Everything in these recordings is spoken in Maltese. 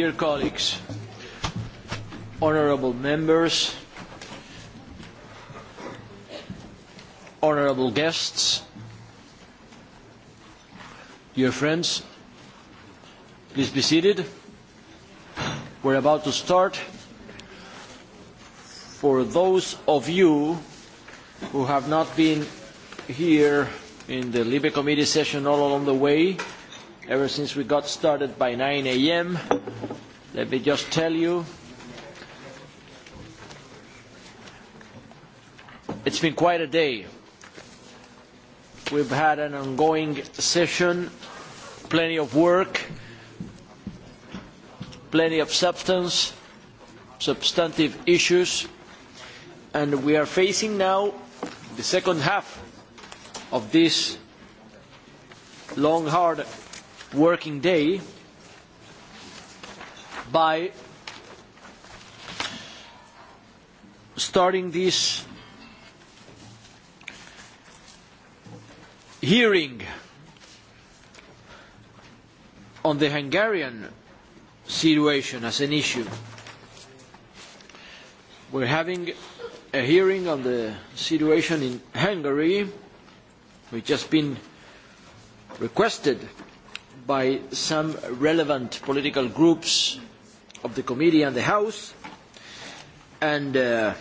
Dear colleagues, honorable members, honorable guests, dear friends, please be seated. We're about to start. For those of you who have not been here in the Libre Committee session all along the way, ever since we got started by 9 a.m., Let me just tell you. It's been quite a day. We've had an ongoing session, plenty of work, plenty of substance, substantive issues, and we are facing now the second half of this long, hard working day by starting this hearing on the Hungarian situation as an issue. We're having a hearing on the situation in Hungary, which has been requested by some relevant political groups of the committee and the House. And uh,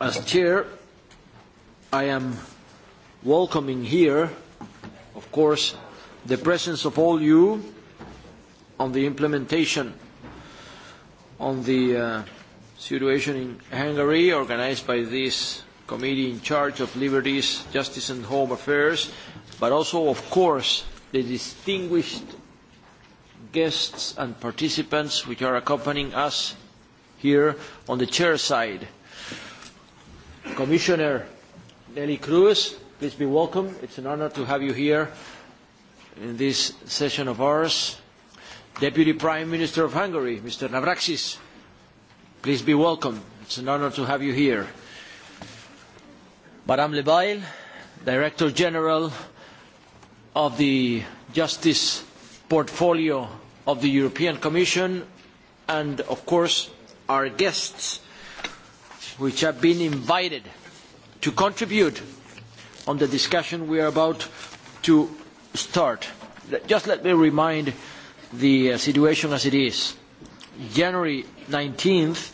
as chair, I am welcoming here, of course, the presence of all you on the implementation on the uh, situation in Hungary organized by this committee in charge of liberties, justice and home affairs, but also, of course, the distinguished guests and participants which are accompanying us here on the chair side. Commissioner Nelly Cruz, please be welcome. It's an honor to have you here in this session of ours. Deputy Prime Minister of Hungary, Mr. Navraxis, please be welcome. It's an honor to have you here. Madame Lebail, Director General of the Justice Portfolio of the European Commission and, of course, our guests, which have been invited to contribute on the discussion we are about to start. Just let me remind the uh, situation as it is. January 19th,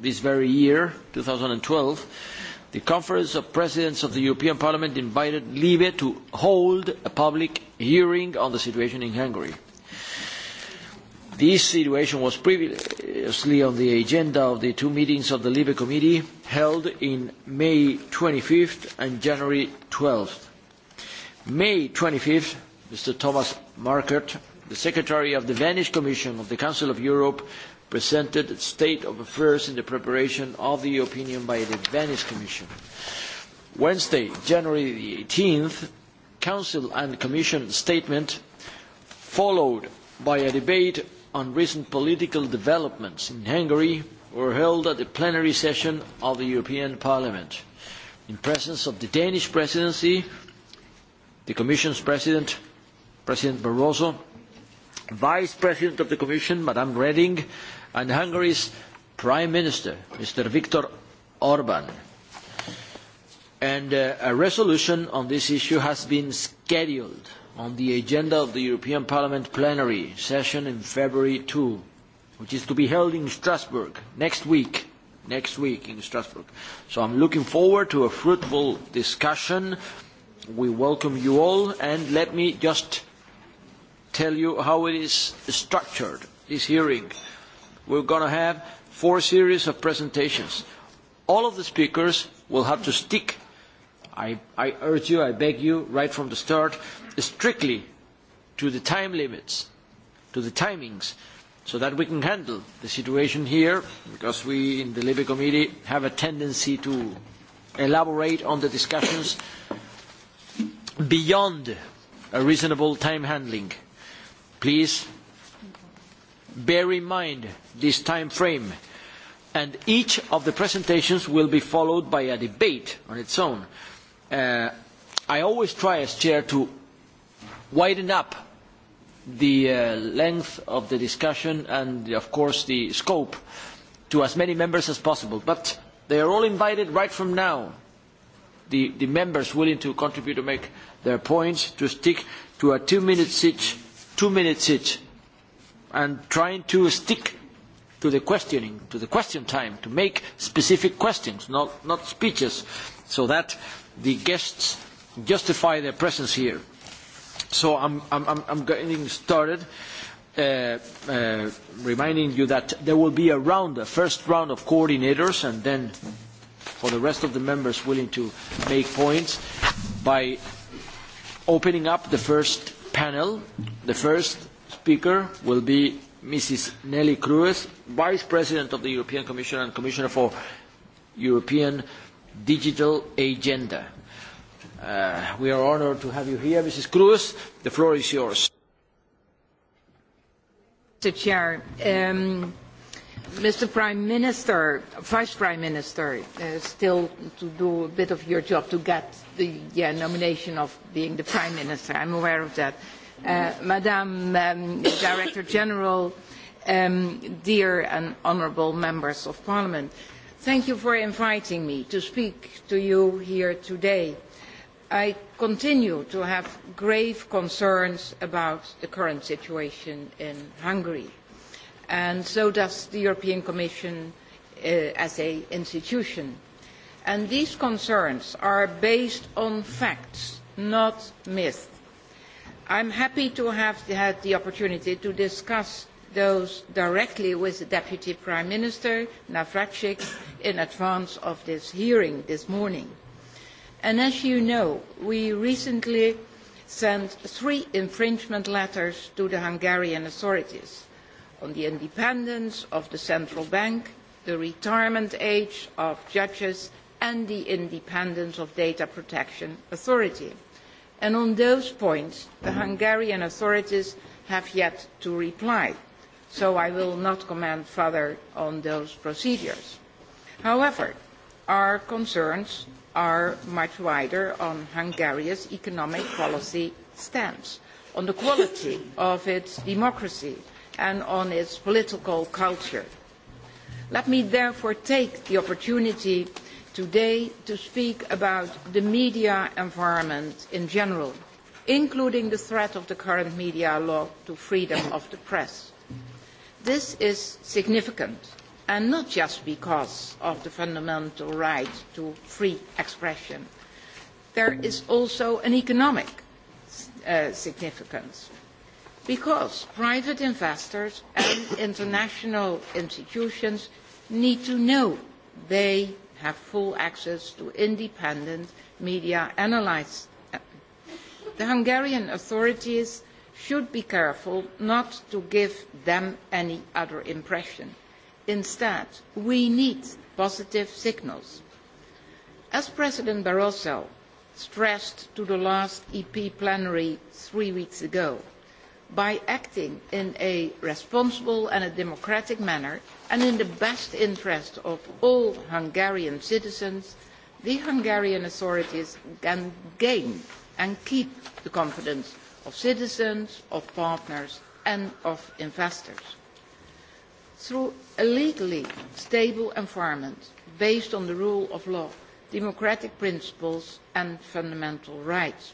this very year, 2012, the Conference of Presidents of the European Parliament invited Libya to hold a public hearing on the situation in Hungary. This situation was previously on the agenda of the two meetings of the Libre Committee held in May 25th and January 12th. May 25th, Mr. Thomas Markert, the Secretary of the Venice Commission of the Council of Europe, presented the state of affairs in the preparation of the opinion by the Venice Commission. Wednesday, January the 18th, Council and Commission statement followed by a debate on recent political developments in Hungary were held at the plenary session of the European Parliament. In presence of the Danish presidency, the Commission's President, President Barroso, Vice President of the Commission, Madame Reding, and Hungary's Prime Minister, Mr. Viktor Orban. And uh, a resolution on this issue has been scheduled on the agenda of the European Parliament plenary session in February 2, which is to be held in Strasbourg next week. Next week in Strasbourg. So I'm looking forward to a fruitful discussion. We welcome you all, and let me just tell you how it is structured, this hearing. We're going to have four series of presentations. All of the speakers will have to stick. I, I urge you, I beg you, right from the start, strictly to the time limits, to the timings, so that we can handle the situation here, because we in the LIBE Committee have a tendency to elaborate on the discussions beyond a reasonable time handling. Please bear in mind this time frame and each of the presentations will be followed by a debate on its own. Uh, I always try as chair to widen up the uh, length of the discussion and, of course, the scope to as many members as possible. But they are all invited right from now, the, the members willing to contribute to make their points, to stick to a two minute each, two minutes each, and trying to stick to the questioning, to the question time, to make specific questions, not, not speeches, so that the guests justify their presence here. So I'm, I'm, I'm getting started. Uh, uh, reminding you that there will be a round, a first round of coordinators, and then for the rest of the members willing to make points by opening up the first panel. The first speaker will be Mrs. Nelly Cruz, Vice President of the European Commission and Commissioner for European Digital Agenda. Uh, we are honored to have you here. Mrs. Cruz, the floor is yours. Mr. Chair, um, Mr. Prime Minister, Vice Prime Minister, uh, still to do a bit of your job to get the yeah, nomination of being the Prime Minister. I'm aware of that. Uh, Madam um, Director General, um, dear and honourable members of Parliament, thank you for inviting me to speak to you here today. I continue to have grave concerns about the current situation in Hungary. And so does the European Commission uh, as an institution. And these concerns are based on facts, not myths. I am happy to have had the opportunity to discuss those directly with the Deputy Prime Minister, Navracsic, in advance of this hearing this morning. And as you know, we recently sent three infringement letters to the Hungarian authorities on the independence of the central bank, the retirement age of judges, and the independence of data protection authority. And on those points, the Hungarian authorities have yet to reply, so I will not comment further on those procedures. However, our concerns are much wider on Hungary's economic policy stance, on the quality of its democracy and on its political culture. Let me therefore take the opportunity today to speak about the media environment in general, including the threat of the current media law to freedom of the press. This is significant and not just because of the fundamental right to free expression. There is also an economic uh, significance because private investors and international institutions need to know they have full access to independent media analysis. The Hungarian authorities should be careful not to give them any other impression Instead, we need positive signals. As President Barroso stressed to the last EP plenary three weeks ago, by acting in a responsible and a democratic manner and in the best interest of all Hungarian citizens, the Hungarian authorities can gain and keep the confidence of citizens, of partners and of investors through a legally stable environment based on the rule of law, democratic principles and fundamental rights.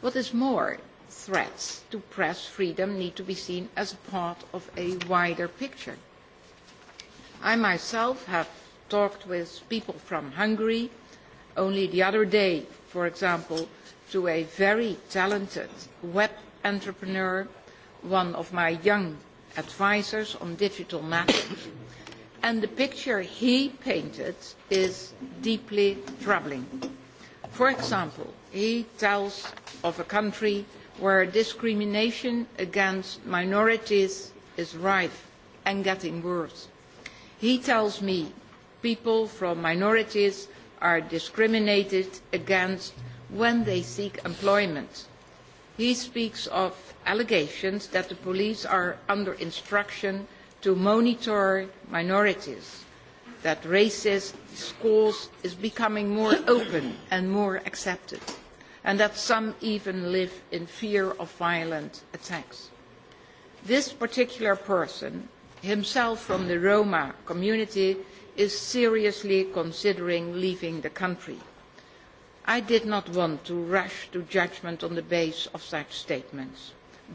What is more, threats to press freedom need to be seen as part of a wider picture. I myself have talked with people from Hungary only the other day, for example, to a very talented web entrepreneur, one of my young advisors on digital matters. and the picture he painted is deeply troubling. For example, he tells of a country where discrimination against minorities is rife and getting worse. He tells me people from minorities are discriminated against when they seek employment He speaks of allegations that the police are under instruction to monitor minorities, that racist discourse is becoming more open and more accepted, and that some even live in fear of violent attacks. This particular person, himself from the Roma community, is seriously considering leaving the country I did not want to rush to judgment on the basis of such statements,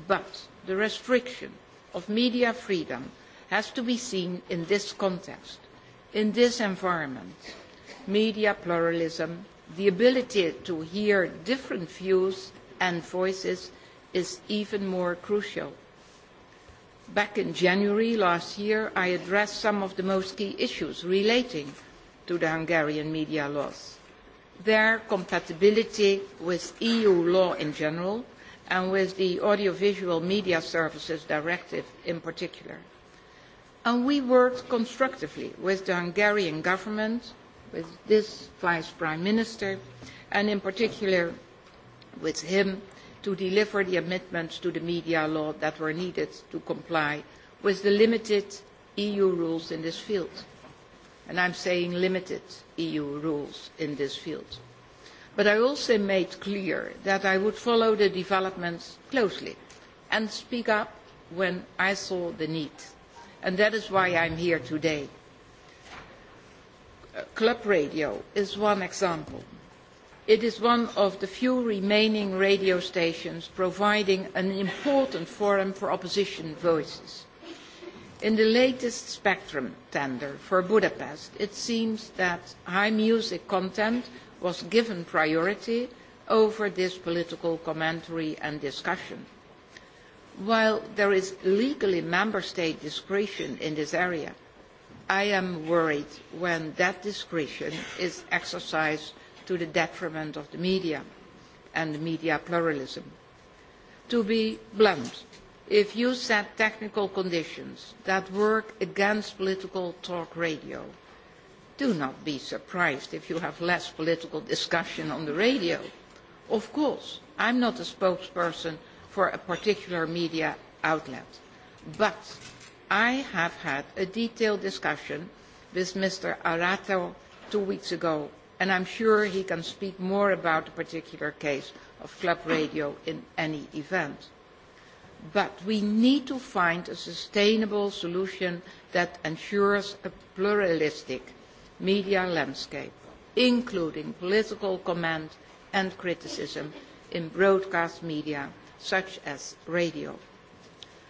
but the restriction of media freedom has to be seen in this context, in this environment. Media pluralism, the ability to hear different views and voices is even more crucial. Back in January last year, I addressed some of the most key issues relating to the Hungarian media laws their compatibility with EU law in general and with the Audiovisual Media Services Directive in particular. And we worked constructively with the Hungarian government, with this Vice Prime Minister, and in particular with him to deliver the amendments to the media law that were needed to comply with the limited EU rules in this field and I am saying limited EU rules in this field. But I also made clear that I would follow the developments closely and speak up when I saw the need. And that is why I am here today. Uh, Club radio is one example. It is one of the few remaining radio stations providing an important forum for opposition voices. In the latest Spectrum tender for Budapest, it seems that high music content was given priority over this political commentary and discussion. While there is legally member state discretion in this area, I am worried when that discretion is exercised to the detriment of the media and media pluralism. To be blunt, if you set technical conditions that work against political talk radio, do not be surprised if you have less political discussion on the radio. Of course, I'm not a spokesperson for a particular media outlet, but I have had a detailed discussion with Mr. Arato two weeks ago, and I'm sure he can speak more about the particular case of club radio in any event but we need to find a sustainable solution that ensures a pluralistic media landscape, including political comment and criticism in broadcast media such as radio.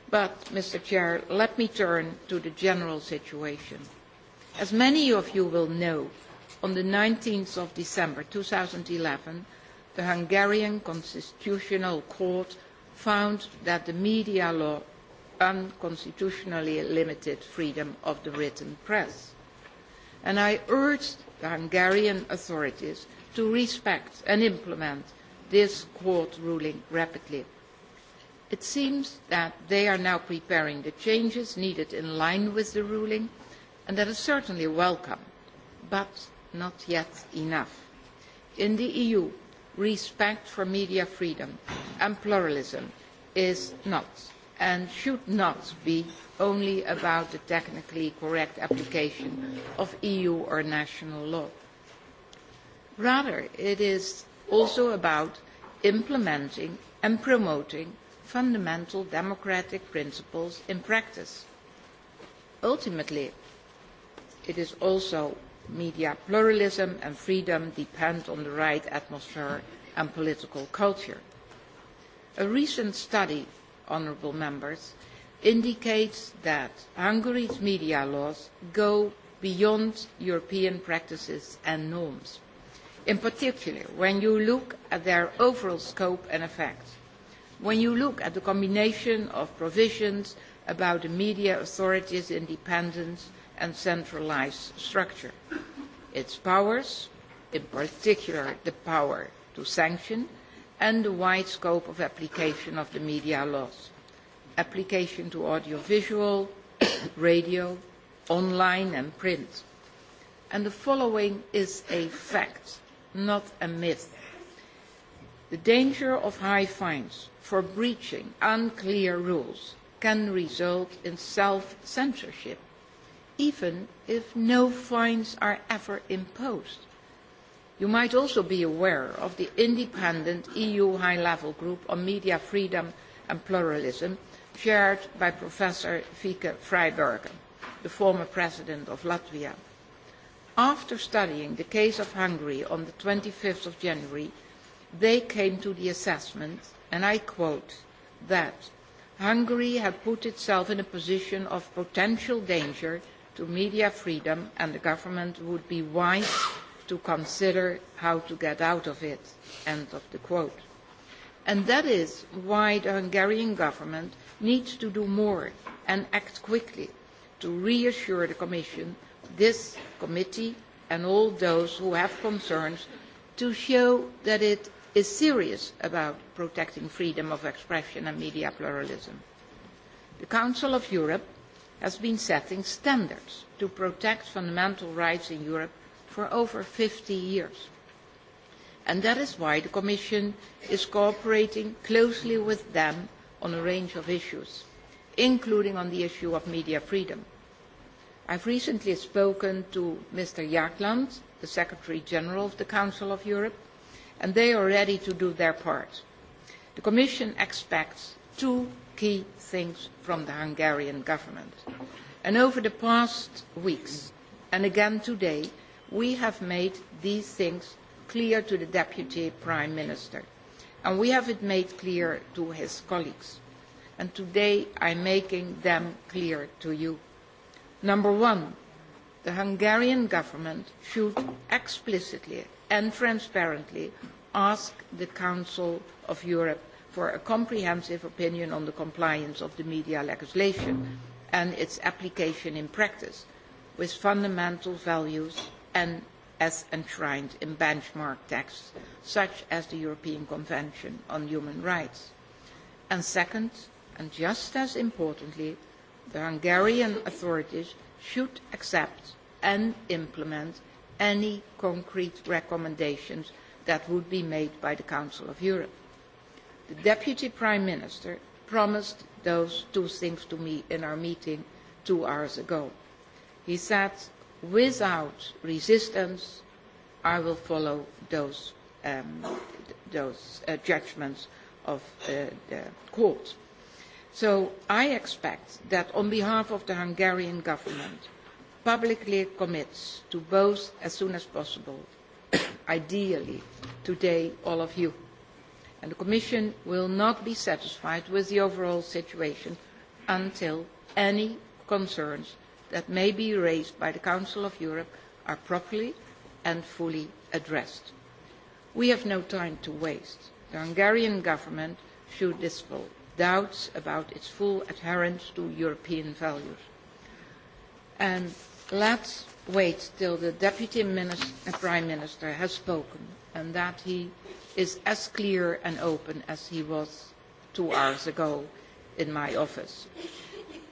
But, Mr. Chair, let me turn to the general situation. As many of you will know, on the 19th of December eleven, the Hungarian Constitutional Court found that the media law unconstitutionally limited freedom of the written press. And I urged the Hungarian authorities to respect and implement this court ruling rapidly. It seems that they are now preparing the changes needed in line with the ruling, and that is certainly welcome, but not yet enough. In the EU, respect for media freedom and pluralism is not and should not be only about the technically correct application of EU or national law. Rather, it is also about implementing and promoting fundamental democratic principles in practice. Ultimately, it is also media pluralism and freedom depend on the right atmosphere and political culture. A recent study, honourable members, indicates that Hungary's media laws go beyond European practices and norms. In particular, when you look at their overall scope and effect, when you look at the combination of provisions about the media authorities' independence and centralised structure. Its powers, in particular the power to sanction, and the wide scope of application of the media laws. Application to audiovisual, radio, online and print. And the following is a fact, not a myth. The danger of high fines for breaching unclear rules can result in self-censorship even if no fines are ever imposed. You might also be aware of the independent EU high-level group on media freedom and pluralism chaired by Professor Fike Freiberger, the former president of Latvia. After studying the case of Hungary on the 25th of January, they came to the assessment, and I quote, that Hungary had put itself in a position of potential danger to media freedom and the government would be wise to consider how to get out of it. End of the quote. And that is why the Hungarian government needs to do more and act quickly to reassure the Commission, this committee and all those who have concerns to show that it is serious about protecting freedom of expression and media pluralism. The Council of Europe has been setting standards to protect fundamental rights in Europe for over 50 years. And that is why the Commission is cooperating closely with them on a range of issues, including on the issue of media freedom. I have recently spoken to Mr. Jagland, the Secretary General of the Council of Europe, and they are ready to do their part. The Commission expects two key things from the Hungarian government. And over the past weeks, and again today, we have made these things clear to the Deputy Prime Minister, and we have it made clear to his colleagues. And today I am making them clear to you. Number one, the Hungarian government should explicitly and transparently ask the Council of Europe for a comprehensive opinion on the compliance of the media legislation and its application in practice with fundamental values and as enshrined in benchmark texts such as the European Convention on Human Rights. And second, and just as importantly, the Hungarian authorities should accept and implement any concrete recommendations that would be made by the Council of Europe. The Deputy Prime Minister promised those two things to me in our meeting two hours ago. He said, without resistance, I will follow those, um, those uh, judgments of uh, the court. So I expect that on behalf of the Hungarian government, publicly commits to both as soon as possible, ideally today all of you and the Commission will not be satisfied with the overall situation until any concerns that may be raised by the Council of Europe are properly and fully addressed. We have no time to waste. The Hungarian government should dispel doubts about its full adherence to European values. And let's wait till the Deputy Minister, Prime Minister has spoken and that he is as clear and open as he was two hours ago in my office.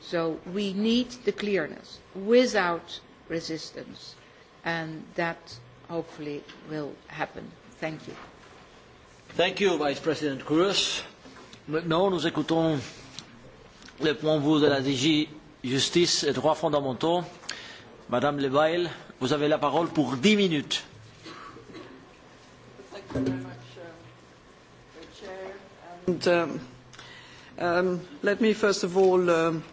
So we need the clearness without resistance, and that hopefully will happen. Thank you. Thank you, Vice President Cruz. Maintenant, nous écoutons le point de vue de la DG Justice et Droits fondamentaux. Madame Lebail, vous avez la parole pour dix minutes. And, um, um, let me first of all um,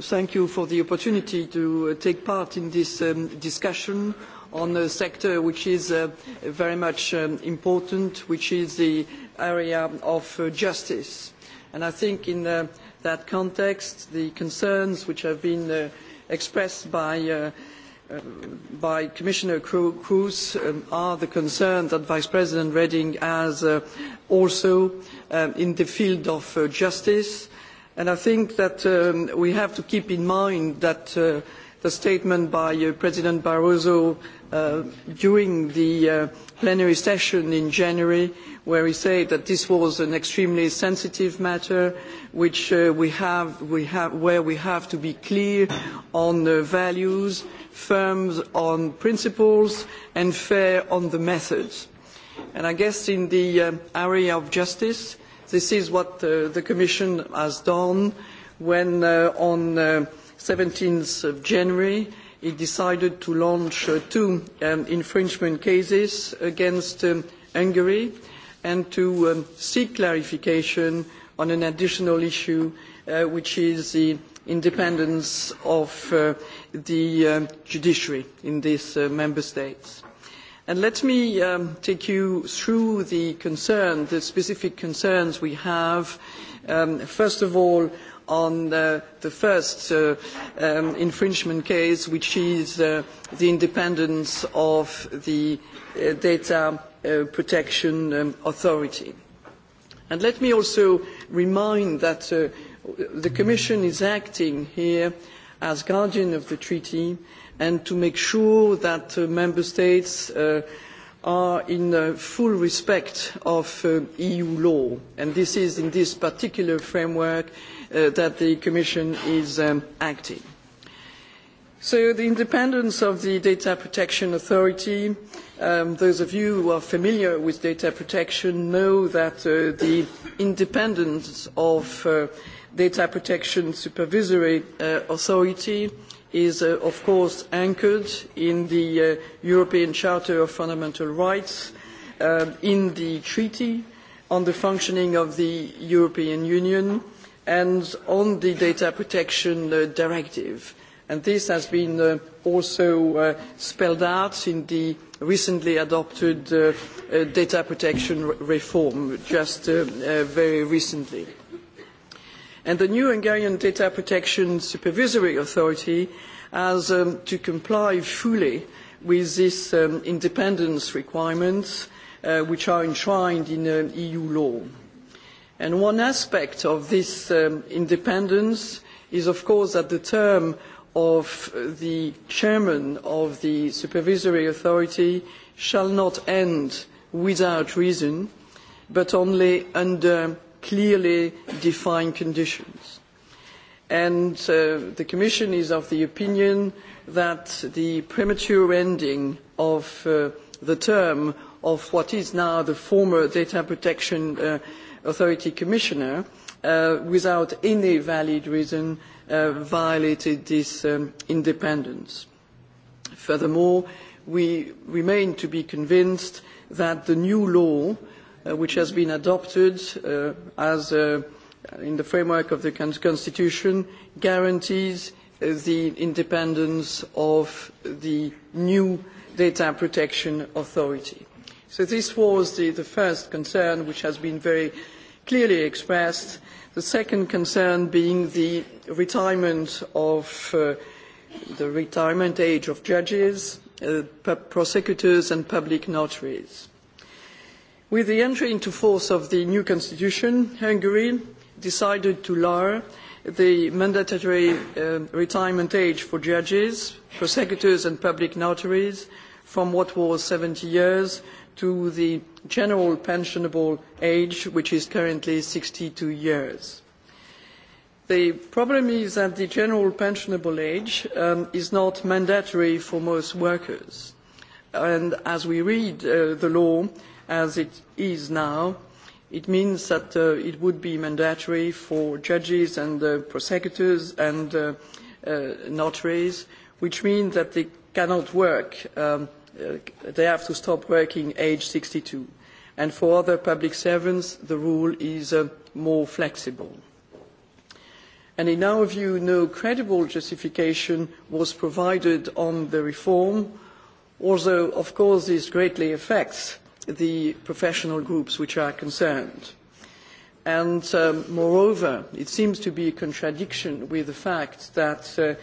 thank you for the opportunity to uh, take part in this um, discussion on a sector which is uh, very much um, important, which is the area of uh, justice. And I think in uh, that context, the concerns which have been uh, expressed by uh, Um, by Commissioner Kroes um, are the concerns that Vice President Reding has uh, also um, in the field of uh, justice. And I think that um, we have to keep in mind that uh, the statement by uh, President Barroso uh, during the uh, plenary session in January where he said that this was an extremely sensitive matter, which uh, we have, we have, where we have to be clear on the values, firm on principles, and fair on the methods. And I guess in the um, area of justice, this is what uh, the Commission has done when uh, on uh, 17th of January it decided to launch uh, two um, infringement cases against um, Hungary and to um, seek clarification on an additional issue, uh, which is the independence of uh, the um, judiciary in these uh, member states. And let me um, take you through the concern, the specific concerns we have, um, first of all, on uh, the first uh, um, infringement case, which is uh, the independence of the uh, data uh, protection um, authority. And let me also remind that uh, the Commission is acting here as guardian of the treaty and to make sure that uh, member states uh, are in uh, full respect of uh, EU law. And this is in this particular framework uh, that the Commission is um, acting. So the independence of the Data Protection Authority, um, those of you who are familiar with data protection know that uh, the independence of uh, Data Protection Supervisory uh, Authority is uh, of course anchored in the uh, European Charter of Fundamental Rights, uh, in the Treaty on the Functioning of the European Union and on the Data Protection uh, Directive. And this has been uh, also uh, spelled out in the recently adopted uh, uh, data protection re reform just uh, uh, very recently. And the new Hungarian Data Protection Supervisory Authority has um, to comply fully with these um, independence requirements uh, which are enshrined in uh, EU law. And one aspect of this um, independence is of course that the term of the chairman of the supervisory authority shall not end without reason, but only under clearly defined conditions. And uh, the Commission is of the opinion that the premature ending of uh, the term of what is now the former Data Protection uh, Authority Commissioner uh, without any valid reason uh, violated this um, independence. Furthermore, we remain to be convinced that the new law uh, which has been adopted uh, as uh, in the framework of the Constitution guarantees uh, the independence of the new data protection authority. So this was the, the first concern which has been very clearly expressed The second concern being the retirement of uh, the retirement age of judges, uh, prosecutors and public notaries. With the entry into force of the new constitution, Hungary decided to lower the mandatory uh, retirement age for judges, prosecutors and public notaries from what was 70 years to the general pensionable age, which is currently sixty two years. The problem is that the general pensionable age um, is not mandatory for most workers. And as we read uh, the law as it is now, it means that uh, it would be mandatory for judges and uh, prosecutors and uh, uh, notaries, which means that they cannot work um, Uh, they have to stop working age 62. And for other public servants, the rule is uh, more flexible. And in our view, no credible justification was provided on the reform, although, of course, this greatly affects the professional groups which are concerned. And um, moreover, it seems to be a contradiction with the fact that uh,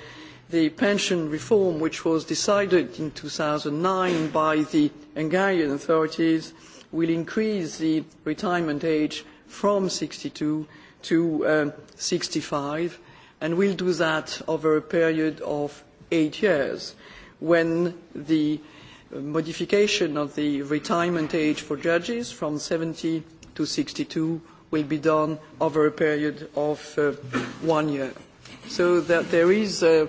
the pension reform which was decided in two thousand nine by the Hungarian authorities will increase the retirement age from sixty two to um, sixty five and will do that over a period of eight years when the modification of the retirement age for judges from seventy to sixty two will be done over a period of uh, one year. So that there is uh,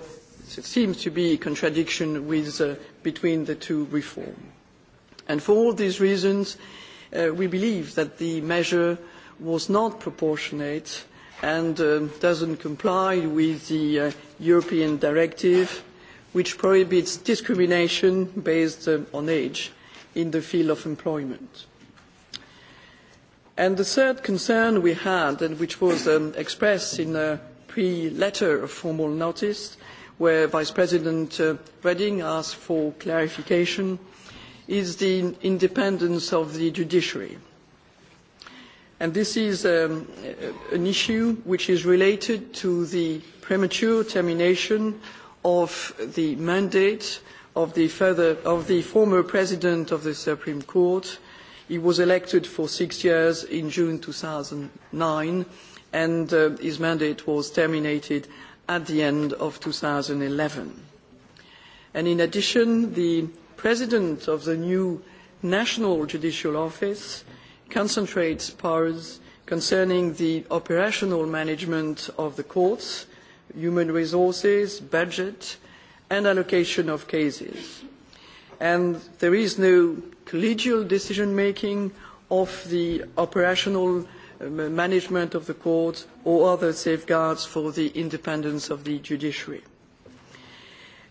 So it seems to be a contradiction with, uh, between the two reforms. And for all these reasons, uh, we believe that the measure was not proportionate and uh, doesn't comply with the uh, European directive, which prohibits discrimination based uh, on age in the field of employment. And the third concern we had, and which was um, expressed in a pre-letter of formal notice, where Vice President uh, Redding asked for clarification is the independence of the judiciary. And this is um, an issue which is related to the premature termination of the mandate of the, further, of the former President of the Supreme Court. He was elected for six years in June two thousand nine and uh, his mandate was terminated at the end of 2011. And in addition, the President of the new National Judicial Office concentrates powers concerning the operational management of the courts, human resources, budget, and allocation of cases. And there is no collegial decision-making of the operational management of the court or other safeguards for the independence of the judiciary.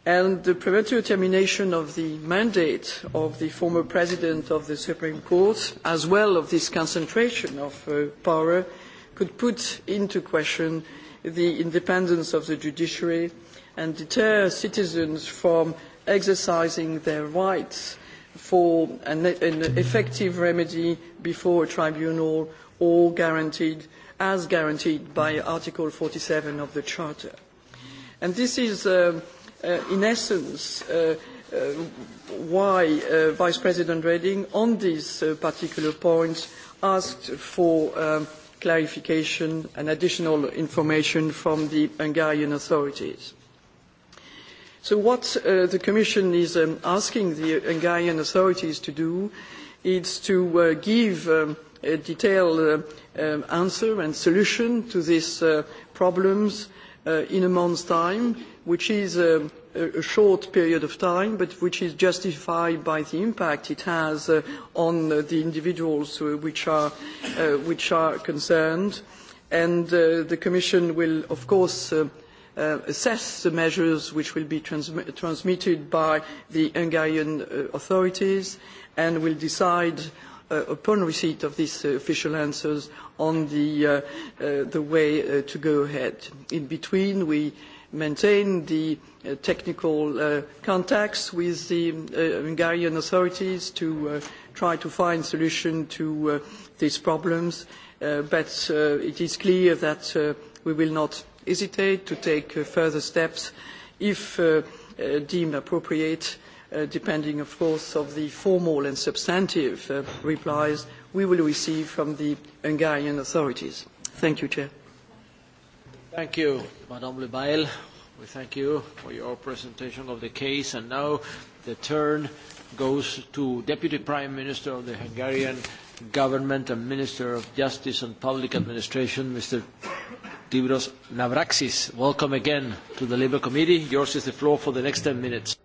And the premature termination of the mandate of the former president of the Supreme Court, as well as this concentration of uh, power, could put into question the independence of the judiciary and deter citizens from exercising their rights for an, an effective remedy before a tribunal or guaranteed as guaranteed by Article 47 of the Charter. And this is, uh, uh, in essence, uh, uh, why uh, Vice President Reding, on this uh, particular point, asked for um, clarification and additional information from the Hungarian authorities. So what uh, the Commission is um, asking the Hungarian authorities to do is to uh, give um, a detailed uh, um, answer and solution to these uh, problems uh, in a month's time, which is um, a, a short period of time, but which is justified by the impact it has on the individuals which are, which are concerned. And the Commission will, of course, Uh, assess the measures which will be transmi transmitted by the Hungarian uh, authorities and will decide uh, upon receipt of these uh, official answers on the, uh, uh, the way uh, to go ahead. In between, we maintain the uh, technical uh, contacts with the uh, Hungarian authorities to uh, try to find solution to uh, these problems, uh, but uh, it is clear that uh, we will not hesitate to take uh, further steps if uh, uh, deemed appropriate Uh, depending of course of the formal and substantive uh, replies we will receive from the Hungarian authorities. Thank you, Chair. Thank you, Madame Lebail. We thank you for your presentation of the case and now the turn goes to Deputy Prime Minister of the Hungarian Government and Minister of Justice and Public Administration, Mr. Tibros Navraxis. Welcome again to the Labour Committee. Yours is the floor for the next 10 minutes.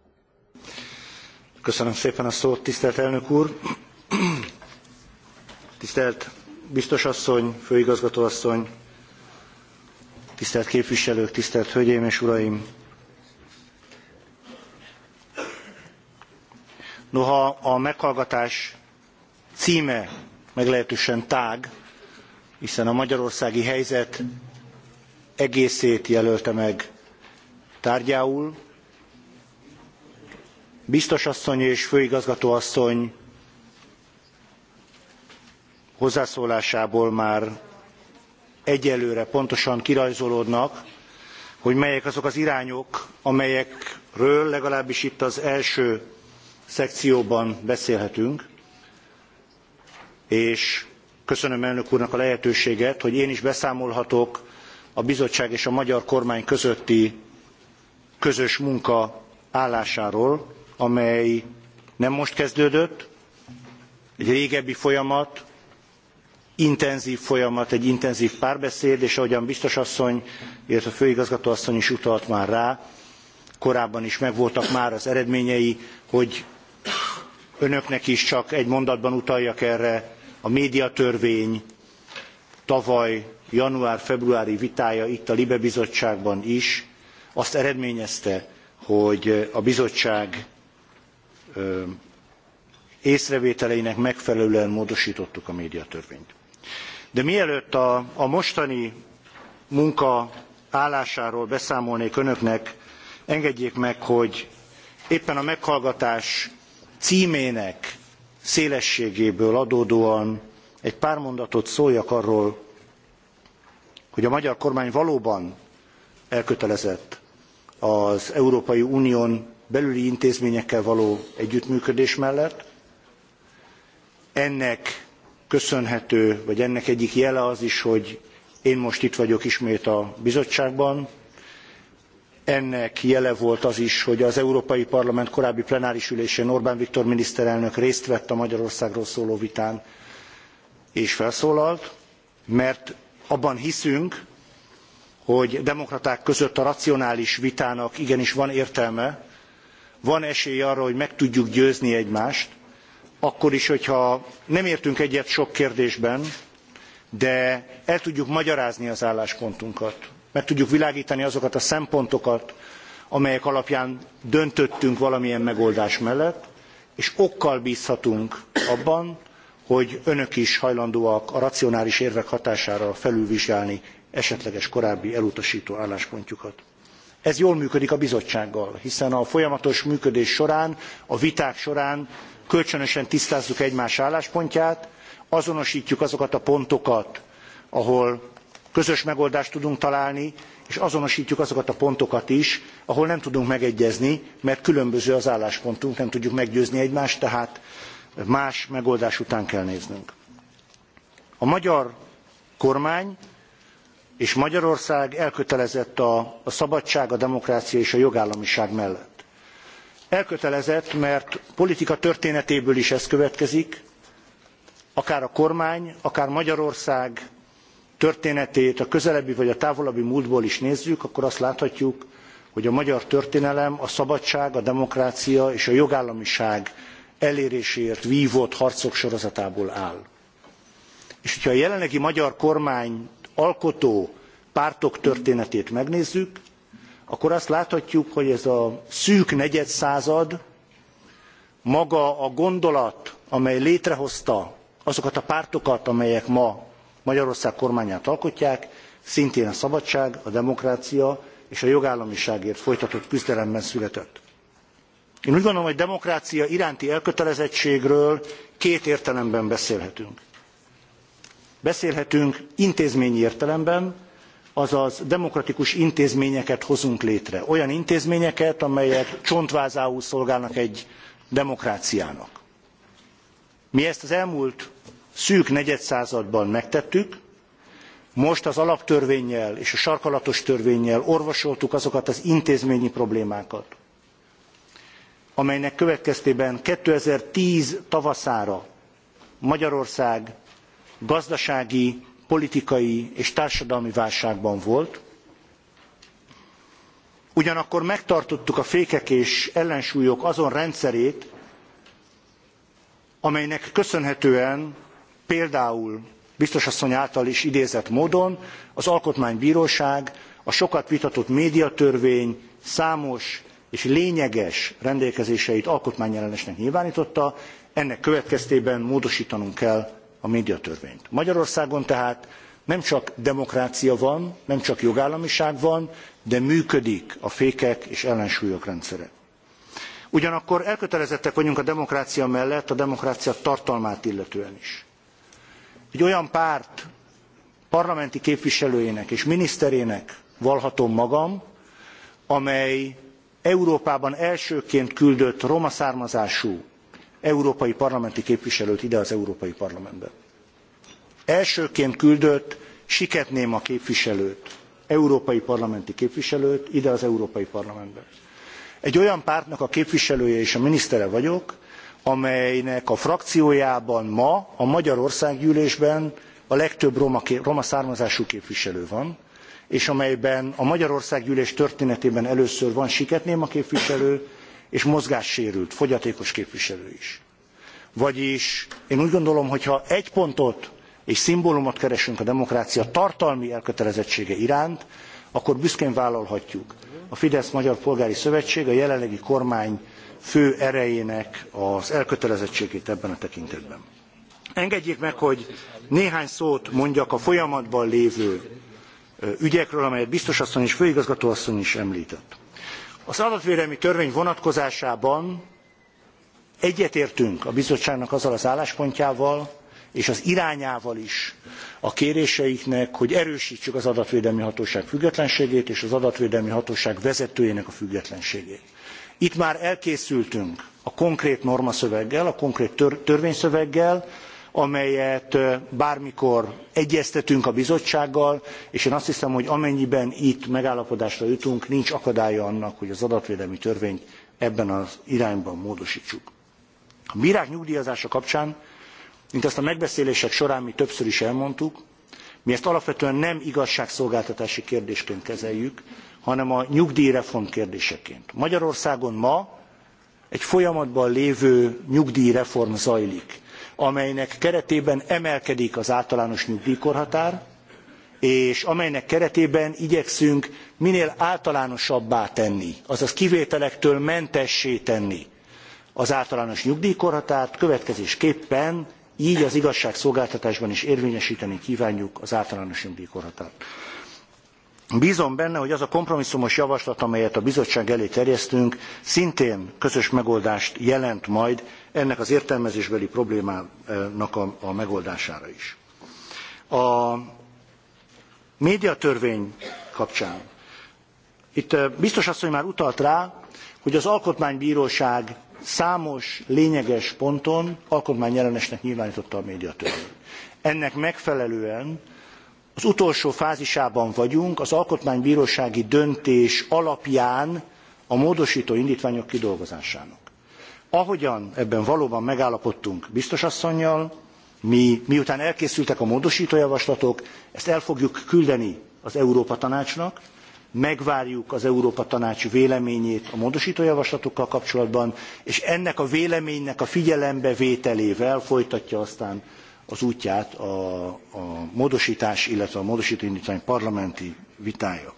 Köszönöm szépen a szót, tisztelt elnök úr, tisztelt biztos asszony, főigazgató asszony, tisztelt képviselők, tisztelt hölgyeim és uraim. Noha a meghallgatás címe meglehetősen tág, hiszen a magyarországi helyzet egészét jelölte meg tárgyául, biztos asszony és főigazgató asszony hozzászólásából már egyelőre pontosan kirajzolódnak, hogy melyek azok az irányok, amelyekről legalábbis itt az első szekcióban beszélhetünk. És köszönöm elnök úrnak a lehetőséget, hogy én is beszámolhatok a bizottság és a magyar kormány közötti közös munka állásáról amely nem most kezdődött, egy régebbi folyamat, intenzív folyamat, egy intenzív párbeszéd, és ahogyan biztos asszony, illetve a főigazgató asszony is utalt már rá, korábban is megvoltak már az eredményei, hogy önöknek is csak egy mondatban utaljak erre, a médiatörvény tavaly január-februári vitája itt a Libe bizottságban is azt eredményezte, hogy a bizottság észrevételeinek megfelelően módosítottuk a médiatörvényt. De mielőtt a, a mostani munka állásáról beszámolnék önöknek, engedjék meg, hogy éppen a meghallgatás címének szélességéből adódóan egy pár mondatot szóljak arról, hogy a magyar kormány valóban elkötelezett az Európai Unión belüli intézményekkel való együttműködés mellett. Ennek köszönhető, vagy ennek egyik jele az is, hogy én most itt vagyok ismét a bizottságban. Ennek jele volt az is, hogy az Európai Parlament korábbi plenáris ülésén Orbán Viktor miniszterelnök részt vett a Magyarországról szóló vitán, és felszólalt, mert abban hiszünk, hogy demokraták között a racionális vitának igenis van értelme, van esély arra, hogy meg tudjuk győzni egymást, akkor is, hogyha nem értünk egyet sok kérdésben, de el tudjuk magyarázni az álláspontunkat, meg tudjuk világítani azokat a szempontokat, amelyek alapján döntöttünk valamilyen megoldás mellett, és okkal bízhatunk abban, hogy önök is hajlandóak a racionális érvek hatására felülvizsgálni esetleges korábbi elutasító álláspontjukat. Ez jól működik a bizottsággal, hiszen a folyamatos működés során, a viták során kölcsönösen tisztázzuk egymás álláspontját, azonosítjuk azokat a pontokat, ahol közös megoldást tudunk találni, és azonosítjuk azokat a pontokat is, ahol nem tudunk megegyezni, mert különböző az álláspontunk, nem tudjuk meggyőzni egymást, tehát más megoldás után kell néznünk. A magyar kormány és Magyarország elkötelezett a, szabadság, a demokrácia és a jogállamiság mellett. Elkötelezett, mert politika történetéből is ez következik, akár a kormány, akár Magyarország történetét a közelebbi vagy a távolabbi múltból is nézzük, akkor azt láthatjuk, hogy a magyar történelem a szabadság, a demokrácia és a jogállamiság eléréséért vívott harcok sorozatából áll. És hogyha a jelenlegi magyar kormány alkotó pártok történetét megnézzük, akkor azt láthatjuk, hogy ez a szűk negyedszázad maga a gondolat, amely létrehozta azokat a pártokat, amelyek ma Magyarország kormányát alkotják, szintén a szabadság, a demokrácia és a jogállamiságért folytatott küzdelemben született. Én úgy gondolom, hogy demokrácia iránti elkötelezettségről két értelemben beszélhetünk. Beszélhetünk intézményi értelemben, azaz demokratikus intézményeket hozunk létre. Olyan intézményeket, amelyek csontvázául szolgálnak egy demokráciának. Mi ezt az elmúlt szűk negyedszázadban megtettük, most az alaptörvénnyel és a sarkalatos törvénnyel orvosoltuk azokat az intézményi problémákat, amelynek következtében 2010 tavaszára Magyarország gazdasági, politikai és társadalmi válságban volt, ugyanakkor megtartottuk a fékek és ellensúlyok azon rendszerét, amelynek köszönhetően például biztos asszony által is idézett módon az Alkotmánybíróság, a sokat vitatott médiatörvény számos és lényeges rendelkezéseit alkotmányellenesnek nyilvánította, ennek következtében módosítanunk kell a médiatörvényt. Magyarországon tehát nem csak demokrácia van, nem csak jogállamiság van, de működik a fékek és ellensúlyok rendszere. Ugyanakkor elkötelezettek vagyunk a demokrácia mellett, a demokrácia tartalmát illetően is. Egy olyan párt parlamenti képviselőjének és miniszterének valhatom magam, amely Európában elsőként küldött roma származású európai parlamenti képviselőt ide az Európai Parlamentbe. Elsőként küldött siketném a képviselőt, európai parlamenti képviselőt ide az Európai Parlamentbe. Egy olyan pártnak a képviselője és a minisztere vagyok, amelynek a frakciójában ma a Magyar Országgyűlésben a legtöbb roma, roma származású képviselő van, és amelyben a Magyarországgyűlés történetében először van siketném a képviselő, és mozgássérült, fogyatékos képviselő is. Vagyis én úgy gondolom, hogy ha egy pontot és szimbólumot keresünk a demokrácia tartalmi elkötelezettsége iránt, akkor büszkén vállalhatjuk. A Fidesz Magyar Polgári Szövetség a jelenlegi kormány fő erejének az elkötelezettségét ebben a tekintetben. Engedjék meg, hogy néhány szót mondjak a folyamatban lévő ügyekről, amelyet biztos asszony és főigazgató asszony is említett. Az adatvédelmi törvény vonatkozásában egyetértünk a bizottságnak azzal az álláspontjával, és az irányával is a kéréseiknek, hogy erősítsük az adatvédelmi hatóság függetlenségét és az adatvédelmi hatóság vezetőjének a függetlenségét. Itt már elkészültünk a konkrét normaszöveggel, a konkrét törvényszöveggel, amelyet bármikor egyeztetünk a bizottsággal, és én azt hiszem, hogy amennyiben itt megállapodásra jutunk, nincs akadálya annak, hogy az adatvédelmi törvényt ebben az irányban módosítsuk. A bírák nyugdíjazása kapcsán, mint azt a megbeszélések során mi többször is elmondtuk, mi ezt alapvetően nem igazságszolgáltatási kérdésként kezeljük, hanem a nyugdíjreform kérdéseként. Magyarországon ma egy folyamatban lévő nyugdíjreform zajlik amelynek keretében emelkedik az általános nyugdíjkorhatár, és amelynek keretében igyekszünk minél általánosabbá tenni, azaz kivételektől mentessé tenni az általános nyugdíjkorhatárt, következésképpen így az igazságszolgáltatásban is érvényesíteni kívánjuk az általános nyugdíjkorhatárt. Bízom benne, hogy az a kompromisszumos javaslat, amelyet a bizottság elé terjesztünk, szintén közös megoldást jelent majd ennek az értelmezésbeli problémának a, a megoldására is. A médiatörvény kapcsán itt biztos asszony már utalt rá, hogy az Alkotmánybíróság számos lényeges ponton alkotmányjelenesnek nyilvánította a médiatörvényt. Ennek megfelelően az utolsó fázisában vagyunk, az alkotmánybírósági döntés alapján a módosító indítványok kidolgozásának. Ahogyan ebben valóban megállapodtunk biztos asszonnyal, mi miután elkészültek a módosító javaslatok, ezt el fogjuk küldeni az Európa Tanácsnak, megvárjuk az Európa Tanács véleményét a módosító javaslatokkal kapcsolatban, és ennek a véleménynek a figyelembevételével folytatja aztán az útját a, a módosítás, illetve a módosító indítvány parlamenti vitája.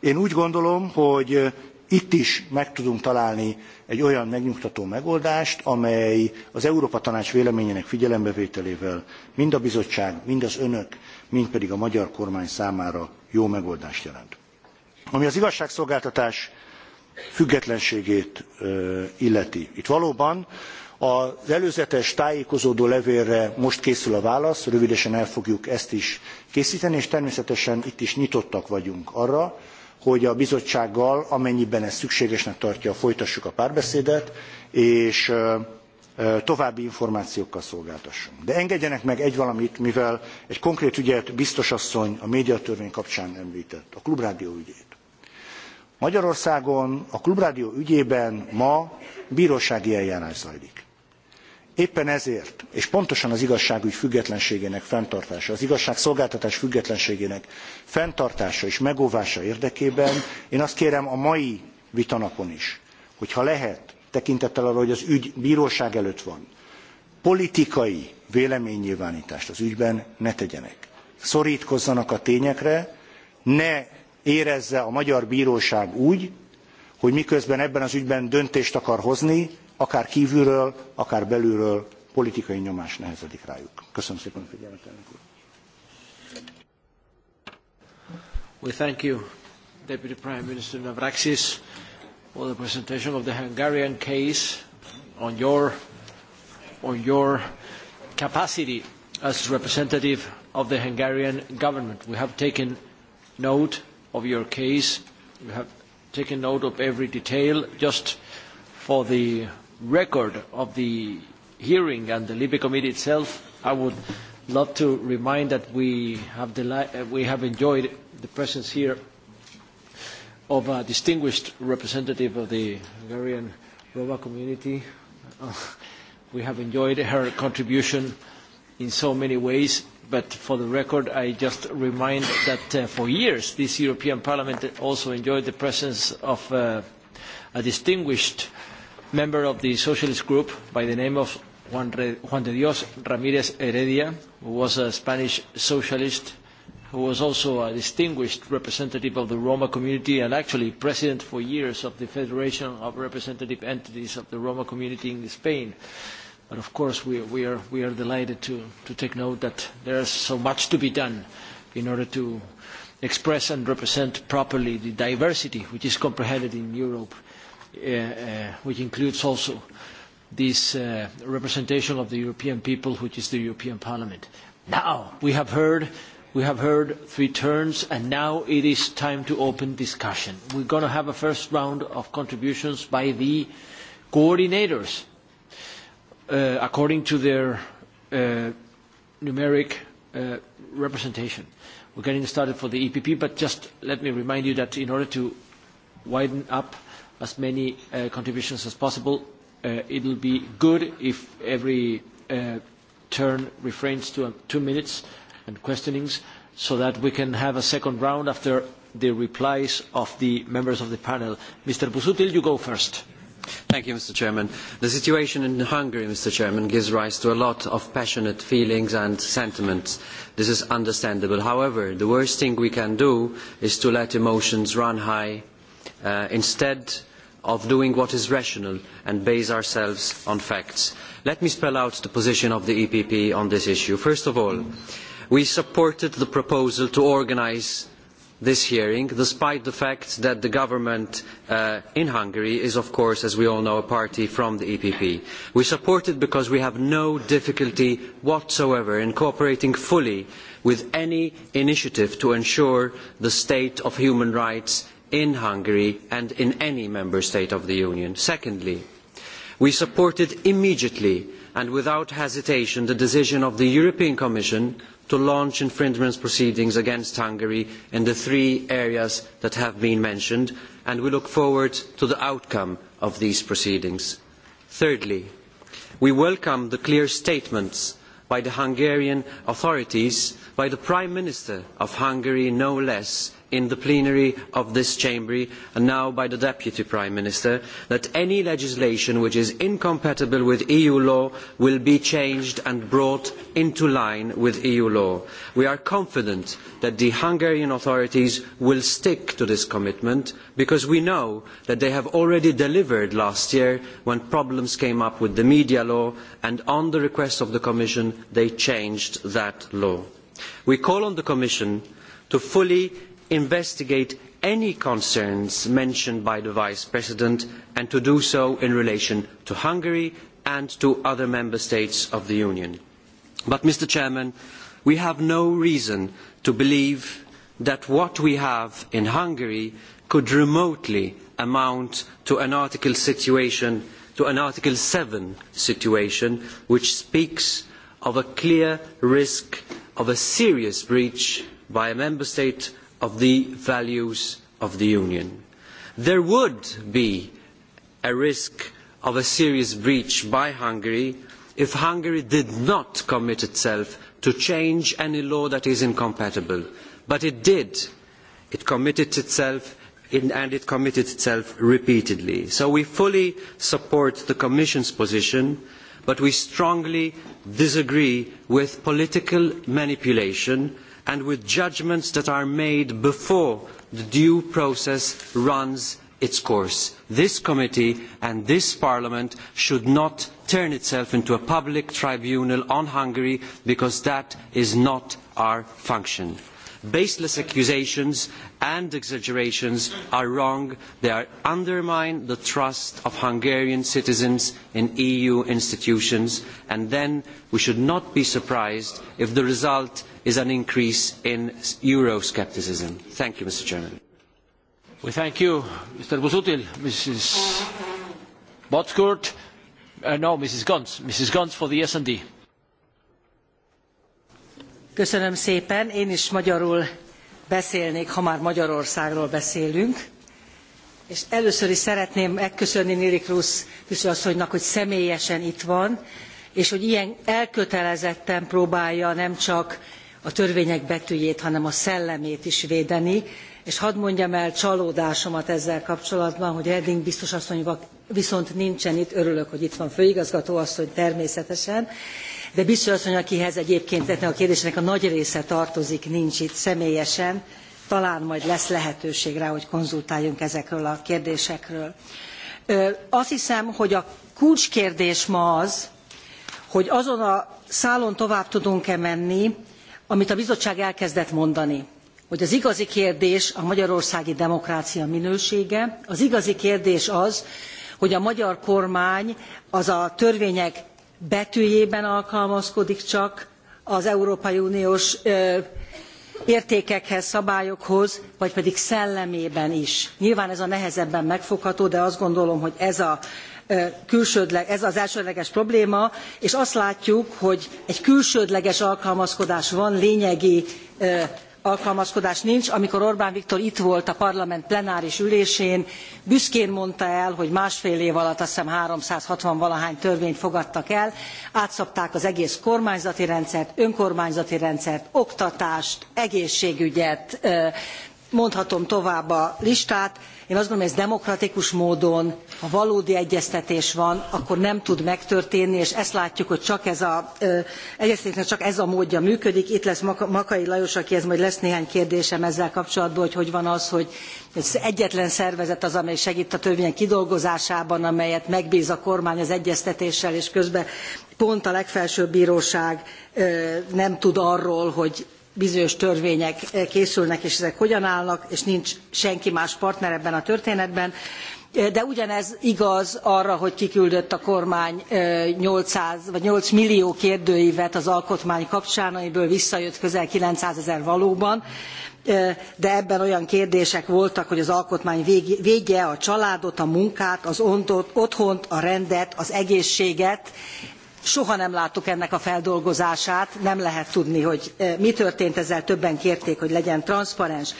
Én úgy gondolom, hogy Itt is meg tudunk találni egy olyan megnyugtató megoldást, amely az Európa Tanács véleményének figyelembevételével mind a bizottság, mind az önök, mind pedig a magyar kormány számára jó megoldást jelent. Ami az igazságszolgáltatás függetlenségét illeti. Itt valóban az előzetes tájékozódó levélre most készül a válasz, rövidesen el fogjuk ezt is készíteni, és természetesen itt is nyitottak vagyunk arra, hogy a bizottsággal, amennyiben ez szükségesnek tartja, folytassuk a párbeszédet, és további információkkal szolgáltassunk. De engedjenek meg egy valamit, mivel egy konkrét ügyet biztos asszony a médiatörvény kapcsán említett, a klubrádió ügyét. Magyarországon a klubrádió ügyében ma bírósági eljárás zajlik. Éppen ezért, és pontosan az igazságügy függetlenségének fenntartása, az igazságszolgáltatás függetlenségének fenntartása és megóvása érdekében én azt kérem a mai vitanapon is, hogyha lehet, tekintettel arra, hogy az ügy bíróság előtt van, politikai véleménynyilvánítást az ügyben ne tegyenek. Szorítkozzanak a tényekre, ne érezze a magyar bíróság úgy, hogy miközben ebben az ügyben döntést akar hozni, akár kívülről, akár belülről politikai nyomás nehezedik rájuk. Köszönöm szépen a figyelmet, elnök úr. We thank you, Deputy Prime Minister Navraxis, for the presentation of the Hungarian case on your, on your capacity as representative of the Hungarian government. We have taken note of your case. We have taken note of every detail. Just for the record of the hearing and the Libe Committee itself, I would love to remind that we have, uh, we have enjoyed the presence here of a distinguished representative of the Hungarian Roma community. Uh, we have enjoyed her contribution in so many ways, but for the record, I just remind that uh, for years this European Parliament also enjoyed the presence of uh, a distinguished uh, member of the socialist group by the name of Juan, Re Juan de Dios Ramirez Heredia, who was a Spanish socialist, who was also a distinguished representative of the Roma community and actually president for years of the Federation of Representative Entities of the Roma Community in Spain. But of course, we, we, are, we are delighted to, to take note that there is so much to be done in order to express and represent properly the diversity which is comprehended in Europe Uh, uh, which includes also this uh, representation of the European people, which is the European Parliament. Now, we have heard, we have heard three turns, and now it is time to open discussion. We're going to have a first round of contributions by the coordinators, uh, according to their uh, numeric uh, representation. We're getting started for the EPP, but just let me remind you that in order to widen up as many uh, contributions as possible. Uh, it will be good if every uh, turn refrains to uh, two minutes and questionings so that we can have a second round after the replies of the members of the panel. Mr. Busutil, you go first. Thank you, Mr. Chairman. The situation in Hungary, Mr. Chairman, gives rise to a lot of passionate feelings and sentiments. This is understandable. However, the worst thing we can do is to let emotions run high uh, instead of doing what is rational and base ourselves on facts. Let me spell out the position of the EPP on this issue. First of all, we supported the proposal to organise this hearing, despite the fact that the government uh, in Hungary is, of course, as we all know, a party from the EPP. We support it because we have no difficulty whatsoever in cooperating fully with any initiative to ensure the state of human rights in Hungary and in any member state of the Union. Secondly, we supported immediately and without hesitation the decision of the European Commission to launch infringement proceedings against Hungary in the three areas that have been mentioned, and we look forward to the outcome of these proceedings. Thirdly, we welcome the clear statements by the Hungarian authorities, by the Prime Minister of Hungary no less, in the plenary of this chamber and now by the Deputy Prime Minister that any legislation which is incompatible with EU law will be changed and brought into line with EU law. We are confident that the Hungarian authorities will stick to this commitment because we know that they have already delivered last year when problems came up with the media law and on the request of the Commission they changed that law. We call on the Commission to fully investigate any concerns mentioned by the Vice President and to do so in relation to Hungary and to other Member States of the Union. But, Mr Chairman, we have no reason to believe that what we have in Hungary could remotely amount to an Article situation to an Article seven situation which speaks of a clear risk of a serious breach by a member state of the values of the Union. There would be a risk of a serious breach by Hungary if Hungary did not commit itself to change any law that is incompatible. But it did. It committed itself in, and it committed itself repeatedly. So we fully support the Commission's position, but we strongly disagree with political manipulation and with judgments that are made before the due process runs its course. This committee and this parliament should not turn itself into a public tribunal on Hungary because that is not our function baseless accusations and exaggerations are wrong. They undermine the trust of Hungarian citizens in EU institutions, and then we should not be surprised if the result is an increase in Euroscepticism. Thank you, Mr. Chairman. We thank you, Mr. Busutil, Mrs. Botskurt, uh, no, Mrs. Gons, Mrs. Gons for the S&D. Köszönöm szépen, én is magyarul beszélnék, ha már Magyarországról beszélünk. És először is szeretném megköszönni Nili Krusz asszonynak, hogy személyesen itt van, és hogy ilyen elkötelezetten próbálja nem csak a törvények betűjét, hanem a szellemét is védeni, és hadd mondjam el csalódásomat ezzel kapcsolatban, hogy Redding biztos asszony viszont nincsen itt, örülök, hogy itt van főigazgató asszony természetesen, de biztos asszony, akihez egyébként ennek a kérdésnek a nagy része tartozik, nincs itt személyesen, talán majd lesz lehetőség rá, hogy konzultáljunk ezekről a kérdésekről. Azt hiszem, hogy a kulcskérdés ma az, hogy azon a szálon tovább tudunk-e menni, amit a bizottság elkezdett mondani hogy az igazi kérdés a magyarországi demokrácia minősége, az igazi kérdés az, hogy a magyar kormány az a törvények betűjében alkalmazkodik csak az Európai Uniós ö, értékekhez, szabályokhoz, vagy pedig szellemében is. Nyilván ez a nehezebben megfogható, de azt gondolom, hogy ez a külsődleg, ez az elsődleges probléma, és azt látjuk, hogy egy külsődleges alkalmazkodás van lényegi alkalmazkodás nincs. Amikor Orbán Viktor itt volt a parlament plenáris ülésén, büszkén mondta el, hogy másfél év alatt azt hiszem 360 valahány törvényt fogadtak el, átszabták az egész kormányzati rendszert, önkormányzati rendszert, oktatást, egészségügyet, mondhatom tovább a listát Én azt gondolom, ez demokratikus módon, ha valódi egyeztetés van, akkor nem tud megtörténni, és ezt látjuk, hogy csak ez a egyeztetésnek csak ez a módja működik. Itt lesz Makai Lajos, akihez majd lesz néhány kérdésem ezzel kapcsolatban, hogy hogy van az, hogy ez egyetlen szervezet az, amely segít a törvények kidolgozásában, amelyet megbíz a kormány az egyeztetéssel, és közben pont a legfelsőbb bíróság nem tud arról, hogy bizonyos törvények eh, készülnek, és ezek hogyan állnak, és nincs senki más partner ebben a történetben. Eh, de ugyanez igaz arra, hogy kiküldött a kormány 800 eh, vagy 8 millió kérdőívet az alkotmány kapcsán, amiből visszajött közel 900 ezer valóban de ebben olyan kérdések voltak, hogy az alkotmány védje a családot, a munkát, az ontot, otthont, a rendet, az egészséget, Soha nem láttuk ennek a feldolgozását, nem lehet tudni, hogy eh, mi történt ezzel, többen kérték, hogy legyen transzparens.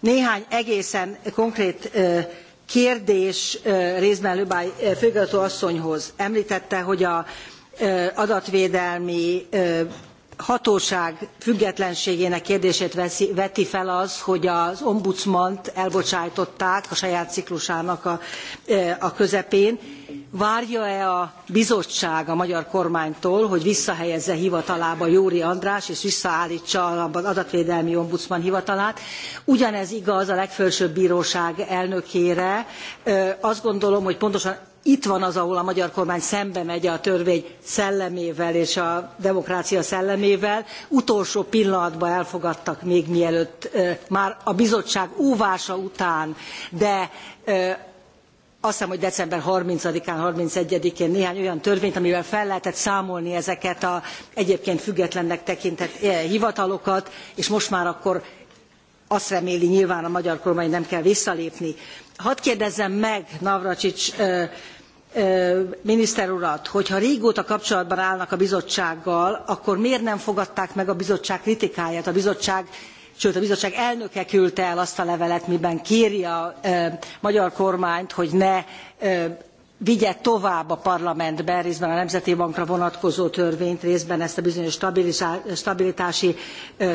Néhány egészen konkrét eh, kérdés eh, részben Lübály főigazgató asszonyhoz említette, hogy az adatvédelmi hatóság függetlenségének kérdését veszi, veti fel az, hogy az ombudsmant elbocsájtották a saját ciklusának a, a közepén. Várja-e a bizottság a magyar kormánytól, hogy visszahelyezze hivatalába Jóri András, és visszaállítsa az adatvédelmi ombudsman hivatalát? Ugyanez igaz a legfelsőbb bíróság elnökére. Azt gondolom, hogy pontosan itt van az, ahol a magyar kormány szembe megy a törvény szellemével és a demokrácia szellemével. Utolsó pillanatban elfogadtak még mielőtt már a bizottság óvása után, de azt hiszem, hogy december 30-án, 31-én néhány olyan törvényt, amivel fel lehetett számolni ezeket a egyébként függetlennek tekintett eh, hivatalokat, és most már akkor azt reméli nyilván a magyar kormány nem kell visszalépni. Hadd kérdezzem meg Navracsics eh, eh, miniszter urat, hogy ha régóta kapcsolatban állnak a bizottsággal, akkor miért nem fogadták meg a bizottság kritikáját? A bizottság sőt a bizottság elnöke küldte el azt a levelet, miben kéri a magyar kormányt, hogy ne vigye tovább a parlamentben, részben a Nemzeti Bankra vonatkozó törvényt, részben ezt a bizonyos stabilitási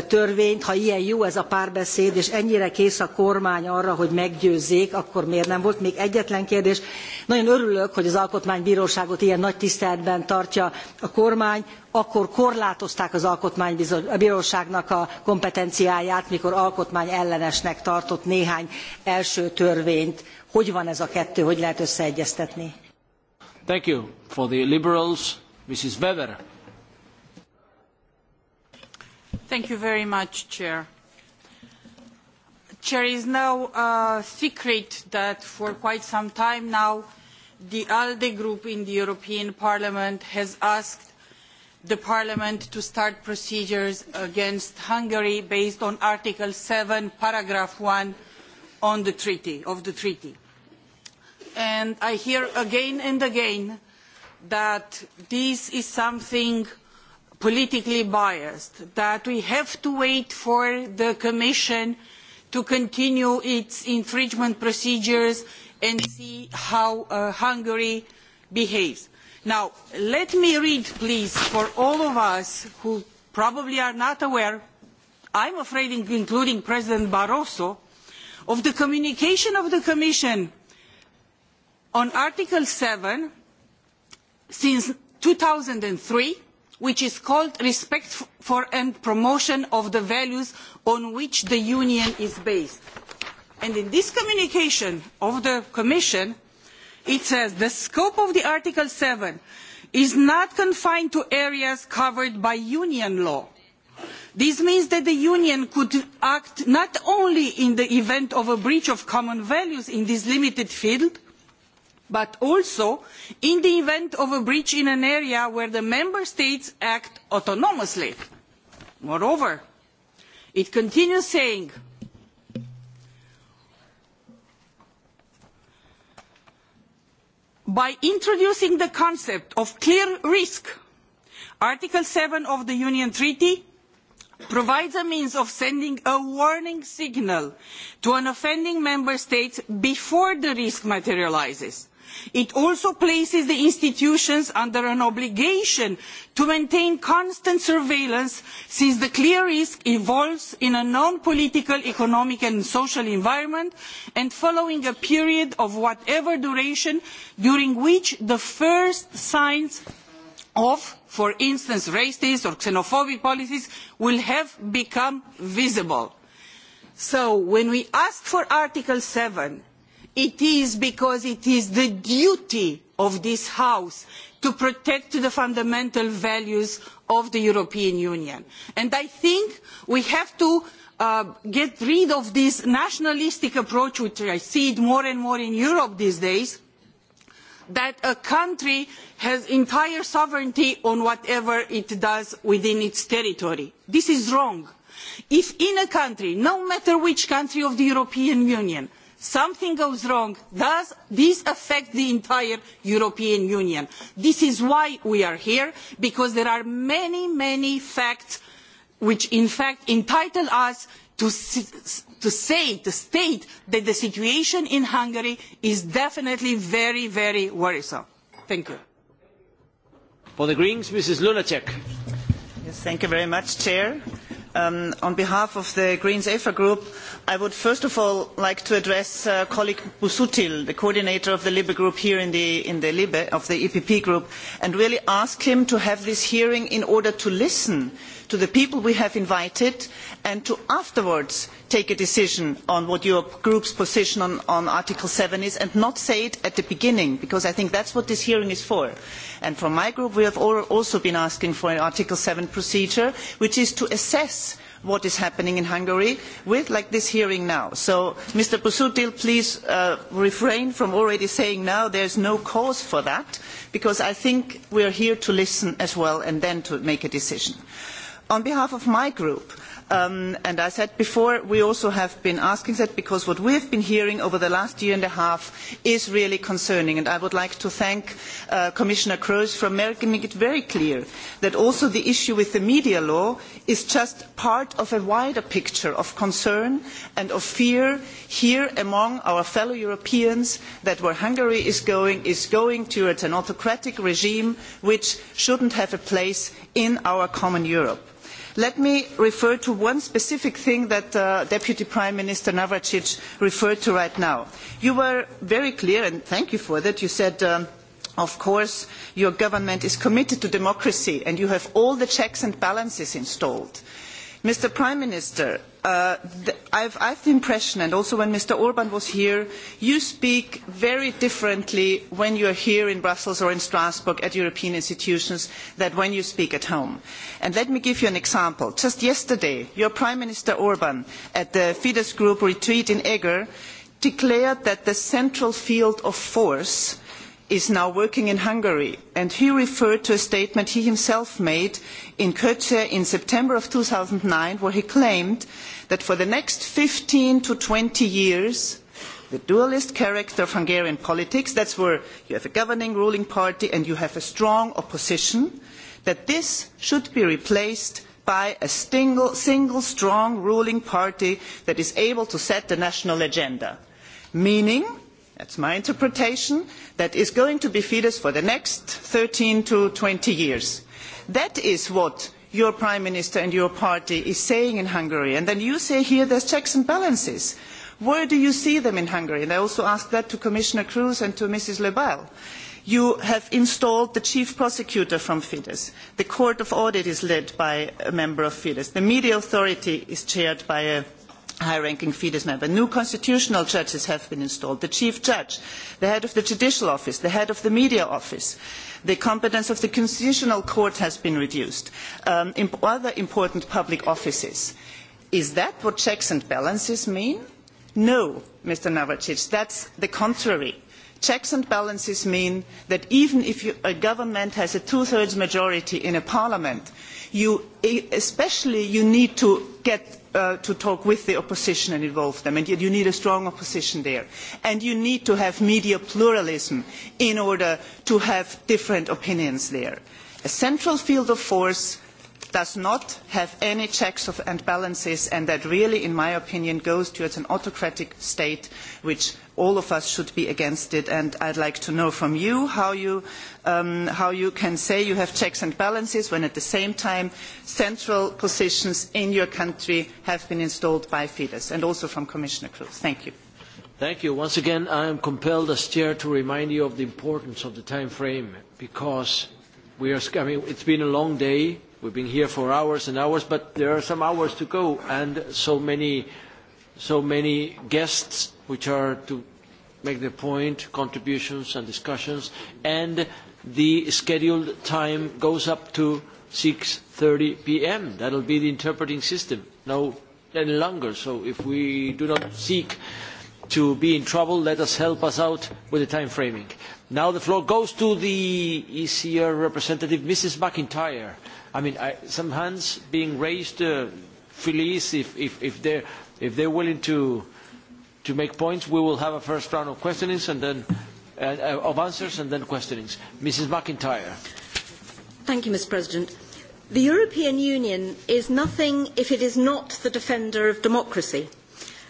törvényt. Ha ilyen jó ez a párbeszéd, és ennyire kész a kormány arra, hogy meggyőzzék, akkor miért nem volt még egyetlen kérdés. Nagyon örülök, hogy az Alkotmánybíróságot ilyen nagy tiszteletben tartja a kormány akkor korlátozták az alkotmánybíróságnak a kompetenciáját, mikor alkotmányellenesnek tartott néhány első törvényt Hogy van ez a kettő, hogy lehet összeegyeztetni? Thank you for the liberals, Mrs. Weber. Thank you very much, Chair. Chair, is no uh, secret that for quite some time now, the ALDE group in the European Parliament has asked the Parliament to start procedures against Hungary based on Article paragraph on the treaty, of the treaty. And I hear again and again that this is something politically biased, that we have to wait for the Commission to continue its infringement procedures and see how uh, Hungary behaves. Now, let me read, please, for all of us who probably are not aware, I am afraid including President Barroso, of the communication of the Commission on Article seven since two thousand three, which is called Respect for and Promotion of the Values on which the Union is based. And in this communication of the Commission, it says the scope of the Article seven is not confined to areas covered by Union law This means that the Union could act not only in the event of a breach of common values in this limited field, but also in the event of a breach in an area where the Member States act autonomously. Moreover, it continues saying, by introducing the concept of clear risk, Article seven of the Union Treaty provides a means of sending a warning signal to an offending member state before the risk materialises. It also places the institutions under an obligation to maintain constant surveillance since the clear risk evolves in a non-political, economic and social environment and following a period of whatever duration during which the first signs of, for instance, racist or xenophobic policies will have become visible. So when we ask for Article seven, it is because it is the duty of this House to protect the fundamental values of the European Union. And I think we have to uh, get rid of this nationalistic approach which I see more and more in Europe these days, that a country has entire sovereignty on whatever it does within its territory. This is wrong. If in a country, no matter which country of the European Union, something goes wrong, does this affect the entire European Union? This is why we are here, because there are many, many facts which in fact entitle us to to say, to state that the situation in Hungary is definitely very, very worrisome. Thank you. For the Greens, Mrs. Lunacek. Yes, thank you very much, Chair. Um, on behalf of the Greens EFA group, I would first of all like to address uh, colleague Busutil, the coordinator of the LIBE group here in the, in the LIBE, of the EPP group, and really ask him to have this hearing in order to listen to the people we have invited and to afterwards take a decision on what your group's position on, on Article seven is and not say it at the beginning because I think that is what this hearing is for. And from my group we have also been asking for an Article seven procedure which is to assess what is happening in Hungary with like this hearing now. So Mr. Busutil, please uh, refrain from already saying now there is no cause for that because I think we are here to listen as well and then to make a decision. Uh, on behalf of my group, um, and I said before, we also have been asking that because what we have been hearing over the last year and a half is really concerning. And I would like to thank uh, Commissioner Kroes for making it very clear that also the issue with the media law is just part of a wider picture of concern and of fear here among our fellow Europeans that where Hungary is going is going towards an autocratic regime which should not have a place in our common Europe. Let me refer to one specific thing that uh, Deputy Prime Minister Navracic referred to right now. You were very clear, and thank you for that. You said, um, of course, your government is committed to democracy, and you have all the checks and balances installed. Mr. Prime Minister, Uh, I have the impression, and also when Mr. Orban was here, you speak very differently when you are here in Brussels or in Strasbourg at European institutions than when you speak at home. And let me give you an example. Just yesterday, your Prime Minister Orban at the Fidesz Group retreat in Eger declared that the central field of force is now working in Hungary, and he referred to a statement he himself made in Kötze in September of two thousand nine, where he claimed that for the next fifteen to twenty years, the dualist character of Hungarian politics, that is where you have a governing ruling party and you have a strong opposition, that this should be replaced by a single, single strong ruling party that is able to set the national agenda. Meaning that is my interpretation, that is going to be feeders for the next thirteen to twenty years. That is what your Prime Minister and your party is saying in Hungary. And then you say here there are checks and balances. Where do you see them in Hungary? And I also asked that to Commissioner Kroes and to Mrs. Lebel. You have installed the chief prosecutor from Fidesz. The court of audit is led by a member of Fidesz. The media authority is chaired by a high-ranking Fidesz member. New constitutional judges have been installed, the chief judge, the head of the judicial office, the head of the media office. The competence of the constitutional court has been reduced. Um, imp other important public offices. Is that what checks and balances mean? No, Mr. Navracic, that's the contrary. Checks and balances mean that even if you, a government has a two-thirds majority in a parliament, you, e-, especially you need to get Uh, to talk with the opposition and involve them. And yet you need a strong opposition there. And you need to have media pluralism in order to have different opinions there. A central field of force does not have any checks and balances and that really, in my opinion, goes towards an autocratic state which all of us should be against it. And would like to know from you how you, um, how you can say you have checks and balances when at the same time central positions in your country have been installed by Fidesz and also from Commissioner Kroes. Thank you. Thank you. Once again, I am compelled as chair to remind you of the importance of the time frame because we are, I mean, it's been a long day We've been here for hours and hours, but there are some hours to go, and so many, so many guests which are to make their point, contributions and discussions, and the scheduled time goes up to 6.30 p.m. That'll be the interpreting system, no any longer. So if we do not seek to be in trouble, let us help us out with the time framing. Now the floor goes to the ECR representative, Mrs. McIntyre. I mean, I, some hands being raised, uh, Felice, if, if, if, they're, if they're willing to, to make points, we will have a first round of questionings and then uh, uh of answers and then questionings. Mrs. McIntyre. Thank you, Mr. President. The European Union is nothing if it is not the defender of democracy.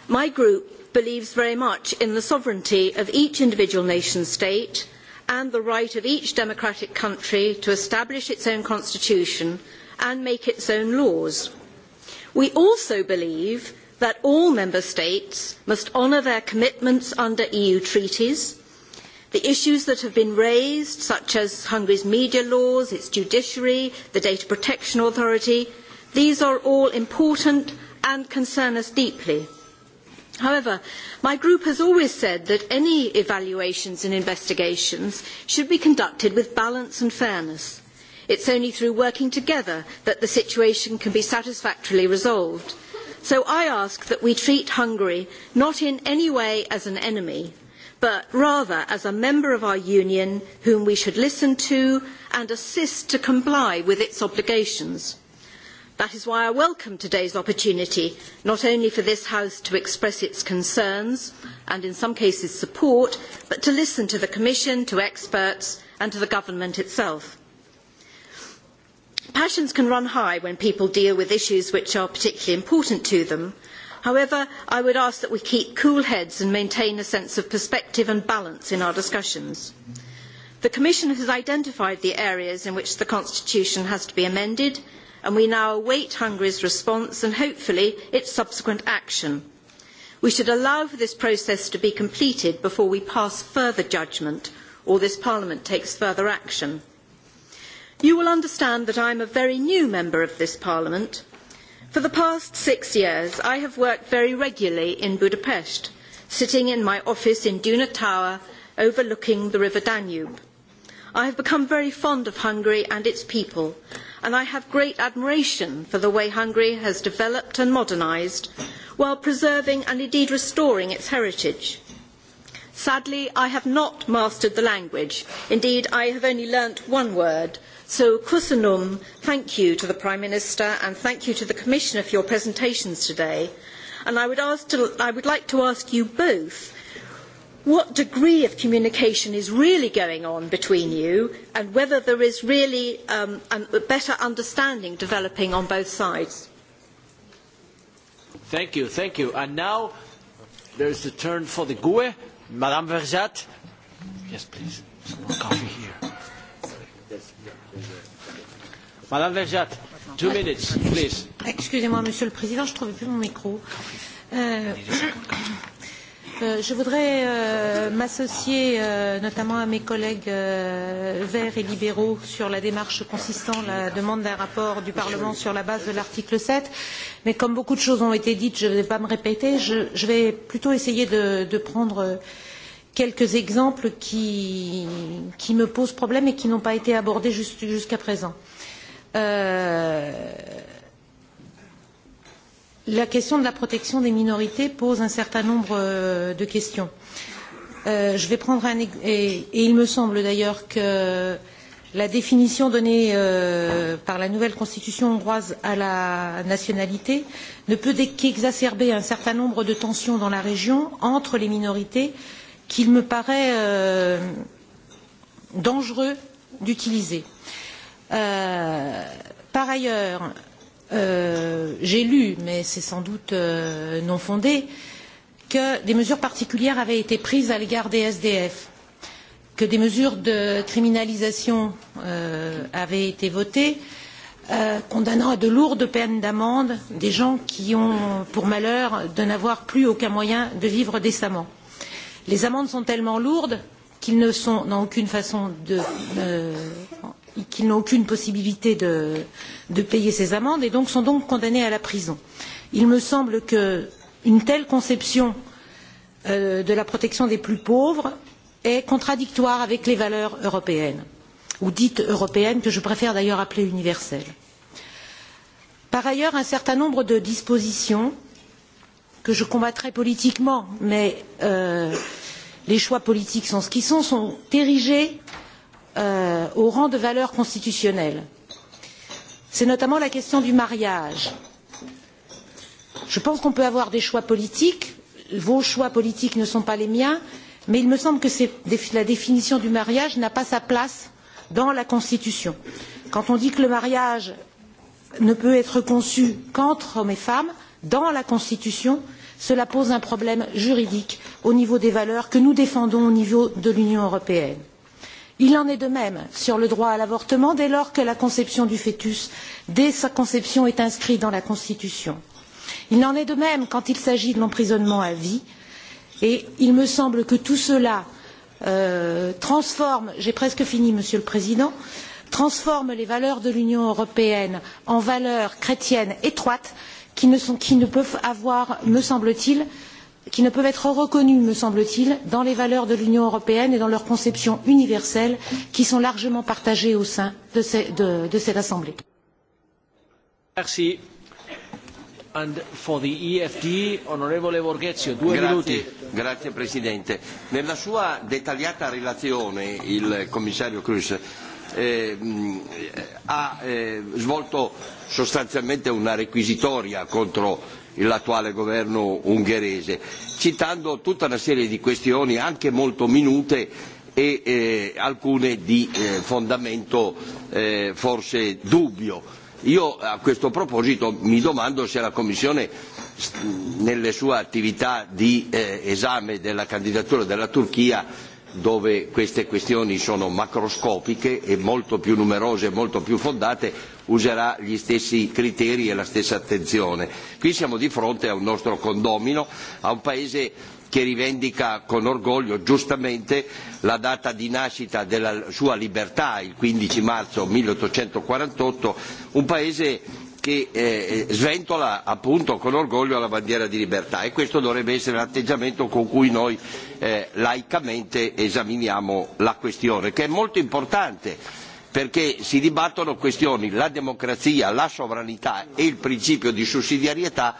My group believes very much in the sovereignty of each individual nation state – and the right of each democratic country to establish its own constitution and make its own laws. We also believe that all member states must honour their commitments under EU treaties. The issues that have been raised, such as Hungary's media laws, its judiciary, the data protection authority, these are all important and concern us deeply. However, my group has always said that any evaluations and investigations should be conducted with balance and fairness. It is only through working together that the situation can be satisfactorily resolved. So I ask that we treat Hungary not in any way as an enemy, but rather as a member of our union whom we should listen to and assist to comply with its obligations. That is why I welcome today's opportunity not only for this House to express its concerns and in some cases support, but to listen to the Commission, to experts and to the government itself. Passions can run high when people deal with issues which are particularly important to them. However, I would ask that we keep cool heads and maintain a sense of perspective and balance in our discussions. The Commission has identified the areas in which the Constitution has to be amended and we now await Hungary's response and hopefully its subsequent action. We should allow for this process to be completed before we pass further judgment or this Parliament takes further action. You will understand that I am a very new member of this Parliament. For the past six years, I have worked very regularly in Budapest, sitting in my office in Duna Tower overlooking the River Danube. I have become very fond of Hungary and its people, and I have great admiration for the way Hungary has developed and modernised while preserving and indeed restoring its heritage. Sadly, I have not mastered the language. Indeed, I have only learnt one word. So, Kusunum, thank you to the Prime Minister and thank you to the Commissioner for your presentations today. And I would, to, I would like to ask you both what degree of communication is really going on between you and whether there is really um, a better understanding developing on both sides. Thank you, thank you. And now there is the turn for the GUE. Madame Verzat. Yes, please. Some more coffee here. Madame Verzat, two minutes, please. Excusez-moi, Monsieur le Président, je ne trouvais plus mon micro. Euh... Euh, je voudrais euh, m'associer euh, notamment à mes collègues euh, verts et libéraux sur la démarche consistant la demande d'un rapport du Parlement sur la base de l'article 7. Mais comme beaucoup de choses ont été dites, je ne vais pas me répéter. Je, je vais plutôt essayer de, de prendre euh, quelques exemples qui, qui me posent problème et qui n'ont pas été abordés jusqu'à présent. Euh, La question de la protection des minorités pose un certain nombre euh, de questions. Euh, je vais prendre un et, et il me semble d'ailleurs que la définition donnée euh, par la nouvelle constitution hongroise à la nationalité ne peut qu'exacerber un certain nombre de tensions dans la région entre les minorités qu'il me paraît euh, dangereux d'utiliser. Euh, par ailleurs, Euh, j'ai lu, mais c'est sans doute euh, non fondé, que des mesures particulières avaient été prises à l'égard des SDF, que des mesures de criminalisation euh, avaient été votées, euh, condamnant à de lourdes peines d'amende des gens qui ont pour malheur de n'avoir plus aucun moyen de vivre décemment. Les amendes sont tellement lourdes qu'ils ne sont dans aucune façon de, euh, qu'ils n'ont aucune possibilité de, de payer ces amendes et donc sont donc condamnés à la prison. Il me semble qu'une telle conception euh, de la protection des plus pauvres est contradictoire avec les valeurs européennes, ou dites européennes, que je préfère d'ailleurs appeler universelles. Par ailleurs, un certain nombre de dispositions que je combattrai politiquement, mais euh, les choix politiques sont ce qu'ils sont, sont érigés euh, au rang de valeur constitutionnelle. C'est notamment la question du mariage. Je pense qu'on peut avoir des choix politiques, vos choix politiques ne sont pas les miens, mais il me semble que la définition du mariage n'a pas sa place dans la Constitution. Quand on dit que le mariage ne peut être conçu qu'entre hommes et femmes, dans la Constitution, cela pose un problème juridique au niveau des valeurs que nous défendons au niveau de l'Union européenne. Il en est de même sur le droit à l'avortement dès lors que la conception du fœtus, dès sa conception, est inscrite dans la Constitution. Il en est de même quand il s'agit de l'emprisonnement à vie. Et il me semble que tout cela euh, transforme, j'ai presque fini, Monsieur le Président, transforme les valeurs de l'Union européenne en valeurs chrétiennes étroites qui ne, sont, qui ne peuvent avoir, me semble-t-il, qui ne peuvent être reconnus, me semble-t-il, dans les valeurs de l'Union européenne et dans leur conception universelle, qui sont largement partagées au sein de, ces, de, de cette Assemblée. Merci. And for the EFD, onorevole Borghezio, due grazie, minuti. Grazie Presidente. Nella sua dettagliata relazione il commissario Cruz eh, ha eh, svolto sostanzialmente una requisitoria contro l'attuale governo ungherese, citando tutta una serie di questioni anche molto minute e eh, alcune di eh, fondamento eh, forse dubbio. Io a questo proposito mi domando se la Commissione nelle sue attività di eh, esame della candidatura della Turchia dove queste questioni sono macroscopiche e molto più numerose e molto più fondate, userà gli stessi criteri e la stessa attenzione. Qui siamo di fronte a un nostro condomino, a un paese che rivendica con orgoglio giustamente la data di nascita della sua libertà, il 15 marzo 1848, un paese che eh, sventola appunto con orgoglio la bandiera di libertà e questo dovrebbe essere l'atteggiamento con cui noi eh, laicamente esaminiamo la questione, che è molto importante perché si dibattono questioni, la democrazia, la sovranità e il principio di sussidiarietà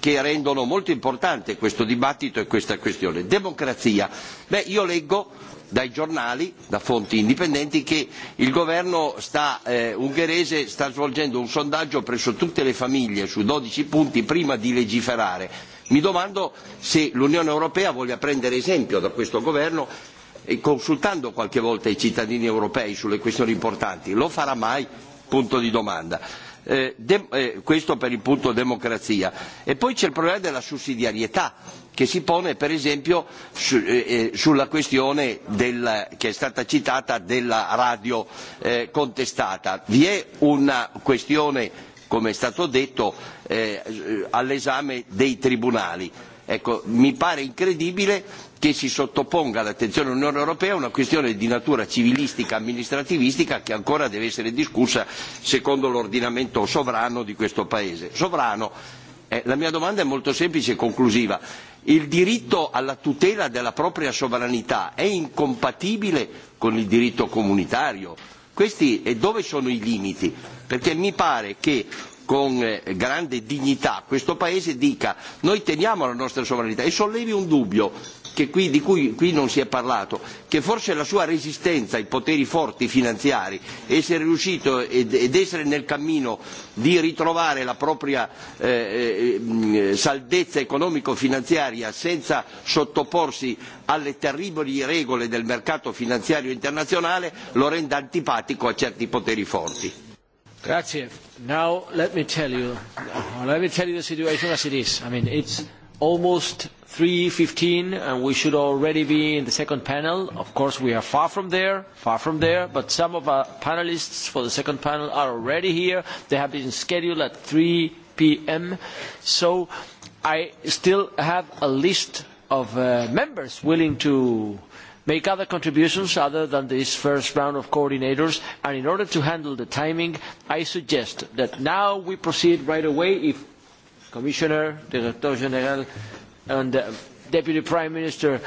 che rendono molto importante questo dibattito e questa questione. Democrazia. Beh, io leggo dai giornali, da fonti indipendenti, che il governo sta, eh, ungherese sta svolgendo un sondaggio presso tutte le famiglie su dodici punti prima di legiferare. Mi domando se l'Unione Europea voglia prendere esempio da questo governo E consultando qualche volta i cittadini europei sulle questioni importanti, lo farà mai? Punto di domanda. Eh, de, eh, questo per il punto democrazia. E poi c'è il problema della sussidiarietà che si pone per esempio su, eh, eh, sulla questione del, che è stata citata della radio eh, contestata. Vi è una questione, come è stato detto, eh, all'esame dei tribunali. Ecco, mi pare incredibile che si sottoponga all'attenzione dell'Unione Europea una questione di natura civilistica amministrativistica che ancora deve essere discussa secondo l'ordinamento sovrano di questo Paese. Sovrano, eh, la mia domanda è molto semplice e conclusiva. Il diritto alla tutela della propria sovranità è incompatibile con il diritto comunitario? Questi, e dove sono i limiti? Perché mi pare che con eh, grande dignità questo Paese dica noi teniamo la nostra sovranità e sollevi un dubbio che qui, di cui qui non si è parlato, che forse la sua resistenza ai poteri forti finanziari, essere riuscito ed, ed essere nel cammino di ritrovare la propria eh, eh mm, saldezza economico-finanziaria senza sottoporsi alle terribili regole del mercato finanziario internazionale lo renda antipatico a certi poteri forti. Grazie. Now let me tell you, let me tell you the situation as it is. I mean, it's almost 3.15 and uh, we should already be in the second panel. Of course, we are far from there, far from there, but some of our panelists for the second panel are already here. They have been scheduled at 3 p.m. So I still have a list of uh, members willing to make other contributions other than this first round of coordinators and in order to handle the timing I suggest that now we proceed right away if Commissioner, Director General and the uh, Deputy Prime Minister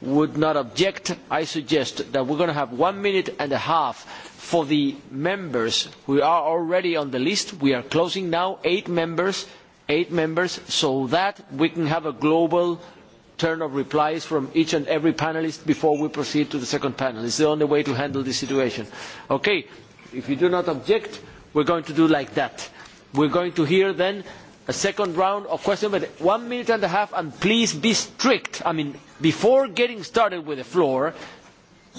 would not object, I suggest that we are going to have one minute and a half for the members who are already on the list. We are closing now eight members, eight members, so that we can have a global turn of replies from each and every panelist before we proceed to the second panel. It's the only way to handle this situation. Okay, if you do not object, we're going to do like that. We're going to hear then a second round of questions, but one minute and a half, and please be strict. I mean, before getting started with the floor,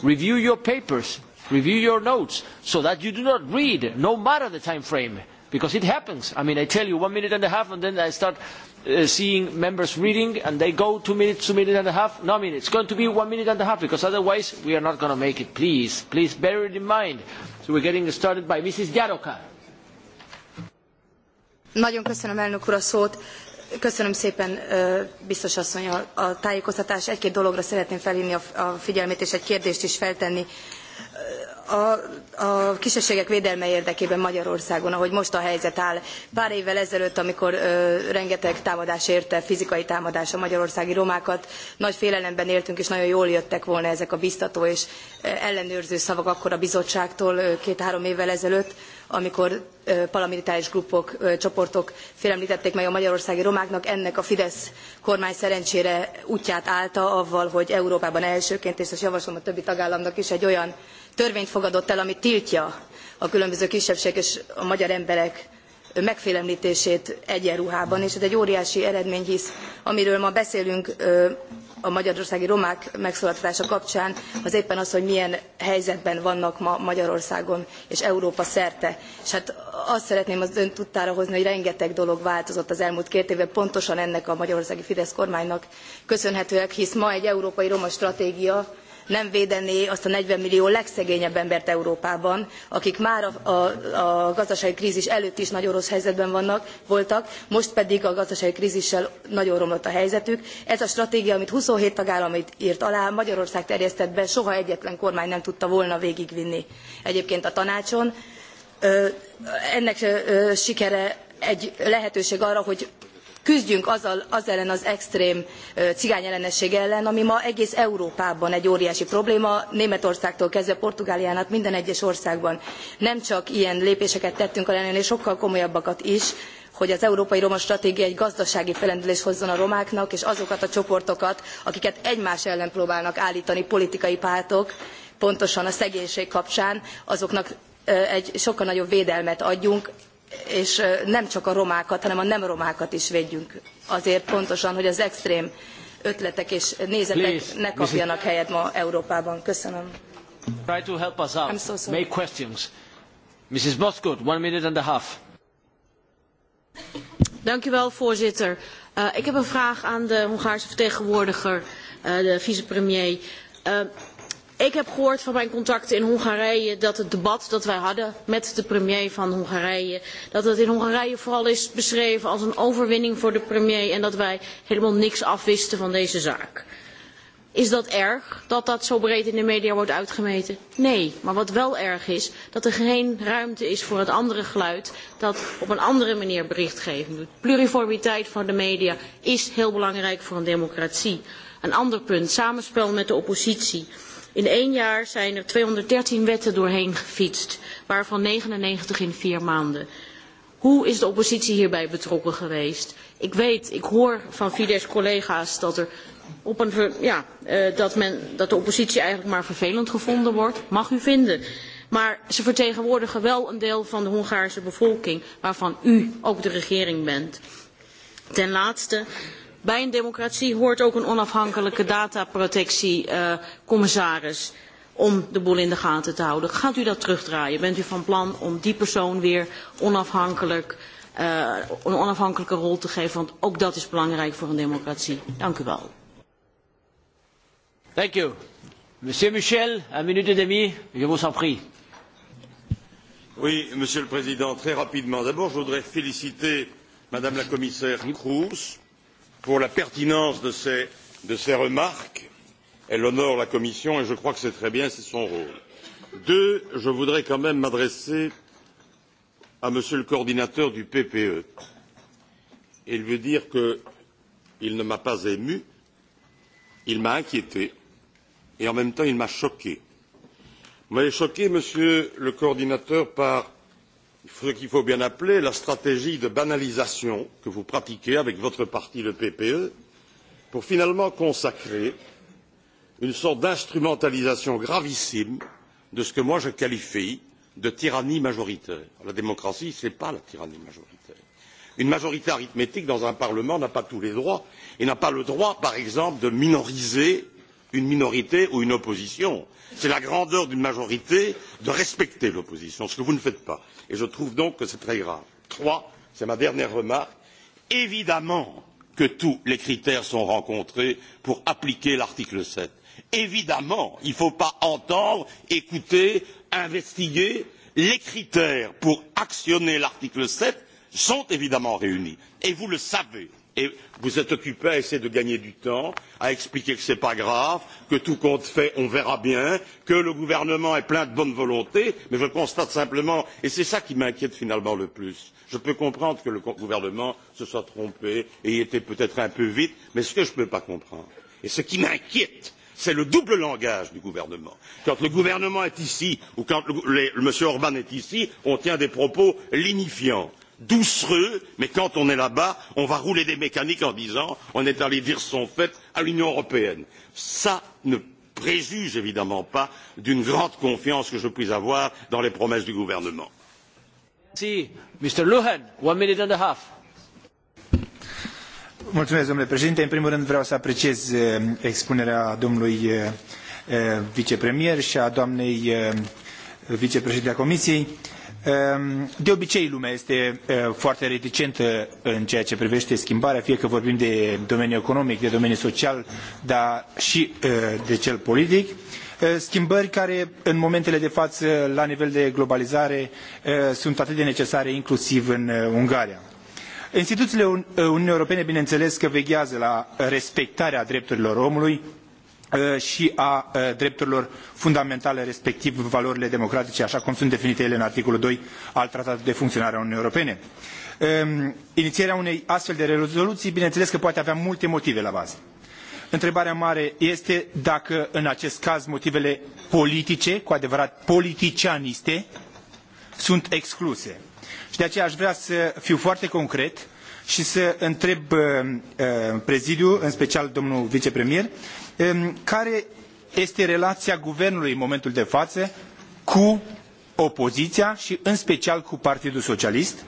review your papers, review your notes, so that you do not read, no matter the time frame, because it happens. I mean, I tell you one minute and a half, and then I start uh, seeing members reading, and they go two minutes, two minutes and a half. No, I mean, it's going to be one minute and a half, because otherwise we are not going to make it. Please, please bear it in mind. So we're getting started by Mrs. Yaroka. Nagyon köszönöm elnök úr a szót. Köszönöm szépen, biztos asszony, a, a tájékoztatás. Egy-két dologra szeretném felhívni a, a figyelmét és egy kérdést is feltenni a, a kisebbségek védelme érdekében Magyarországon, ahogy most a helyzet áll, pár évvel ezelőtt, amikor ö, rengeteg támadás érte, fizikai támadás a magyarországi romákat, nagy félelemben éltünk, és nagyon jól jöttek volna ezek a biztató és ellenőrző szavak akkor a bizottságtól két-három évvel ezelőtt, amikor paramilitáris grupok, csoportok félemlítették meg a magyarországi romáknak, ennek a Fidesz kormány szerencsére útját állta avval, hogy Európában elsőként, és azt javaslom a többi tagállamnak is egy olyan törvényt fogadott el, ami tiltja a különböző kisebbség és a magyar emberek megfélemlítését egyenruhában, és ez egy óriási eredmény, hisz amiről ma beszélünk a magyarországi romák megszólaltatása kapcsán, az éppen az, hogy milyen helyzetben vannak ma Magyarországon és Európa szerte. És hát azt szeretném az ön tudtára hozni, hogy rengeteg dolog változott az elmúlt két évben, pontosan ennek a magyarországi Fidesz kormánynak köszönhetőek, hisz ma egy európai roma stratégia, nem védené azt a 40 millió legszegényebb embert Európában, akik már a, a, a gazdasági krízis előtt is nagyon rossz helyzetben vannak, voltak, most pedig a gazdasági krízissel nagyon romlott a helyzetük. Ez a stratégia, amit 27 tagállam írt alá, Magyarország terjesztett be, soha egyetlen kormány nem tudta volna végigvinni egyébként a tanácson. Ennek sikere egy lehetőség arra, hogy küzdjünk az, az ellen az extrém cigányellenesség ellen, ami ma egész Európában egy óriási probléma, Németországtól kezdve Portugálián át minden egyes országban. Nem csak ilyen lépéseket tettünk a lenni, sokkal komolyabbakat is, hogy az Európai Roma Stratégia egy gazdasági felendülés hozzon a romáknak, és azokat a csoportokat, akiket egymás ellen próbálnak állítani politikai pártok, pontosan a szegénység kapcsán, azoknak egy sokkal nagyobb védelmet adjunk, és nem csak a romákat, hanem a nem romákat is védjünk. Azért pontosan, hogy az extrém ötletek és nézetek Please, ne kapjanak helyet ma Európában. Köszönöm. Try to help us out. I'm so sorry. Make questions. Mrs. Boscoot, one minute and a half. Dank u wel, voorzitter. Uh, ik heb een vraag aan de Hongaarse vertegenwoordiger, uh, de vicepremier. Uh, Ik heb gehoord van mijn contacten in Hongarije dat het debat dat wij hadden met de premier van Hongarije, dat het in Hongarije vooral is beschreven als een overwinning voor de premier en dat wij helemaal niks afwisten van deze zaak. Is dat erg dat dat zo breed in de media wordt uitgemeten? Nee, maar wat wel erg is, dat er geen ruimte is voor het andere geluid dat op een andere manier berichtgeving doet. Pluriformiteit van de media is heel belangrijk voor een democratie. Een ander punt, samenspel met de oppositie. In één jaar zijn er 213 wetten doorheen gefietst, waarvan 99 in vier maanden. Hoe is de oppositie hierbij betrokken geweest? Ik weet, ik hoor van Fidesz-collega's dat, er op een, ja, uh, dat, men, dat de oppositie eigenlijk maar vervelend gevonden wordt. Mag u vinden. Maar ze vertegenwoordigen wel een deel van de Hongaarse bevolking, waarvan u ook de regering bent. Ten laatste, Bij een democratie hoort ook een onafhankelijke dataprotectiecommissaris eh, om de boel in de gaten te houden. Gaat u dat terugdraaien? Bent u van plan om die persoon weer onafhankelijk, uh, een onafhankelijke rol te geven? Want ook dat is belangrijk voor een democratie. Dank u wel. Monsieur Michel, je vous en prie. Oui, Monsieur le Président, très rapidement. D'abord, je voudrais féliciter Madame la Commissaire Kroes pour la pertinence de ses, de remarques. Elle honore la Commission et je crois que c'est très bien, c'est son rôle. Deux, je voudrais quand même m'adresser à Monsieur le coordinateur du PPE et lui dire qu'il ne m'a pas ému, il m'a inquiété et en même temps il m'a choqué. Vous m'avez choqué, Monsieur le coordinateur, par ce qu'il faut bien appeler la stratégie de banalisation que vous pratiquez avec votre parti, le PPE, pour finalement consacrer une sorte d'instrumentalisation gravissime de ce que moi je qualifie de tyrannie majoritaire. La démocratie, ce n'est pas la tyrannie majoritaire. Une majorité arithmétique dans un Parlement n'a pas tous les droits et n'a pas le droit, par exemple, de minoriser une minorité ou une opposition. C'est la grandeur d'une majorité de respecter l'opposition, ce que vous ne faites pas. Et je trouve donc que c'est très grave. Trois, c'est ma dernière remarque, évidemment que tous les critères sont rencontrés pour appliquer l'article sept. Évidemment, il ne faut pas entendre, écouter, investiguer. Les critères pour actionner l'article sept sont évidemment réunis. Et vous le savez. Et vous êtes occupé à essayer de gagner du temps, à expliquer que ce n'est pas grave, que tout compte fait, on verra bien, que le gouvernement est plein de bonne volonté, mais je constate simplement, et c'est ça qui m'inquiète finalement le plus, je peux comprendre que le gouvernement se soit trompé et y était peut-être un peu vite, mais ce que je ne peux pas comprendre, et ce qui m'inquiète, c'est le double langage du gouvernement. Quand le gouvernement est ici, ou quand le, les, le M. Orban est ici, on tient des propos lignifiants doucereux, mais quand on est là-bas, on va rouler des mécaniques en disant on est allé dire son fait à l'Union européenne. Ça ne préjuge évidemment pas d'une grande confiance que je puisse avoir dans les promesses du gouvernement. Merci. Mr. Luhan, one minute and a half. Mulțumesc, domnule președinte. În primul rând vreau să apreciez eh, expunerea domnului eh, eh, vicepremier și a doamnei Comisiei. Ehm, de obicei lumea este e, foarte reticentă în ceea ce privește schimbarea, fie că vorbim de domeniul economic, de domeniul social, dar și e, de cel politic. E, schimbări care în momentele de față la nivel de globalizare sunt atât de necesare inclusiv în Ungaria. Instituțiile Uniunii Europene, bineînțeles că veghează la respectarea drepturilor omului, Uh, și a uh, drepturilor fundamentale, respectiv valorile democratice, așa cum sunt definite ele în articolul doi al Tratatului de Funcționare a Uniunii Europene. Um, inițierea unei astfel de rezoluții, bineînțeles că poate avea multe motive la bază. Întrebarea mare este dacă în acest caz motivele politice, cu adevărat politicianiste, sunt excluse. Și de aceea aș vrea să fiu foarte concret și să întreb uh, prezidiu, în special domnul vicepremier, care este relația guvernului în momentul de față cu opoziția și în special cu Partidul Socialist?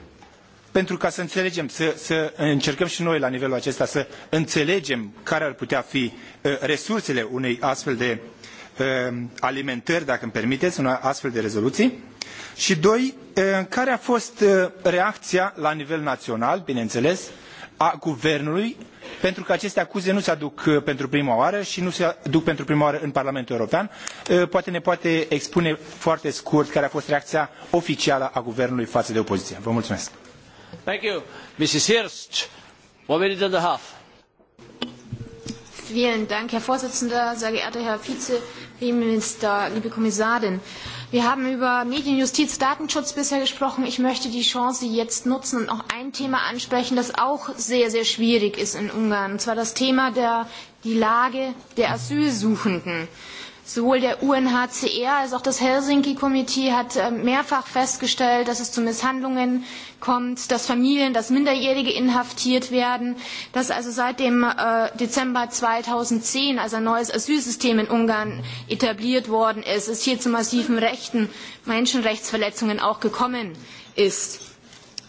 Pentru ca să înțelegem, să, să încercăm și noi la nivelul acesta să înțelegem care ar putea fi e, resursele unei astfel de e, alimentări, dacă îmi permiteți, unei astfel de rezoluții. Și doi, e, care a fost reacția la nivel național, bineînțeles, a guvernului, pentru că aceste acuze nu se aduc uh, pentru prima oară și nu se aduc pentru prima oară în Parlamentul European. Uh, poate ne poate expune foarte scurt care a fost reacția oficială a guvernului față de opoziție. Vă mulțumesc. Thank you. Mrs. one minute and a half. Vielen Dank, Herr Vorsitzender, sehr geehrter Herr Vize. Premierminister, liebe Kommissarin. Wir haben über Medienjustiz, Datenschutz bisher gesprochen. Ich möchte die Chance jetzt nutzen und auch ein Thema ansprechen, das auch sehr, sehr schwierig ist in Ungarn. Und zwar das Thema der, die Lage der Asylsuchenden. Sowohl der UNHCR e als auch das Helsinki-Komitee hat äh, mehrfach festgestellt, dass es zu Misshandlungen kommt, dass Familien, dass Minderjährige inhaftiert werden, dass also seit dem äh, Dezember 2010 also ein neues Asylsystem in Ungarn etabliert worden ist, es hier zu massiven Rechten, Menschenrechtsverletzungen auch gekommen ist.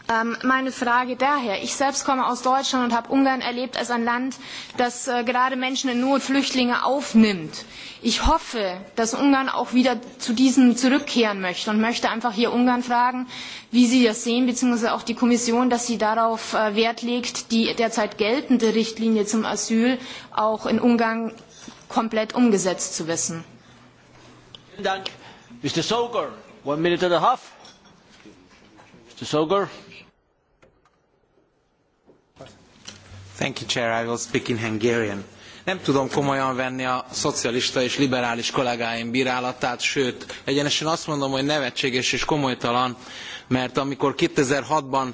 Ähm, meine Frage daher. Ich selbst komme aus Deutschland und habe Ungarn erlebt als ein Land, das äh, gerade Menschen in Not, Flüchtlinge aufnimmt. Ich hoffe, dass Ungarn auch wieder zu diesem zurückkehren möchte und möchte einfach hier Ungarn fragen, wie Sie das sehen, beziehungsweise auch die Kommission, dass sie darauf äh, Wert legt, die derzeit geltende Richtlinie zum Asyl auch in Ungarn komplett umgesetzt zu wissen. Vielen Dank. Mr. Soger, one minute and a half. Mr. Soger. Thank you, Chair. I will speak in Hungarian. Nem tudom komolyan venni a szocialista és liberális kollégáim bírálatát, sőt, egyenesen azt mondom, hogy nevetséges és komolytalan, mert amikor 2006-ban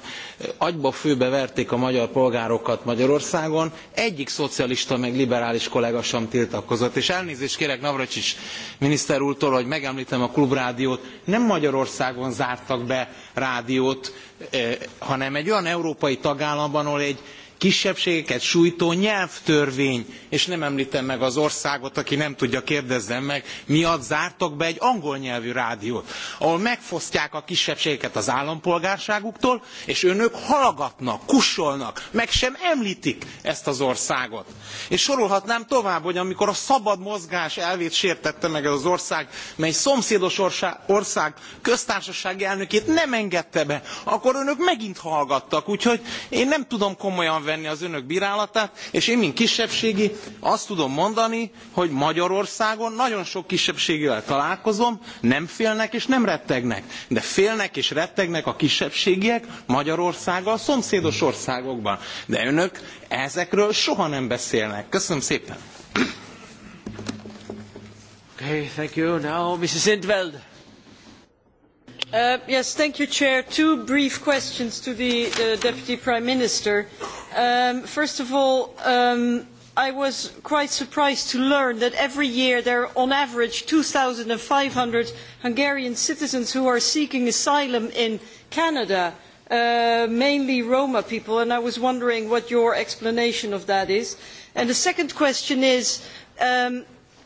agyba főbe verték a magyar polgárokat Magyarországon, egyik szocialista meg liberális kollega sem tiltakozott. És elnézést kérek Navracsics miniszter úrtól, hogy megemlítem a klubrádiót. Nem Magyarországon zártak be rádiót, eh, hanem egy olyan európai tagállamban, ahol egy kisebbségeket sújtó nyelvtörvény, és nem említem meg az országot, aki nem tudja, kérdezzen meg, miatt zártak be egy angol nyelvű rádiót, ahol megfosztják a kisebbségeket az állampolgárságuktól, és önök hallgatnak, kussolnak, meg sem említik ezt az országot. És sorolhatnám tovább, hogy amikor a szabad mozgás elvét sértette meg ez az ország, mely szomszédos ország köztársasági elnökét nem engedte be, akkor önök megint hallgattak, úgyhogy én nem tudom komolyan venni az önök bírálatát, és én, mint kisebbségi, azt tudom mondani, hogy Magyarországon nagyon sok kisebbségivel találkozom, nem félnek és nem rettegnek. De félnek és rettegnek a kisebbségiek Magyarországgal, szomszédos országokban. De önök ezekről soha nem beszélnek. Köszönöm szépen! Okay, thank you. Now, Mrs. Sintveld. Uh, yes, thank you, Chair. Two brief questions to the, Deputy Prime Minister. Um, first of all, um, I was quite surprised to learn that every year there are on average two five hundred Hungarian citizens who are seeking asylum in Canada, uh, mainly Roma people, and I was wondering what your explanation of that is. And the second question is, um,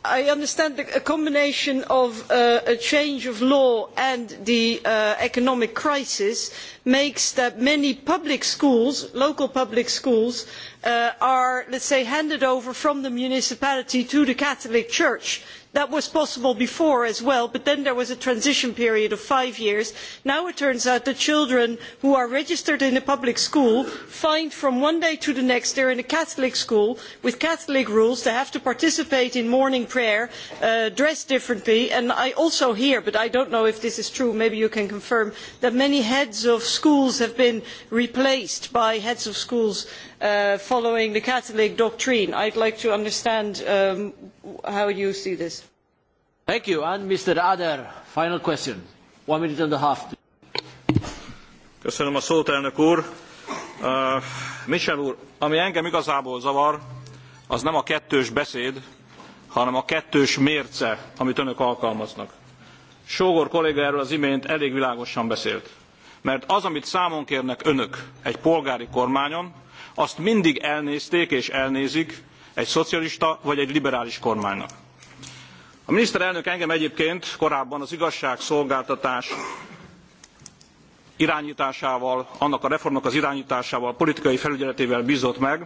I understand a combination of uh, a change of law and the uh, economic crisis makes that many public schools, local public schools, uh, are, let us say, handed over from the municipality to the Catholic Church that was possible before as well but then there was a transition period of five years. now it turns out that children who are registered in a public school find from one day to the next they are in a catholic school with catholic rules they have to participate in morning prayer uh, dress differently and i also hear but i do not know if this is true maybe you can confirm that many heads of schools have been replaced by heads of schools Uh, following the Catholic doctrine. I would like to understand um, how you see this. Thank you. And Mr. Ader, final question. One minute and a half. Köszönöm a szót, elnök úr. Uh, Michel úr, ami engem igazából zavar, az nem a kettős beszéd, hanem a kettős mérce, amit önök alkalmaznak. Sógor kolléga erről az imént elég világosan beszélt. Mert az, amit számon kérnek önök egy polgári kormányon, azt mindig elnézték és elnézik egy szocialista vagy egy liberális kormánynak. A miniszterelnök engem egyébként korábban az igazságszolgáltatás irányításával, annak a reformnak az irányításával, politikai felügyeletével bízott meg,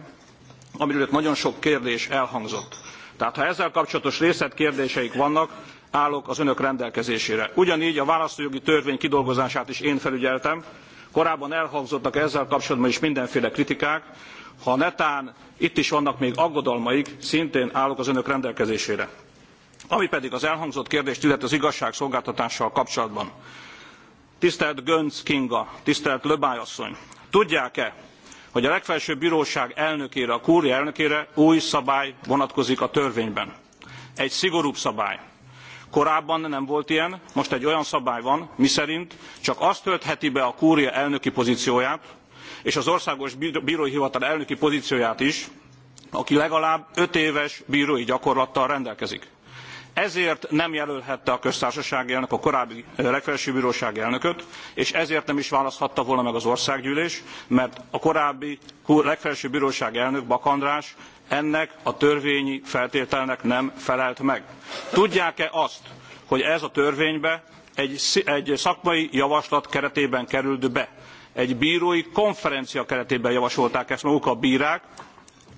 amiről itt nagyon sok kérdés elhangzott. Tehát ha ezzel kapcsolatos részletkérdéseik vannak, állok az önök rendelkezésére. Ugyanígy a választójogi törvény kidolgozását is én felügyeltem, Korábban elhangzottak ezzel kapcsolatban is mindenféle kritikák, ha netán itt is vannak még aggodalmaik, szintén állok az önök rendelkezésére. Ami pedig az elhangzott kérdést illeti az igazságszolgáltatással kapcsolatban. Tisztelt Gönc Kinga, tisztelt Löbály asszony, tudják-e, hogy a legfelsőbb bíróság elnökére, a kúria elnökére új szabály vonatkozik a törvényben? Egy szigorúbb szabály. Korábban nem volt ilyen, most egy olyan szabály van, miszerint csak az töltheti be a kúria elnöki pozícióját, és az országos bírói hivatal elnöki pozícióját is, aki legalább öt éves bírói gyakorlattal rendelkezik. Ezért nem jelölhette a köztársaság elnök a korábbi eh, legfelsőbb bíróság elnököt, és ezért nem is választhatta volna meg az országgyűlés, mert a korábbi legfelsőbb bíróság elnök Bakandrás ennek a törvényi feltételnek nem felelt meg. Tudják-e azt, hogy ez a törvénybe egy, egy szakmai javaslat keretében került be? Egy bírói konferencia keretében javasolták ezt maguk a bírák,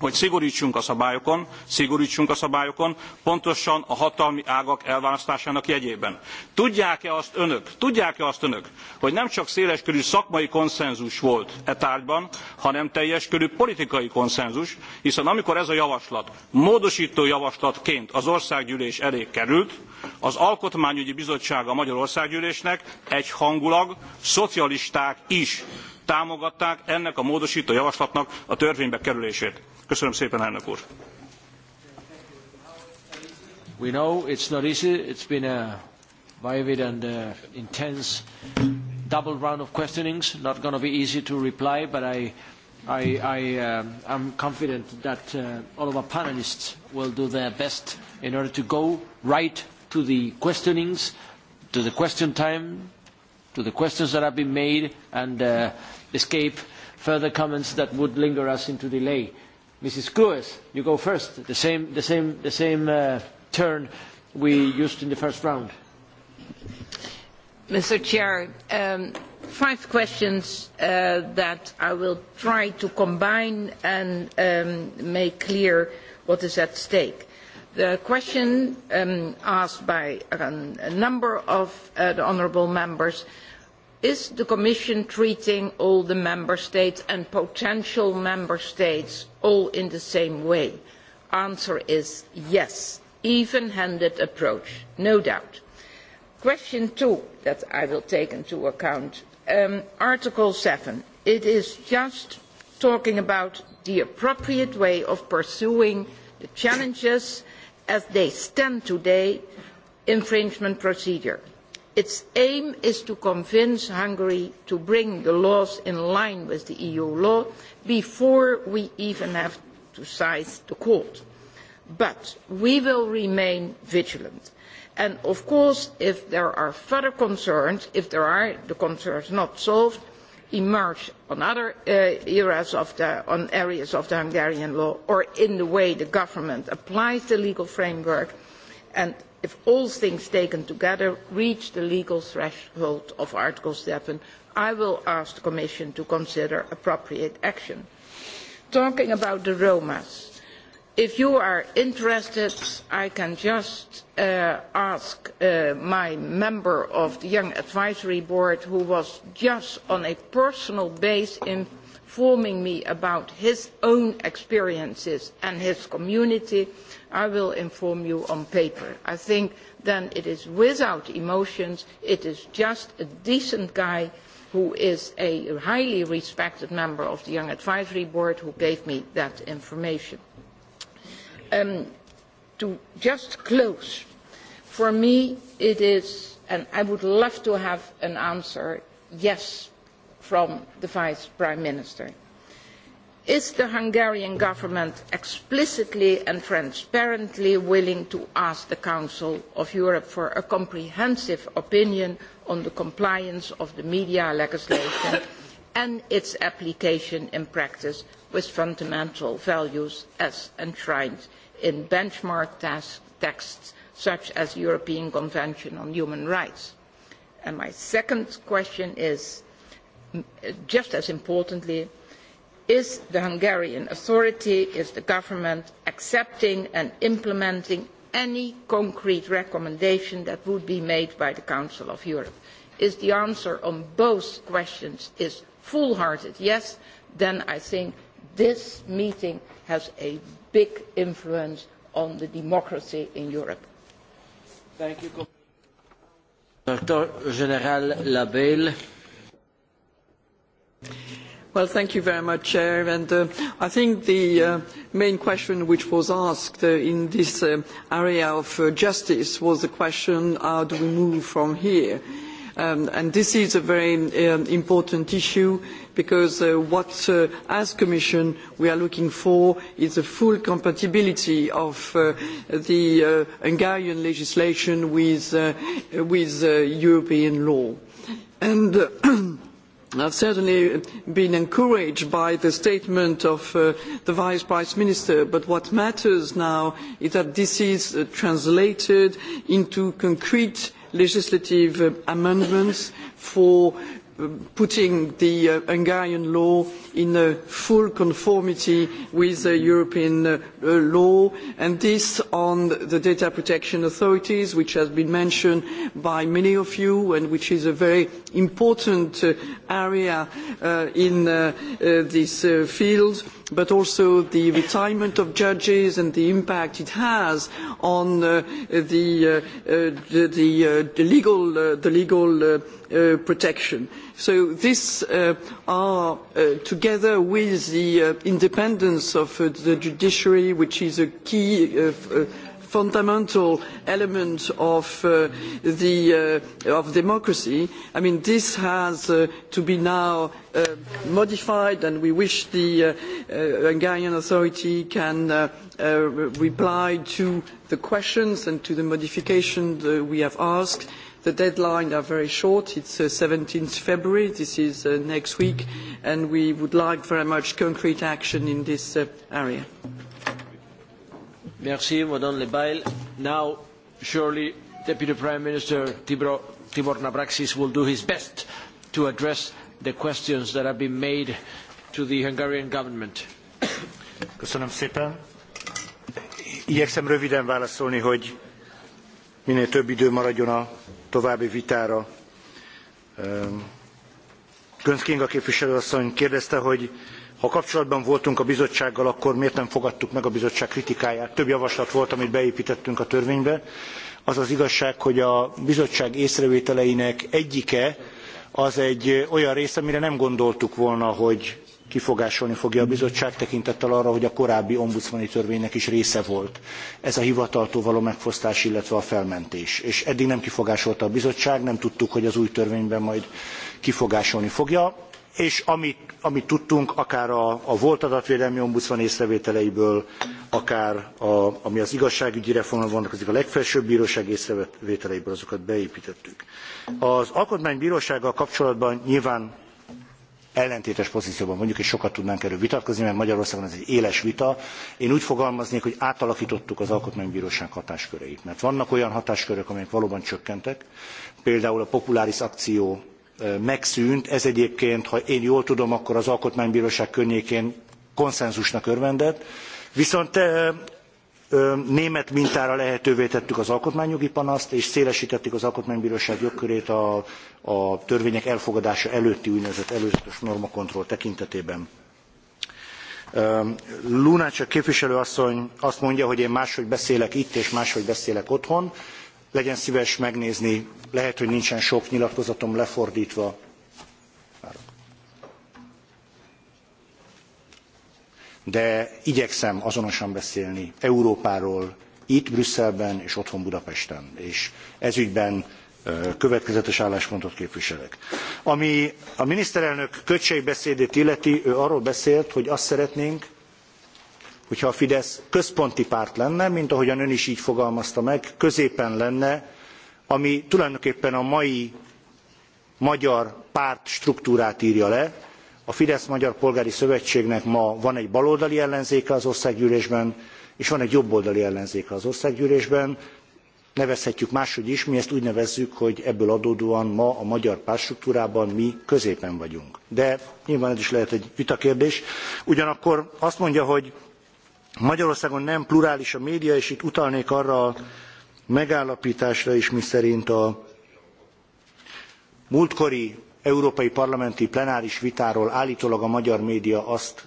hogy szigorítsunk a szabályokon, szigorítsunk a szabályokon, pontosan a hatalmi ágak elválasztásának jegyében. Tudják-e azt önök, tudják-e azt önök, hogy nem csak széleskörű szakmai konszenzus volt e tárgyban, hanem teljes körű politikai konszenzus, hiszen amikor ez a javaslat módosító javaslatként az országgyűlés elé került, az Alkotmányügyi Bizottsága a Magyar Országgyűlésnek egyhangulag szocialisták is támogatták ennek a módosító javaslatnak a törvénybe kerülését. Köszönöm szépen, elnök úr! We know it's not easy. It's been a vivid and uh, intense double round of questionings. Not going to be easy to reply, but I, I, I um, confident that uh, all of our panelists will do their best in order to go right to the questionings, to the question time, to the questions that have been made, and uh, escape further comments that would linger us into delay. Mrs. Cruz, you go first. The same, the same, the same uh, turn we used in the first round. Mr. Chair, um, five questions uh, that I will try to combine and um, make clear what is at stake. The question um, asked by a number of uh, the honourable members is the Commission treating all the member states and potential member states all in the same way? The Answer is yes. Even-handed approach, no doubt. Question two that I will take into account. Um, Article seven It is just talking about the appropriate way of pursuing the challenges as they stand today, infringement procedure. Its aim is to convince Hungary to bring the laws in line with the EU law before we even have to size the court. But we will remain vigilant. And of course, if there are further concerns, if there are the concerns not solved, emerge on other uh, of the, on areas of the Hungarian law or in the way the government applies the legal framework and if all things taken together reach the legal threshold of Article seven, I will ask the Commission to consider appropriate action. Talking about the Romas, if you are interested, I can just uh, ask uh, my member of the Young Advisory Board, who was just on a personal basis informing me about his own experiences and his community, I will inform you on paper. I think then it is without emotions, it is just a decent guy who is a highly respected member of the Young Advisory Board who gave me that information. Um, to just close, for me it is, and I would love to have an answer, yes, from the Vice Prime Minister Is the Hungarian government explicitly and transparently willing to ask the Council of Europe for a comprehensive opinion on the compliance of the media legislation and its application in practice with fundamental values as enshrined in benchmark task, texts such as the European Convention on Human Rights? And my second question is, just as importantly, is the Hungarian authority, is the government accepting and implementing any concrete recommendation that would be made by the Council of Europe? If the answer on both questions is full-hearted yes, then I think this meeting has a big influence on the democracy in Europe. Thank you. Dr. General Labelle. Well, thank you very much, Chair. And uh, I think the uh, main question which was asked uh, in this uh, area of uh, justice was the question, how do we move from here? Um, and this is a very um, important issue because uh, what uh, as Commission we are looking for is the full compatibility of uh, the uh, Hungarian legislation with, uh, with uh, European law. And I have certainly been encouraged by the statement of uh, the Vice Prime Minister, but what matters now is that this is uh, translated into concrete legislative uh, amendments for Uh, putting the uh, Hungarian law in uh, full conformity with uh, European uh, law and this on the data protection authorities which has been mentioned by many of you and which is a very important uh, area in this field but also the retirement of judges and the impact it has on uh, the, uh, uh the, the, uh, the, legal, uh, the legal protection. So this are together with the independence of the judiciary, which is a key fundamental element of, uh, the, uh, of democracy. I mean, this has uh, to be now uh, modified, and we wish the uh, uh, Hungarian authority can uh, uh, reply to the questions and to the modifications we have asked. The deadline are very short. It's uh, 17th February. This is uh, next week, and we would like very much concrete action in this uh, area. Merci, Madame Le Bail. Now, surely, Deputy Prime Minister Tibor, Tibor Nabraxis will do his best to address the questions that have been made to the Hungarian government. Köszönöm szépen. Igyekszem röviden válaszolni, hogy minél több idő maradjon a további vitára. Ehm, Gönc Kinga asszony kérdezte, hogy Ha kapcsolatban voltunk a bizottsággal, akkor miért nem fogadtuk meg a bizottság kritikáját? Több javaslat volt, amit beépítettünk a törvénybe. Az az igazság, hogy a bizottság észrevételeinek egyike az egy olyan része, amire nem gondoltuk volna, hogy kifogásolni fogja a bizottság tekintettel arra, hogy a korábbi ombudsmani törvénynek is része volt ez a hivataltól való megfosztás, illetve a felmentés. És eddig nem kifogásolta a bizottság, nem tudtuk, hogy az új törvényben majd kifogásolni fogja és amit, amit tudtunk, akár a, a volt adatvédelmi ombudsman észrevételeiből, akár a, ami az igazságügyi vannak, vonatkozik, a legfelsőbb bíróság észrevételeiből azokat beépítettük. Az alkotmánybírósággal kapcsolatban nyilván ellentétes pozícióban mondjuk, és sokat tudnánk erről vitatkozni, mert Magyarországon ez egy éles vita. Én úgy fogalmaznék, hogy átalakítottuk az Alkotmánybíróság hatásköreit, mert vannak olyan hatáskörök, amelyek valóban csökkentek, például a populáris akció Eh, megszűnt, ez egyébként, ha én jól tudom, akkor az Alkotmánybíróság környékén konszenzusnak örvendett, viszont eh, eh, német mintára lehetővé tettük az alkotmányjogi panaszt, és szélesítettük az alkotmánybíróság jogkörét a, a törvények elfogadása előtti úgynevezett előzetes normakontroll tekintetében. Ehm, Lunácsak képviselő asszony azt mondja, hogy én máshogy beszélek itt és máshogy beszélek otthon. Legyen szíves megnézni Lehet, hogy nincsen sok nyilatkozatom lefordítva. De igyekszem azonosan beszélni Európáról, itt Brüsszelben és otthon Budapesten, és ezügyben következetes álláspontot képviselek. Ami a miniszterelnök kötsei beszédét illeti, ő arról beszélt, hogy azt szeretnénk, hogyha a Fidesz központi párt lenne, mint ahogyan ön is így fogalmazta meg, középen lenne ami tulajdonképpen a mai magyar párt struktúrát írja le. A Fidesz Magyar Polgári Szövetségnek ma van egy baloldali ellenzéke az országgyűlésben, és van egy jobboldali ellenzéke az országgyűlésben. Nevezhetjük máshogy is, mi ezt úgy nevezzük, hogy ebből adódóan ma a magyar pártstruktúrában mi középen vagyunk. De nyilván ez is lehet egy vitakérdés. Ugyanakkor azt mondja, hogy Magyarországon nem plurális a média, és itt utalnék arra a megállapításra is, miszerint a múltkori európai parlamenti plenáris vitáról állítólag a magyar média azt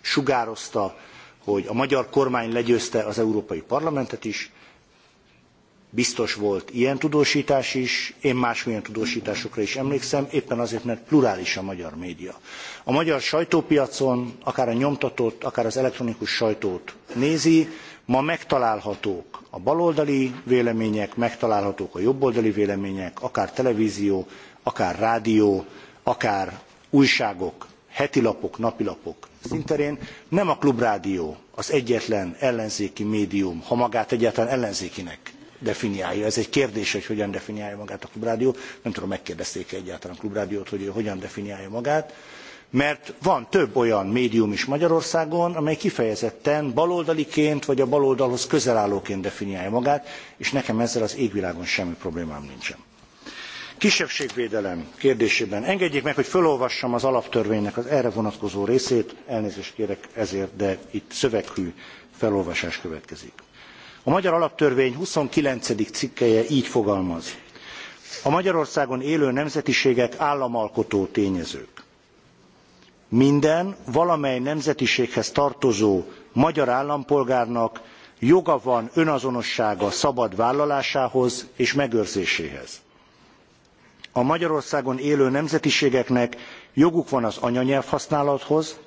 sugározta, hogy a magyar kormány legyőzte az európai parlamentet is, biztos volt ilyen tudósítás is, én másmilyen tudósításokra is emlékszem, éppen azért, mert plurális a magyar média. A magyar sajtópiacon akár a nyomtatott, akár az elektronikus sajtót nézi, ma megtalálhatók a baloldali vélemények, megtalálhatók a jobboldali vélemények, akár televízió, akár rádió, akár újságok, hetilapok, napilapok szinterén. Nem a klubrádió az egyetlen ellenzéki médium, ha magát egyáltalán ellenzékinek definiálja. Ez egy kérdés, hogy hogyan definiálja magát a klubrádió. Nem tudom, megkérdezték -e egyáltalán a klubrádiót, hogy ő hogyan definiálja magát mert van több olyan médium is Magyarországon, amely kifejezetten baloldaliként vagy a baloldalhoz közel állóként definiálja magát, és nekem ezzel az égvilágon semmi problémám nincsen. Kisebbségvédelem kérdésében engedjék meg, hogy felolvassam az alaptörvénynek az erre vonatkozó részét, elnézést kérek ezért, de itt szöveghű felolvasás következik. A Magyar Alaptörvény 29. cikkeje így fogalmaz. A Magyarországon élő nemzetiségek államalkotó tényezők. Minden valamely nemzetiséghez tartozó magyar állampolgárnak joga van önazonossága szabad vállalásához és megőrzéséhez. A Magyarországon élő nemzetiségeknek joguk van az anyanyelvhasználathoz,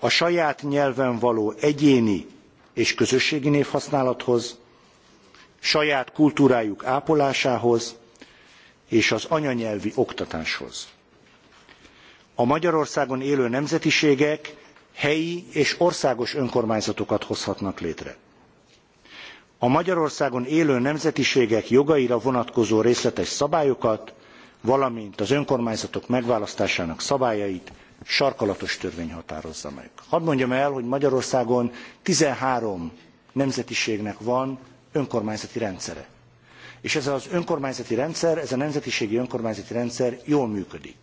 a saját nyelven való egyéni és közösségi névhasználathoz, saját kultúrájuk ápolásához és az anyanyelvi oktatáshoz a Magyarországon élő nemzetiségek helyi és országos önkormányzatokat hozhatnak létre. A Magyarországon élő nemzetiségek jogaira vonatkozó részletes szabályokat, valamint az önkormányzatok megválasztásának szabályait sarkalatos törvény határozza meg. Hadd mondjam el, hogy Magyarországon 13 nemzetiségnek van önkormányzati rendszere. És ez az önkormányzati rendszer, ez a nemzetiségi önkormányzati rendszer jól működik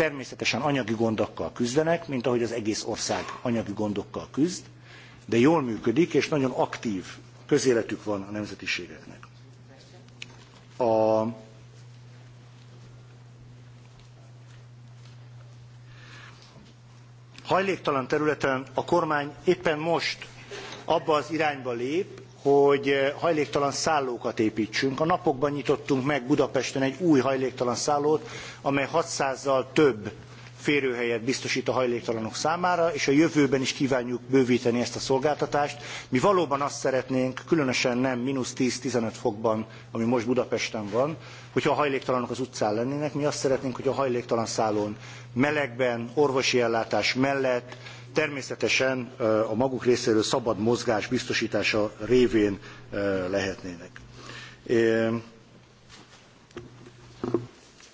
természetesen anyagi gondokkal küzdenek, mint ahogy az egész ország anyagi gondokkal küzd, de jól működik, és nagyon aktív közéletük van a nemzetiségeknek. A hajléktalan területen a kormány éppen most abba az irányba lép, hogy eh, hajléktalan szállókat építsünk. A napokban nyitottunk meg Budapesten egy új hajléktalan szállót, amely 600-zal több férőhelyet biztosít a hajléktalanok számára, és a jövőben is kívánjuk bővíteni ezt a szolgáltatást. Mi valóban azt szeretnénk, különösen nem mínusz 10-15 fokban, ami most Budapesten van, hogyha a hajléktalanok az utcán lennének, mi azt szeretnénk, hogy a hajléktalan szállón melegben, orvosi ellátás mellett, természetesen a maguk részéről szabad mozgás biztosítása révén lehetnének.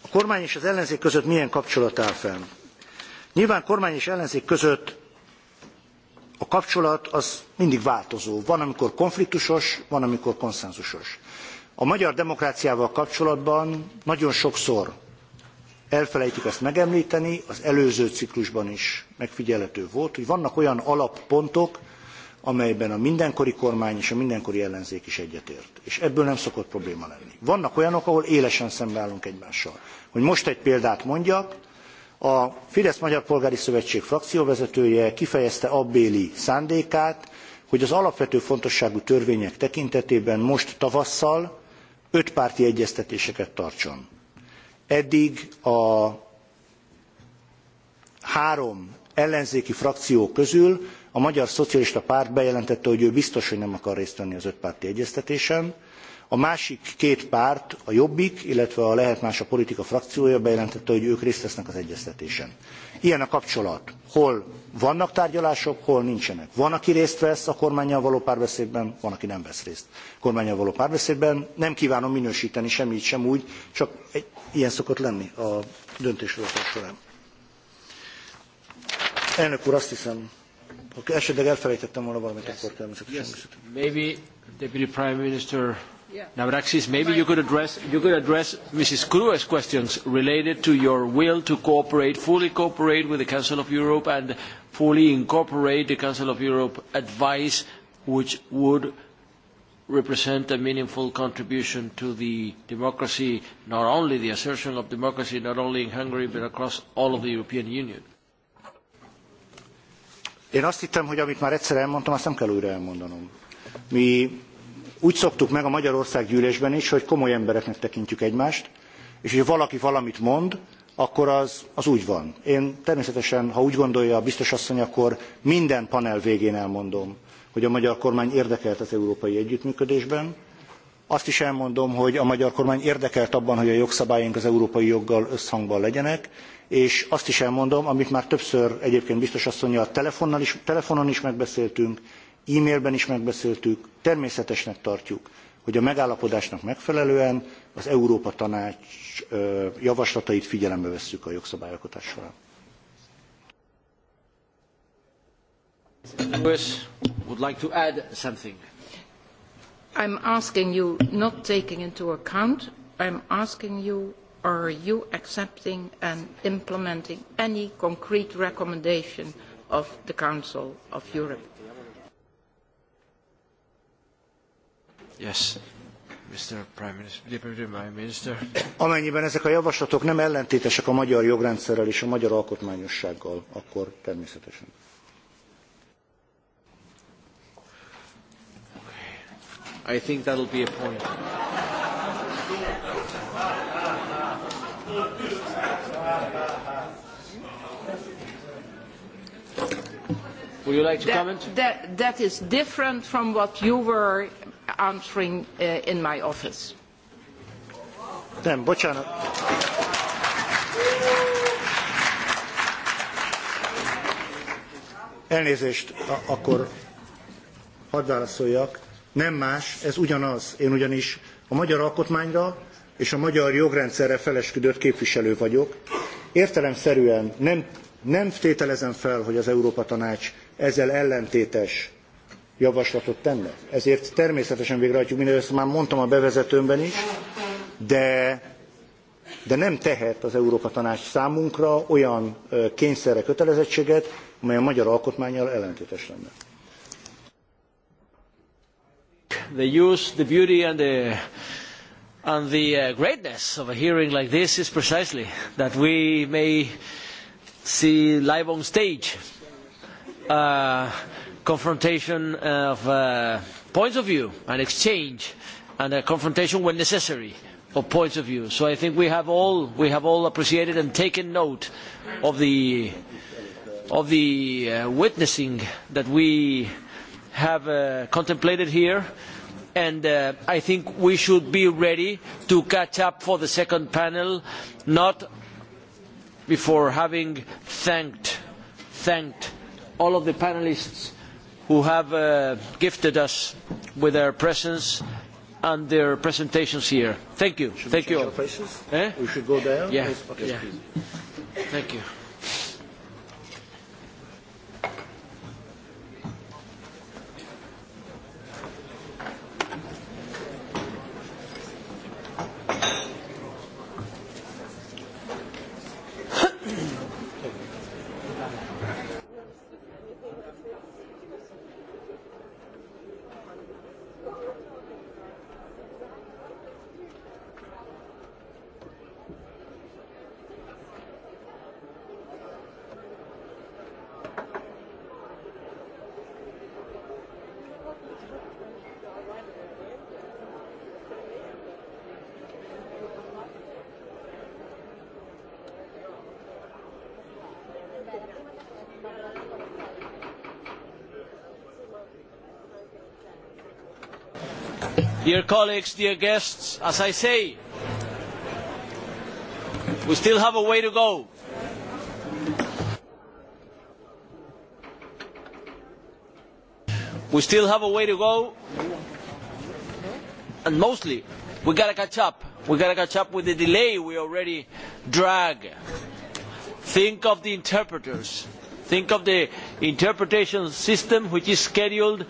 A kormány és az ellenzék között milyen kapcsolat áll fenn? Nyilván kormány és ellenzék között a kapcsolat az mindig változó. Van, amikor konfliktusos, van, amikor konszenzusos. A magyar demokráciával kapcsolatban nagyon sokszor Elfelejtik ezt megemlíteni, az előző ciklusban is megfigyelhető volt, hogy vannak olyan alappontok, amelyben a mindenkori kormány és a mindenkori ellenzék is egyetért. És ebből nem szokott probléma lenni. Vannak olyanok, ahol élesen szembeállunk egymással. Hogy most egy példát mondjak, a Fidesz Magyar Polgári Szövetség frakcióvezetője kifejezte abbéli szándékát, hogy az alapvető fontosságú törvények tekintetében most tavasszal ötpárti egyeztetéseket tartson. Eddig a három ellenzéki frakció közül a Magyar Szocialista Párt bejelentette, hogy ő biztos, hogy nem akar részt venni az ötpárti egyeztetésen. A másik két párt, a Jobbik, illetve a Lehet Más a Politika frakciója bejelentette, hogy ők részt vesznek az egyeztetésen. Ilyen a kapcsolat. Hol vannak tárgyalások, hol nincsenek. Van, aki részt vesz a kormányjal való párbeszédben, van, aki nem vesz részt a kormányjal való párbeszédben. Nem kívánom minősíteni semmit sem úgy, csak egy, ilyen szokott lenni a döntéshozatal során. Elnök úr, azt hiszem, ha esetleg elfelejtettem volna valamit, yes, akkor természetesen. Yes. Maybe Deputy Prime Minister Now, Raxis, maybe you could address you could address Mrs. Krue's questions related to your will to cooperate, fully cooperate with the Council of Europe and fully incorporate the Council of Europe advice, which would represent a meaningful contribution to the democracy, not only the assertion of democracy, not only in Hungary, but across all of the European Union. Én azt hittem, hogy amit már egyszer elmondtam, azt nem kell újra elmondanom. Mi Úgy szoktuk meg a Magyarország gyűlésben is, hogy komoly embereknek tekintjük egymást, és hogy valaki valamit mond, akkor az, az úgy van. Én természetesen, ha úgy gondolja a biztos asszony, akkor minden panel végén elmondom, hogy a magyar kormány érdekelt az európai együttműködésben. Azt is elmondom, hogy a magyar kormány érdekelt abban, hogy a jogszabályunk az európai joggal összhangban legyenek, és azt is elmondom, amit már többször egyébként biztos asszonyjal telefonnal is, telefonon is megbeszéltünk, e-mailben is megbeszéltük, természetesnek tartjuk, hogy a megállapodásnak megfelelően az Európa Tanács javaslatait figyelembe vesszük a jogszabályalkotás során. would like to add something. I'm asking you not taking into account, I'm asking you are you accepting and implementing any concrete recommendation of the Council of Europe? Yes, Mr. Prime Minister, Deputy Prime Minister. Amennyiben ezek a javaslatok nem ellentétesek a magyar jogrendszerrel és a magyar alkotmányossággal, akkor természetesen. I think that'll be a point. Would you like to that, comment? That, that is different from what you were answering uh, in my office. Then, Elnézést, akkor hadd válaszoljak. Nem más, ez ugyanaz. Én ugyanis a magyar alkotmányra és a magyar jogrendszerre felesküdött képviselő vagyok. Értelemszerűen nem, nem tételezem fel, hogy az Európa Tanács ezzel ellentétes javaslatot tenne. Ezért természetesen végrehajtjuk mindezt, ezt már mondtam a bevezetőmben is, de, de nem tehet az Európa Tanács számunkra olyan kényszerre kötelezettséget, amely a magyar alkotmányjal ellentétes lenne. The use, the beauty and the and the uh, greatness of a hearing like this is precisely that we may see live on stage uh, confrontation uh, of uh, points of view and exchange and a confrontation when necessary of points of view. So I think we have all, we have all appreciated and taken note of the, of the uh, witnessing that we have uh, contemplated here. And uh, I think we should be ready to catch up for the second panel, not before having thanked, thanked all of the panelists who have uh, gifted us with their presence and their presentations here. Thank you. Should Thank you all. Eh? We should go there. Yeah. okay. yeah. Thank you. Dear colleagues, dear guests, as I say, we still have a way to go. We still have a way to go, and mostly we gotta catch up. We gotta catch up with the delay we already drag. Think of the interpreters. Think of the interpretation system which is scheduled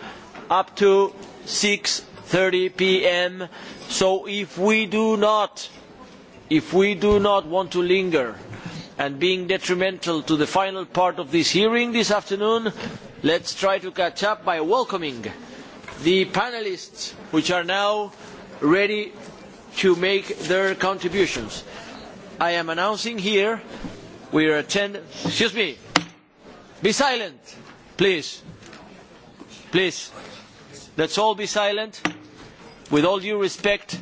up to six thirty p.m. So if we do not, if we do not want to linger and being detrimental to the final part of this hearing this afternoon, let's try to catch up by welcoming the panelists which are now ready to make their contributions. I am announcing here we are attend excuse me be silent please please Let's all be silent, with all due respect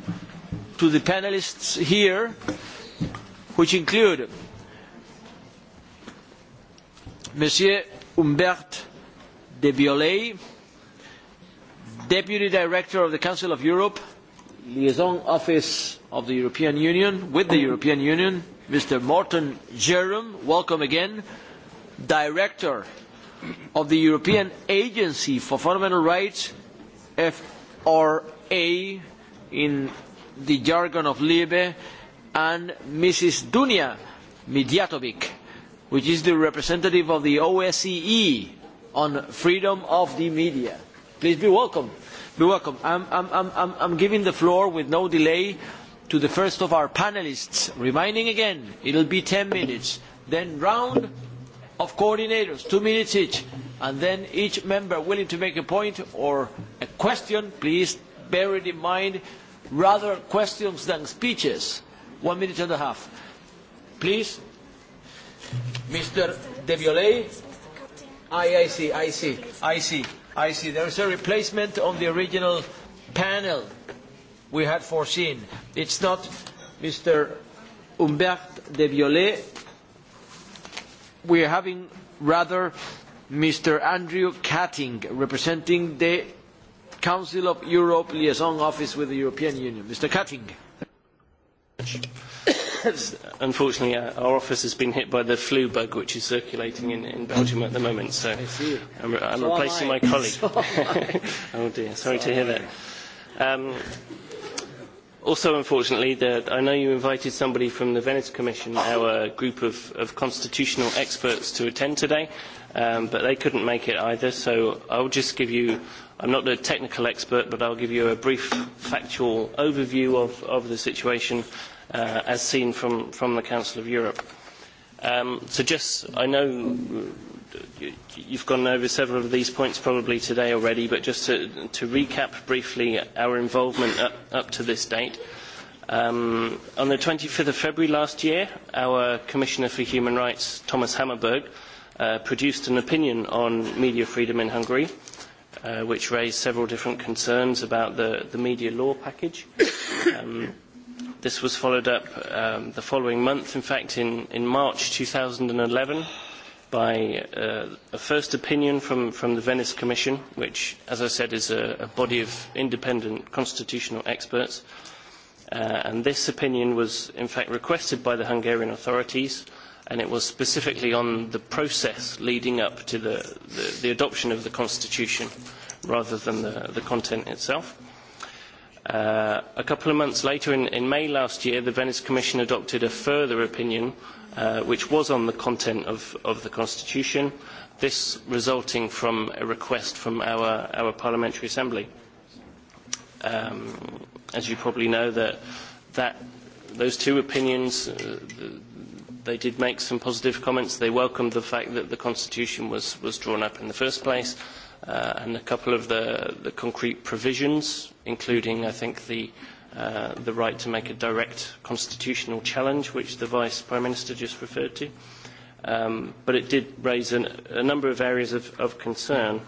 to the panelists here, which include Monsieur Humbert de Violet, Deputy Director of the Council of Europe, Liaison Office of the European Union, with the European Union, Mr. Morten Jerome, welcome again, Director of the European Agency for Fundamental Rights FRA in the jargon of Liebe and Mrs. Dunia Midjatovic, which is the representative of the OSCE on freedom of the media. Please be welcome. Be welcome. I'm, I'm, I'm, I'm giving the floor with no delay to the first of our panelists, reminding again, it'll be 10 minutes. Then round of coordinators, two minutes each, and then each member willing to make a point or a question, please bear it in mind, rather questions than speeches, one minute and a half. Please, Mr. De Violet. I, I see, I see, I see, I see. There is a replacement on the original panel we had foreseen. It's not Mr. Humbert de Violet, we are having rather Mr. Andrew Katting representing the Council of Europe liaison office with the European Union. Mr. Katting. Unfortunately, uh, our office has been hit by the flu bug, which is circulating in, in Belgium at the moment. So I'm, I'm so replacing my colleague. so oh dear, sorry so to hear that. Um, Also, unfortunately, the, I know you invited somebody from the Venice Commission, our group of, of constitutional experts, to attend today, um, but they couldn't make it either. So I'll just give you, I'm not a technical expert, but I'll give you a brief factual overview of, of the situation uh, as seen from, from the Council of Europe. Um, so just, I know you've gone over several of these points probably today already, but just to, to recap briefly our involvement up, up to this date. Um, on the 25th of February last year, our Commissioner for Human Rights, Thomas Hammerberg, uh, produced an opinion on media freedom in Hungary, uh, which raised several different concerns about the, the media law package. Um, this was followed up um, the following month, in fact, in, in March 2011 by uh, a first opinion from, from the Venice Commission, which, as I said, is a, a body of independent constitutional experts. Uh, and this opinion was, in fact, requested by the Hungarian authorities, and it was specifically on the process leading up to the, the, the adoption of the constitution rather than the, the content itself. Uh, a couple of months later, in, in May last year, the Venice Commission adopted a further opinion Uh, which was on the content of, of the Constitution, this resulting from a request from our, our Parliamentary Assembly. Um, as you probably know, that, that those two opinions, uh, they did make some positive comments. They welcomed the fact that the Constitution was, was drawn up in the first place, uh, and a couple of the, the concrete provisions, including, I think, the, uh, the right to make a direct constitutional challenge, which the Vice Prime Minister just referred to. Um, but it did raise an, a number of areas of, of concern.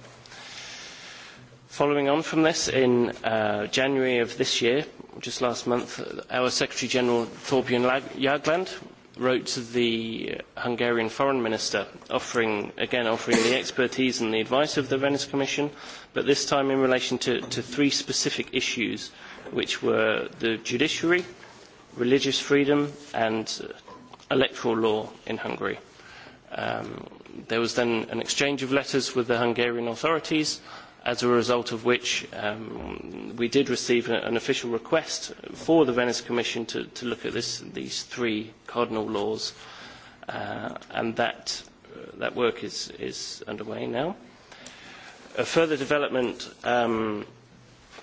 Following on from this, in uh, January of this year, just last month, our Secretary General Thorbjörn Jagland wrote to the Hungarian Foreign Minister, offering, again offering the expertise and the advice of the Venice Commission, but this time in relation to, to three specific issues which were the judiciary, religious freedom and uh, electoral law in Hungary. Um, there was then an exchange of letters with the Hungarian authorities, as a result of which um, we did receive an official request for the Venice Commission to, to look at this, these three cardinal laws, uh, and that, uh, that work is, is underway now. A further development um,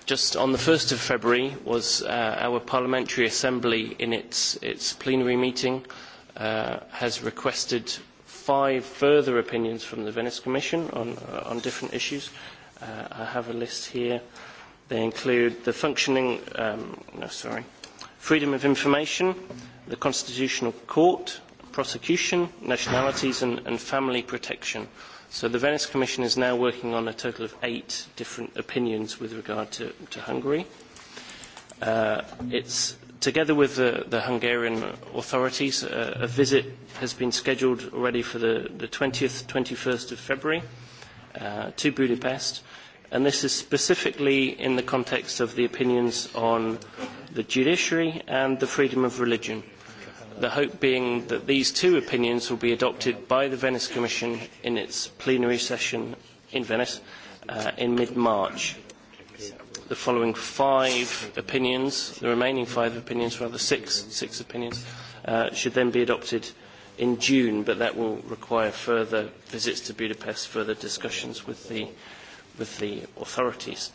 Just on the 1st of February was uh, our Parliamentary Assembly in its, its plenary meeting uh, has requested five further opinions from the Venice Commission on, uh, on different issues. Uh, I have a list here. They include the functioning, um, no, sorry, freedom of information, the Constitutional Court, prosecution, nationalities and, and family protection. So the Venice Commission is now working on a total of eight different opinions with regard to, to Hungary. Uh, it's together with the, the Hungarian authorities, uh, a visit has been scheduled already for the, the 20th, 21st of February uh, to Budapest, and this is specifically in the context of the opinions on the judiciary and the freedom of religion the hope being that these two opinions will be adopted by the Venice Commission in its plenary session in Venice uh, in mid-March. The following five opinions, the remaining five opinions, rather six, six opinions, uh, should then be adopted in June, but that will require further visits to Budapest, further discussions with the, with the authorities.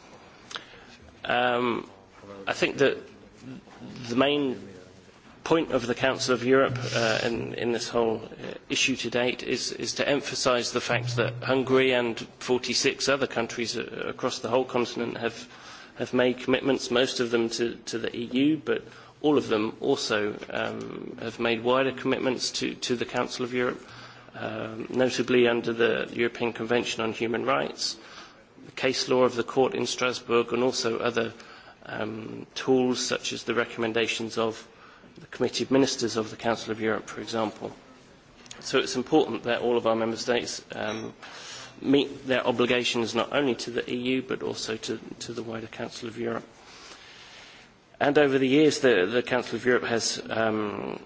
Um, I think that the main point of the Council of Europe uh, in, in this whole uh, issue to date is, is to emphasise the fact that Hungary and 46 other countries uh, across the whole continent have, have made commitments, most of them to, to the EU, but all of them also um, have made wider commitments to, to the Council of Europe, um, notably under the European Convention on Human Rights, the case law of the court in Strasbourg, and also other um, tools such as the recommendations of the Committee of Ministers of the Council of Europe, for example. So it's important that all of our member states um, meet their obligations not only to the EU but also to, to the wider Council of Europe. And over the years, the, the Council of Europe has, um,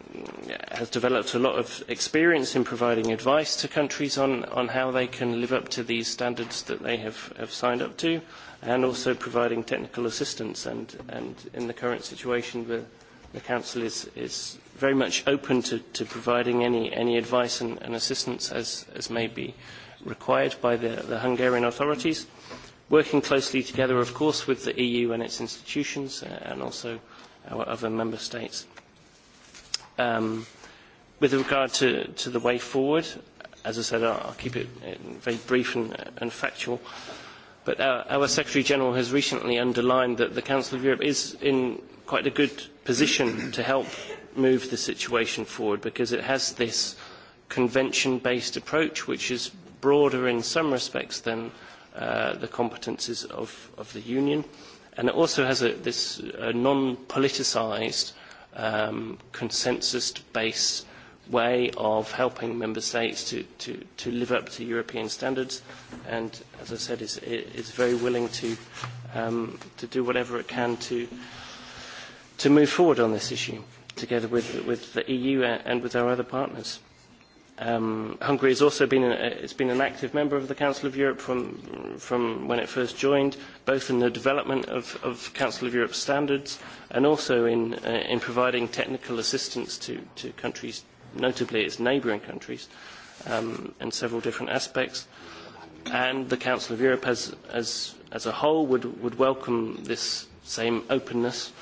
has developed a lot of experience in providing advice to countries on, on how they can live up to these standards that they have, have signed up to, and also providing technical assistance. And, and in the current situation, the, the Council is, is very much open to, to providing any, any advice and, and assistance as, as may be required by the, the Hungarian authorities, working closely together, of course, with the EU and its institutions uh, and also our other member states. Um, with regard to, to the way forward, as I said, I'll, I'll keep it very brief and, and factual. But our, our Secretary General has recently underlined that the Council of Europe is in quite a good position to help move the situation forward because it has this convention-based approach which is broader in some respects than uh, the competences of, of the union and it also has a, this uh, non-politicized um, consensus-based way of helping member states to, to, to live up to European standards and as I said is, is very willing to, um, to do whatever it can to to move forward on this issue together with, with the EU and with our other partners. Um, Hungary has also been, a, it's been an active member of the Council of Europe from, from when it first joined, both in the development of, of Council of Europe standards and also in, uh, in providing technical assistance to, to countries, notably its neighbouring countries, um, in several different aspects. And the Council of Europe as, as, as a whole would, would welcome this same openness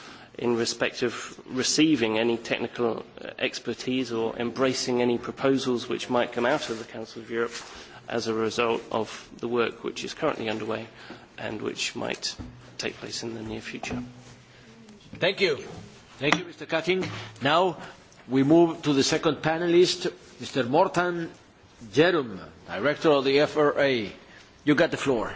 in respect of receiving any technical uh, expertise or embracing any proposals which might come out of the Council of Europe as a result of the work which is currently underway and which might take place in the near future. Thank you. Thank you, Mr. Cutting. Now we move to the second panelist, Mr. Mortan Jerum, Director of the FRA. You got the floor.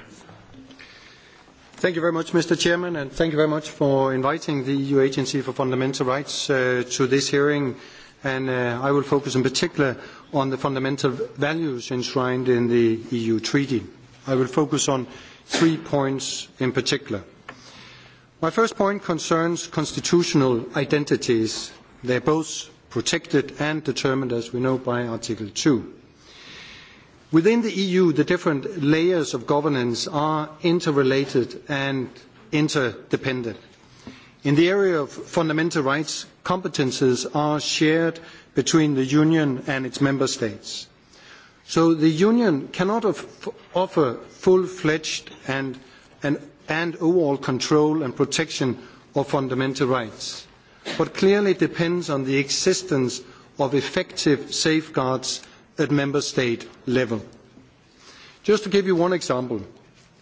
Thank you very much, Mr. Chairman, and thank you very much for inviting the EU Agency for Fundamental Rights uh, to this hearing. And uh, I will focus in particular on the fundamental values enshrined in the EU Treaty. I will focus on three points in particular. My first point concerns constitutional identities. They are both protected and determined, as we know, by Article two. Within the EU, the different layers of governance are interrelated and interdependent. In the area of fundamental rights, competences are shared between the Union and its member states. So the Union cannot offer full-fledged and, and, and overall control and protection of fundamental rights, but clearly depends on the existence of effective safeguards at member state level. Just to give you one example,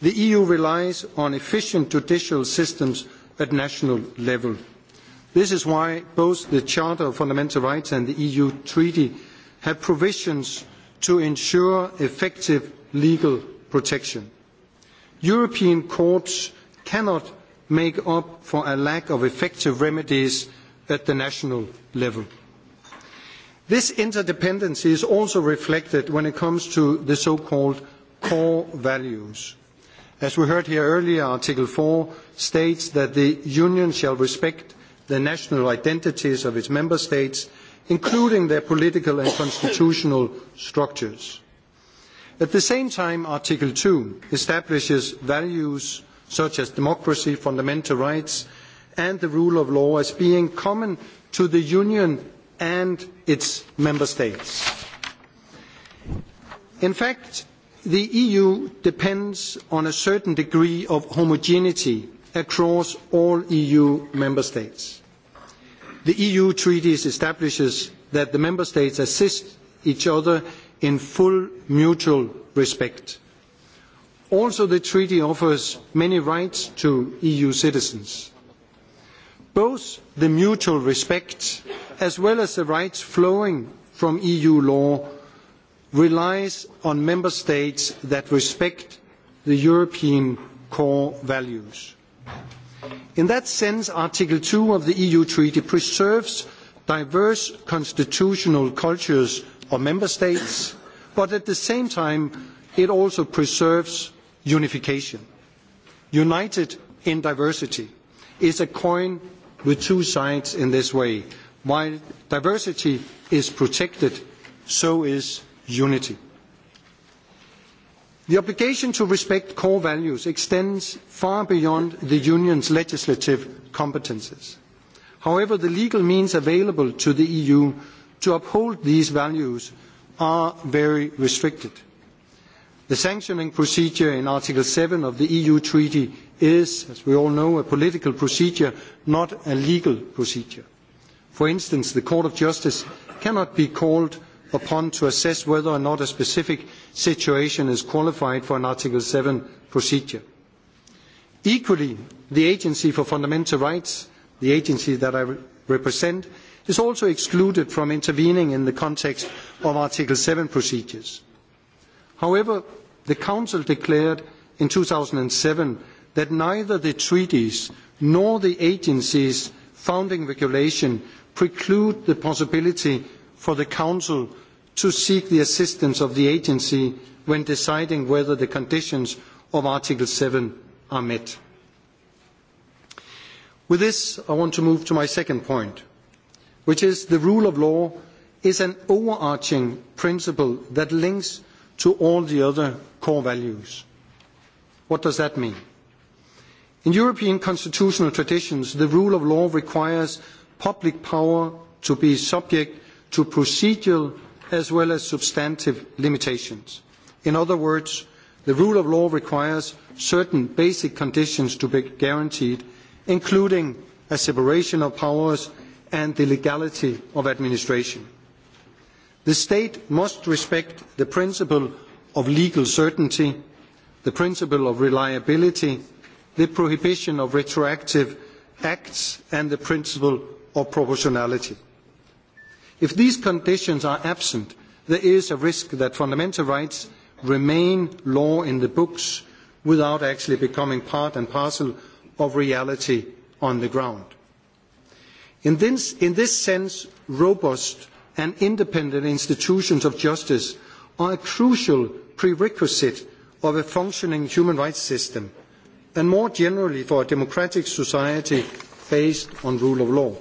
the EU relies on efficient judicial systems at national level. This is why both the Charter of Fundamental Rights and the EU Treaty have provisions to ensure effective legal protection. European courts cannot make up for a lack of effective remedies at the national level. This interdependency is also reflected when it comes to the so-called core values. As we heard here earlier, Article four states that the Union shall respect the national identities of its member states, including their political and constitutional structures. At the same time, Article two establishes values such as democracy, fundamental rights, and the rule of law as being common to the Union and its member states. In fact, the EU depends on a certain degree of homogeneity across all EU member states. The EU treaties establishes that the member states assist each other in full mutual respect. Also, the treaty offers many rights to EU citizens both the mutual respect as well as the rights flowing from EU law relies on member states that respect the European core values. In that sense, Article two of the EU Treaty preserves diverse constitutional cultures of member states, but at the same time, it also preserves unification. United in diversity is a coin with two sides in this way. While diversity is protected, so is unity. The obligation to respect core values extends far beyond the Union's legislative competences. However, the legal means available to the EU to uphold these values are very restricted. The sanctioning procedure in Article seven of the EU Treaty is, as we all know, a political procedure, not a legal procedure. For instance, the Court of Justice cannot be called upon to assess whether or not a specific situation is qualified for an Article seven procedure. Equally, the Agency for Fundamental Rights, the agency that I represent, is also excluded from intervening in the context of Article seven procedures. However, the Council declared in two thousand seven that neither the treaties nor the agency's founding regulation preclude the possibility for the Council to seek the assistance of the agency when deciding whether the conditions of Article seven are met. With this, I want to move to my second point, which is the rule of law is an overarching principle that links to all the other core values. What does that mean? In European constitutional traditions, the rule of law requires public power to be subject to procedural as well as substantive limitations. In other words, the rule of law requires certain basic conditions to be guaranteed, including a separation of powers and the legality of administration. The state must respect the principle of legal certainty, the principle of reliability, the prohibition of retroactive acts and the principle of proportionality. If these conditions are absent, there is a risk that fundamental rights remain law in the books without actually becoming part and parcel of reality on the ground. In this, in this sense, robust and independent institutions of justice are a crucial prerequisite of a functioning human rights system and more generally for a democratic society based on rule of law.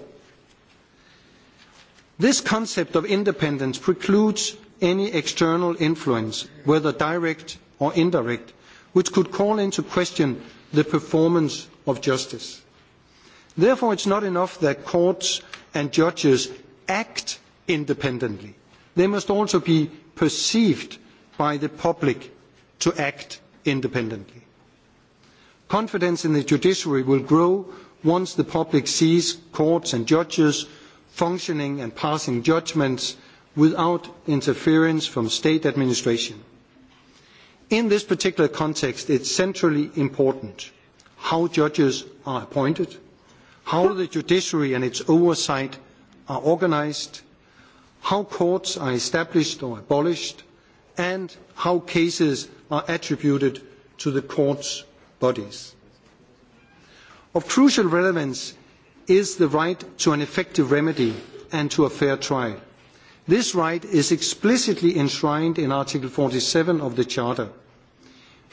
This concept of independence precludes any external influence, whether direct or indirect, which could call into question the performance of justice. Therefore, it is not enough that courts and judges act independently. They must also be perceived by the public to act independently. Confidence in the judiciary will grow once the public sees courts and judges functioning and passing judgments without interference from state administration. In this particular context, it is centrally important how judges are appointed, how the judiciary and its oversight are organised, how courts are established or abolished, and how cases are attributed to the courts bodies. Of crucial relevance is the right to an effective remedy and to a fair trial. This right is explicitly enshrined in Article forty seven of the Charter.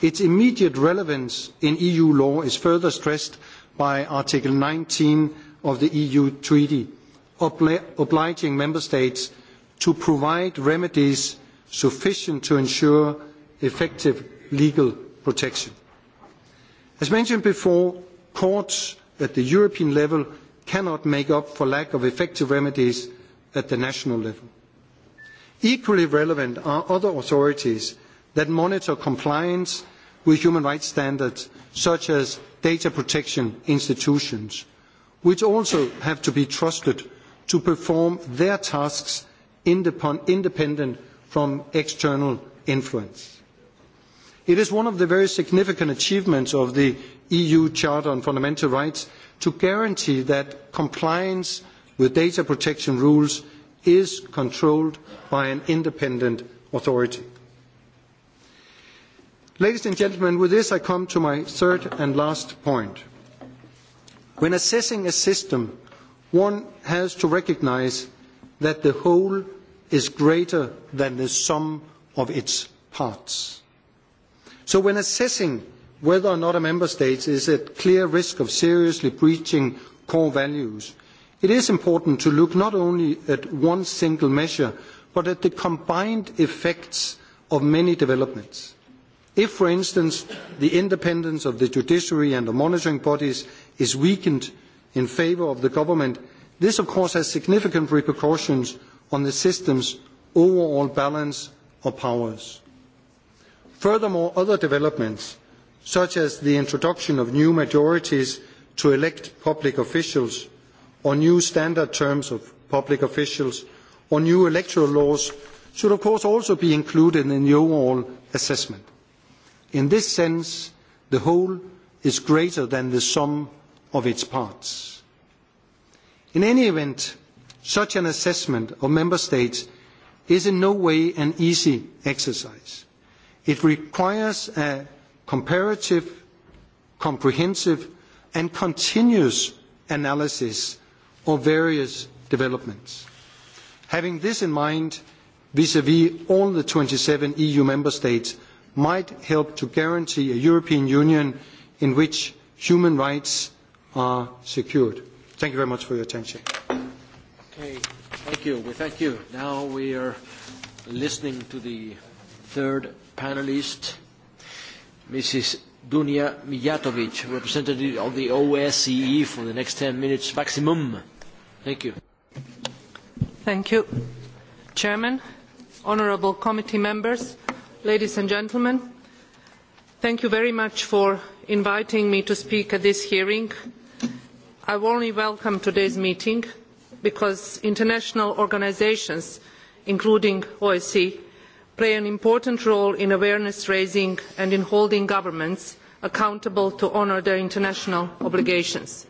Its immediate relevance in EU law is further stressed by Article nineteen of the EU Treaty, obliging Member States to provide remedies sufficient to ensure effective legal protection. As mentioned before, courts at the European level cannot make up for lack of effective remedies at the national level. Equally relevant are other authorities that monitor compliance with human rights standards, such as data protection institutions, which also have to be trusted to perform their tasks independent from external influence. It is one of the very significant achievements of the EU Charter on Fundamental Rights to guarantee that compliance with data protection rules is controlled by an independent authority. Ladies and gentlemen, with this I come to my third and last point. When assessing a system, one has to recognise that the whole is greater than the sum of its parts. So when assessing whether or not a member state is at clear risk of seriously breaching core values, it is important to look not only at one single measure, but at the combined effects of many developments. If, for instance, the independence of the judiciary and the monitoring bodies is weakened in favour of the government, this of course has significant repercussions on the system's overall balance of powers. Furthermore, other developments, such as the introduction of new majorities to elect public officials, or new standard terms of public officials, or new electoral laws, should of course also be included in the overall assessment. In this sense, the whole is greater than the sum of its parts. In any event, such an assessment of member states is in no way an easy exercise. It requires a comparative, comprehensive and continuous analysis of various developments. Having this in mind, vis a vis all the twenty seven EU member states might help to guarantee a European Union in which human rights are secured. Thank you very much for your attention. Okay, thank you. We thank you. Now we are listening to the third Panelist Mrs. Dunia Mijatovic, representative of the OSCE for the next 10 minutes maximum. Thank you. Thank you. Chairman, honourable committee members, ladies and gentlemen, thank you very much for inviting me to speak at this hearing. I warmly welcome today's meeting because international organisations, including OSCE, play an important role in awareness raising and in holding governments accountable to honour their international obligations.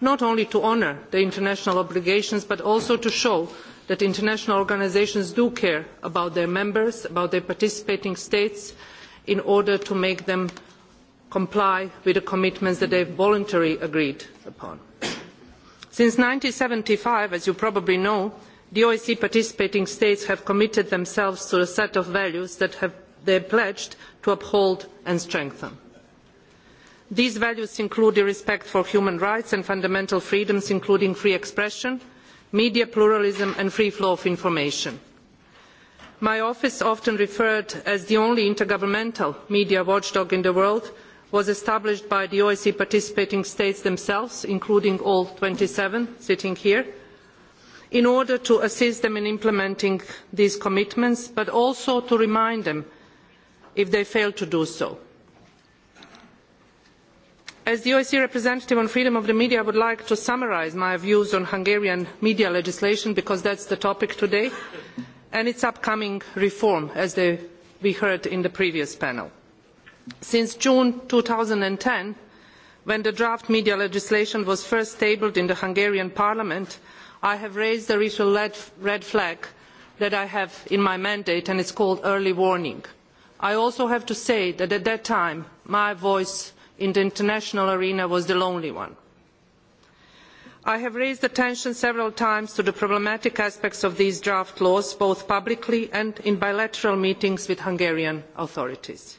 Not only to honour their international obligations, but also to show that international organisations do care about their members, about their participating states, in order to make them comply with the commitments that they have voluntarily agreed upon. Since seventy five, as you probably know, the OSCE participating states have committed themselves to a set of values that have, they have pledged to uphold and strengthen. These values include respect for human rights and fundamental freedoms, including free expression, media pluralism and free flow of information. My office, often referred as the only intergovernmental media watchdog in the world, was established by the OSCE participating states themselves, including all twenty seven sitting here, in order to assist them in implementing these commitments, but also to remind them if they fail to do so. As the OSCE representative on freedom of the media, I would like to summarise my views on Hungarian media legislation because that is the topic today and its upcoming reform, as they, we heard in the previous panel. Since June ten, when the draft media legislation was first tabled in the Hungarian parliament, I have raised the ritual red flag that I have in my mandate, and it is called early warning. I also have to say that at that time, my voice in the international arena was the lonely one. I have raised attention several times to the problematic aspects of these draft laws, both publicly and in bilateral meetings with Hungarian authorities.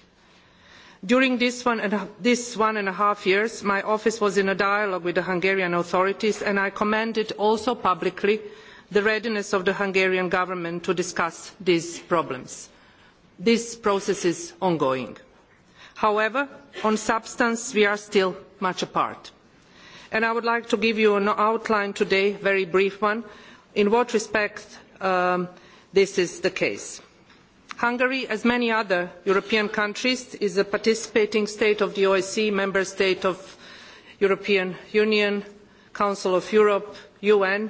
During these one, and, this one and a half years, my office was in a dialogue with the Hungarian authorities, and I commended also publicly the readiness of the Hungarian government to discuss these problems. This process is ongoing. However, on substance, we are still much apart. And I would like to give you an outline today, a very brief one, in what respect um, this is the case. Hungary, as many other European countries, is a participating state of the OSCE, member state of the European Union, Council of Europe, UN,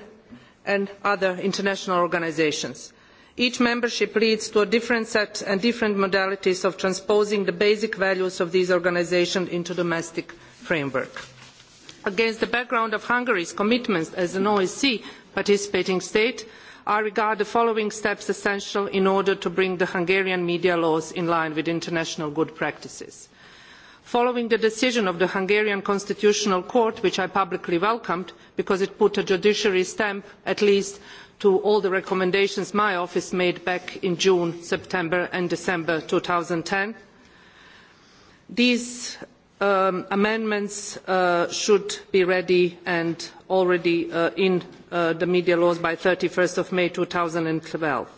and other international organisations. Each membership leads to a different set and different modalities of transposing the basic values of these organisations into domestic framework. Against the background of Hungary's commitments as an OSCE participating state, I regard the following steps essential in order to bring the Hungarian media laws in line with international good practices. Following the decision of the Hungarian Constitutional Court, which I publicly welcomed because it put a judiciary stamp, at least, to all the recommendations my office made back in June, September and December ten, these um, amendments uh, should be ready and already uh, in uh, the media laws by 31st of May 2012.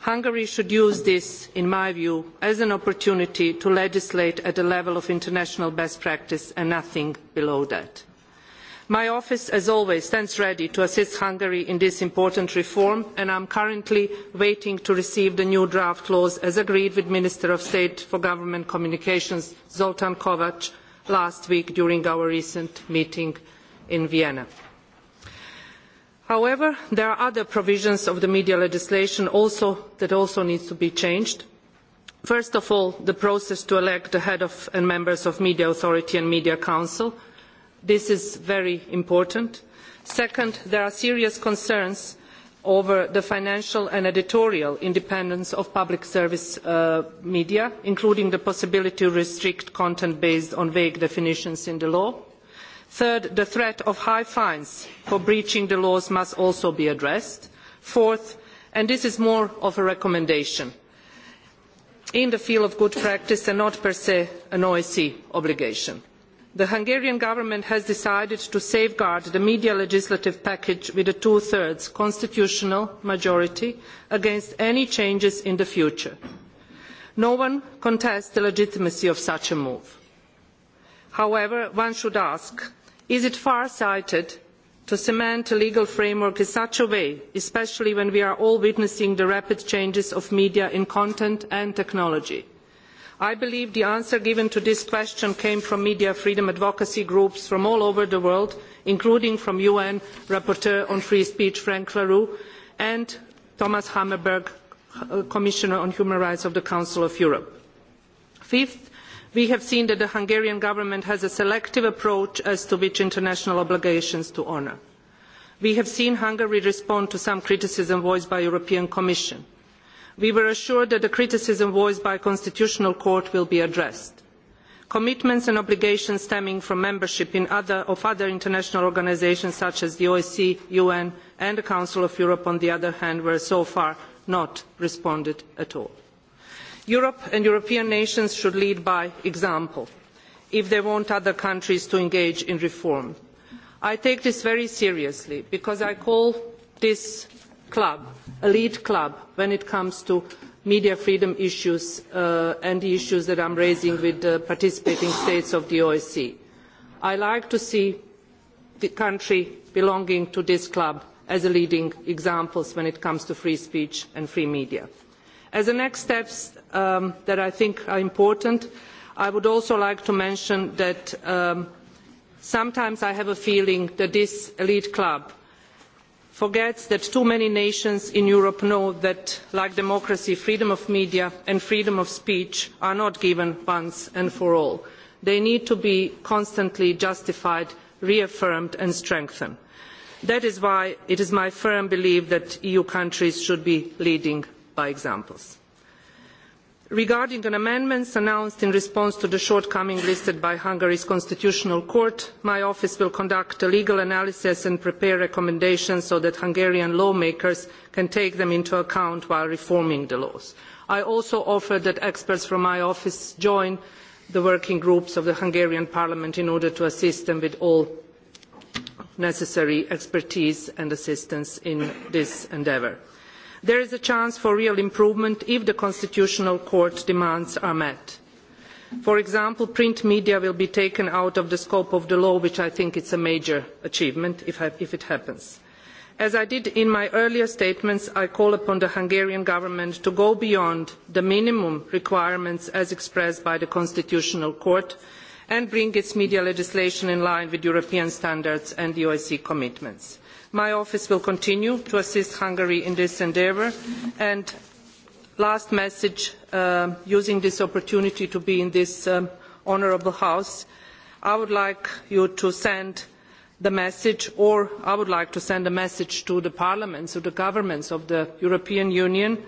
Hungary should use this, in my view, as an opportunity to legislate at the level of international best practice and nothing below that. My office, as always, stands ready to assist Hungary in this important reform, and I am currently waiting to receive the new draft laws as agreed with Minister of State for Government Communications Zoltan Kovac last week during our recent meeting in Vienna. However, there are other provisions of the media legislation also, that also need to be changed. First of all, the process to elect the head of and members of Media Authority and Media Council – This is very important. Second, there are serious concerns over the financial and editorial independence of public service uh, media, including the possibility to restrict content based on vague definitions in the law. Third, the threat of high fines for breaching the laws must also be addressed. Fourth, and this is more of a recommendation, in the field of good practice and not per se an OSCE obligation. The Hungarian government has decided to safeguard the media legislative package with a two-thirds constitutional majority against any changes in the future. No one contests the legitimacy of such a move. However, one should ask, is it far-sighted to cement a legal framework in such a way, especially when we are all witnessing the rapid changes of media in content and technology? I believe the answer given to this question came from media freedom advocacy groups from all over the world, including from UN Rapporteur on Free Speech Frank LaRue and Thomas Hammerberg, uh, Commissioner on Human Rights of the Council of Europe. Fifth, we have seen that the Hungarian government has a selective approach as to which international obligations to honour. We have seen Hungary respond to some criticism voiced by the European Commission. We were assured that the criticism voiced by the Constitutional Court will be addressed. Commitments and obligations stemming from membership other, of other international organisations such as the OSCE, UN and the Council of Europe on the other hand were so far not responded at all. Europe and European nations should lead by example if they want other countries to engage in reform. I take this very seriously because I call this club, a lead club when it comes to media freedom issues uh, and the issues that I am raising with the participating states of the OSCE. I like to see the country belonging to this club as a leading example when it comes to free speech and free media. As the next steps um, that I think are important, I would also like to mention that um, sometimes I have a feeling that this elite club forgets that too many nations in Europe know that, like democracy, freedom of media and freedom of speech are not given once and for all. They need to be constantly justified, reaffirmed and strengthened. That is why it is my firm belief that EU countries should be leading by examples regarding an amendments announced in response to the shortcoming listed by Hungary's constitutional court my office will conduct a legal analysis and prepare recommendations so that Hungarian lawmakers can take them into account while reforming the laws i also offer that experts from my office join the working groups of the Hungarian parliament in order to assist them with all necessary expertise and assistance in this endeavour There is a chance for real improvement if the Constitutional Court demands are met. For example, print media will be taken out of the scope of the law, which I think is a major achievement if, if it happens. As I did in my earlier statements, I call upon the Hungarian government to go beyond the minimum requirements as expressed by the Constitutional Court and bring its media legislation in line with European standards and the OSCE commitments. My office will continue to assist Hungary in this endeavour. And last message, uh, using this opportunity to be in this um, honourable House, I would like you to send the message, or I would like to send a message to the parliaments, to the governments of the European Union,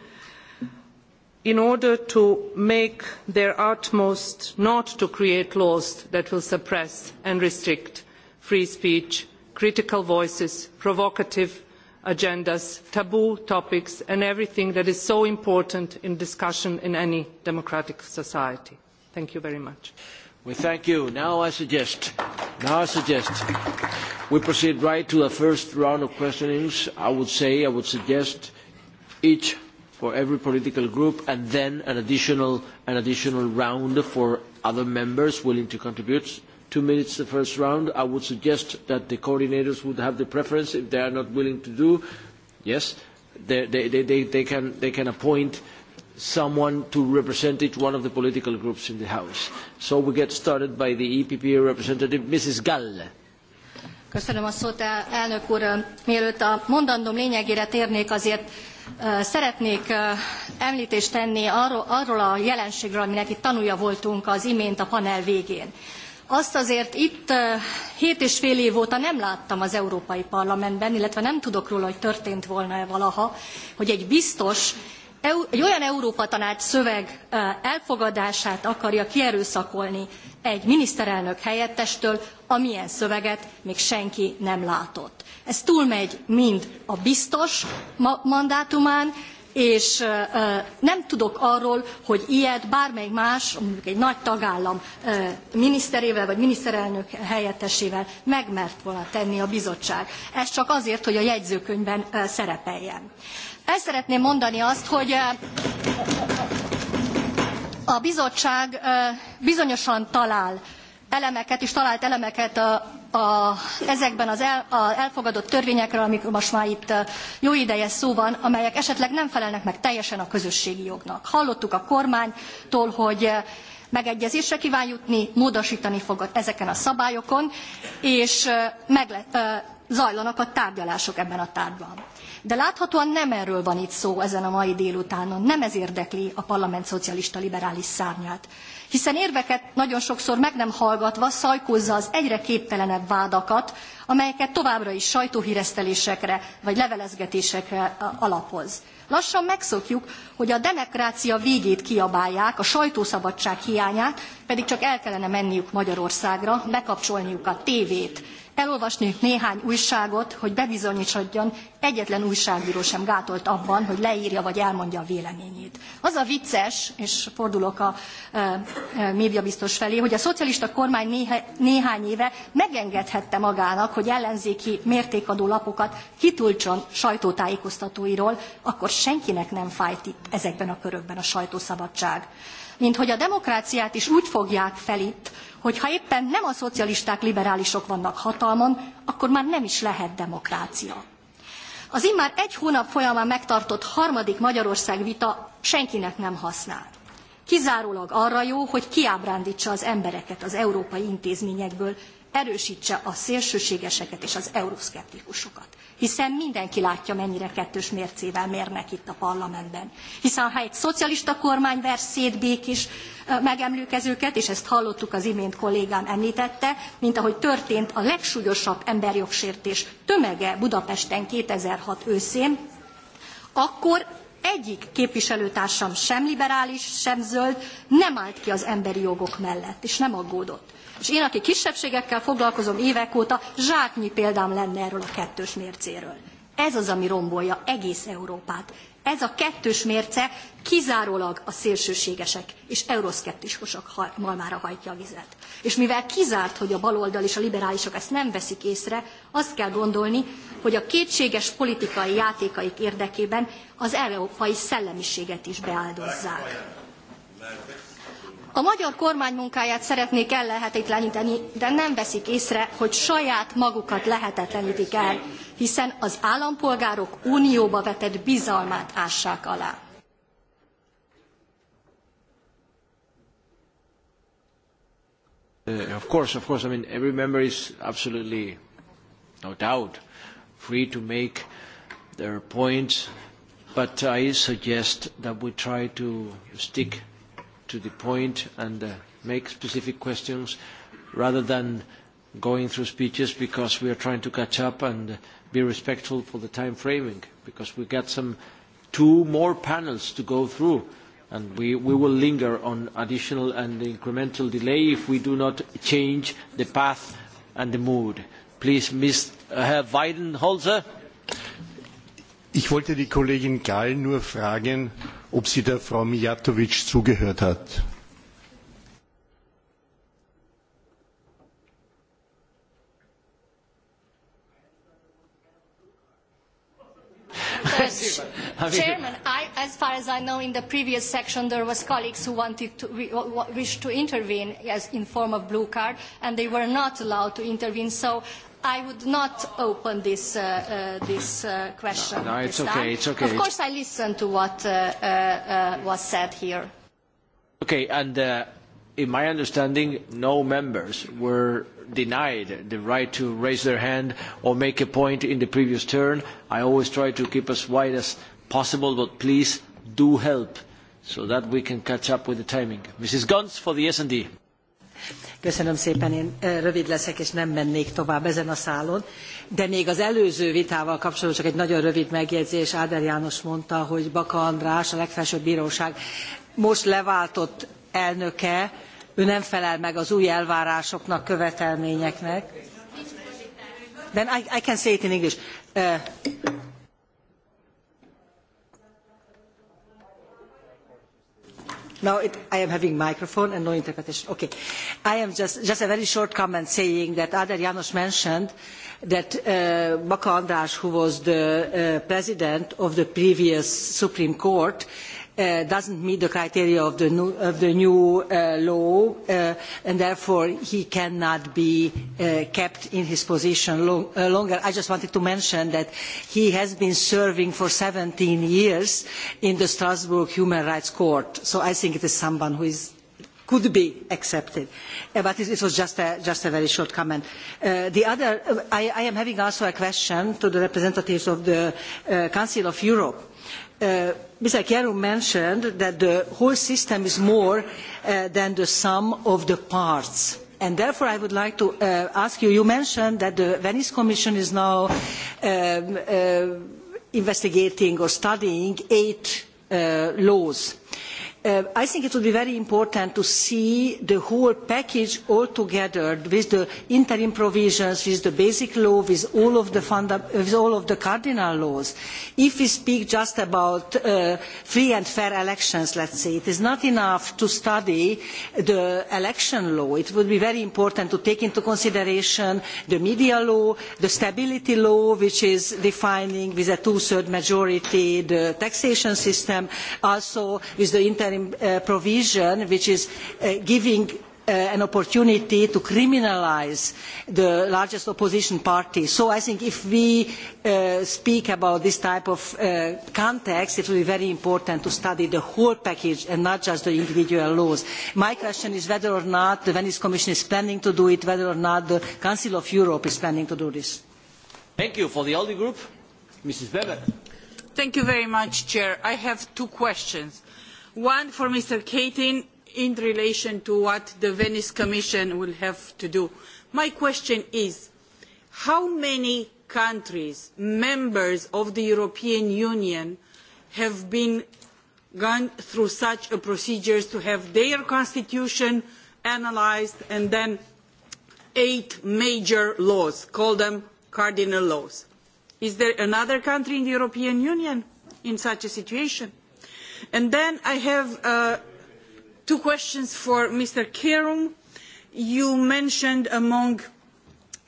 in order to make their utmost not to create laws that will suppress and restrict free speech critical voices, provocative agendas, taboo topics and everything that is so important in discussion in any democratic society. Thank you very much. We thank you. Now I suggest, now I suggest we proceed right to the first round of questionings. I would say, I would suggest each for every political group and then an additional, an additional round for other members willing to contribute two minutes the first round. I would suggest that the coordinators would have the preference if they are not willing to do. Yes, they, they, they, they, can, they can appoint someone to represent each one of the political groups in the House. So we get started by the EPP representative, Mrs. Gall. Köszönöm a szót, elnök úr. Mielőtt a mondandóm lényegére térnék, azért Szeretnék említést tenni arról, arról a jelenségről, aminek itt tanulja voltunk az imént a panel végén. Azt azért itt eh, hét és fél év óta nem láttam az Európai Parlamentben, illetve nem tudok róla, hogy történt volna-e valaha, hogy egy biztos egy olyan Európa Tanács szöveg eh, elfogadását akarja kierőszakolni egy miniszterelnök helyettestől, amilyen szöveget még senki nem látott. Ez túlmegy mind a biztos mandátumán, és nem tudok arról, hogy ilyet bármely más, mondjuk egy nagy tagállam miniszterével vagy miniszterelnök helyettesével megmert volna tenni a bizottság. Ez csak azért, hogy a jegyzőkönyvben szerepeljen. El szeretném mondani azt, hogy a bizottság bizonyosan talál elemeket és talált elemeket a, a, ezekben az el, a elfogadott törvényekre, amikor most már itt jó ideje szó van, amelyek esetleg nem felelnek meg teljesen a közösségi jognak. Hallottuk a kormánytól, hogy megegyezésre kíván jutni, módosítani fog ezeken a szabályokon, és megle, zajlanak a tárgyalások ebben a tárgyban. De láthatóan nem erről van itt szó ezen a mai délutánon, nem ez érdekli a parlament szocialista liberális szárnyát. Hiszen érveket nagyon sokszor meg nem hallgatva szajkózza az egyre képtelenebb vádakat, amelyeket továbbra is sajtóhíresztelésekre vagy levelezgetésekre alapoz. Lassan megszokjuk, hogy a demokrácia végét kiabálják, a sajtószabadság hiányát, pedig csak el kellene menniük Magyarországra, bekapcsolniuk a tévét, Elolvasnék néhány újságot, hogy bebizonyítsadjon, egyetlen újságíró sem gátolt abban, hogy leírja vagy elmondja a véleményét. Az a vicces, és fordulok a e, e, médiabiztos felé, hogy a szocialista kormány néha, néhány éve megengedhette magának, hogy ellenzéki mértékadó lapokat kitulcson sajtótájékoztatóiról, akkor senkinek nem fájt itt ezekben a körökben a sajtószabadság mint hogy a demokráciát is úgy fogják fel itt, hogy ha éppen nem a szocialisták, liberálisok vannak hatalmon, akkor már nem is lehet demokrácia. Az immár egy hónap folyamán megtartott harmadik Magyarország vita senkinek nem használ. Kizárólag arra jó, hogy kiábrándítsa az embereket az európai intézményekből, erősítse a szélsőségeseket és az euroszkeptikusokat hiszen mindenki látja, mennyire kettős mércével mérnek itt a parlamentben. Hiszen ha egy szocialista kormány vers békés megemlőkezőket, és ezt hallottuk az imént kollégám említette, mint ahogy történt a legsúlyosabb emberjogsértés tömege Budapesten 2006 őszén, akkor egyik képviselőtársam sem liberális, sem zöld nem állt ki az emberi jogok mellett, és nem aggódott. És én, aki kisebbségekkel foglalkozom évek óta, zsáknyi példám lenne erről a kettős mércéről. Ez az, ami rombolja egész Európát. Ez a kettős mérce kizárólag a szélsőségesek és euroszkeptikusok malmára hajtja a vizet. És mivel kizárt, hogy a baloldal és a liberálisok ezt nem veszik észre, azt kell gondolni, hogy a kétséges politikai játékaik érdekében az európai szellemiséget is beáldozzák. A magyar kormány munkáját szeretnék ellehetetleníteni, de nem veszik észre, hogy saját magukat lehetetlenítik el, hiszen az állampolgárok unióba vetett bizalmát ássák alá. Uh, of course, of course, I mean, every member is absolutely, no doubt, free to make their points, but I suggest that we try to stick to the point and uh, make specific questions rather than going through speeches because we are trying to catch up and uh, be respectful for the time framing because we got some two more panels to go through and we, we will linger on additional and incremental delay if we do not change the path and the mood. Please, Mr. Uh, Herr Weidenholzer. Ich wollte die Kollegin Gall nur fragen, ob sie der Frau Mijatovic zugehört hat. Yes, Chairman, I, as far as I know, in the previous section there was colleagues who wanted to re, wished to intervene as in form of blue card, and they were not allowed to intervene. So I would not open this, uh, uh, this uh, question. No, no it's, okay, time. it's okay. Of course, I listen to what uh, uh, uh, was said here. Okay, and uh, in my understanding, no members were denied the right to raise their hand or make a point in the previous turn. I always try to keep as wide as possible, but please do help so that we can catch up with the timing. Mrs. Guns for the S&D. Köszönöm szépen, én rövid leszek, és nem mennék tovább ezen a szálon. De még az előző vitával kapcsolatban csak egy nagyon rövid megjegyzés. Áder János mondta, hogy Baka András, a legfelsőbb bíróság most leváltott elnöke, ő nem felel meg az új elvárásoknak, követelményeknek. Then I, I can say it in English. Uh, Now it, I am having microphone and no interpretation. Okay. I am just, just a very short comment saying that Adar Janos mentioned that uh, Baka who was the uh, president of the previous Supreme Court, uh, uh, doesn't meet the criteria of the new, of the new uh, law uh, and therefore he cannot be uh, kept in his position long, uh, longer. I just wanted to mention that he has been serving for 17 years in the Strasbourg Human Rights Court. So I think it is someone who is could be accepted. Uh, but it, it was just a, just a very short comment. Uh, the other, uh, I, I am having also a question to the representatives of the uh, Council of Europe Uh, Mr. Chiaro mentioned that the whole system is more uh, than the sum of the parts. And therefore, I would like to uh, ask you, you mentioned that the Venice Commission is now um, uh, investigating or studying eight uh, laws Uh, I think it would be very important to see the whole package all together with the interim provisions, with the basic law, with all of the, funda with all of the cardinal laws. If we speak just about uh, free and fair elections, let us say, it is not enough to study the election law. It would be very important to take into consideration the media law, the stability law, which is defining with a two-thirds majority the taxation system, also with the interim uh, provision which is uh, giving uh, an opportunity to criminalise the largest opposition party. So I think if we uh, speak about this type of uh, context, it will be very important to study the whole package and not just the individual laws. My question is whether or not the Venice Commission is planning to do it, whether or not the Council of Europe is planning to do this. Thank you. For the ALDE Group, Mrs. Weber. Thank you very much, Chair. I have two questions. One for Mr. Keating in relation to what the Venice Commission will have to do. My question is, how many countries, members of the European Union, have been gone through such a procedure to have their constitution analysed and then eight major laws, call them cardinal laws. Is there another country in the European Union in such a situation? And then I have uh, two questions for Mr. Kerum. You mentioned among,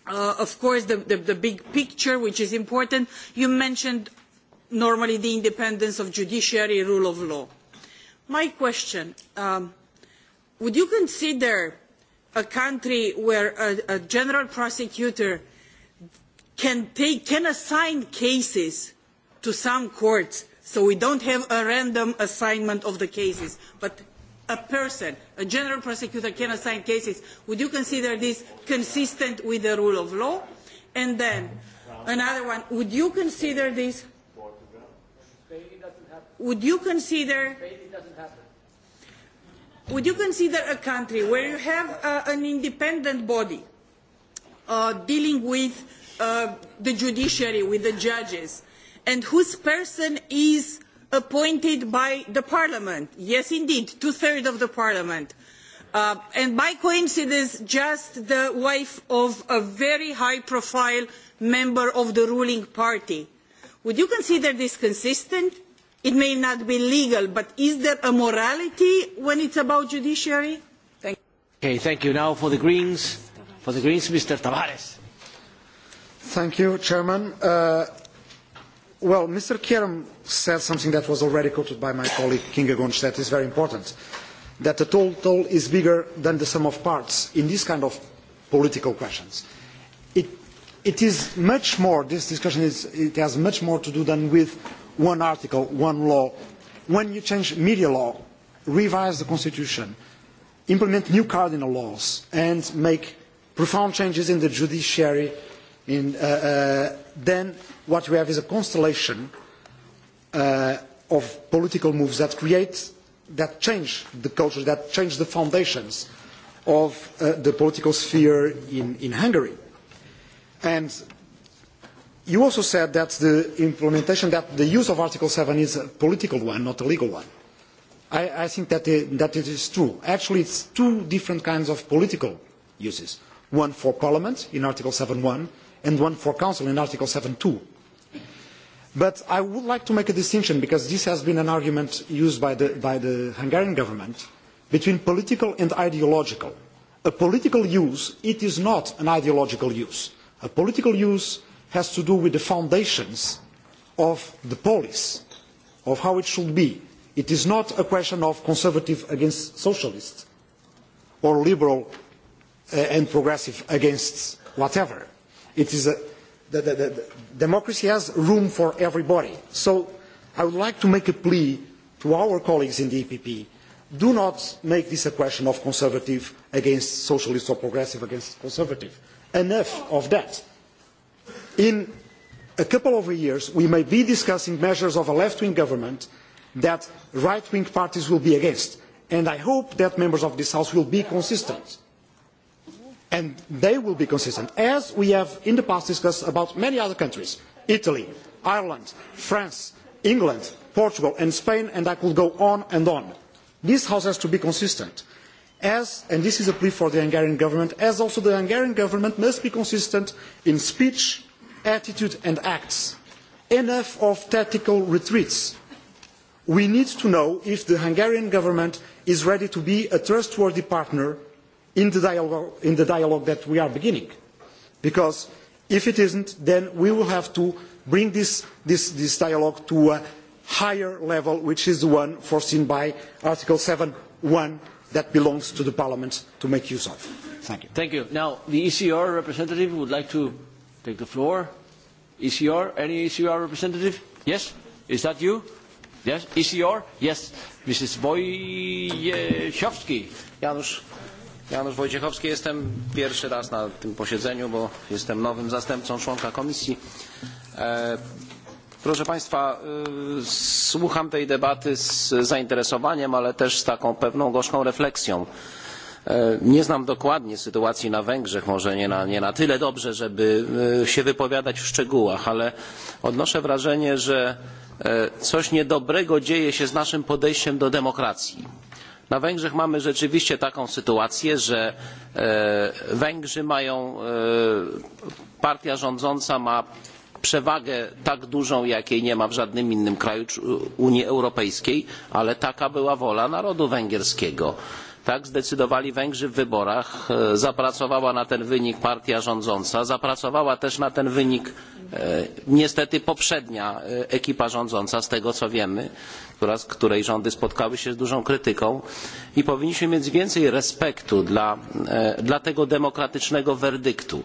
uh, of course, the, the, the big picture, which is important. You mentioned normally the independence of judiciary, rule of law. My question, um, would you consider a country where a, a general prosecutor can, take, can assign cases to some courts So we don't have a random assignment of the cases, but a person, a general prosecutor can assign cases. Would you consider this consistent with the rule of law? And then another one, would you consider this? Would you consider? Would you consider a country where you have uh, an independent body uh, dealing with uh, the judiciary, with the judges, and whose person is appointed by the parliament. Yes, indeed, two-thirds of the parliament. Uh, and by coincidence, just the wife of a very high-profile member of the ruling party. Would you consider this consistent? It may not be legal, but is there a morality when it's about judiciary? Thank you. Okay, thank you. Now for the Greens, for the Greens, Mr. Tavares. Thank you, Chairman. Uh, Well, Mr. Kerem said something that was already quoted by my colleague King Gonch that is very important, that the total is bigger than the sum of parts in these kind of political questions. It, it is much more, this discussion is, it has much more to do than with one article, one law. When you change media law, revise the constitution, implement new cardinal laws, and make profound changes in the judiciary in, uh, uh, then what we have is a constellation uh, of political moves that create, that change the culture, that change the foundations of uh, the political sphere in, in Hungary. And you also said that the implementation, that the use of Article 7 is a political one, not a legal one. I, I think that it, that it is true. Actually, it's two different kinds of political uses. One for Parliament in Article 7.1, and one for Council in Article 7.2. But I would like to make a distinction, because this has been an argument used by the, by the Hungarian government, between political and ideological. A political use, it is not an ideological use. A political use has to do with the foundations of the police, of how it should be. It is not a question of conservative against socialist or liberal uh, and progressive against whatever. It is a, the, the, the, democracy has room for everybody. So I would like to make a plea to our colleagues in the EPP. Do not make this a question of conservative against socialist or progressive against conservative. Enough of that. In a couple of years, we may be discussing measures of a left-wing government that right-wing parties will be against. And I hope that members of this House will be consistent and they will be consistent, as we have in the past discussed about many other countries, Italy, Ireland, France, England, Portugal and Spain, and I could go on and on. This house has to be consistent. As, and this is a plea for the Hungarian government, as also the Hungarian government must be consistent in speech, attitude and acts. Enough of tactical retreats. We need to know if the Hungarian government is ready to be a trustworthy partner in the, dialogue, in the dialogue that we are beginning. Because if it isn't, then we will have to bring this, this, this dialogue to a higher level, which is the one foreseen by Article 7.1 that belongs to the Parliament to make use of. Thank you. Thank you. Now, the ECR representative would like to take the floor. ECR, any ECR representative? Yes? Is that you? Yes? ECR? Yes. Mrs. Wojciechowski. Janusz. Janusz Wojciechowski, jestem pierwszy raz na tym posiedzeniu, bo jestem nowym zastępcą członka komisji. E, proszę Państwa, e, słucham tej debaty z zainteresowaniem, ale też z taką pewną gorzką refleksją. E, nie znam dokładnie sytuacji na Węgrzech, może nie na, nie na tyle dobrze, żeby e, się wypowiadać w szczegółach, ale odnoszę wrażenie, że e, coś niedobrego dzieje się z naszym podejściem do demokracji Na Węgrzech mamy rzeczywiście taką sytuację, że e, Węgrzy mają, e, partia rządząca ma przewagę tak dużą, jakiej nie ma w żadnym innym kraju e, Unii Europejskiej, ale taka była wola narodu węgierskiego. Tak zdecydowali Węgrzy w wyborach, zapracowała na ten wynik partia rządząca, zapracowała też na ten wynik niestety poprzednia ekipa rządząca, z tego co wiemy która, której rządy spotkały się z dużą krytyką i powinniśmy mieć więcej respektu dla, e, dla tego demokratycznego werdyktu.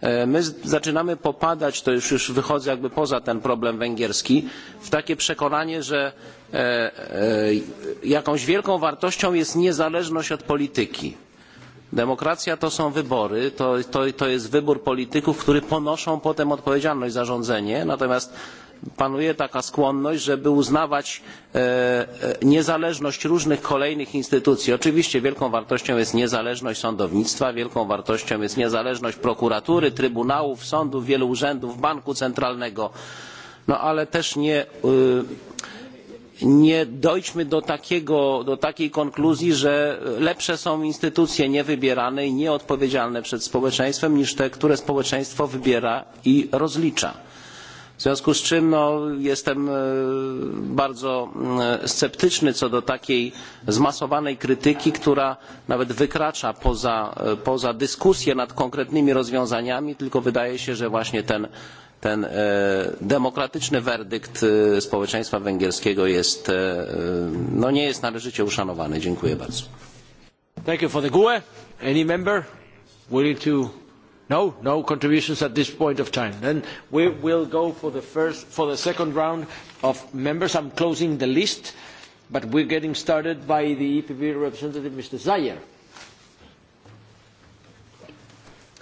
E, my zaczynamy popadać, to już, już wychodzę jakby poza ten problem węgierski, w takie przekonanie, że e, jakąś wielką wartością jest niezależność od polityki. Demokracja to są wybory, to, to, to jest wybór polityków, którzy ponoszą potem odpowiedzialność za rządzenie, natomiast panuje taka skłonność, żeby uznawać e, e, niezależność różnych kolejnych instytucji. Oczywiście wielką wartością jest niezależność sądownictwa, wielką wartością jest niezależność prokuratury, trybunałów, sądów, wielu urzędów, banku centralnego, no ale też nie nie dojdźmy do, takiego, do takiej konkluzji, że lepsze są instytucje niewybierane i nieodpowiedzialne przed społeczeństwem niż te, które społeczeństwo wybiera i rozlicza. W związku z czym no, jestem e, bardzo e, sceptyczny co do takiej zmasowanej krytyki, która nawet wykracza poza, e, poza dyskusję nad konkretnymi rozwiązaniami, tylko wydaje się, że właśnie ten, ten demokratyczny werdykt społeczeństwa węgierskiego jest, no, nie jest należycie uszanowany. Dziękuję bardzo. Thank you for the GUE. Any member willing to No, no contributions at this point of time. Then we will go for the, first, for the second round of members. I'm closing the list, but we're getting started by the EPP representative, Mr. Zayer.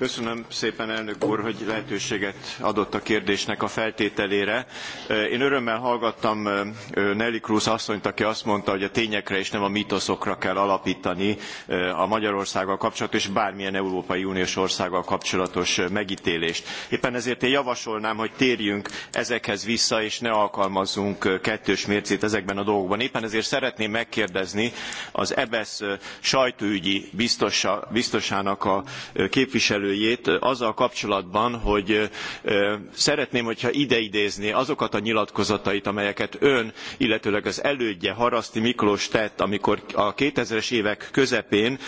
Köszönöm szépen, elnök úr, hogy lehetőséget adott a kérdésnek a feltételére. Én örömmel hallgattam Nelly Cruz asszonyt, aki azt mondta, hogy a tényekre és nem a mítoszokra kell alapítani a Magyarországgal kapcsolatos és bármilyen Európai Uniós országgal kapcsolatos megítélést. Éppen ezért én javasolnám, hogy térjünk ezekhez vissza, és ne alkalmazzunk kettős mércét ezekben a dolgokban. Éppen ezért szeretném megkérdezni az EBESZ sajtóügyi biztosa, biztosának a képviselő képviselőjét azzal kapcsolatban, hogy szeretném, hogyha ideidézni azokat a nyilatkozatait, amelyeket ön, illetőleg az elődje Haraszti Miklós tett, amikor a 2000-es évek közepén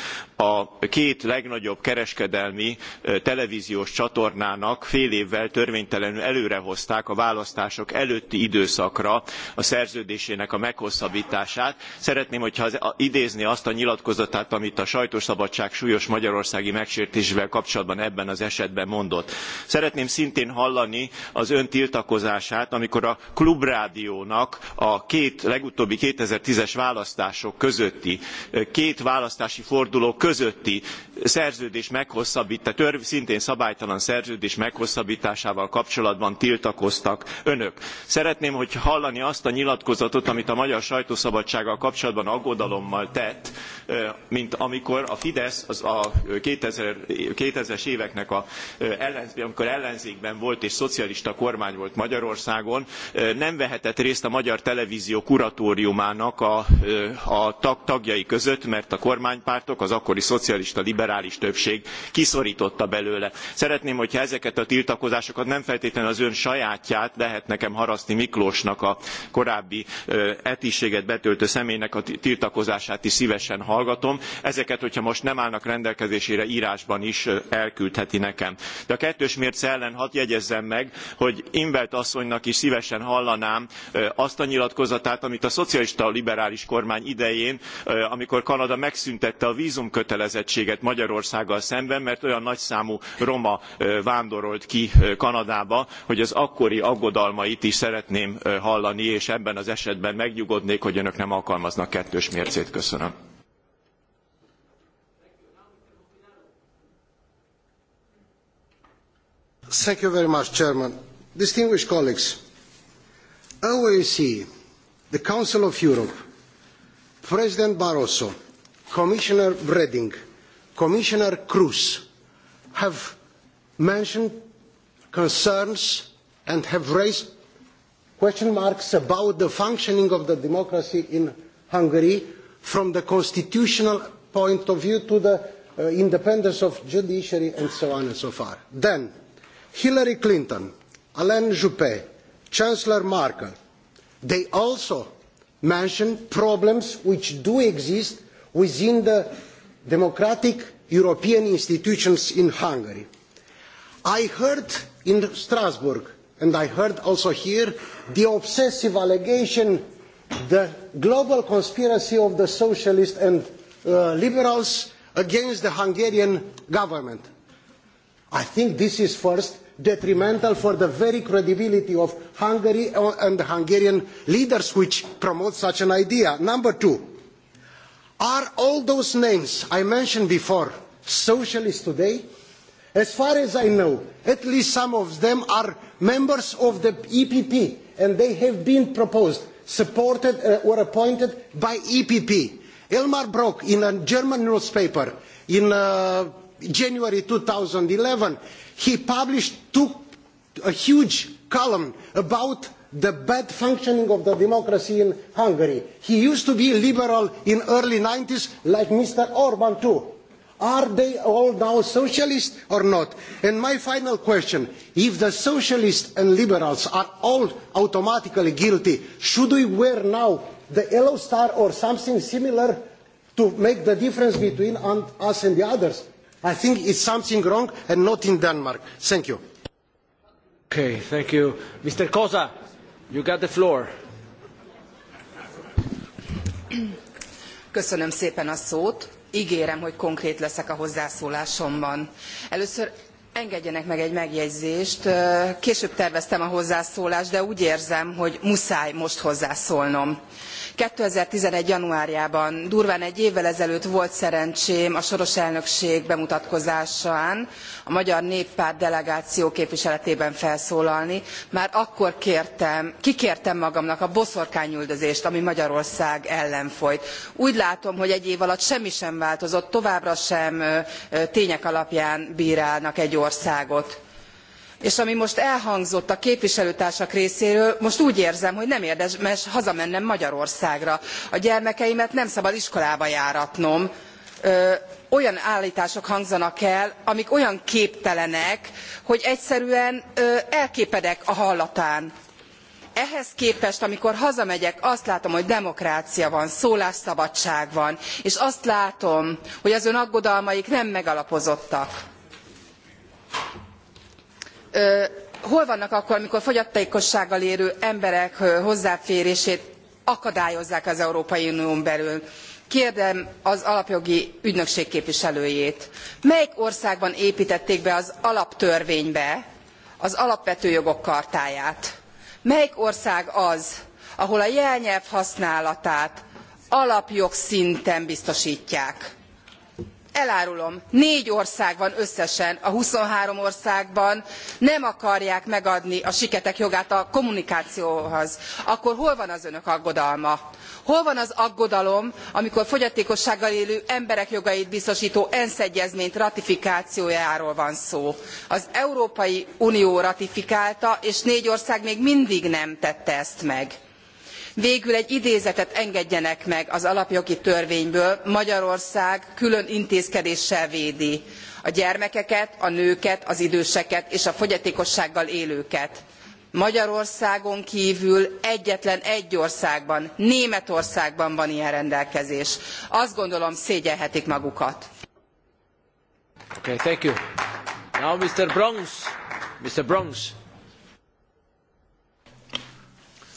a két legnagyobb kereskedelmi televíziós csatornának fél évvel törvénytelenül előrehozták a választások előtti időszakra a szerződésének a meghosszabbítását. Szeretném, hogyha idézni azt a nyilatkozatát, amit a sajtószabadság súlyos magyarországi megsértésével kapcsolatban ebben az esetben mondott. Szeretném szintén hallani az ön tiltakozását, amikor a klubrádiónak a két legutóbbi 2010-es választások közötti két választási forduló között közötti szerződés meghosszabbít, törv, szintén szabálytalan szerződés meghosszabbításával kapcsolatban tiltakoztak önök. Szeretném, hogy hallani azt a nyilatkozatot, amit a magyar sajtószabadsággal kapcsolatban aggodalommal tett, mint amikor a Fidesz az a 2000, 2000-es éveknek a amikor ellenzékben volt és szocialista kormány volt Magyarországon, nem vehetett részt a magyar televízió kuratóriumának a, a tag, tagjai között, mert a kormánypártok, az akkor akkori szocialista liberális többség kiszorította belőle. Szeretném, hogyha ezeket a tiltakozásokat nem feltétlenül az ön sajátját, lehet nekem Haraszti Miklósnak a korábbi etiséget betöltő személynek a tiltakozását is szívesen hallgatom. Ezeket, hogyha most nem állnak rendelkezésére, írásban is elküldheti nekem. De a kettős mérce ellen hadd jegyezzem meg, hogy Invert asszonynak is szívesen hallanám azt a nyilatkozatát, amit a szocialista liberális kormány idején, amikor Kanada megszüntette a vízumkö kötelezettséget Magyarországgal szemben, mert olyan nagyszámú roma vándorolt ki Kanadába, hogy az akkori aggodalmait is szeretném hallani, és ebben az esetben megnyugodnék, hogy önök nem alkalmaznak kettős mércét. Köszönöm. Thank you very much, Chairman. Distinguished colleagues, OAC, the Council of Europe, President Barroso, Commissioner Reding, Commissioner Cruz have mentioned concerns and have raised question marks about the functioning of the democracy in Hungary from the constitutional point of view to the uh, independence of judiciary and so on and so far. Then, Hillary Clinton, Alain Juppé, Chancellor Merkel, they also mentioned problems which do exist within the democratic European institutions in Hungary. I heard in Strasbourg, and I heard also here, the obsessive allegation, the global conspiracy of the socialists and uh, liberals against the Hungarian government. I think this is first detrimental for the very credibility of Hungary uh, and the Hungarian leaders which promote such an idea. Number two, Are all those names I mentioned before socialists today? As far as I know, at least some of them are members of the EPP and they have been proposed, supported uh, or appointed by EPP. Elmar Brok in a German newspaper in uh, January 2011, he published two, a huge column about the bad functioning of the democracy in Hungary. He used to be liberal in early 90s, like Mr. Orban too. Are they all now socialists or not? And my final question, if the socialists and liberals are all automatically guilty, should we wear now the yellow star or something similar to make the difference between us and the others? I think it's something wrong and not in Denmark. Thank you. Okay, thank you. Mr. Cosa. You got the floor. Köszönöm szépen a szót. Ígérem, hogy konkrét leszek a hozzászólásomban. Először Engedjenek meg egy megjegyzést. Később terveztem a hozzászólást, de úgy érzem, hogy muszáj most hozzászólnom. 2011. januárjában, durván egy évvel ezelőtt volt szerencsém a soros elnökség bemutatkozásán a Magyar Néppárt delegáció képviseletében felszólalni. Már akkor kértem, kikértem magamnak a boszorkányüldözést, ami Magyarország ellen folyt. Úgy látom, hogy egy év alatt semmi sem változott, továbbra sem tények alapján bírálnak egy országot és ami most elhangzott a képviselőtársak részéről, most úgy érzem, hogy nem érdemes hazamennem Magyarországra. A gyermekeimet nem szabad iskolába járatnom. Ö, olyan állítások hangzanak el, amik olyan képtelenek, hogy egyszerűen ö, elképedek a hallatán. Ehhez képest, amikor hazamegyek, azt látom, hogy demokrácia van, szólásszabadság van, és azt látom, hogy az ön aggodalmaik nem megalapozottak hol vannak akkor, amikor fogyatékossággal érő emberek hozzáférését akadályozzák az Európai Unión belül? Kérdem az alapjogi ügynökség képviselőjét. Melyik országban építették be az alaptörvénybe az alapvető jogok kartáját? Melyik ország az, ahol a jelnyelv használatát alapjog szinten biztosítják? elárulom, négy ország van összesen a 23 országban, nem akarják megadni a siketek jogát a kommunikációhoz. Akkor hol van az önök aggodalma? Hol van az aggodalom, amikor fogyatékossággal élő emberek jogait biztosító ENSZ egyezményt ratifikációjáról van szó? Az Európai Unió ratifikálta, és négy ország még mindig nem tette ezt meg Végül egy idézetet engedjenek meg az alapjogi törvényből, Magyarország külön intézkedéssel védi a gyermekeket, a nőket, az időseket és a fogyatékossággal élőket. Magyarországon kívül egyetlen egy országban, Németországban van ilyen rendelkezés. Azt gondolom szégyelhetik magukat. Okay, thank you. Now Mr. Bronx. Mr. Bronx.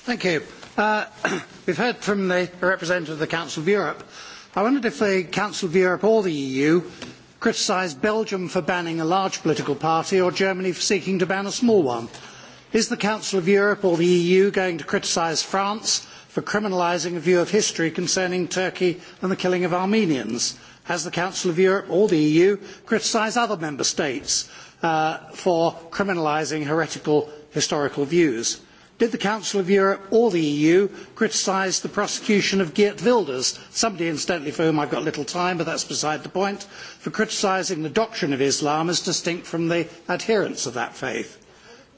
Thank you. Uh, we've heard from the representative of the Council of Europe. I wondered if the Council of Europe or the EU criticised Belgium for banning a large political party or Germany for seeking to ban a small one. Is the Council of Europe or the EU going to criticise France for criminalising a view of history concerning Turkey and the killing of Armenians? Has the Council of Europe or the EU criticised other member states uh, for criminalising heretical historical views? did the Council of Europe or the EU criticise the prosecution of Geert Wilders, somebody incidentally for whom I have got little time, but that is beside the point, for criticising the doctrine of Islam as distinct from the adherents of that faith?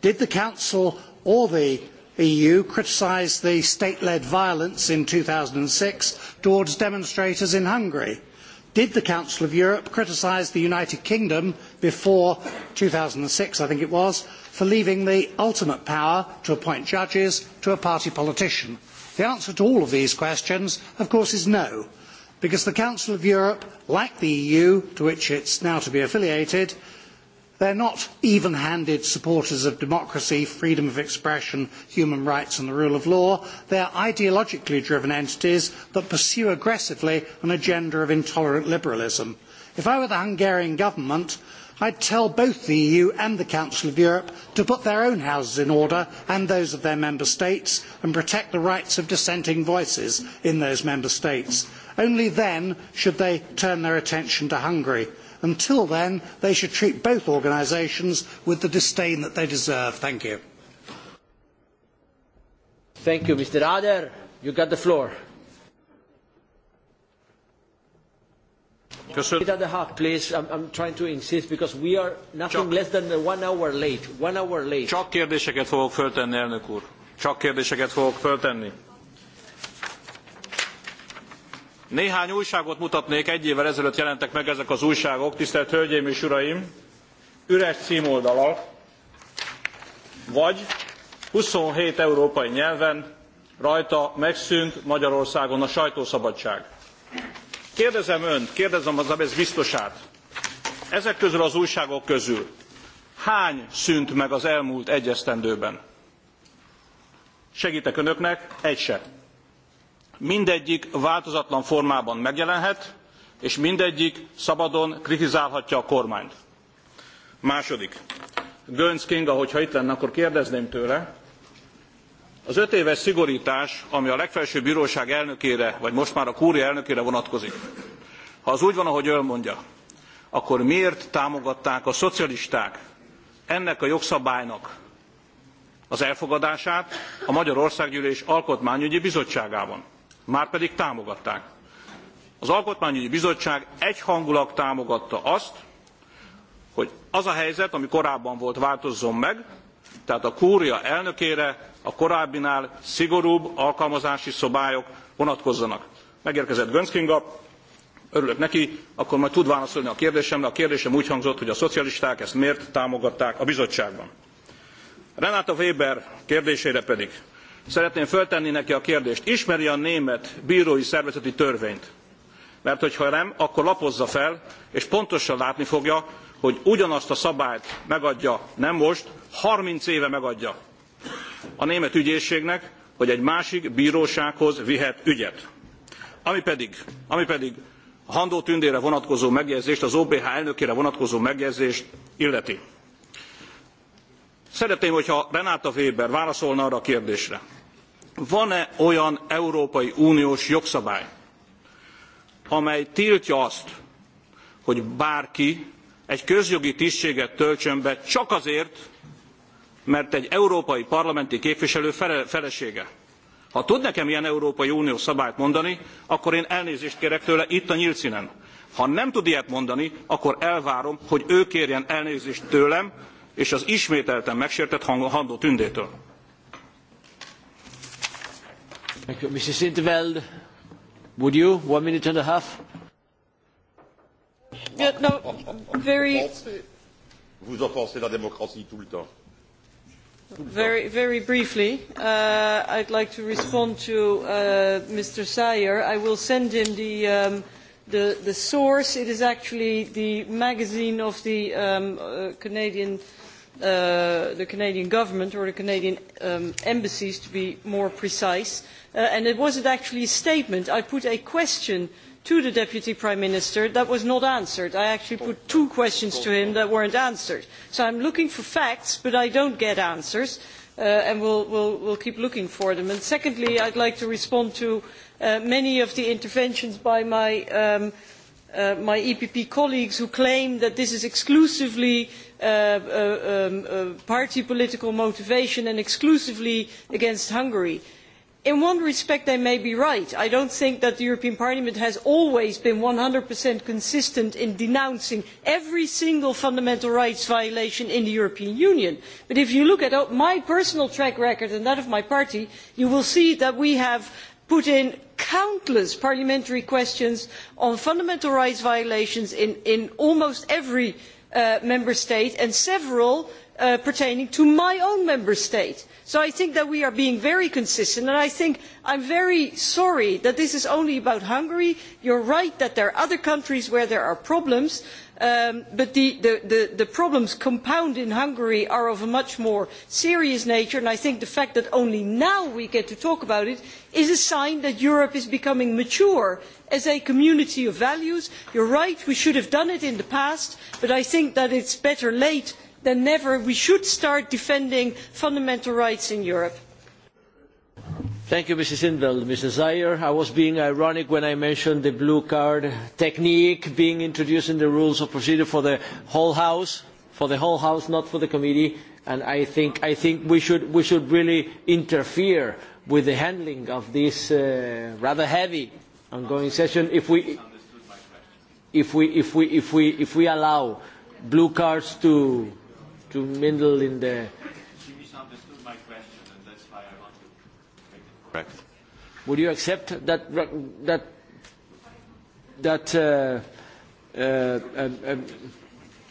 Did the Council or the EU criticise the state-led violence in two thousand six towards demonstrators in Hungary. Did the Council of Europe criticise the United Kingdom before two thousand six, I think it was, for leaving the ultimate power to appoint judges to a party politician? The answer to all of these questions, of course, is no, because the Council of Europe, like the EU, to which it is now to be affiliated, They are not even handed supporters of democracy, freedom of expression, human rights, and the rule of law. They are ideologically driven entities that pursue aggressively an agenda of intolerant liberalism. If I were the Hungarian government, I would tell both the EU and the Council of Europe to put their own houses in order and those of their member states and protect the rights of dissenting voices in those member states. Only then should they turn their attention to Hungary. Until then, they should treat both organisations with the disdain that they deserve. Thank you. Thank you, Mr. Ader. You got the floor. Bit at the hug, please. I'm, I'm trying to insist because we are nothing less than one hour late. One hour late. Csak kérdéseket fogok föltenni, elnök úr. Csak kérdéseket fogok föltenni. Néhány újságot mutatnék, egy évvel ezelőtt jelentek meg ezek az újságok, tisztelt Hölgyeim és Uraim, üres címoldalak, vagy 27 európai nyelven rajta megszűnt Magyarországon a sajtószabadság. Kérdezem önt, kérdezem az ABESZ biztosát, ezek közül az újságok közül hány szűnt meg az elmúlt egyesztendőben? Segítek önöknek, egy se. Mindegyik változatlan formában megjelenhet, és mindegyik szabadon kritizálhatja a kormányt. Második. Gönc King, hogyha itt lenne, akkor kérdezném tőle, Az öt éves szigorítás, ami a legfelsőbb bíróság elnökére, vagy most már a kúria elnökére vonatkozik, ha az úgy van, ahogy ön mondja, akkor miért támogatták a szocialisták ennek a jogszabálynak az elfogadását a Magyar Országgyűlés Alkotmányügyi Bizottságában? Márpedig támogatták. Az Alkotmányügyi Bizottság egyhangulag támogatta azt, hogy az a helyzet, ami korábban volt, változzon meg, tehát a kúria elnökére a korábbinál szigorúbb alkalmazási szabályok vonatkozzanak. Megérkezett Gönckinga, örülök neki, akkor majd tud válaszolni a kérdésemre. A kérdésem úgy hangzott, hogy a szocialisták ezt miért támogatták a bizottságban. Renáta Weber kérdésére pedig szeretném föltenni neki a kérdést. Ismeri a német bírói szervezeti törvényt? Mert hogyha nem, akkor lapozza fel, és pontosan látni fogja, hogy ugyanazt a szabályt megadja nem most, 30 éve megadja a német ügyészségnek, hogy egy másik bírósághoz vihet ügyet. Ami pedig, ami pedig a Handó Tündére vonatkozó megjegyzést, az OBH elnökére vonatkozó megjegyzést illeti. Szeretném, hogyha Renáta Weber válaszolna arra a kérdésre. Van-e olyan Európai Uniós jogszabály, amely tiltja azt, hogy bárki egy közjogi tisztséget töltsön be csak azért, mert egy európai parlamenti képviselő felesége. Ha tud nekem ilyen Európai Uniós szabályt mondani, akkor én elnézést kérek tőle itt a nyílt színen. Ha nem tud ilyet mondani, akkor elvárom, hogy ő kérjen elnézést tőlem és az ismételten megsértett hangon Handó Tündétől. would you? One minute and a half? Yeah, no, very... Vous offensez la démocratie tout le temps. Very, very briefly, uh, I'd like to respond to uh, Mr. Sayer. I will send him the, um, the, the source. It is actually the magazine of the um, uh, Canadian, uh, the Canadian government or the Canadian um, embassies, to be more precise. Uh, and it wasn't actually a statement. I put a question to the Deputy Prime Minister that was not answered. I actually put two questions to him that weren't answered. So I'm looking for facts, but I don't get answers, uh, and we'll, we'll, we'll keep looking for them. And secondly, I'd like to respond to uh, many of the interventions by my, um, uh, my EPP colleagues who claim that this is exclusively Uh, uh, um, uh, party political motivation and exclusively against Hungary in one respect they may be right. I do not think that the European Parliament has always been one 100% consistent in denouncing every single fundamental rights violation in the European Union. But if you look at my personal track record and that of my party, you will see that we have put in countless parliamentary questions on fundamental rights violations in, in almost every uh, member state and several uh, pertaining to my own member state. So I think that we are being very consistent and I think I am very sorry that this is only about Hungary. You are right that there are other countries where there are problems, um, but the, the, the, the problems compound in Hungary are of a much more serious nature and I think the fact that only now we get to talk about it is a sign that Europe is becoming mature as a community of values. You are right, we should have done it in the past, but I think that it is better late than never we should start defending fundamental rights in Europe. Thank you, Mrs. Indel. Mrs. Ayer, I was being ironic when I mentioned the blue card technique being introduced in the rules of procedure for the whole House, for the whole House, not for the committee. And I think, I think we, should, we should really interfere with the handling of this uh, rather heavy ongoing session if we, if we, if we, if we, if we allow blue cards to to mingle in the... She misunderstood my question and that's why I want to make it correct. Would you accept that, that, that uh, uh, um, um,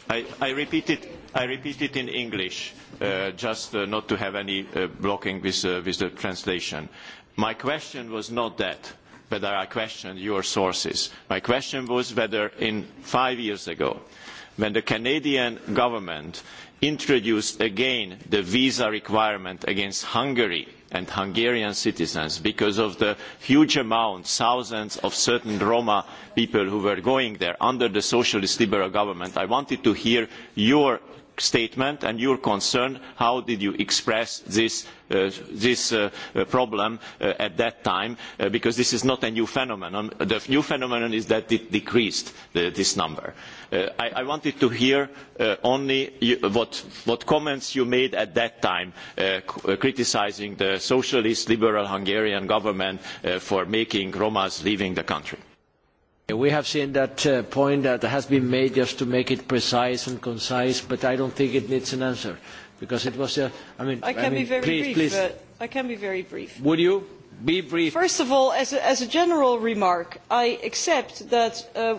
I, I repeat it. I repeat it in English, uh, just uh, not to have any uh, blocking with, uh, with the translation. My question was not that, whether I questioned your sources. My question was whether in five years ago, when the Canadian government introduced again the visa requirement against Hungary and Hungarian citizens because of the huge amount, thousands of certain Roma people who were going there under the socialist liberal government. I wanted to hear your statement and your concern how did you express this uh, this uh, uh, problem uh, at that time uh, because this is not a new phenomenon the new phenomenon is that it decreased the, this number uh, I, I wanted to hear uh, only you, what what comments you made at that time uh, uh criticizing the socialist liberal Hungarian government uh, for making Romas leaving the country We have seen that uh, point that has been made just to make it precise and concise, but I don't think it needs an answer because it was. Uh, I mean, I can I mean, be very please, brief. Please. But I can be very brief. Would you be brief? First of all, as a, as a general remark, I accept that uh,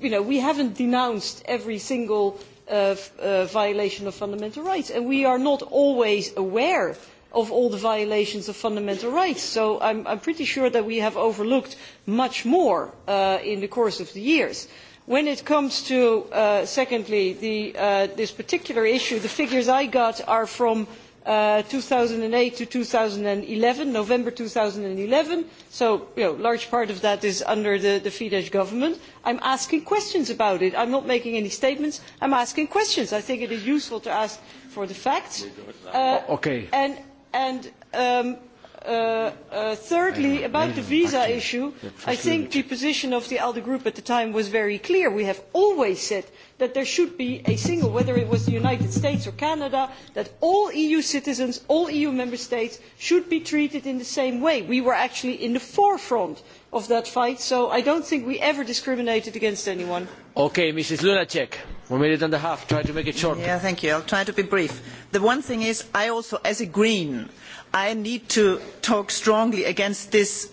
you know we haven't denounced every single uh, uh, violation of fundamental rights, and we are not always aware of all the violations of fundamental rights. So I am pretty sure that we have overlooked much more uh, in the course of the years. When it comes to, uh, secondly, the, uh, this particular issue, the figures I got are from uh, 2008 to 2011, November 2011. So, you know, large part of that is under the, the Fidesz government. I'm asking questions about it. I'm not making any statements. I'm asking questions. I think it is useful to ask for the facts. Uh, okay. And And um, uh, uh, thirdly, about the visa issue, I think the position of the ALDE group at the time was very clear. We have always said that there should be a single, whether it was the United States or Canada, that all EU citizens, all EU member states should be treated in the same way. We were actually in the forefront of that fight, so I don't think we ever discriminated against anyone. Okay, Mrs. Lunacek, one minute and a half, try to make it short. Yeah, thank you. I'll try to be brief. The one thing is, I also, as a Green, I need to talk strongly against this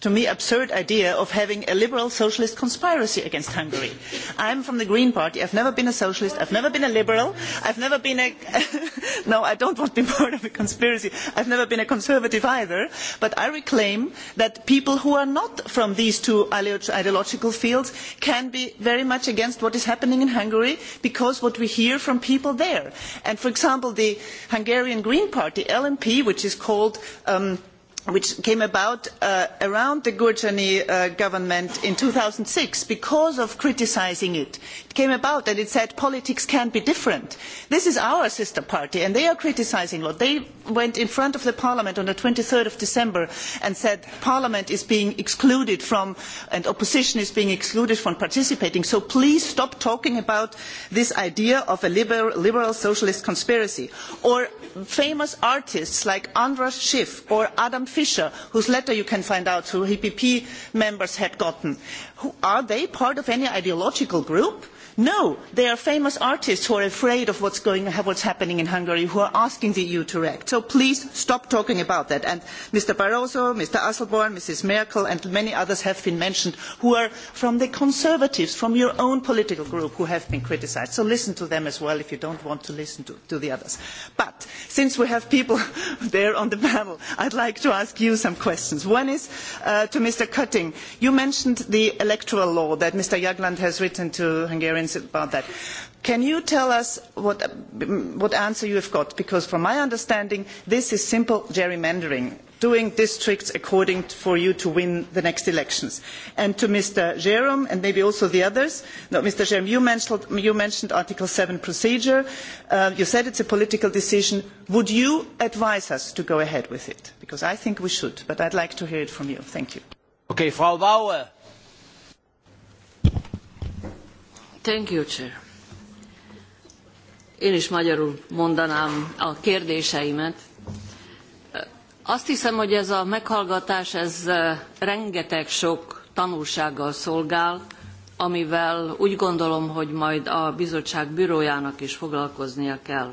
to me absurd idea of having a liberal socialist conspiracy against Hungary. I am from the Green Party. I have never been a socialist. I have never been a liberal. I have never been a... no, I don't want to be part of a conspiracy. I have never been a conservative either. But I reclaim that people who are not from these two ideological fields can be very much against what is happening in Hungary because what we hear from people there. And for example, the Hungarian Green Party, LNP, which is called... Um, which came about uh, around the Gurjani uh, government in two thousand six because of criticising it. It came about and it said politics can be different. This is our sister party and they are criticising law. They went in front of the parliament on the 23rd of December and said parliament is being excluded from and opposition is being excluded from participating. So please stop talking about this idea of a liberal, liberal socialist conspiracy. Or famous artists like Andras Schiff or Adam Fischer, whose letter you can find out who EPP members had gotten. Who, are they part of any ideological group? No, there are famous artists who are afraid of what's, going, what's happening in Hungary, who are asking the EU to react. So please stop talking about that. And Mr. Barroso, Mr. Asselborn, Mrs. Merkel, and many others have been mentioned, who are from the conservatives, from your own political group, who have been criticised. So listen to them as well if you don't want to listen to, to the others. But since we have people there on the panel, I'd like to ask you some questions. One is uh, to Mr. Cutting. You mentioned the electoral law that Mr. Jagland has written to Hungarian things about that. Can you tell us what, what answer you have got? Because from my understanding, this is simple gerrymandering, doing districts according to, for you to win the next elections. And to Mr. Jerome, and maybe also the others, no, Mr. Jerome, you mentioned, you mentioned Article 7 procedure. Uh, you said it's a political decision. Would you advise us to go ahead with it? Because I think we should, but I'd like to hear it from you. Thank you. Okay, Frau Bauer. Thank you, Chair. Én is magyarul mondanám a kérdéseimet. Azt hiszem, hogy ez a meghallgatás ez rengeteg sok tanulsággal szolgál, amivel úgy gondolom, hogy majd a bizottság bürójának is foglalkoznia kell.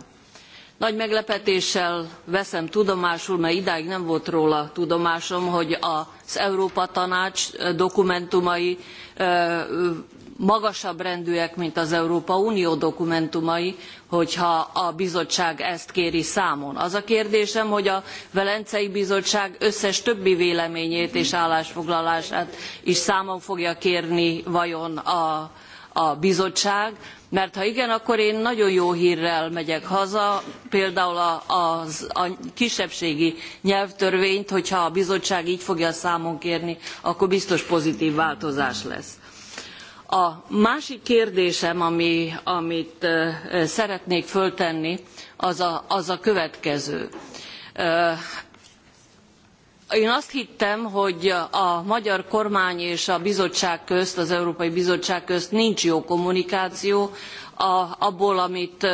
Nagy meglepetéssel veszem tudomásul, mert idáig nem volt róla tudomásom, hogy az Európa Tanács dokumentumai magasabb rendűek, mint az Európa Unió dokumentumai, hogyha a bizottság ezt kéri számon. Az a kérdésem, hogy a Velencei Bizottság összes többi véleményét és állásfoglalását is számon fogja kérni vajon a, a bizottság, mert ha igen, akkor én nagyon jó hírrel megyek haza, például a, a, a kisebbségi nyelvtörvényt, hogyha a bizottság így fogja számon kérni, akkor biztos pozitív változás lesz. A másik kérdésem, ami, amit szeretnék föltenni, az a, az a következő. Én azt hittem, hogy a magyar kormány és a bizottság közt, az Európai Bizottság közt nincs jó kommunikáció, a, abból, amit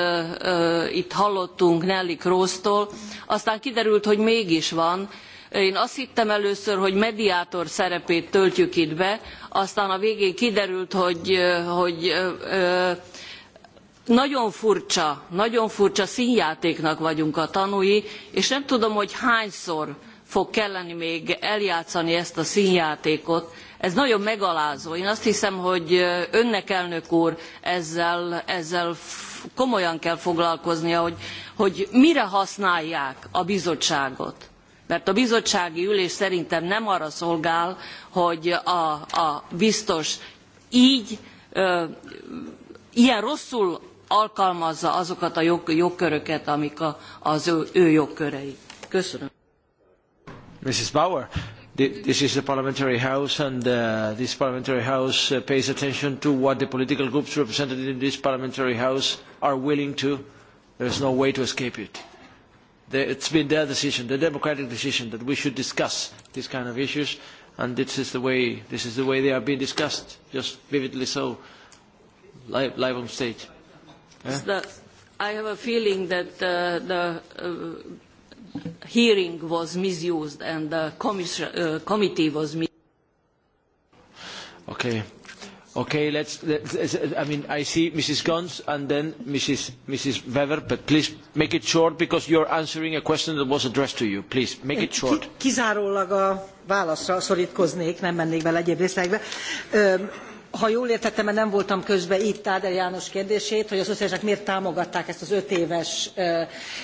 itt hallottunk Nelly Krósztól, aztán kiderült, hogy mégis van, Én azt hittem először, hogy mediátor szerepét töltjük itt be, aztán a végén kiderült, hogy, hogy nagyon furcsa, nagyon furcsa színjátéknak vagyunk a tanúi, és nem tudom, hogy hányszor fog kelleni még eljátszani ezt a színjátékot. Ez nagyon megalázó. Én azt hiszem, hogy önnek, elnök úr, ezzel, ezzel komolyan kell foglalkoznia, hogy, hogy mire használják a bizottságot Mert a bizottsági ülés szerintem nem arra szolgál, hogy a, a biztos így ö, ilyen rosszul alkalmazza azokat a jog, jogköröket, amik a, az ő, ő jogkörei. Köszönöm. Mrs. Bauer, this is the parliamentary house and uh, this parliamentary house uh, pays attention to what the political groups represented in this parliamentary house are willing to. There is no way to escape it it's been their decision, the democratic decision, that we should discuss these kind of issues, and this is the way, this is the way they are being discussed, just vividly so, live, live on stage. Eh? The, I have a feeling that uh, the uh, hearing was misused and the uh, committee was misused. Okay. Okay, let's, let's, I mean, I see Mrs. Gons and then Mrs. Mrs. Weber, but please make it short because you're answering a question that was addressed to you. Please, make it short. Kizárólag a válaszra szorítkoznék, nem mennék bele egyéb részlegbe ha jól értettem, mert nem voltam közben itt Táder János kérdését, hogy az összesek miért támogatták ezt az öt éves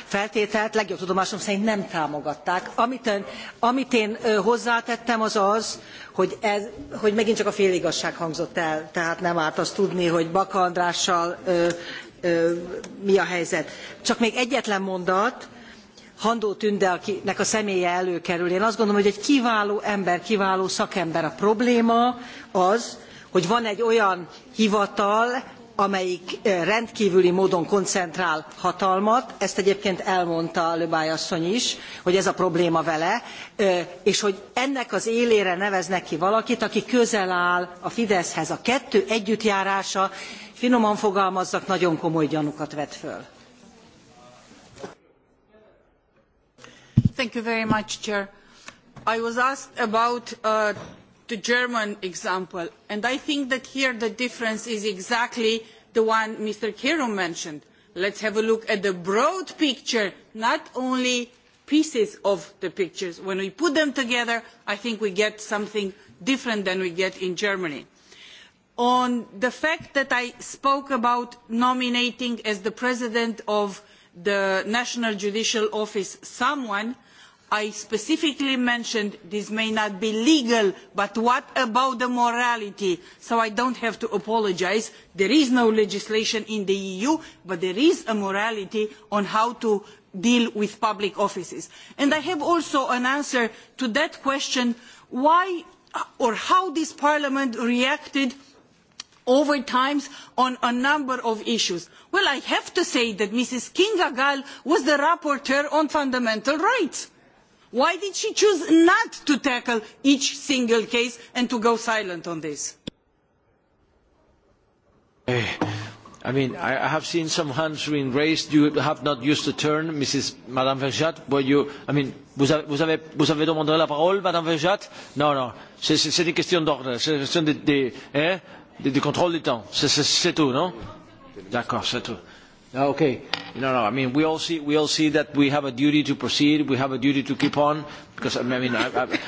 feltételt, legjobb tudomásom szerint nem támogatták. Amit, amit én hozzátettem az az, hogy, ez, hogy megint csak a féligasság hangzott el, tehát nem árt azt tudni, hogy Baka Andrással ö, ö, mi a helyzet. Csak még egyetlen mondat, Handó Tünde, akinek a személye előkerül. Én azt gondolom, hogy egy kiváló ember, kiváló szakember. A probléma az, hogy van egy olyan hivatal, amelyik rendkívüli módon koncentrál hatalmat, ezt egyébként elmondta Löbály asszony is, hogy ez a probléma vele, és hogy ennek az élére neveznek ki valakit, aki közel áll a Fideszhez. A kettő együttjárása, finoman fogalmazzak, nagyon komoly gyanukat vet föl. Thank you very much, Chair. I was asked about uh, the German example. And I think that here the difference is exactly the one Mr. Kiro mentioned. Let's have a look at the broad picture, not only pieces of the pictures. When we put them together, I think we get something different than we get in Germany. On the fact that I spoke about nominating as the president of the National Judicial Office someone, I specifically mentioned this may not be legal, but what about the morality? So I don't have to apologise. There is no legislation in the EU, but there is a morality on how to deal with public offices. And I have also an answer to that question, why or how this parliament reacted over time on a number of issues. Well, I have to say that Mrs. Kinga Gall was the rapporteur on fundamental rights Why did she choose not to tackle each single case and to go silent on this? Eh, I mean, I have seen some hands being raised. You have not used the turn, Mrs. Madame Verjat. Were you, I mean, vous avez, vous avez, vous avez demandé la parole, Madame Verjat? Non, non. C'est une question d'ordre. C'est une question de, de, eh, de, de contrôle du temps. C'est tout, non? D'accord, c'est tout. Okay. No, no. I mean, we all see we all see that we have a duty to proceed. We have a duty to keep on because I mean, I, I,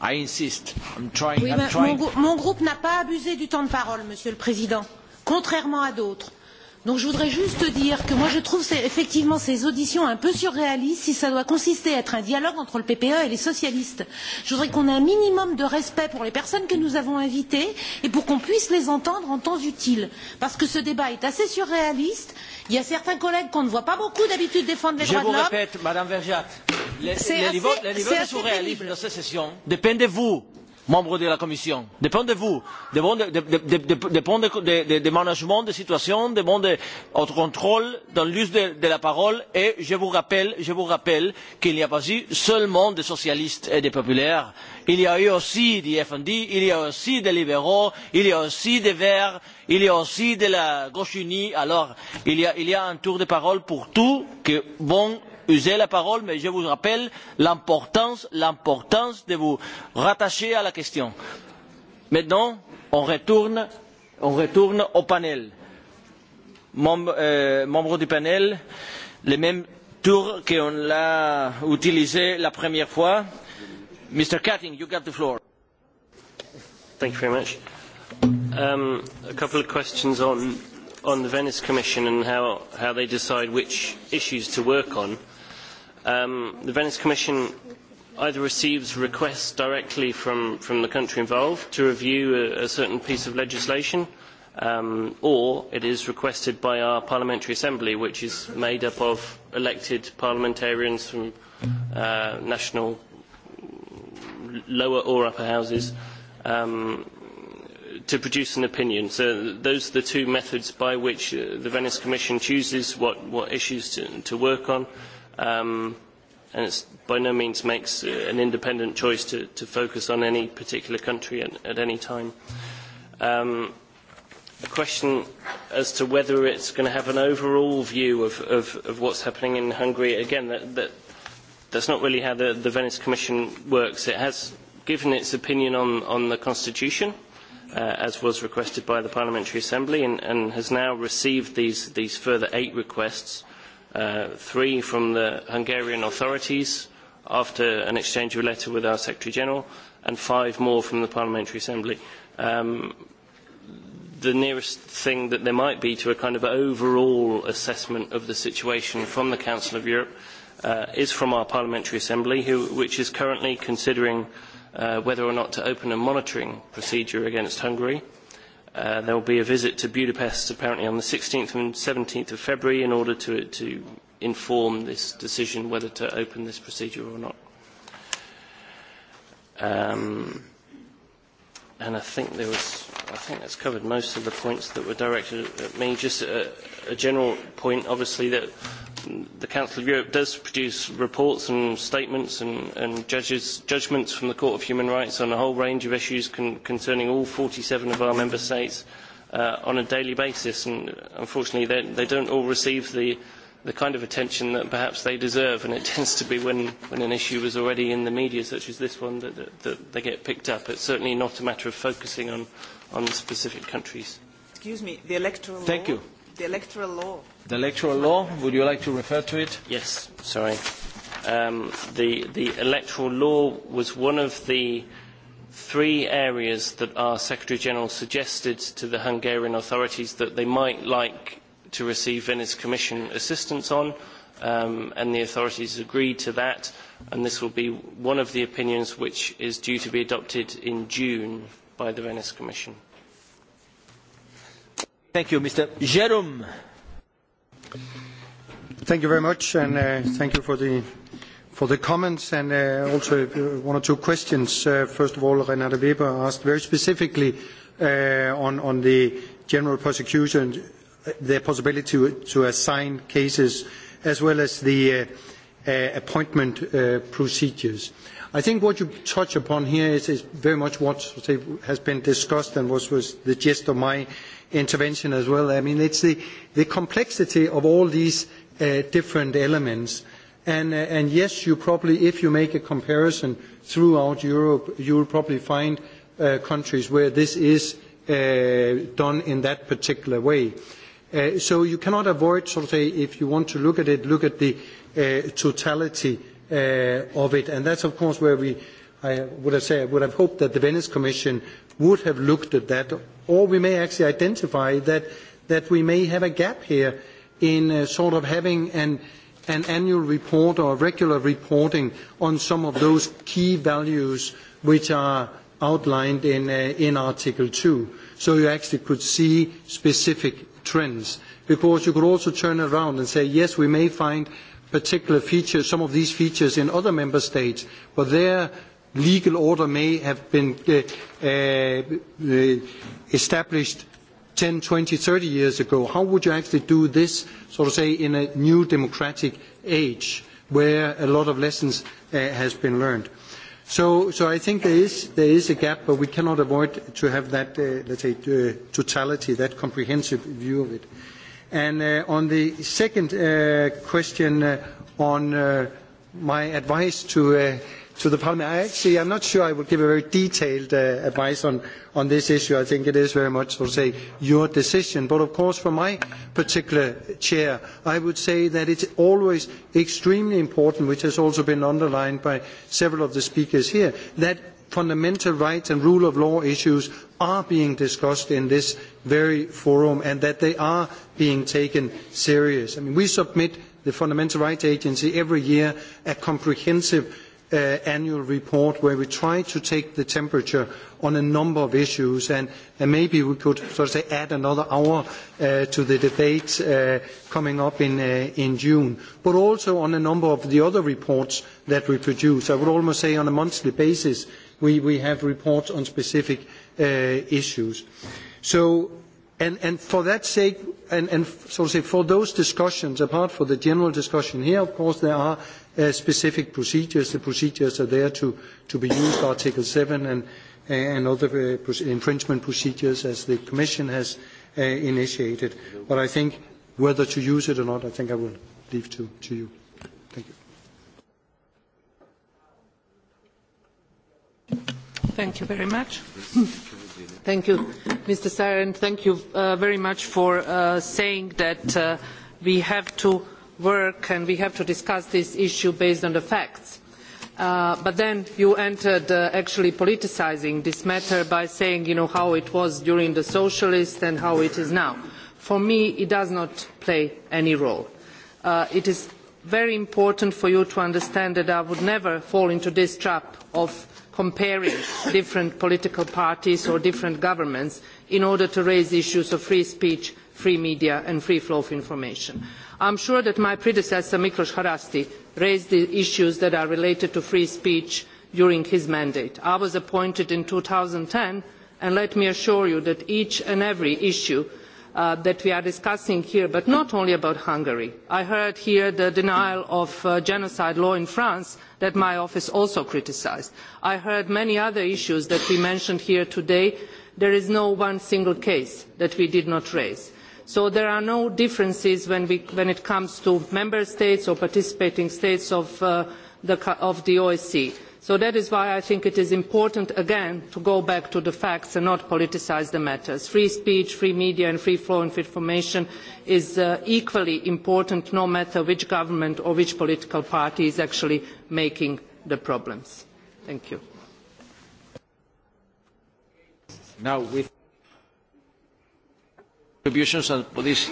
I insist. I'm trying. Oui, I'm trying. Mon, mon groupe n'a pas abusé du temps de parole, Monsieur le Président, contrairement à d'autres. Donc je voudrais juste dire que moi je trouve effectivement ces auditions un peu surréalistes si ça doit consister à être un dialogue entre le PPE et les socialistes. Je voudrais qu'on ait un minimum de respect pour les personnes que nous avons invitées et pour qu'on puisse les entendre en temps utile. Parce que ce débat est assez surréaliste. Il y a certains collègues qu'on ne voit pas beaucoup d'habitude défendre les je droits de l'homme. Je vous répète, Madame Vergiat, le, le, niveau, le niveau de surréalisme de ces sessions dépend de vous membres de la Commission. Dépend de vous, dépend de, de, de, de, dépend de, de, de management des situations, dépend de votre contrôle dans l'use de, de la parole et je vous rappelle, je vous rappelle qu'il n'y a pas eu seulement des socialistes et des populaires, il y a eu aussi des FND, il y a aussi des libéraux, il y a aussi des verts, il y a aussi de la gauche unie. Alors, il y a, il y a un tour de parole pour tout que bon usé la parole, mais je vous rappelle l'importance, l'importance de vous rattacher à la question. Maintenant, on retourne, on retourne au panel. Membre, euh, membre du panel, le même tour qu'on l'a utilisé la première fois. Mr. Cutting, you got the floor. Thank you very much. Um, a couple of questions on on the Venice Commission and how, how they decide which issues to work on um, the Venice Commission either receives requests directly from, from the country involved to review a, a certain piece of legislation, um, or it is requested by our Parliamentary Assembly, which is made up of elected parliamentarians from uh, national lower or upper houses um, to produce an opinion. So those are the two methods by which uh, the Venice Commission chooses what, what issues to, to work on Um, and it by no means makes uh, an independent choice to, to focus on any particular country at, at any time. Um, a question as to whether it's going to have an overall view of, of, of what's happening in Hungary. Again, that, that, that's not really how the, the Venice Commission works. It has given its opinion on, on the Constitution, uh, as was requested by the Parliamentary Assembly, and, and has now received these, these further eight requests Uh, three from the Hungarian authorities after an exchange of a letter with our Secretary General, and five more from the Parliamentary Assembly. Um, the nearest thing that there might be to a kind of overall assessment of the situation from the Council of Europe uh, is from our Parliamentary Assembly, who, which is currently considering uh, whether or not to open a monitoring procedure against Hungary. Uh, Uh, there will be a visit to Budapest apparently on the 16th and 17th of February in order to, to inform this decision whether to open this procedure or not. Um, and I think there was, I think that's covered most of the points that were directed at me. Just a, a general point, obviously, that the Council of Europe does produce reports and statements and, and judges, judgments from the Court of Human Rights on a whole range of issues con concerning all forty seven of our member states uh, on a daily basis. And unfortunately, they, they don't all receive the, the kind of attention that perhaps they deserve. And it tends to be when, when an issue is already in the media, such as this one, that, that, that they get picked up. It's certainly not a matter of focusing on, on specific countries. Excuse me, the electoral Thank law? Thank you. The electoral law The electoral law, would you like to refer to it? Yes, sorry. Um, the, the electoral law was one of the three areas that our Secretary General suggested to the Hungarian authorities that they might like to receive Venice Commission assistance on, um, and the authorities agreed to that, and this will be one of the opinions which is due to be adopted in June by the Venice Commission. Thank you, Mr. Jerome. Thank you very much, and uh, thank you for the for the comments and uh, also uh, one or two questions. Uh, first of all, Renata Weber asked very specifically uh, on, on the general prosecution, uh, the possibility to, to assign cases as well as the uh, appointment procedures. I think what you touch upon here is, is very much what say, has been discussed and what was the gist of my intervention as well. I mean, it's the, the complexity of all these uh, different elements. And, uh, and yes, you probably, if you make a comparison throughout Europe, you will probably find uh, countries where this is uh, done in that particular way. Uh, so you cannot avoid, sort of, say, if you want to look at it, look at the uh, totality uh, of it. And that's, of course, where we I would have, said, would have hoped that the Venice Commission would have looked at that, or we may actually identify that, that we may have a gap here in uh, sort of having an, an annual report or regular reporting on some of those key values which are outlined in, uh, in Article 2. So you actually could see specific trends. Because you could also turn around and say, yes, we may find particular features, some of these features in other member states, but there legal order may have been uh, uh, uh established 10, 20, 30 years ago. How would you actually do this, so to say, in a new democratic age where a lot of lessons uh, has been learned? So, so I think there is, there is a gap, but we cannot avoid to have that, uh, let's say, uh, totality, that comprehensive view of it. And uh, on the second uh, question uh, on uh, my advice to uh, to the parliament. I actually, I'm not sure I would give a very detailed uh, advice on, on this issue. I think it is very much, so to say, your decision. But of course, for my particular chair, I would say that it's always extremely important, which has also been underlined by several of the speakers here, that fundamental rights and rule of law issues are being discussed in this very forum and that they are being taken seriously. I mean, we submit the Fundamental Rights Agency every year a comprehensive uh, annual report where we try to take the temperature on a number of issues and, and maybe we could sort of say add another hour uh, to the debate uh, coming up in, uh, in June, but also on a number of the other reports that we produce. I would almost say on a monthly basis we, we have reports on specific uh, issues. So, and, and for that sake, and, and so to say, for those discussions, apart from the general discussion here, of course, there are uh, specific procedures. The procedures are there to, to be used, Article 7 and, and other uh, infringement procedures as the Commission has uh, initiated. But I think whether to use it or not, I think I will leave to, to you. Thank you. Thank you very much. Thank you, Mr. thank you uh, very much for uh, saying that uh, we have to work and we have to discuss this issue based on the facts. Uh, but then you entered uh, actually politicising this matter by saying you know, how it was during the Socialist and how it is now. For me, it does not play any role. Uh, it is very important for you to understand that I would never fall into this trap of comparing different political parties or different governments in order to raise issues of free speech, free media and free flow of information. I am sure that my predecessor, Miklos Harasti, raised the issues that are related to free speech during his mandate. I was appointed in ten and let me assure you that each and every issue uh, that we are discussing here, but not only about Hungary. I heard here the denial of uh, genocide law in France that my office also criticised. I heard many other issues that we mentioned here today. There is no one single case that we did not raise. So there are no differences when, we, when it comes to member states or participating states of, uh, the, of the OSCE. So that is why I think it is important, again, to go back to the facts and not politicise the matters. Free speech, free media and free flow of information is uh, equally important no matter which government or which political party is actually making the problems. Thank you. Now, with Contributions and for this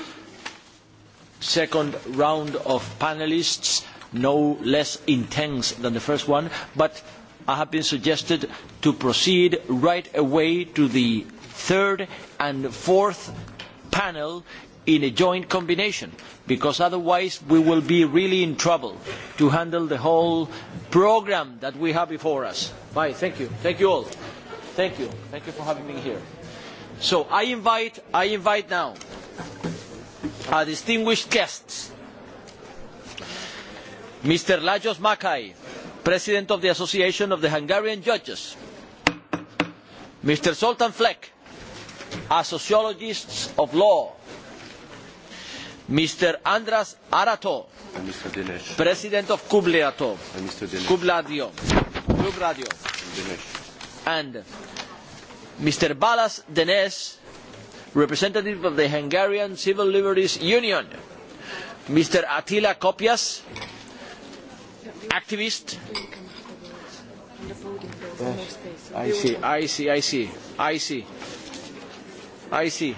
second round of panelists, no less intense than the first one, but I have been suggested to proceed right away to the third and fourth panel in a joint combination because otherwise we will be really in trouble to handle the whole programme that we have before us. Bye. Thank you. Thank you all. Thank you. Thank you for having me here. So I invite, I invite now our distinguished guests, Mr. Lajos Makai, President of the Association of the Hungarian Judges, Mr. Sultan Fleck, a sociologist of law, Mr. Andras Arato, President of Kubladio, Kubladio, and Mr. Balas Denes, representative of the Hungarian Civil Liberties Union. Mr. Attila Kopias, activist. I see, I see, I see, I see, I see.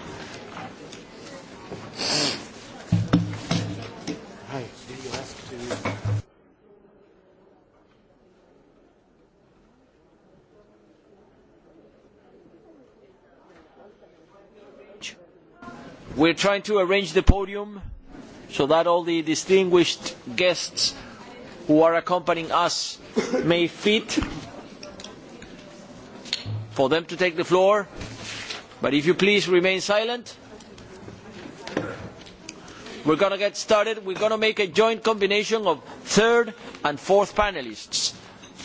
We're trying to arrange the podium so that all the distinguished guests who are accompanying us may fit for them to take the floor. But if you please remain silent. We're going to get started. We're going to make a joint combination of third and fourth panelists.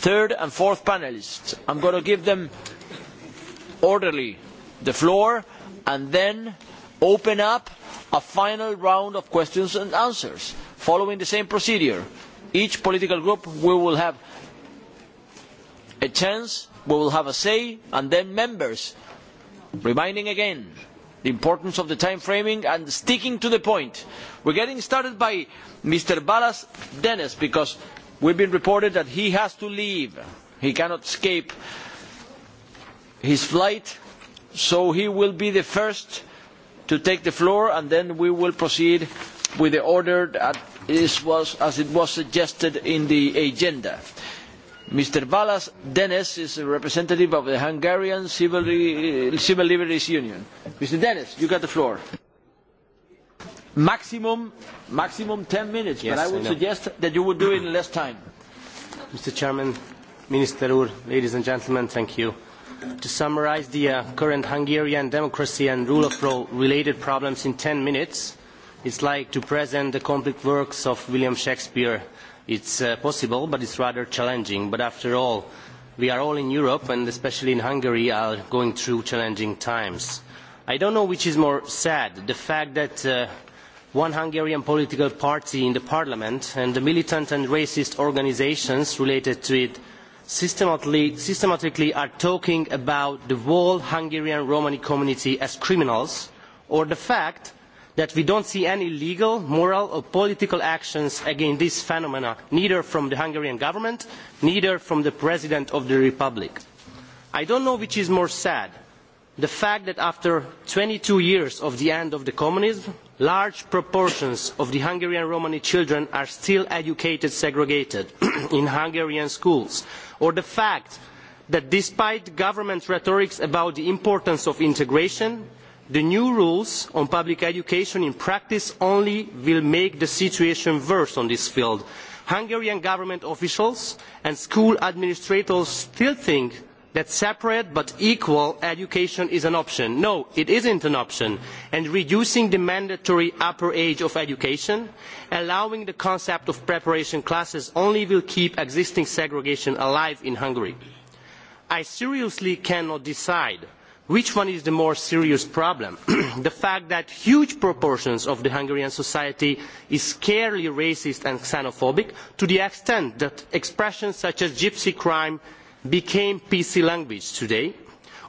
Third and fourth panelists. I'm going to give them orderly the floor and then open up a final round of questions and answers following the same procedure. Each political group will have a chance, we will have a say, and then members. Reminding again the importance of the time framing and sticking to the point. We are getting started by Mr. Balas Dennis because we have been reported that he has to leave. He cannot escape his flight, so he will be the first to take the floor and then we will proceed with the order that is was, as it was suggested in the agenda. Mr. Balas Dennis is a representative of the Hungarian Civil, Civil Liberties Union. Mr. Dennis, you got the floor. Maximum, maximum 10 minutes, yes, but I would I suggest that you would do it in less time. Mr. Chairman, Minister Ur, ladies and gentlemen, thank you to summarize the uh, current Hungarian democracy and rule of law related problems in 10 minutes, it's like to present the complex works of William Shakespeare. It's uh, possible, but it's rather challenging. But after all, we are all in Europe, and especially in Hungary, are going through challenging times. I don't know which is more sad, the fact that uh, one Hungarian political party in the parliament and the militant and racist organizations related to it systematically, systematically are talking about the whole Hungarian Romani community as criminals or the fact that we do not see any legal, moral or political actions against this phenomena, neither from the Hungarian government, neither from the President of the Republic. I do not know which is more sad, the fact that after twenty two years of the end of the communism, large proportions of the Hungarian Romani children are still educated segregated in Hungarian schools, or the fact that despite government rhetoric about the importance of integration, the new rules on public education in practice only will make the situation worse on this field. Hungarian government officials and school administrators still think that separate but equal education is an option. No, it is not an option. And reducing the mandatory upper age of education, allowing the concept of preparation classes only will keep existing segregation alive in Hungary. I seriously cannot decide which one is the more serious problem. the fact that huge proportions of the Hungarian society is scarily racist and xenophobic to the extent that expressions such as gypsy crime became PC language today,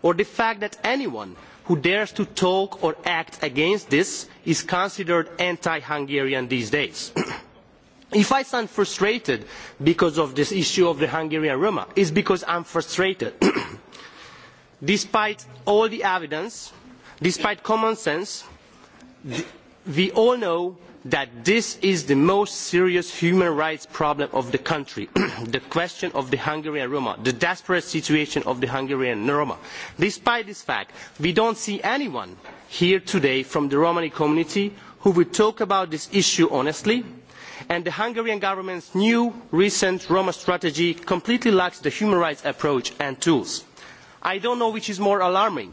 or the fact that anyone who dares to talk or act against this is considered anti-Hungarian these days. if I sound frustrated because of this issue of the Hungarian Roma, it's because I'm frustrated. despite all the evidence, despite common sense, we all know that this is the most serious human rights problem of the country, the question of the Hungarian Roma, the desperate situation of the Hungarian Roma. Despite this fact, we do not see anyone here today from the Romani community who would talk about this issue honestly, and the Hungarian government's new recent Roma strategy completely lacks the human rights approach and tools. I do not know which is more alarming,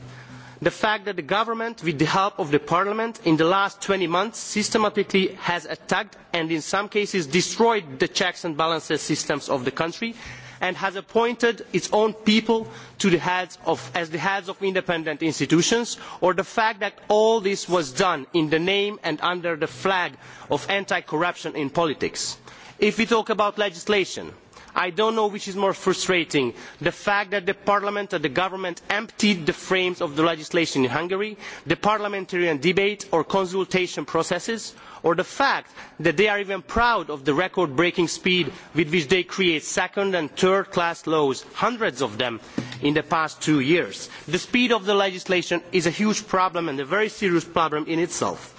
the fact that the government, with the help of the parliament, in the last twenty months systematically has attacked and in some cases destroyed the checks and balances systems of the country and has appointed its own people the of, as the heads of independent institutions, or the fact that all this was done in the name and under the flag of anti-corruption in politics. If we talk about legislation, I don't know which is more frustrating, the fact that the parliament and the government emptied the frames of the legislation in Hungary, the parliamentarian debate or consultation processes, or the fact that they are even proud of the record-breaking speed with which they create second and third-class laws, hundreds of them, in the past two years. The speed of the legislation is a huge problem and a very serious problem in itself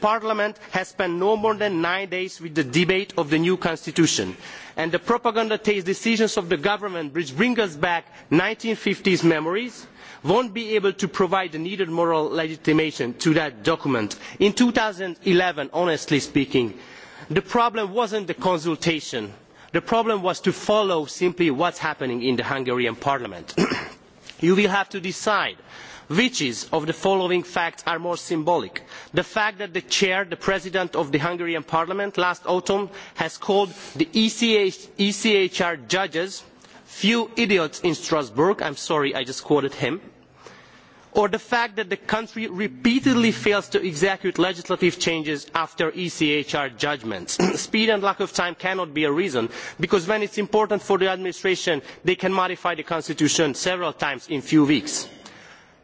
parliament has spent no more than nine days with the debate of the new constitution and the propaganda based decisions of the government which bring us back to one fifty s memories will not be able to provide the needed moral legitimation to that document. in two thousand and eleven honestly speaking the problem was not the consultation the problem was to follow simply what is happening in the hungarian parliament. you will have to decide whether Which of the following facts are more symbolic? The fact that the chair, the president of the Hungarian parliament last autumn has called the ECHR e judges few idiots in Strasbourg, I am sorry, I just quoted him, or the fact that the country repeatedly fails to execute legislative changes after ECHR judgments. Speed and lack of time cannot be a reason, because when it is important for the administration, they can modify the constitution several times in a few weeks.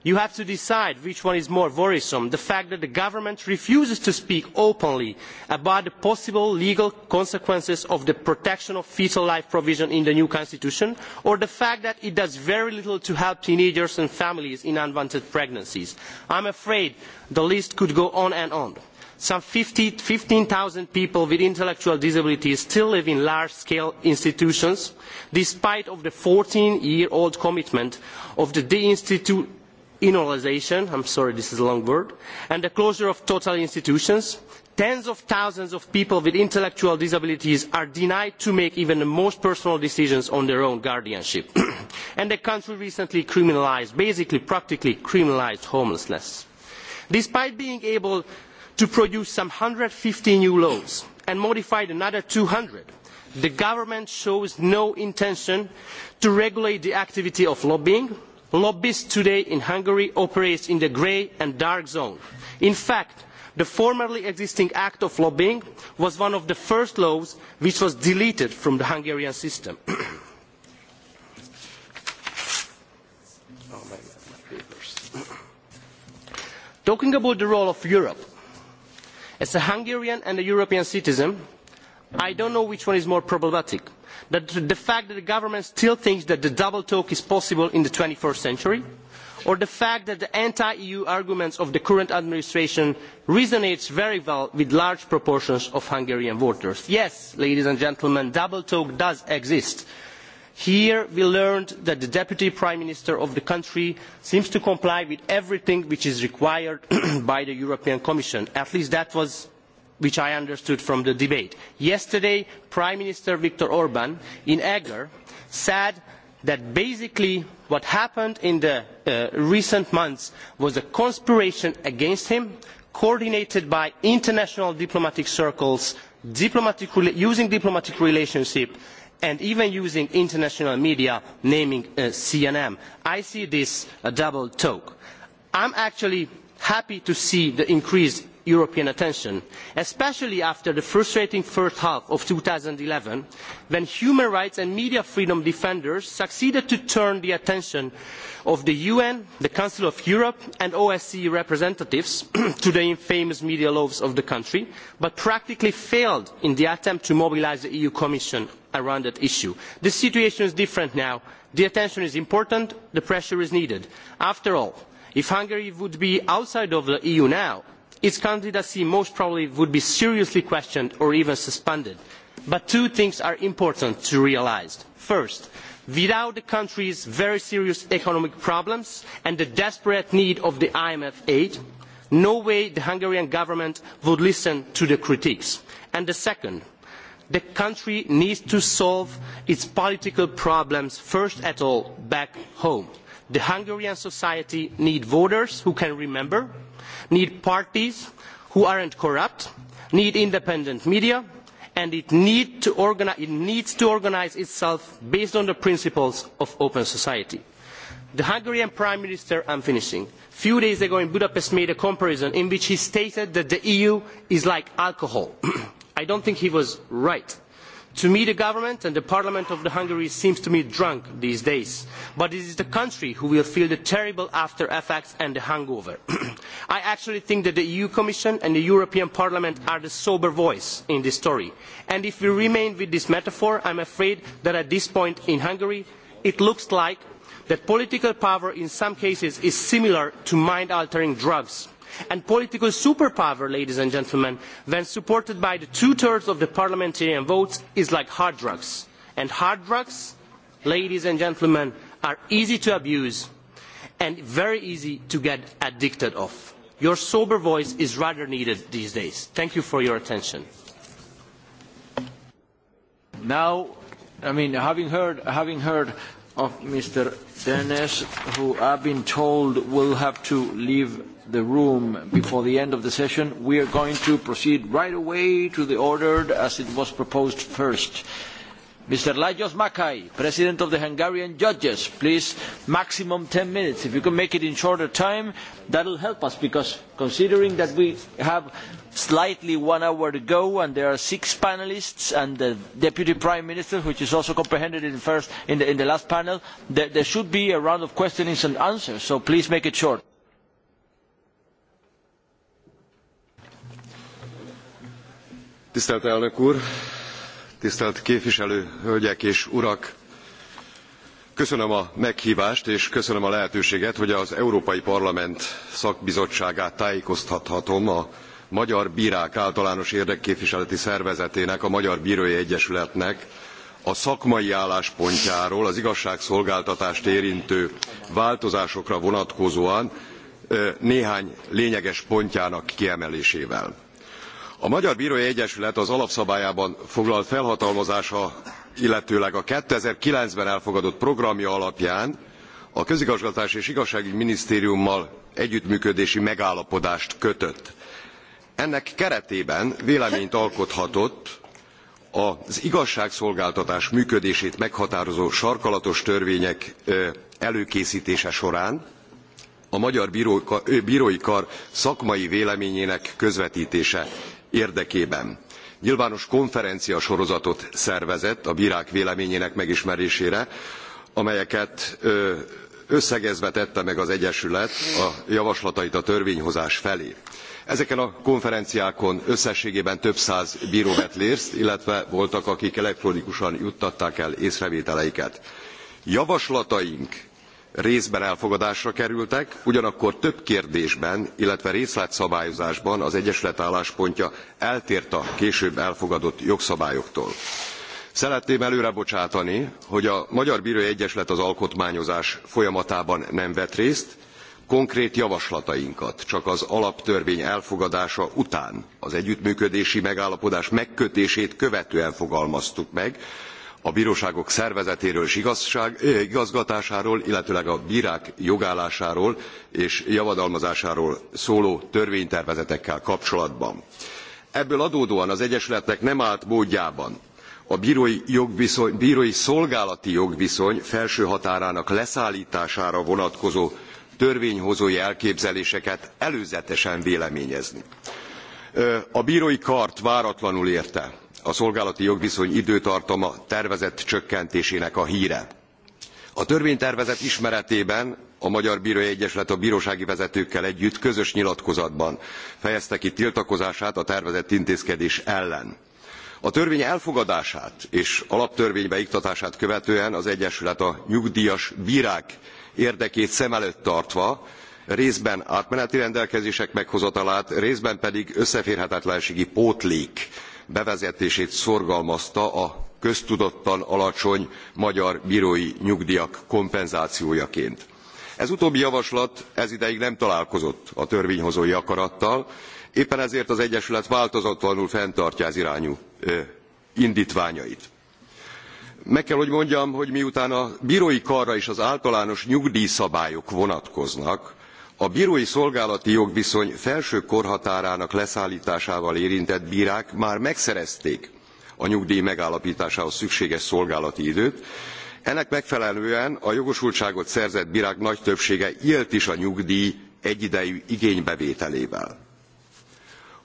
You have to decide which one is more worrisome, the fact that the government refuses to speak openly about the possible legal consequences of the protection of fetal life provision in the new constitution, or the fact that it does very little to help teenagers and families in unwanted pregnancies. I am afraid the list could go on and on. Some fifteen 15,000 people with intellectual disabilities still live in large-scale institutions, despite the fourteen year old commitment of the deinstitutionalisation inorganisation, I am sorry this is a long word, and the closure of total institutions, tens of thousands of people with intellectual disabilities are denied to make even the most personal decisions on their own guardianship. and the country recently criminalised, basically practically criminalised homelessness. Despite being able to produce some one hundred and fifty new laws and modified another two hundred, the government shows no intention to regulate the activity of lobbying, Lobbyists today in Hungary operate in the grey and dark zone. In fact, the formerly existing act of lobbying was one of the first laws which was deleted from the Hungarian system. Oh, Talking about the role of Europe, as a Hungarian and a European citizen, I don't know which one is more problematic. That the fact that the government still thinks that the double talk is possible in the twenty first century, or the fact that the anti-EU arguments of the current administration resonates very well with large proportions of Hungarian voters. Yes, ladies and gentlemen, double talk does exist. Here we learned that the Deputy Prime Minister of the country seems to comply with everything which is required by the European Commission. At least that was which I understood from the debate. Yesterday, Prime Minister Viktor Orban in Eger said that basically what happened in the uh, recent months was a conspiration against him coordinated by international diplomatic circles diplomatic, using diplomatic relationship and even using international media naming uh, CNN. I see this a uh, double talk. am actually happy to see the increased European attention, especially after the frustrating first half of eleven, when human rights and media freedom defenders succeeded to turn the attention of the UN, the Council of Europe and OSCE representatives to the infamous media laws of the country, but practically failed in the attempt to mobilise the EU Commission around that issue. The situation is different now. The attention is important, the pressure is needed. After all, if Hungary would be outside of the EU now, its candidacy most probably would be seriously questioned or even suspended. But two things are important to realise. First, without the country's very serious economic problems and the desperate need of the IMF aid, no way the Hungarian government would listen to the critiques. And the second, the country needs to solve its political problems first at all back home. The Hungarian society needs voters who can remember need parties who are not corrupt, need independent media, and it, need it needs to organise itself based on the principles of open society. The Hungarian Prime Minister, I am finishing, a few days ago in Budapest made a comparison in which he stated that the EU is like alcohol. I do not think he was right To me, the government and the parliament of Hungary seems to me drunk these days. But it is the country who will feel the terrible after effects and the hangover. I actually think that the EU Commission and the European Parliament are the sober voice in this story. And if we remain with this metaphor, I am afraid that at this point in Hungary, it looks like that political power in some cases is similar to mind-altering drugs and political superpower ladies and gentlemen when supported by two thirds of the parliamentarian votes is like hard drugs and hard drugs ladies and gentlemen are easy to abuse and very easy to get addicted to. your sober voice is rather needed these days. thank you for your attention. now i mean having heard having heard of mr dennis who i've been told will have to leave the room before the end of the session, we are going to proceed right away to the order as it was proposed first. Mr. Lajos Makai, President of the Hungarian Judges, please, maximum 10 minutes. If you can make it in shorter time, that will help us, because considering that we have slightly one hour to go, and there are six panelists, and the Deputy Prime Minister, which is also comprehended in, first, in, the, in the last panel, there, there should be a round of questions and answers, so please make it short. Tisztelt elnök úr, tisztelt képviselő, hölgyek és urak! Köszönöm a meghívást és köszönöm a lehetőséget, hogy az Európai Parlament szakbizottságát tájékoztathatom a Magyar Bírák Általános Érdekképviseleti Szervezetének, a Magyar Bírói Egyesületnek a szakmai álláspontjáról az igazságszolgáltatást érintő változásokra vonatkozóan néhány lényeges pontjának kiemelésével. A Magyar Bírói Egyesület az alapszabályában foglalt felhatalmazása, illetőleg a 2009-ben elfogadott programja alapján a Közigazgatás és Igazságügyi Minisztériummal együttműködési megállapodást kötött. Ennek keretében véleményt alkothatott az igazságszolgáltatás működését meghatározó sarkalatos törvények előkészítése során a Magyar Bírói Kar szakmai véleményének közvetítése érdekében. Nyilvános konferencia sorozatot szervezett a bírák véleményének megismerésére, amelyeket összegezve tette meg az Egyesület a javaslatait a törvényhozás felé. Ezeken a konferenciákon összességében több száz bíró vett részt, illetve voltak, akik elektronikusan juttatták el észrevételeiket. Javaslataink részben elfogadásra kerültek, ugyanakkor több kérdésben, illetve részletszabályozásban az Egyesület álláspontja eltért a később elfogadott jogszabályoktól. Szeretném előre bocsátani, hogy a Magyar Bírói Egyesület az alkotmányozás folyamatában nem vett részt, konkrét javaslatainkat csak az alaptörvény elfogadása után az együttműködési megállapodás megkötését követően fogalmaztuk meg, a bíróságok szervezetéről és igazgatásáról, illetőleg a bírák jogállásáról és javadalmazásáról szóló törvénytervezetekkel kapcsolatban. Ebből adódóan az Egyesületnek nem állt módjában a bírói, jogviszony, bírói szolgálati jogviszony felső határának leszállítására vonatkozó törvényhozói elképzeléseket előzetesen véleményezni. A bírói kart váratlanul érte a szolgálati jogviszony időtartama tervezett csökkentésének a híre. A törvénytervezet ismeretében a Magyar Bírói Egyesület a bírósági vezetőkkel együtt közös nyilatkozatban fejezte ki tiltakozását a tervezett intézkedés ellen. A törvény elfogadását és alaptörvénybe iktatását követően az Egyesület a nyugdíjas bírák érdekét szem előtt tartva részben átmeneti rendelkezések meghozatalát, részben pedig összeférhetetlenségi pótlék bevezetését szorgalmazta a köztudottan alacsony magyar brói nyugdjak kompenzációjaként. Ez utóbbi javaslat ezidáig nem találkozott a törvényhozói akarattal, éppen ezért az Egyesület változatlanul fenntartja ez irányú ö, indítványait. Meg kell, hogy mondjam, hogy miután a bírói karra is az általános nyugdíjszabályok vonatkoznak, A bírói szolgálati jogviszony felső korhatárának leszállításával érintett bírák már megszerezték a nyugdíj megállapításához szükséges szolgálati időt, ennek megfelelően a jogosultságot szerzett bírák nagy többsége élt is a nyugdíj egyidejű igénybevételével.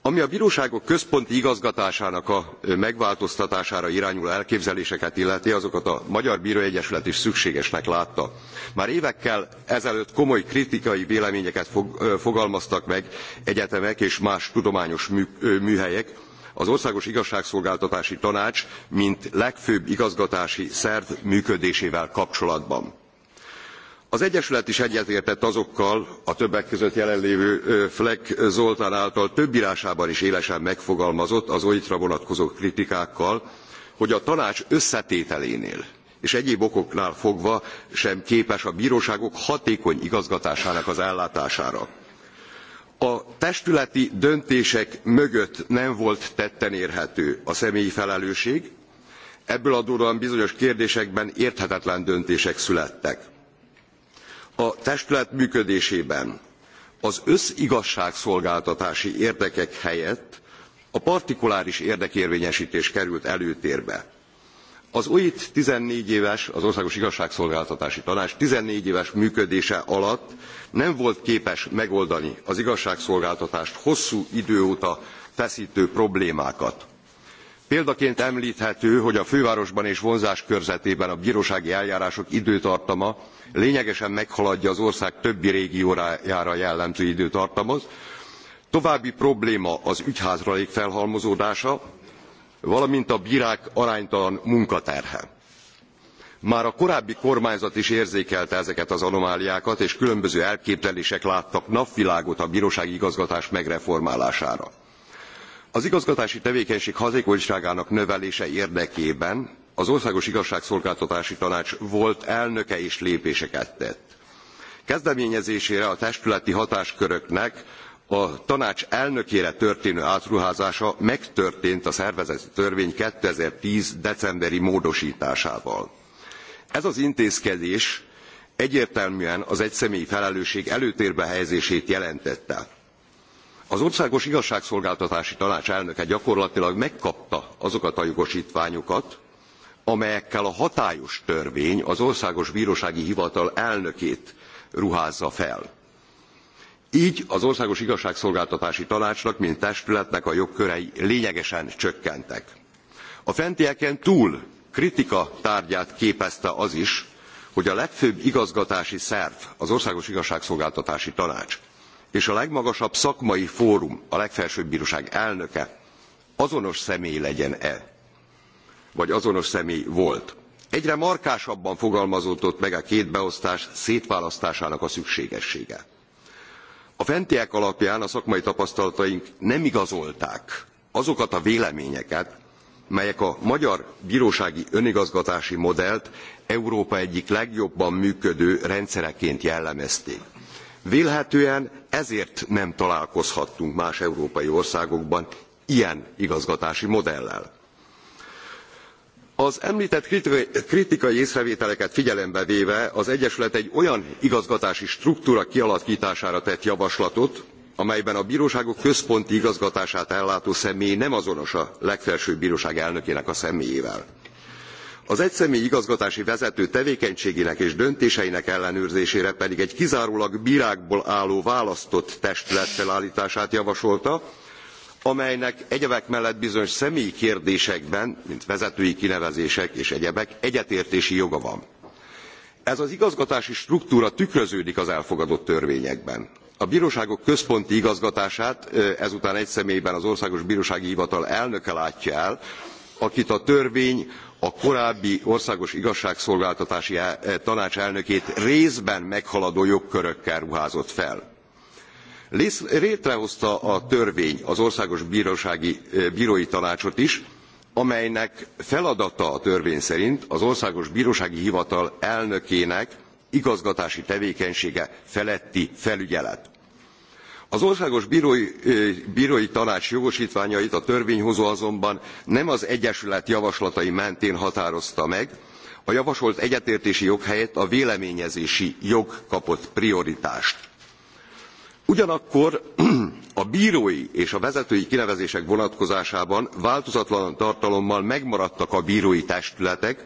Ami a bíróságok központi igazgatásának a megváltoztatására irányuló elképzeléseket illeti, azokat a Magyar Egyesület is szükségesnek látta. Már évekkel ezelőtt komoly kritikai véleményeket fogalmaztak meg egyetemek és más tudományos műhelyek, az Országos Igazságszolgáltatási Tanács, mint legfőbb igazgatási szerv működésével kapcsolatban. Az Egyesület is egyetértett azokkal a többek között jelenlévő Fleck Zoltán által több írásában is élesen megfogalmazott az OIT-ra vonatkozó kritikákkal, hogy a tanács összetételénél és egyéb okoknál fogva sem képes a bíróságok hatékony igazgatásának az ellátására. A testületi döntések mögött nem volt tetten érhető a személyi felelősség, ebből adódóan bizonyos kérdésekben érthetetlen döntések születtek a testület működésében az összigazságszolgáltatási érdekek helyett a partikuláris érdekérvényesítés került előtérbe. Az OIT 14 éves, az Országos Igazságszolgáltatási Tanács 14 éves működése alatt nem volt képes megoldani az igazságszolgáltatást hosszú idő óta feszítő problémákat. Példaként említhető, hogy a fővárosban és vonzás körzetében a bírósági eljárások időtartama lényegesen meghaladja az ország többi régiójára jellemző időtartamot. További probléma az ügyhátralék felhalmozódása, valamint a bírák aránytalan munkaterhe. Már a korábbi kormányzat is érzékelte ezeket az anomáliákat, és különböző elképzelések láttak napvilágot a bírósági igazgatás megreformálására. Az igazgatási tevékenység hatékonyságának növelése érdekében az Országos Igazságszolgáltatási Tanács volt elnöke is lépéseket tett. Kezdeményezésére a testületi hatásköröknek a tanács elnökére történő átruházása megtörtént a szervezeti törvény 2010. decemberi módosításával. Ez az intézkedés egyértelműen az egyszemélyi felelősség előtérbe helyezését jelentette. Az Országos Igazságszolgáltatási Tanács elnöke gyakorlatilag megkapta azokat a jogosítványokat, amelyekkel a hatályos törvény az Országos Bírósági Hivatal elnökét ruházza fel. Így az Országos Igazságszolgáltatási Tanácsnak, mint testületnek a jogkörei lényegesen csökkentek. A fentieken túl kritika tárgyát képezte az is, hogy a legfőbb igazgatási szerv, az Országos Igazságszolgáltatási Tanács, és a legmagasabb szakmai fórum, a legfelsőbb bíróság elnöke azonos személy legyen-e vagy azonos személy volt. Egyre markásabban fogalmazódott meg a két beosztás szétválasztásának a szükségessége. A fentiek alapján a szakmai tapasztalataink nem igazolták azokat a véleményeket, melyek a magyar bírósági önigazgatási modellt Európa egyik legjobban működő rendszereként jellemezték. Vélhetően ezért nem találkozhattunk más európai országokban ilyen igazgatási modellel. Az említett kritikai észrevételeket figyelembe véve az Egyesület egy olyan igazgatási struktúra kialakítására tett javaslatot, amelyben a bíróságok központi igazgatását ellátó személy nem azonos a legfelsőbb bíróság elnökének a személyével. Az egyszemélyi igazgatási vezető tevékenységének és döntéseinek ellenőrzésére pedig egy kizárólag bírákból álló választott testület felállítását javasolta, amelynek egyebek mellett bizonyos személyi kérdésekben, mint vezetői kinevezések és egyebek, egyetértési joga van. Ez az igazgatási struktúra tükröződik az elfogadott törvényekben. A bíróságok központi igazgatását ezután egy személyben az Országos Bírósági Hivatal elnöke látja el, akit a törvény a korábbi országos igazságszolgáltatási e, tanács elnökét részben meghaladó jogkörökkel ruházott fel. Létrehozta a törvény az Országos Bírósági Bírói Tanácsot is, amelynek feladata a törvény szerint az Országos Bírósági Hivatal elnökének igazgatási tevékenysége feletti felügyelet. Az Országos Bírói, Bírói Tanács jogosítványait a törvényhozó azonban nem az Egyesület javaslatai mentén határozta meg, a javasolt egyetértési jog helyett a véleményezési jog kapott prioritást. Ugyanakkor a bírói és a vezetői kinevezések vonatkozásában változatlan tartalommal megmaradtak a bírói testületek,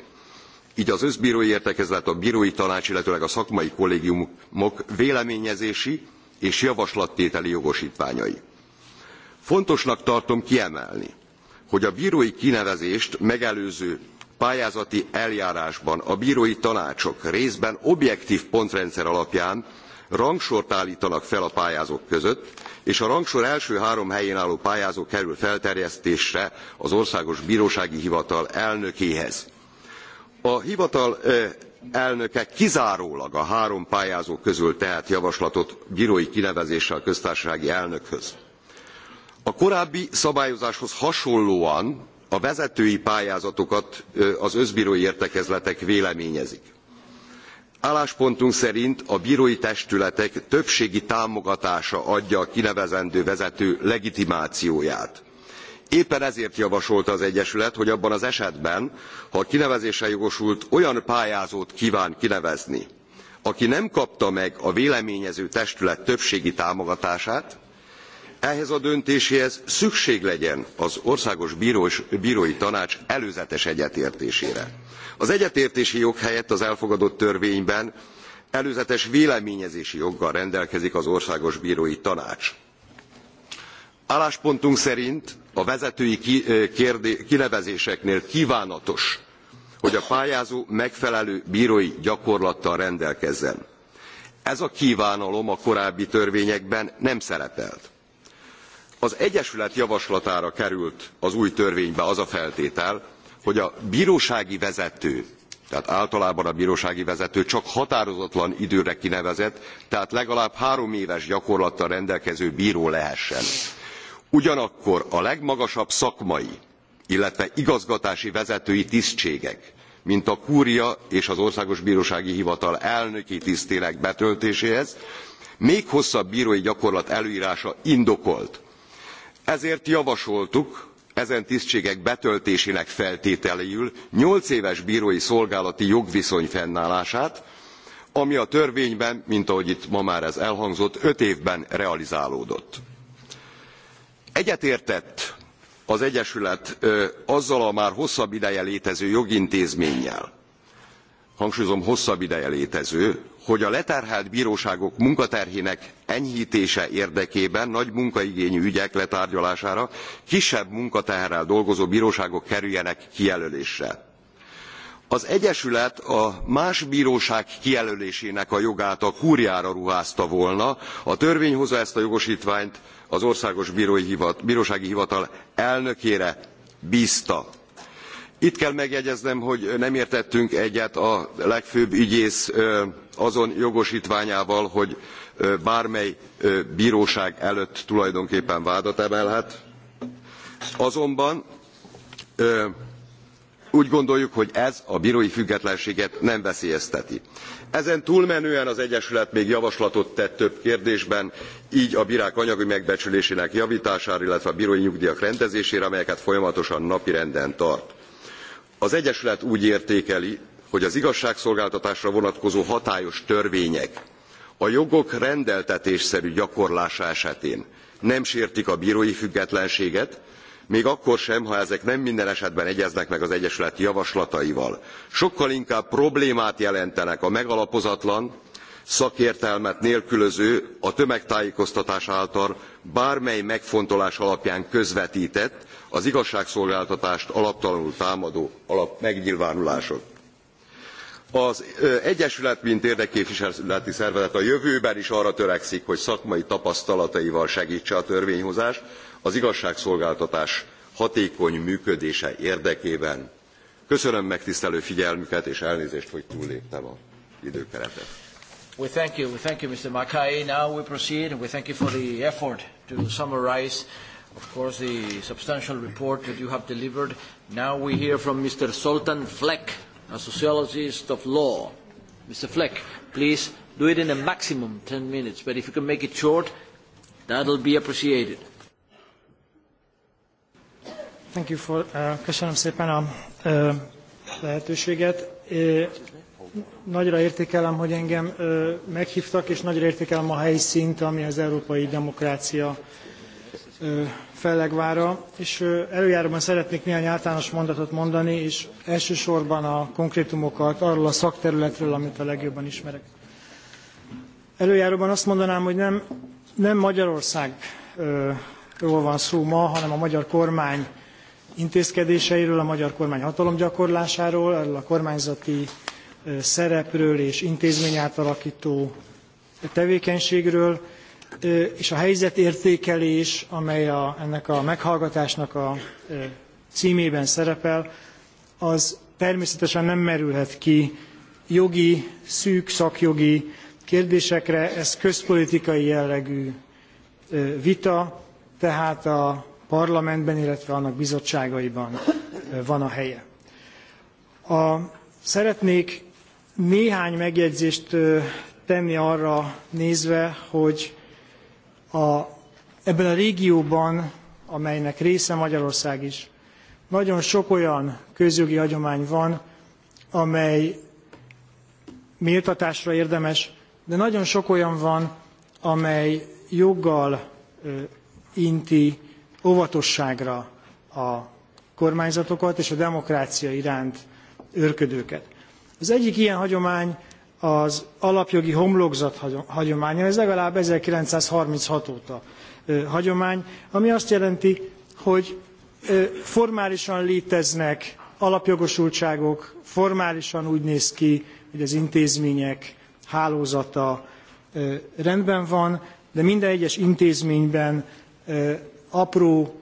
így az összbírói értekezlet, a bírói tanács, illetőleg a szakmai kollégiumok véleményezési és javaslattételi jogosítványai. Fontosnak tartom kiemelni, hogy a bírói kinevezést megelőző pályázati eljárásban a bírói tanácsok részben objektív pontrendszer alapján rangsort állítanak fel a pályázók között, és a rangsor első három helyén álló pályázó kerül felterjesztésre az Országos Bírósági Hivatal elnökéhez. A hivatal elnöke kizárólag a három pályázó közül tehet javaslatot bírói kinevezéssel köztársasági elnökhöz. A korábbi szabályozáshoz hasonlóan a vezetői pályázatokat az összbírói értekezletek véleményezik. Álláspontunk szerint a bírói testületek többségi támogatása adja a kinevezendő vezető legitimációját. Éppen ezért javasolta az Egyesület, hogy abban az esetben, ha a kinevezésre jogosult olyan pályázót kíván kinevezni, aki nem kapta meg a véleményező testület többségi támogatását, ehhez a döntéséhez szükség legyen az országos bírós, bírói tanács előzetes egyetértésére. Az egyetértési jog helyett az elfogadott törvényben előzetes véleményezési joggal rendelkezik az országos bírói tanács. Álláspontunk szerint a vezetői kinevezéseknél kívánatos, hogy a pályázó megfelelő bírói gyakorlattal rendelkezzen. Ez a kívánalom a korábbi törvényekben nem szerepelt. Az Egyesület javaslatára került az új törvénybe az a feltétel, hogy a bírósági vezető, tehát általában a bírósági vezető csak határozatlan időre kinevezett, tehát legalább három éves gyakorlattal rendelkező bíró lehessen. Ugyanakkor a legmagasabb szakmai, illetve igazgatási vezetői tisztségek, mint a kúria és az Országos Bírósági Hivatal elnöki tisztének betöltéséhez, még hosszabb bírói gyakorlat előírása indokolt Ezért javasoltuk ezen tisztségek betöltésének feltételéül nyolc éves brói szolgálati jogviszony fennállását, ami a törvényben, mint ahogy itt ma már ez elhangzott, öt évben realizálódott. Egyetértett az Egyesület azzal a már hosszabb ideje létező jogintézménnyel, hangsúlyozom hosszabb ideje létező, hogy a leterhelt bíróságok munkaterhének enyhítése érdekében nagy munkaigényű ügyek letárgyalására kisebb munkaterherrel dolgozó bíróságok kerüljenek kijelölésre. Az Egyesület a más bíróság kijelölésének a jogát a kúriára ruházta volna, a törvény hozza ezt a jogosítványt az Országos Bírói Hivat, Bírósági Hivatal elnökére bízta. Itt kell megjegyeznem, hogy nem értettünk egyet a legfőbb ügyész azon jogosítványával, hogy bármely bíróság előtt tulajdonképpen vádat emelhet. Azonban úgy gondoljuk, hogy ez a bírói függetlenséget nem veszélyezteti. Ezen túlmenően az Egyesület még javaslatot tett több kérdésben, így a bírák anyagi megbecsülésének javítására, illetve a bírói nyugdíjak rendezésére, amelyeket folyamatosan napirenden tart. Az Egyesület úgy értékeli, hogy az igazságszolgáltatásra vonatkozó hatályos törvények a jogok rendeltetésszerű gyakorlása esetén nem sértik a brói függetlenséget, még akkor sem, ha ezek nem minden esetben egyeznek meg az Egyesület javaslataival. Sokkal inkább problémát jelentenek a megalapozatlan, szakértelmet nélkülöző, a tömegtájékoztatás által bármely megfontolás alapján közvetített, az igazságszolgáltatást alaptalanul támadó alap megnyilvánulások. Az Egyesület, mint érdekképviseleti szervezet a jövőben is arra törekszik, hogy szakmai tapasztalataival segítse a törvényhozást az igazságszolgáltatás hatékony működése érdekében. Köszönöm megtisztelő figyelmüket, és elnézést, hogy túlléptem a időkeretet. We thank you. We thank you, Mr. Mackay. Now we proceed, and we thank you for the effort to summarize, of course, the substantial report that you have delivered. Now we hear from Mr. Sultan Fleck a sociologist of law. Mr. Fleck, please do it in a maximum 10 minutes, but if you can make it short, that'll be appreciated. Thank you for, uh, köszönöm szépen a lehetőséget. nagyra értékelem, hogy engem uh, meghívtak, és nagyra értékelem a helyszínt, ami az európai demokrácia uh, Fellegvára, és előjáróban szeretnék néhány általános mondatot mondani, és elsősorban a konkrétumokat arról a szakterületről, amit a legjobban ismerek. Előjáróban azt mondanám, hogy nem, nem Magyarországról van szó ma, hanem a magyar kormány intézkedéseiről, a magyar kormány hatalomgyakorlásáról, erről a kormányzati szerepről és intézmény átalakító tevékenységről, és a helyzetértékelés, amely a, ennek a meghallgatásnak a címében szerepel, az természetesen nem merülhet ki jogi, szűk szakjogi kérdésekre, ez közpolitikai jellegű vita, tehát a parlamentben, illetve annak bizottságaiban van a helye. A, szeretnék néhány megjegyzést tenni arra nézve, hogy A, ebben a régióban, amelynek része Magyarország is, nagyon sok olyan közjogi hagyomány van, amely méltatásra érdemes, de nagyon sok olyan van, amely joggal inti óvatosságra a kormányzatokat és a demokrácia iránt őrködőket. Az egyik ilyen hagyomány az alapjogi homlokzat hagyománya, ez legalább 1936 óta hagyomány, ami azt jelenti, hogy formálisan léteznek alapjogosultságok, formálisan úgy néz ki, hogy az intézmények hálózata rendben van, de minden egyes intézményben apró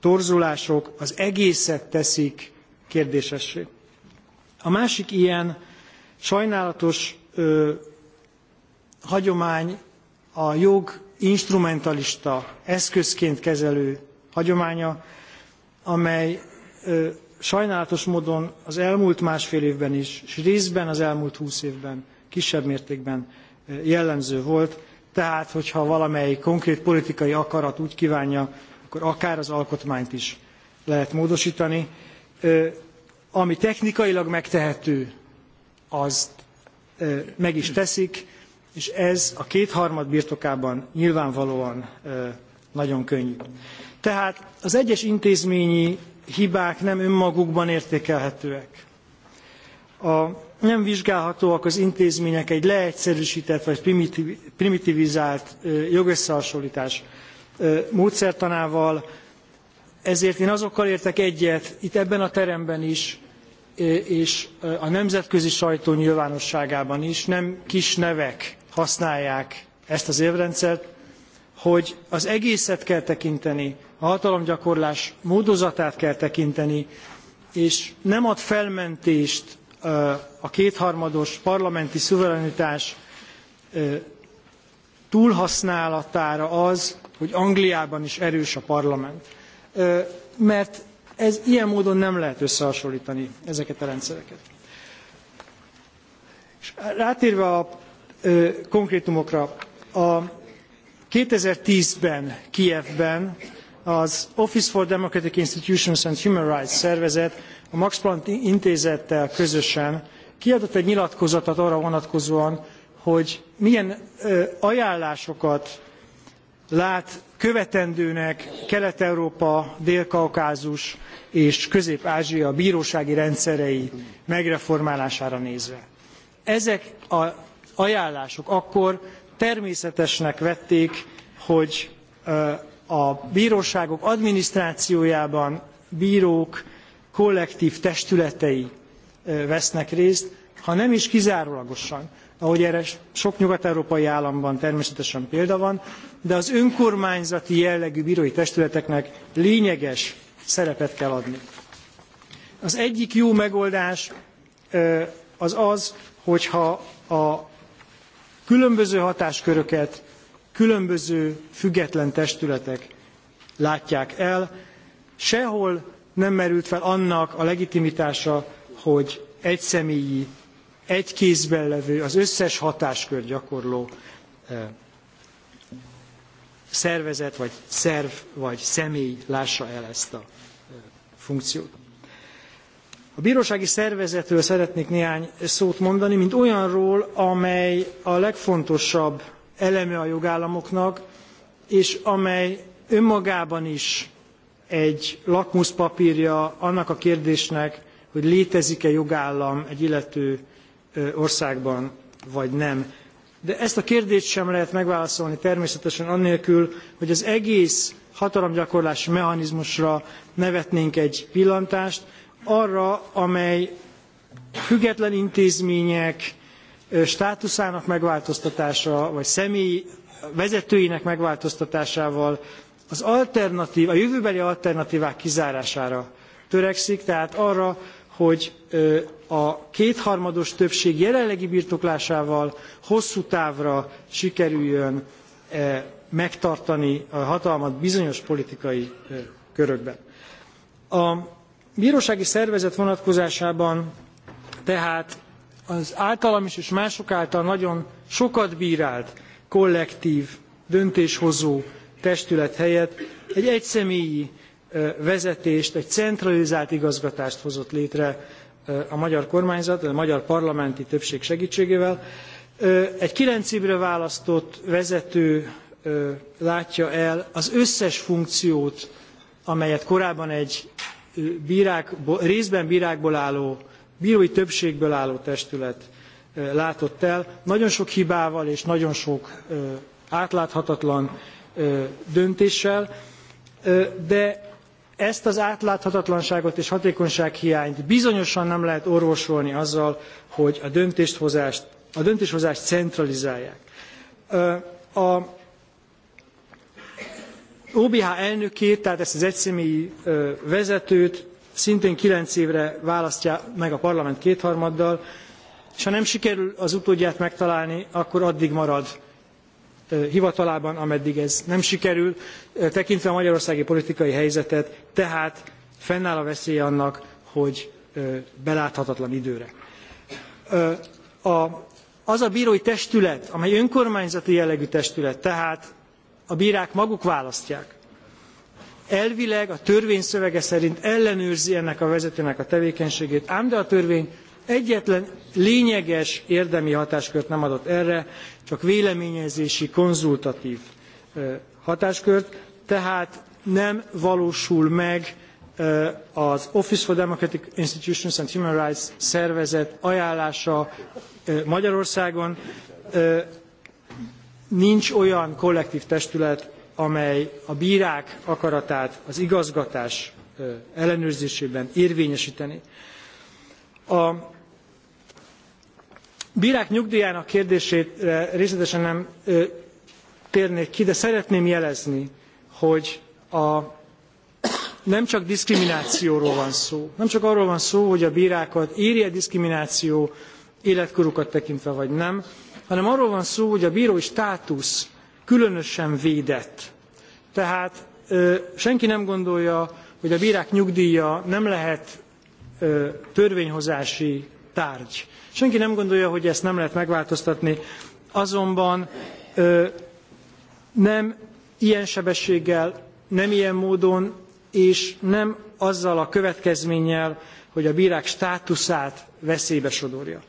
torzulások az egészet teszik kérdésessé. A másik ilyen Sajnálatos ö, hagyomány a jog instrumentalista eszközként kezelő hagyománya, amely ö, sajnálatos módon az elmúlt másfél évben is, és részben az elmúlt húsz évben kisebb mértékben jellemző volt. Tehát, hogyha valamely konkrét politikai akarat úgy kívánja, akkor akár az alkotmányt is lehet módosítani. Ami technikailag megtehető azt meg is teszik, és ez a kétharmad birtokában nyilvánvalóan nagyon könnyű. Tehát az egyes intézményi hibák nem önmagukban értékelhetőek. A, nem vizsgálhatóak az intézmények egy leegyszerűsített vagy primitiv, primitivizált jogösszehasonlítás módszertanával, ezért én azokkal értek egyet itt ebben a teremben is, és a nemzetközi sajtó nyilvánosságában is nem kis nevek használják ezt az évrendszert, hogy az egészet kell tekinteni, a hatalomgyakorlás módozatát kell tekinteni, és nem ad felmentést a kétharmados parlamenti szuverenitás túlhasználatára az, hogy Angliában is erős a parlament. Mert Ez ilyen módon nem lehet összehasonlítani ezeket a rendszereket. És rátérve a ö, konkrétumokra, a 2010-ben Kijevben az Office for Democratic Institutions and Human Rights szervezet a Max Planck intézettel közösen kiadott egy nyilatkozatot arra vonatkozóan, hogy milyen ö, ajánlásokat lát követendőnek Kelet-Európa, Dél-Kaukázus és Közép-Ázsia bírósági rendszerei megreformálására nézve. Ezek az ajánlások akkor természetesnek vették, hogy a bíróságok adminisztrációjában bírók kollektív testületei vesznek részt, ha nem is kizárólagosan, ahogy erre sok nyugat-európai államban természetesen példa van, de az önkormányzati jellegű bírói testületeknek lényeges szerepet kell adni. Az egyik jó megoldás az az, hogyha a különböző hatásköröket különböző független testületek látják el, sehol nem merült fel annak a legitimitása, hogy egyszemélyi egy kézben levő, az összes hatáskör gyakorló szervezet, vagy szerv, vagy személy lássa el ezt a funkciót. A bírósági szervezetről szeretnék néhány szót mondani, mint olyanról, amely a legfontosabb eleme a jogállamoknak, és amely önmagában is egy lakmuszpapírja annak a kérdésnek, hogy létezik-e jogállam egy illető országban, vagy nem. De ezt a kérdést sem lehet megválaszolni természetesen annélkül, hogy az egész hatalomgyakorlási mechanizmusra nevetnénk egy pillantást, arra, amely független intézmények státuszának megváltoztatása, vagy személy vezetőinek megváltoztatásával az alternatív, a jövőbeli alternatívák kizárására törekszik, tehát arra, hogy a kétharmados többség jelenlegi birtoklásával hosszú távra sikerüljön megtartani a hatalmat bizonyos politikai körökben. A bírósági szervezet vonatkozásában tehát az általam is és mások által nagyon sokat bírált kollektív döntéshozó testület helyett egy egyszemélyi vezetést, egy centralizált igazgatást hozott létre a magyar kormányzat, a magyar parlamenti többség segítségével. Egy kilenc évre választott vezető látja el az összes funkciót, amelyet korábban egy bírák, részben bírákból álló, bírói többségből álló testület látott el, nagyon sok hibával és nagyon sok átláthatatlan döntéssel, de Ezt az átláthatatlanságot és hatékonyság hiányt bizonyosan nem lehet orvosolni azzal, hogy a döntéshozást, a döntéshozást centralizálják. A OBH elnökét, tehát ezt az egyszemélyi vezetőt szintén kilenc évre választja meg a parlament kétharmaddal, és ha nem sikerül az utódját megtalálni, akkor addig marad hivatalában, ameddig ez nem sikerül, tekintve a magyarországi politikai helyzetet, tehát fennáll a veszély annak, hogy beláthatatlan időre. A, az a bírói testület, amely önkormányzati jellegű testület, tehát a bírák maguk választják, elvileg a törvény szövege szerint ellenőrzi ennek a vezetőnek a tevékenységét, ám de a törvény Egyetlen lényeges érdemi hatáskört nem adott erre, csak véleményezési, konzultatív hatáskört, tehát nem valósul meg az Office for Democratic Institutions and Human Rights szervezet ajánlása Magyarországon. Nincs olyan kollektív testület, amely a bírák akaratát az igazgatás ellenőrzésében érvényesíteni. A Bírák nyugdíjának kérdésére eh, részletesen nem ö, eh, térnék ki, de szeretném jelezni, hogy a, nem csak diszkriminációról van szó, nem csak arról van szó, hogy a bírákat éri a diszkrimináció életkorukat tekintve vagy nem, hanem arról van szó, hogy a bírói státusz különösen védett. Tehát ö, eh, senki nem gondolja, hogy a bírák nyugdíja nem lehet ö, törvényhozási tárgy. Senki nem gondolja, hogy ezt nem lehet megváltoztatni, azonban ö, nem ilyen sebességgel, nem ilyen módon és nem azzal a következménnyel, hogy a bírák státuszát veszélybe sodorja.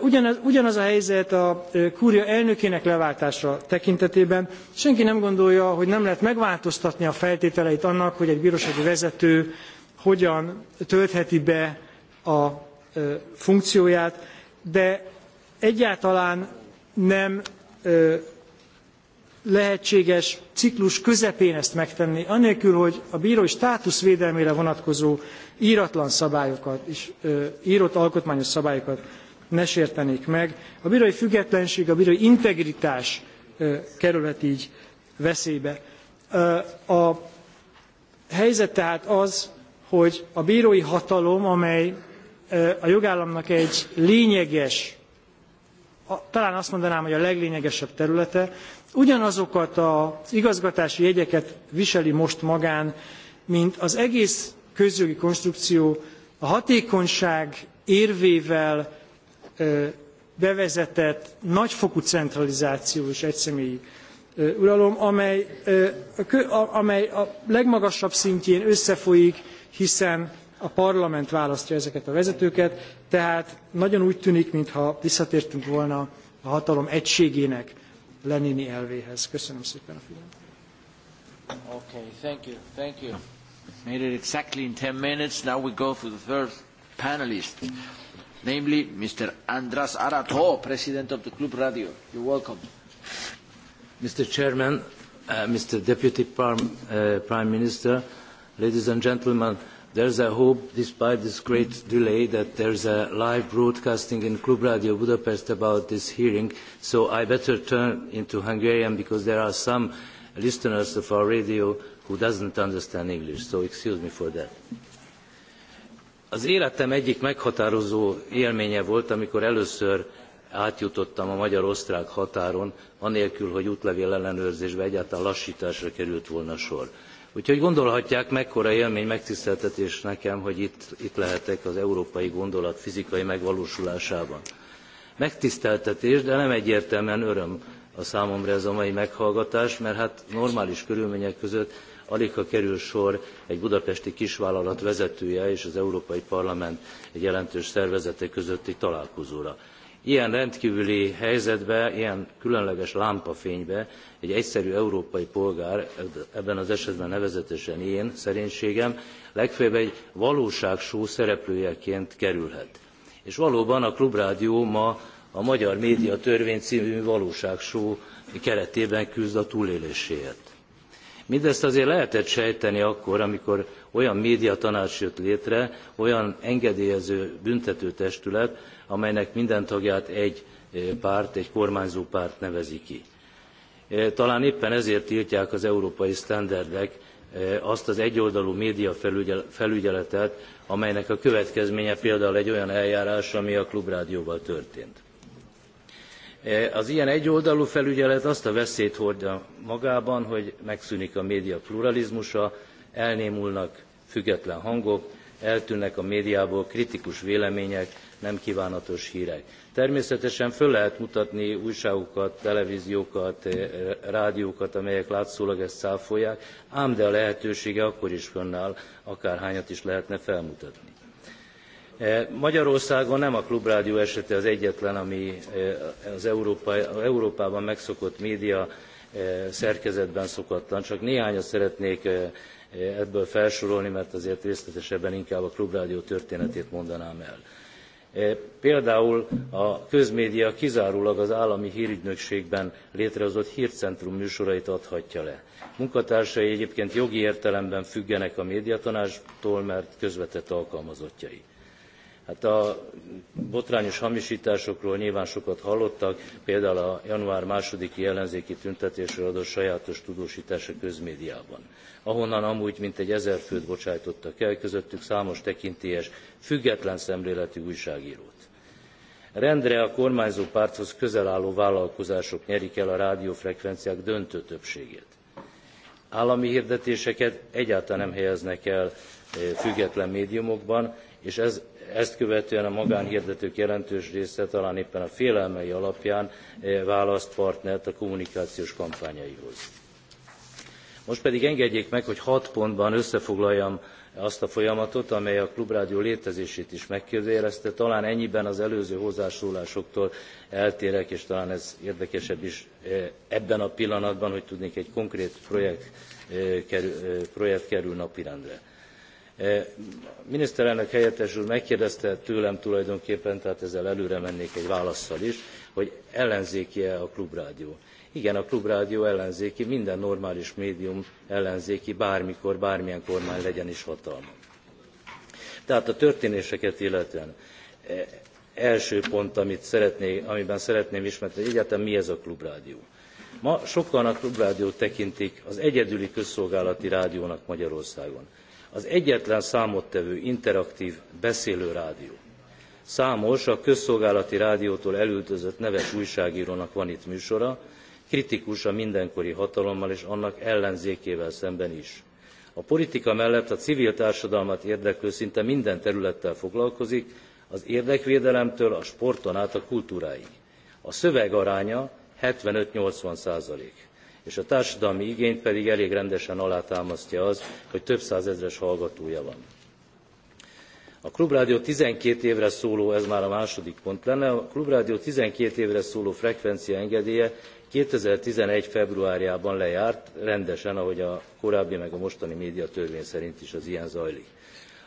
Ugyanaz, ugyanaz a helyzet a kúria elnökének leváltása tekintetében. Senki nem gondolja, hogy nem lehet megváltoztatni a feltételeit annak, hogy egy bírósági vezető hogyan töltheti be a funkcióját, de egyáltalán nem lehetséges ciklus közepén ezt megtenni, anélkül, hogy a bírói státusz védelmére vonatkozó íratlan szabályokat és írott alkotmányos szabályokat ne sértenék meg. A bírói függetlenség, a bírói integritás kerülhet így veszélybe. A helyzet tehát az, hogy a bírói hatalom, amely a jogállamnak egy lényeges, talán azt mondanám, hogy a leglényegesebb területe, ugyanazokat az igazgatási jegyeket viseli most magán, mint az egész közjogi konstrukció a hatékonyság érvével bevezetett nagyfokú centralizáció és egyszemélyi uralom, amely, a legmagasabb szintjén összefolyik, hiszen a parlament választja ezeket a vezetőket, tehát nagyon úgy tűnik, mintha visszatértünk volna a hatalom egységének Lenini elvéhez. Köszönöm szépen a figyelmet. Okay, thank you, thank you. Made it exactly in 10 minutes. Now we go to the third panelist, namely Mr. Andras Arato, President of the Club Radio. You're welcome. Mr. Chairman, uh, Mr. Deputy Prime, uh, Prime Minister, ladies and gentlemen, There is a hope, despite this great delay, that there is a live broadcasting in Club Radio Budapest about this hearing, so I better turn into Hungarian because there are some listeners of our radio who doesn't understand English, so excuse me for that. Az életem egyik meghatározó élménye volt, amikor először átjutottam a magyar-osztrák határon, anélkül, hogy útlevél ellenőrzésbe egyáltalán lassításra került volna sor. Úgyhogy gondolhatják, mekkora élmény, megtiszteltetés nekem, hogy itt, itt lehetek az európai gondolat fizikai megvalósulásában. Megtiszteltetés, de nem egyértelműen öröm a számomra ez a mai meghallgatás, mert hát normális körülmények között alig ha kerül sor egy budapesti kisvállalat vezetője és az Európai Parlament egy jelentős szervezete közötti találkozóra. Ilyen rendkívüli helyzetbe, ilyen különleges lámpafénybe egy egyszerű európai polgár, ebben az esetben nevezetesen én, szerénységem, legfeljebb egy valóságsó szereplőjeként kerülhet. És valóban a Klubrádió ma a Magyar Média Törvény című valóságsó keretében küzd a túléléséért. Mindezt azért lehetett sejteni akkor, amikor olyan médiatanács jött létre, olyan engedélyező büntetőtestület, amelynek minden tagját egy eh, párt, egy kormányzó párt nevezi ki. Eh, talán éppen ezért tiltják az európai sztenderdek eh, azt az egyoldalú média felügyeletet, amelynek a következménye például egy olyan eljárás, ami a klubrádióval történt. E, az ilyen egyoldalú felügyelet azt a veszélyt hordja magában, hogy megszűnik a média pluralizmusa, elnémulnak független hangok, eltűnnek a médiából kritikus vélemények, nem kívánatos hírek. Természetesen föl lehet mutatni újságokat, televíziókat, e, rádiókat, amelyek látszólag ezt cáfolják, ám de a lehetősége akkor is fönnáll, akárhányat is lehetne felmutatni. Eh, Magyarországon nem a klubrádió esete az egyetlen, ami eh, az Európa, Európában megszokott média eh, szerkezetben szokatlan. Csak néhányat szeretnék ebből felsorolni, mert azért részletesebben inkább a klubrádió történetét mondanám el. Például a közmédia kizárólag az állami hírügynökségben létrehozott hírcentrum műsorait adhatja le. Munkatársai egyébként jogi értelemben függenek a médiatanástól, mert közvetett alkalmazottjai. Hát a botrányos hamisításokról nyilván sokat hallottak, például a január másodiki ellenzéki tüntetésről adott sajátos tudósítás a közmédiában, ahonnan amúgy mintegy ezer főt bocsájtottak el, közöttük számos tekintélyes, független szemléletű újságírót. Rendre a kormányzó párthoz közel álló vállalkozások nyerik el a rádiófrekvenciák döntő többségét. Állami hirdetéseket egyáltalán nem helyeznek el eh, független médiumokban, és ez Ezt követően a magánhirdetők jelentős része talán éppen a félelmei alapján eh, választ partnert a kommunikációs kampányaihoz. Most pedig engedjék meg, hogy hat pontban összefoglaljam azt a folyamatot, amely a klubrádió létezését is megkérdőjelezte. Talán ennyiben az előző hozzászólásoktól eltérek, és talán ez érdekesebb is eh, ebben a pillanatban, hogy tudnék egy konkrét projekt eh, projekt kerül napirendre. Eh, miniszterelnök helyettes úr megkérdezte tőlem tulajdonképpen, tehát ezzel előre mennék egy válaszsal is, hogy ellenzéki-e a klubrádió. Igen, a klubrádió ellenzéki, minden normális médium ellenzéki, bármikor, bármilyen kormány legyen is hatalma. Tehát a történéseket illetően eh, első pont, amit szeretnék, amiben szeretném ismerni, hogy egyáltalán mi ez a klubrádió. Ma sokan a klubrádiót tekintik az egyedüli közszolgálati rádiónak Magyarországon az egyetlen számottevő interaktív rádió Számos a közszolgálati rádiótól elültözött neves újságírónak van itt műsora, kritikus a mindenkori hatalommal és annak ellenzékével szemben is. A politika mellett a civil társadalmat érdeklő szinte minden területtel foglalkozik, az érdekvédelemtől a sporton át a kultúráig. A szöveg aránya 75-80 százalék és a társadalmi igényt pedig elég rendesen alátámasztja az, hogy több százezres hallgatója van. A Klubrádió 12 évre szóló, ez már a második pont lenne, a Klubrádió 12 évre szóló frekvencia engedélye 2011. februárjában lejárt, rendesen, ahogy a korábbi meg a mostani média törvény szerint is az ilyen zajlik.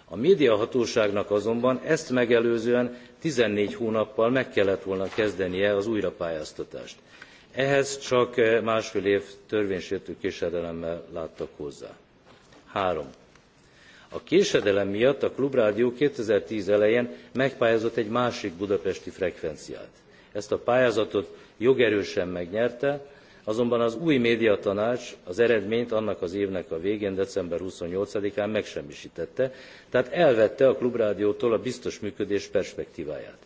A médiahatóságnak azonban ezt megelőzően 14 hónappal meg kellett volna kezdenie az újrapályáztatást. Ehhez csak eh, másfél év törvénysértő késedelemmel láttak hozzá. 3. A késedelem miatt a Klubrádió 2010 elején megpályázott egy másik budapesti frekvenciát. Ezt a pályázatot jogerősen megnyerte, azonban az új médiatanács az eredményt annak az évnek a végén, december 28-án megsemmisítette, tehát elvette a Klubrádiótól a biztos működés perspektíváját.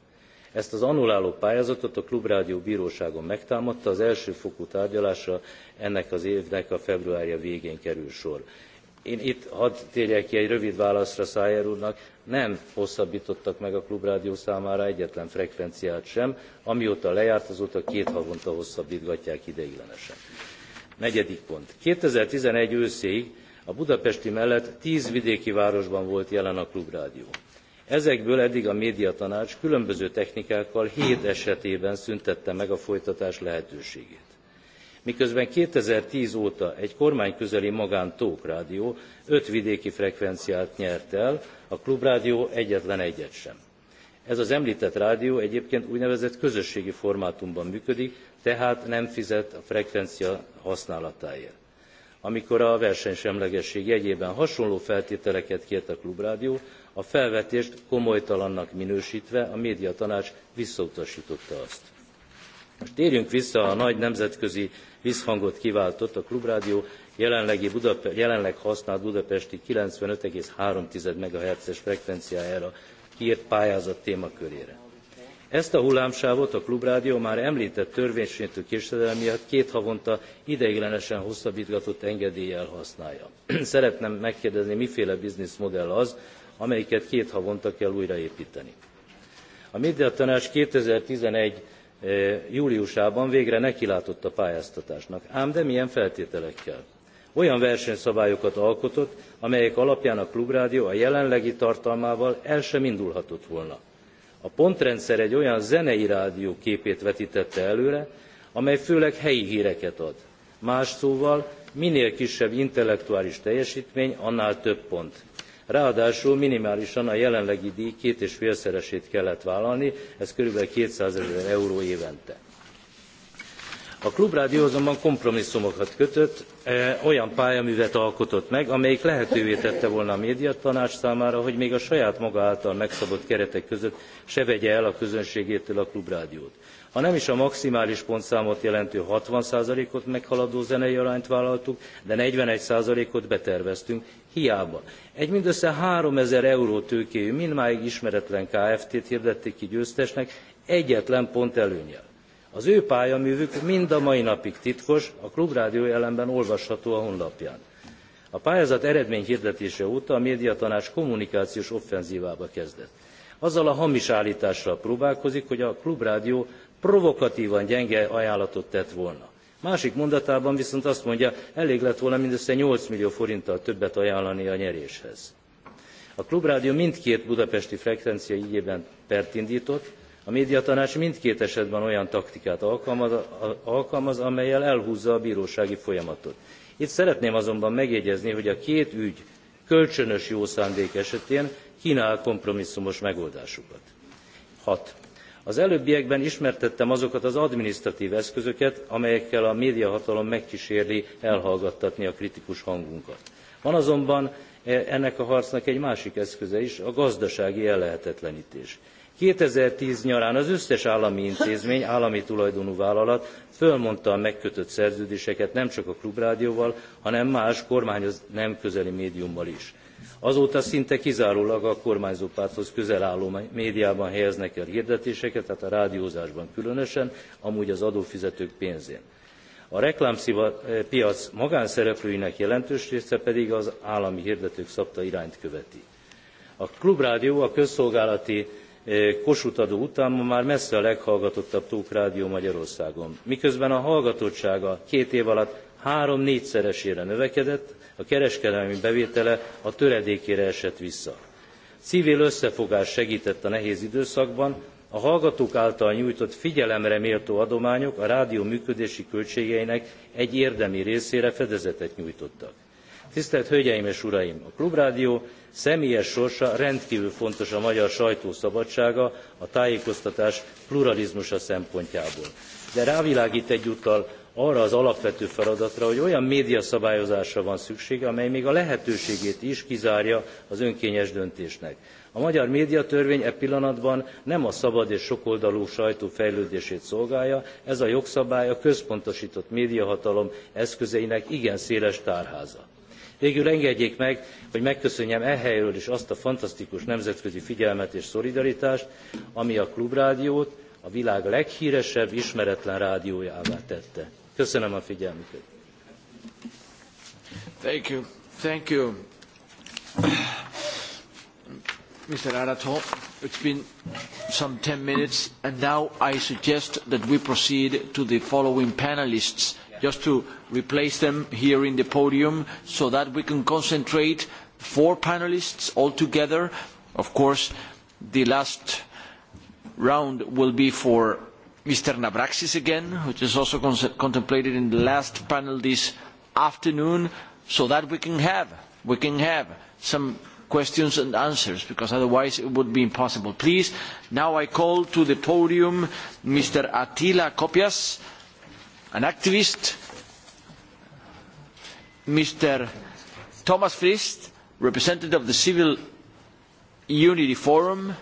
Ezt az annuláló pályázatot a Klubrádió Bíróságon megtámadta, az első fokú tárgyalásra ennek az évnek a februárja végén kerül sor. Én itt hadd térjek ki egy rövid válaszra Szájer úrnak, nem hosszabbítottak meg a Klubrádió számára egyetlen frekvenciát sem, amióta lejárt, azóta két havonta hosszabbítgatják ideiglenesen. Negyedik pont. 2011 őszéig a budapesti mellett tíz vidéki városban volt jelen a Klubrádió. Ezekből eddig a médiatanács különböző technikákkal hét esetében szüntette meg a folytatás lehetőségét. Miközben 2010 óta egy kormány közeli magán Tók rádió öt vidéki frekvenciát nyert el, a klubrádió egyetlen egyet sem. Ez az említett rádió egyébként úgynevezett közösségi formátumban működik, tehát nem fizet a frekvencia használatáért. Amikor a versenysemlegesség jegyében hasonló feltételeket kért a klubrádió, a felvetést komolytalannak minőstve a médiatanács visszautasította azt. Most térjünk vissza a nagy nemzetközi visszhangot kiváltott a Klubrádió jelenlegi Budape- jelenleg használt budapesti 95,3 MHz-es frekvenciájára kiírt pályázat témakörére. Ezt a hullámsávot a Klubrádió már említett törvénysértő késedelem miatt két havonta ideiglenesen hosszabbítgatott engedéllyel használja. Szeretném megkérdezni, miféle bizniszmodell az, amelyiket két havonta kell újraépíteni. A Média Tanács 2011 eh, júliusában végre nekilátott a pályáztatásnak, ám de milyen feltételekkel? Olyan versenyszabályokat alkotott, amelyek alapján a klubrádió a jelenlegi tartalmával el sem indulhatott volna. A pontrendszer egy olyan zenei rádió képét vetítette előre, amely főleg helyi híreket ad. Más szóval, minél kisebb intellektuális teljesítmény, annál több pont. Ráadásul minimálisan a jelenlegi díj két és félszeresét kellett vállalni, ez kb. 200 ezer euró évente. A klubrádió azonban kompromisszumokat kötött, e, olyan pályaművet alkotott meg, amelyik lehetővé tette volna a médiatanács számára, hogy még a saját maga által megszabott keretek között se vegye el a közönségétől a klubrádiót. Ha nem is a maximális pontszámot jelentő 60%-ot meghaladó zenei arányt vállaltuk, de 41%-ot beterveztünk, hiába. Egy mindössze 3000 euró tőkéjű, mindmáig ismeretlen KFT-t hirdették ki győztesnek, egyetlen pont előnyel. Az ő pályaművük mind a mai napig titkos, a Klubrádió ellenben olvasható a honlapján. A pályázat eredmény hirdetése óta a médiatanács kommunikációs offenzívába kezdett. Azzal a hamis állítással próbálkozik, hogy a Klubrádió provokatívan gyenge ajánlatot tett volna. Másik mondatában viszont azt mondja, elég lett volna mindössze 8 millió forinttal többet ajánlani a nyeréshez. A Klubrádió mindkét budapesti frekvencia ügyében pert indított, a médiatanács mindkét esetben olyan taktikát alkalmaz, alkalmaz amelyel elhúzza a bírósági folyamatot. Itt szeretném azonban megjegyezni, hogy a két ügy kölcsönös jó szándék esetén kínál kompromisszumos megoldásukat. 6. Az előbbiekben ismertettem azokat az adminisztratív eszközöket, amelyekkel a médiahatalom megkísérli elhallgattatni a kritikus hangunkat. Van azonban e, ennek a harcnak egy másik eszköze is, a gazdasági ellehetetlenítés. 2010 nyarán az összes állami intézmény, állami tulajdonú vállalat fölmondta a megkötött szerződéseket nemcsak a klubrádióval, hanem más kormányhoz nem közeli médiummal is. Azóta szinte kizárólag a kormányzó párthoz közel álló médiában helyeznek el hirdetéseket, tehát a rádiózásban különösen, amúgy az adófizetők pénzén. A reklámpiac magánszereplőinek jelentős része pedig az állami hirdetők szabta irányt követi. A klubrádió a közszolgálati e, Kossuth adó után ma már messze a leghallgatottabb tókrádió Magyarországon. Miközben a hallgatottsága két év alatt három-négyszeresére növekedett, a kereskedelmi bevétele a töredékére esett vissza. Civil összefogás segített a nehéz időszakban, a hallgatók által nyújtott figyelemre méltó adományok a rádió működési költségeinek egy érdemi részére fedezetet nyújtottak. Tisztelt Hölgyeim és Uraim! A Klubrádió személyes sorsa rendkívül fontos a magyar sajtó szabadsága, a tájékoztatás pluralizmusa szempontjából. De rávilágít egyúttal arra az alapvető feladatra, hogy olyan médiaszabályozásra van szükség, amely még a lehetőségét is kizárja az önkényes döntésnek. A magyar médiatörvény e pillanatban nem a szabad és sokoldalú sajtó fejlődését szolgálja, ez a jogszabály a központosított médiahatalom eszközeinek igen széles tárháza. Végül engedjék meg, hogy megköszönjem e helyről is azt a fantasztikus nemzetközi figyelmet és szolidaritást, ami a klubrádiót a világ leghíresebb, ismeretlen rádiójává tette. Köszönöm a figyelmüket. Thank you. Thank you. Mr. Arato, it's been some 10 minutes, and now I suggest that we proceed to the following panelists, just to replace them here in the podium, so that we can concentrate four panelists all together. Of course, the last round will be for Mr. Navraxis again, which is also con contemplated in the last panel this afternoon, so that we can have, we can have some questions and answers, because otherwise it would be impossible. Please, now I call to the podium Mr. Attila Kopias, an activist, Mr. Thomas Frist, representative of the Civil Unity Forum,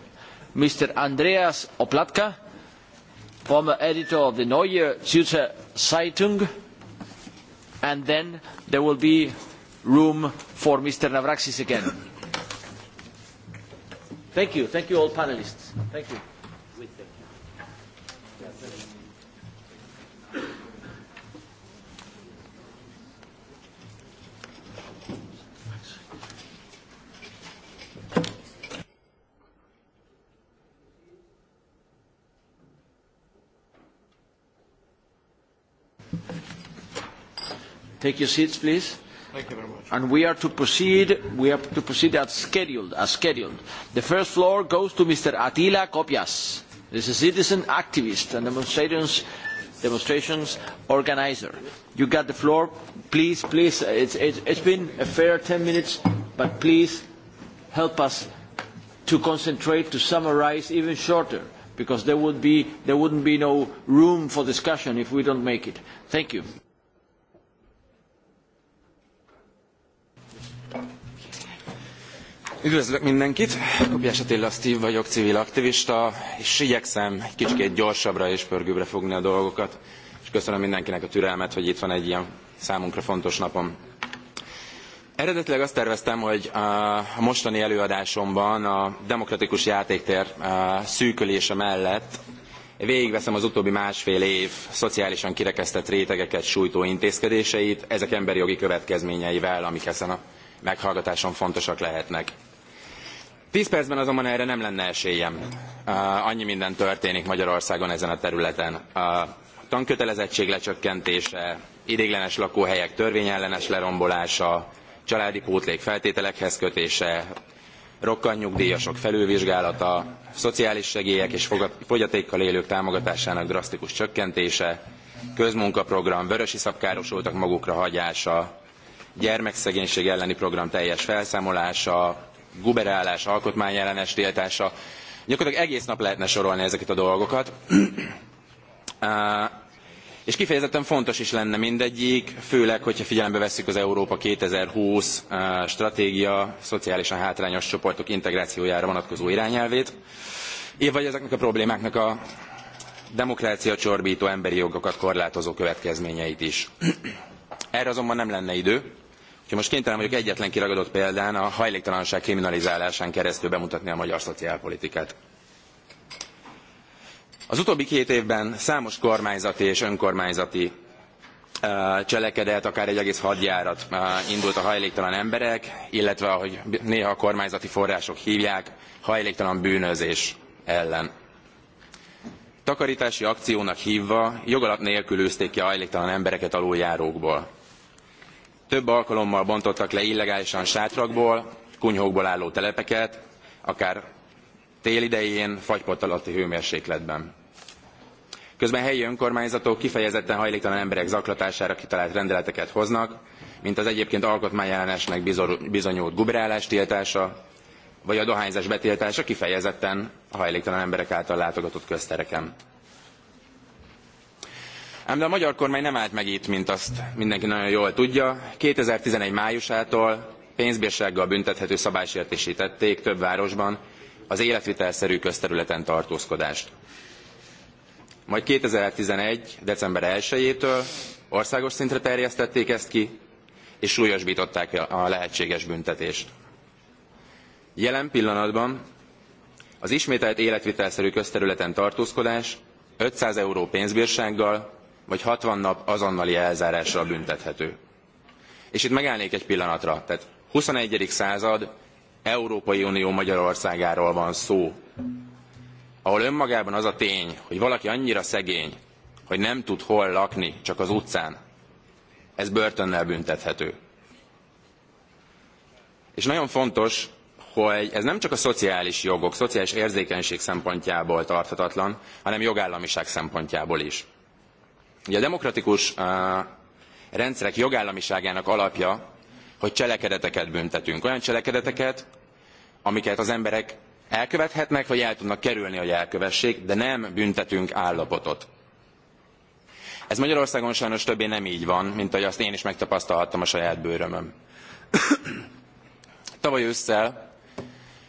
Mr. Andreas Oplatka, former editor of the Neue Zürcher Zeitung, and then there will be room for Mr. Navraxis again. Thank you. Thank you all panelists. Thank you. Take your seats, please. Thank you very much. And we are to proceed, we are to proceed as scheduled, as scheduled. The first floor goes to Mr. Attila Kopias. This is a citizen activist and demonstrations, demonstrations organizer. You got the floor. Please, please, it's, it's, it's been a fair 10 minutes, but please help us to concentrate, to summarize even shorter, because there, would be, there wouldn't be no room for discussion if we don't make it. Thank you. Üdvözlök mindenkit! Kopiás Attila Steve vagyok, civil aktivista, és igyekszem kicsit gyorsabbra és pörgőbbre fogni a dolgokat, és köszönöm mindenkinek a türelmet, hogy itt van egy ilyen számunkra fontos napom. Eredetileg azt terveztem, hogy a mostani előadásomban a demokratikus játéktér szűkölése mellett végigveszem az utóbbi másfél év szociálisan kirekesztett rétegeket sújtó intézkedéseit, ezek emberi jogi következményeivel, amik ezen a meghallgatáson fontosak lehetnek. Tíz percben azonban erre nem lenne esélyem. Uh, annyi minden történik Magyarországon ezen a területen. A tankötelezettség lecsökkentése, idéglenes lakóhelyek törvényellenes lerombolása, családi pótlék feltételekhez kötése, rokkannyugdíjasok felülvizsgálata, szociális segélyek és fogyatékkal élők támogatásának drasztikus csökkentése, közmunkaprogram, vörösi szabkárosultak magukra hagyása, gyermekszegénység elleni program teljes felszámolása, guberálás, alkotmányellenes tiltása. Gyakorlatilag egész nap lehetne sorolni ezeket a dolgokat. És kifejezetten fontos is lenne mindegyik, főleg, hogyha figyelembe vesszük az Európa 2020 stratégia szociálisan hátrányos csoportok integrációjára vonatkozó irányelvét, vagy ezeknek a problémáknak a demokrácia csorbító emberi jogokat korlátozó következményeit is. Erre azonban nem lenne idő, Úgyhogy most kénytelen vagyok egyetlen kiragadott példán a hajléktalanság kriminalizálásán keresztül bemutatni a magyar szociálpolitikát. Az utóbbi két évben számos kormányzati és önkormányzati eh, cselekedet, akár egy egész hadjárat eh, indult a hajléktalan emberek, illetve ahogy néha a kormányzati források hívják, hajléktalan bűnözés ellen. Takarítási akciónak hívva jogalap nélkül ki a hajléktalan embereket aluljárókból. Több alkalommal bontottak le illegálisan sátrakból, kunyhókból álló telepeket, akár tél idején, fagypott alatti hőmérsékletben. Közben helyi önkormányzatok kifejezetten hajléktalan emberek zaklatására kitalált rendeleteket hoznak, mint az egyébként alkotmányellenesnek bizonyult gubrálás tiltása, vagy a dohányzás betiltása kifejezetten a hajléktalan emberek által látogatott köztereken. Ám de a magyar kormány nem állt meg itt, mint azt mindenki nagyon jól tudja. 2011 májusától pénzbírsággal büntethető szabálysértésítették tették több városban az életvitelszerű közterületen tartózkodást. Majd 2011. december 1-től országos szintre terjesztették ezt ki, és súlyosbították a lehetséges büntetést. Jelen pillanatban az ismételt életvitelszerű közterületen tartózkodás 500 euró pénzbírsággal vagy 60 nap azonnali elzárásra büntethető. És itt megállnék egy pillanatra. Tehát 21. század Európai Unió Magyarországáról van szó, ahol önmagában az a tény, hogy valaki annyira szegény, hogy nem tud hol lakni, csak az utcán, ez börtönnel büntethető. És nagyon fontos, hogy ez nem csak a szociális jogok, szociális érzékenység szempontjából tarthatatlan, hanem jogállamiság szempontjából is. Ugye a demokratikus rendszerek jogállamiságának alapja, hogy cselekedeteket büntetünk. Olyan cselekedeteket, amiket az emberek elkövethetnek, vagy el tudnak kerülni, hogy elkövessék, de nem büntetünk állapotot. Ez Magyarországon sajnos többé nem így van, mint ahogy azt én is megtapasztalhattam a saját bőrömön. Tavaly ősszel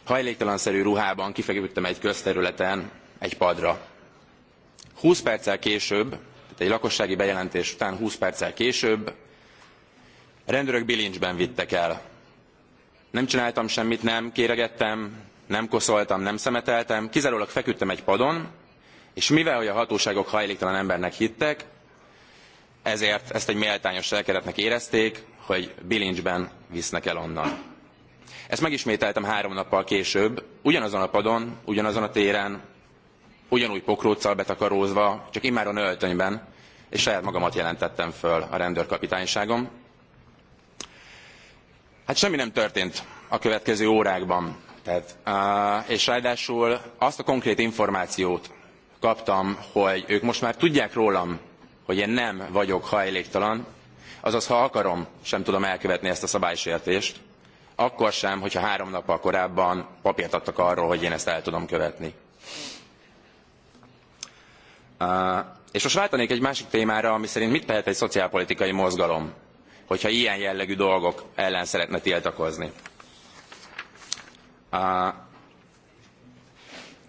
hajléktalanszerű ruhában kifeküdtem egy közterületen, egy padra. 20 perccel később Tehát egy lakossági bejelentés után 20 perccel később a rendőrök bilincsben vittek el. Nem csináltam semmit, nem kéregettem, nem koszoltam, nem szemeteltem, kizárólag feküdtem egy padon, és mivel hogy a hatóságok hajléktalan embernek hittek, ezért ezt egy méltányos selkeretnek érezték, hogy bilincsben visznek el onnan. Ezt megismételtem három nappal később, ugyanazon a padon, ugyanazon a téren, ugyanúgy pokróccal betakarózva, csak immáron öltönyben, és saját magamat jelentettem föl a rendőrkapitányságom. Hát semmi nem történt a következő órákban. Tehát, és ráadásul azt a konkrét információt kaptam, hogy ők most már tudják rólam, hogy én nem vagyok hajléktalan, azaz ha akarom, sem tudom elkövetni ezt a szabálysértést, akkor sem, hogyha három nappal korábban papírt adtak arról, hogy én ezt el tudom követni. És most váltanék egy másik témára, ami szerint mit tehet egy szociálpolitikai mozgalom, hogyha ilyen jellegű dolgok ellen szeretne tiltakozni.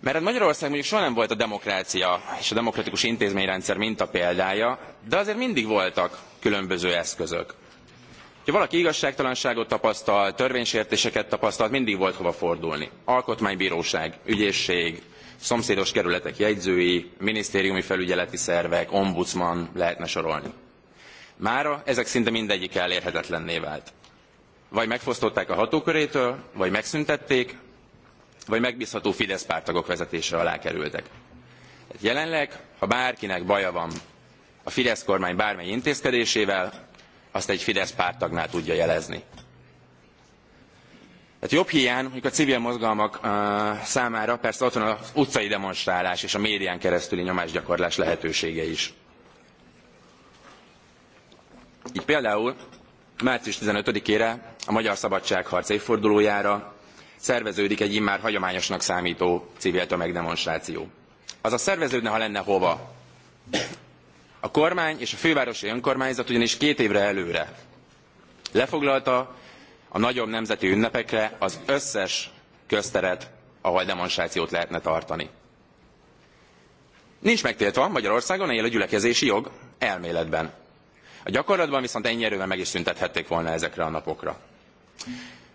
Mert Magyarország mondjuk soha nem volt a demokrácia és a demokratikus intézményrendszer mintapéldája, de azért mindig voltak különböző eszközök. Ha valaki igazságtalanságot tapasztal, törvénysértéseket tapasztalt, mindig volt hova fordulni. Alkotmánybíróság, ügyészség, szomszédos kerületek jegyzői, minisztériumi felügyeleti szervek, ombudsman lehetne sorolni. Mára ezek szinte mindegyik elérhetetlenné vált. Vagy megfosztották a hatókörétől, vagy megszüntették, vagy megbízható Fidesz pártagok vezetése alá kerültek. jelenleg, ha bárkinek baja van a Fidesz kormány bármely intézkedésével, azt egy Fidesz pártagnál tudja jelezni. Tehát jobb hiány, mondjuk a civil mozgalmak uh, számára persze ott van az utcai demonstrálás és a médián keresztüli nyomásgyakorlás lehetősége is. Így például március 15-ére a Magyar Szabadságharc évfordulójára szerveződik egy immár hagyományosnak számító civil tömegdemonstráció. Azaz szerveződne, ha lenne hova. A kormány és a fővárosi önkormányzat ugyanis két évre előre lefoglalta a nagyobb nemzeti ünnepekre az összes közteret, ahol demonstrációt lehetne tartani. Nincs megtiltva Magyarországon él a gyülekezési jog elméletben. A gyakorlatban viszont ennyi erővel meg is szüntethették volna ezekre a napokra.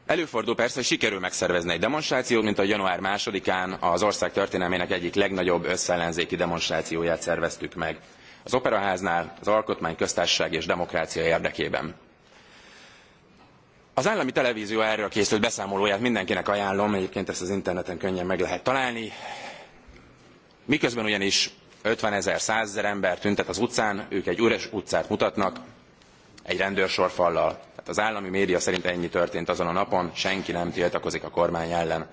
Előfordul persze, hogy sikerül megszervezni egy demonstrációt, mint a január másodikán az ország történelmének egyik legnagyobb összellenzéki demonstrációját szerveztük meg. Az Operaháznál az Alkotmány, Köztársaság és Demokrácia érdekében. Az állami televízió erről készült beszámolóját mindenkinek ajánlom, egyébként ezt az interneten könnyen meg lehet találni. Miközben ugyanis 50 ezer, 100 ezer ember tüntet az utcán, ők egy üres utcát mutatnak, egy rendőrsorfallal. Tehát az állami média szerint ennyi történt azon a napon, senki nem tiltakozik a kormány ellen.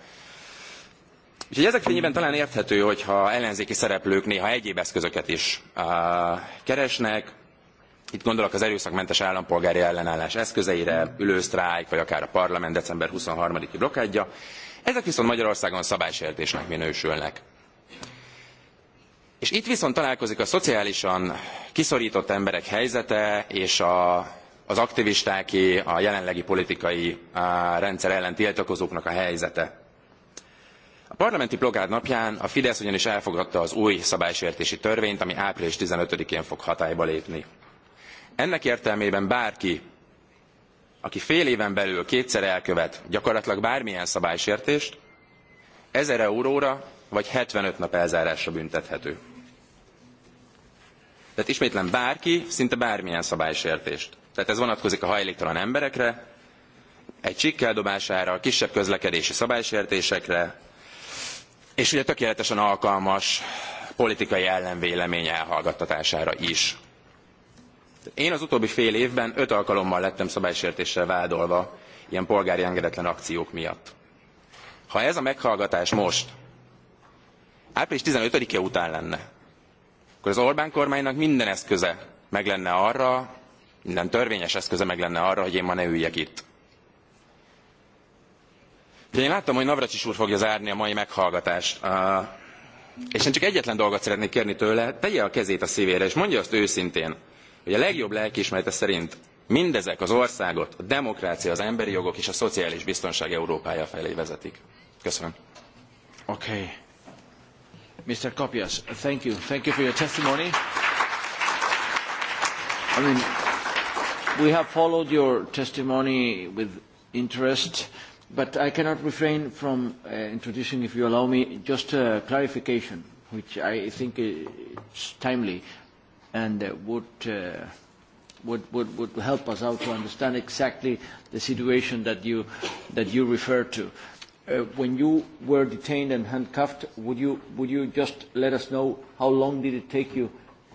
Úgyhogy ezek fényében talán érthető, hogyha ellenzéki szereplők néha egyéb eszközöket is uh, keresnek, Itt gondolok az erőszakmentes állampolgári ellenállás eszközeire, ülősztrájk, vagy akár a parlament december 23-i blokkádja. Ezek viszont Magyarországon szabálysértésnek minősülnek. És itt viszont találkozik a szociálisan kiszorított emberek helyzete és a, az aktivistáki, a jelenlegi politikai a rendszer ellen tiltakozóknak a helyzete. A parlamenti blokád napján a Fidesz ugyanis elfogadta az új szabálysértési törvényt, ami április 15-én fog hatályba lépni. Ennek értelmében bárki, aki fél éven belül kétszer elkövet gyakorlatilag bármilyen szabálysértést, 1000 euróra vagy 75 nap elzárásra büntethető. Tehát ismétlen bárki, szinte bármilyen szabálysértést. Tehát ez vonatkozik a hajléktalan emberekre, egy csikkeldobására, kisebb közlekedési szabálysértésekre, és ugye tökéletesen alkalmas politikai ellenvélemény elhallgattatására is. Én az utóbbi fél évben öt alkalommal lettem szabálysértéssel vádolva ilyen polgári engedetlen akciók miatt. Ha ez a meghallgatás most, április 15-e után lenne, akkor az Orbán kormánynak minden eszköze meg lenne arra, minden törvényes eszköze meg lenne arra, hogy én ma ne üljek itt. De én láttam, hogy Navracsis úr fogja zárni a mai meghallgatást. Uh, és én csak egyetlen dolgot szeretnék kérni tőle, tegye a kezét a szívére, és mondja azt őszintén, hogy a legjobb lelkiismerete szerint mindezek az országot a demokrácia, az emberi jogok és a szociális biztonság Európája felé vezetik. Köszönöm. Okay. Mr. Kopias, thank you. Thank you for your testimony. I mean, we have followed your testimony with interest, but I cannot refrain from uh, introducing, if you allow me, just a clarification, which I think is timely and uh, would, uh, would, would, would help us out to understand exactly the situation that you, that you refer to. Uh, when you were detained and handcuffed, would you, would you just let us know how long did it take you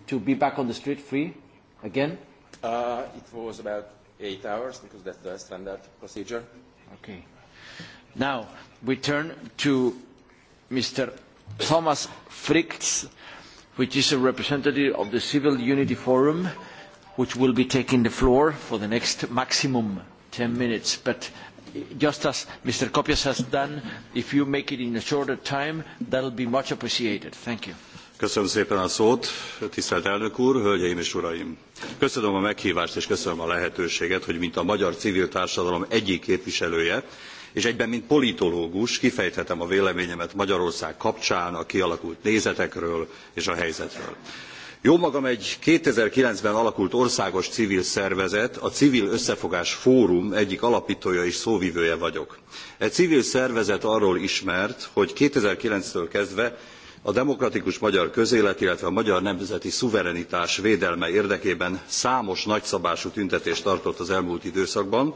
to be back on the street free again? Uh, it was about eight hours because that's the standard procedure. Okay. Now, we turn to Mr. Thomas Fricks which is a representative of the Civil Unity Forum, which will be taking the floor for the next maximum 10 minutes. But just as Mr. Kopias has done, if you make it in a shorter time, that will be much appreciated. Thank you. Köszönöm szépen a szót, tisztelt elnök úr, hölgyeim és uraim! Köszönöm a meghívást és köszönöm a lehetőséget, hogy mint a magyar civil társadalom egyik képviselője, és egyben, mint politológus kifejthetem a véleményemet Magyarország kapcsán, a kialakult nézetekről és a helyzetről. Jómagam egy 2009-ben alakult országos civil szervezet, a Civil Összefogás Fórum egyik alapítója és szóvivője vagyok. E civil szervezet arról ismert, hogy 2009-től kezdve a demokratikus magyar közélet, illetve a magyar nemzeti szuverenitás védelme érdekében számos nagyszabású tüntetést tartott az elmúlt időszakban,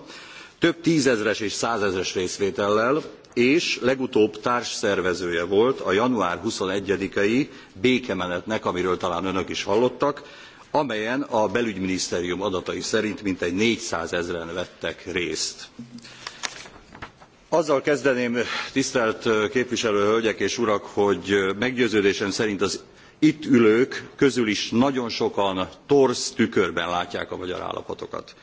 több tízezres és százezres részvétellel, és legutóbb társszervezője volt a január 21-i békemenetnek, amiről talán önök is hallottak, amelyen a belügyminisztérium adatai szerint mintegy 400 ezeren vettek részt. Azzal kezdeném, tisztelt képviselő hölgyek és urak, hogy meggyőződésem szerint az itt ülők közül is nagyon sokan torz tükörben látják a magyar állapotokat.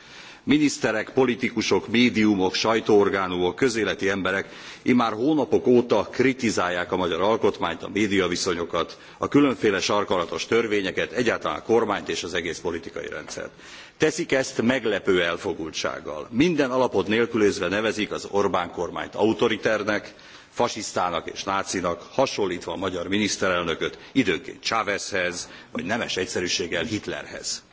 Miniszterek, politikusok, médiumok, sajtóorgánumok, közéleti emberek immár hónapok óta kritizálják a magyar alkotmányt, a médiaviszonyokat, a különféle sarkalatos törvényeket, egyáltalán a kormányt és az egész politikai rendszert. Teszik ezt meglepő elfogultsággal. Minden alapot nélkülözve nevezik az Orbán kormányt autoriternek, fasisztának és nácinak, hasonlítva a magyar miniszterelnököt időnként Chávezhez, vagy nemes egyszerűséggel Hitlerhez.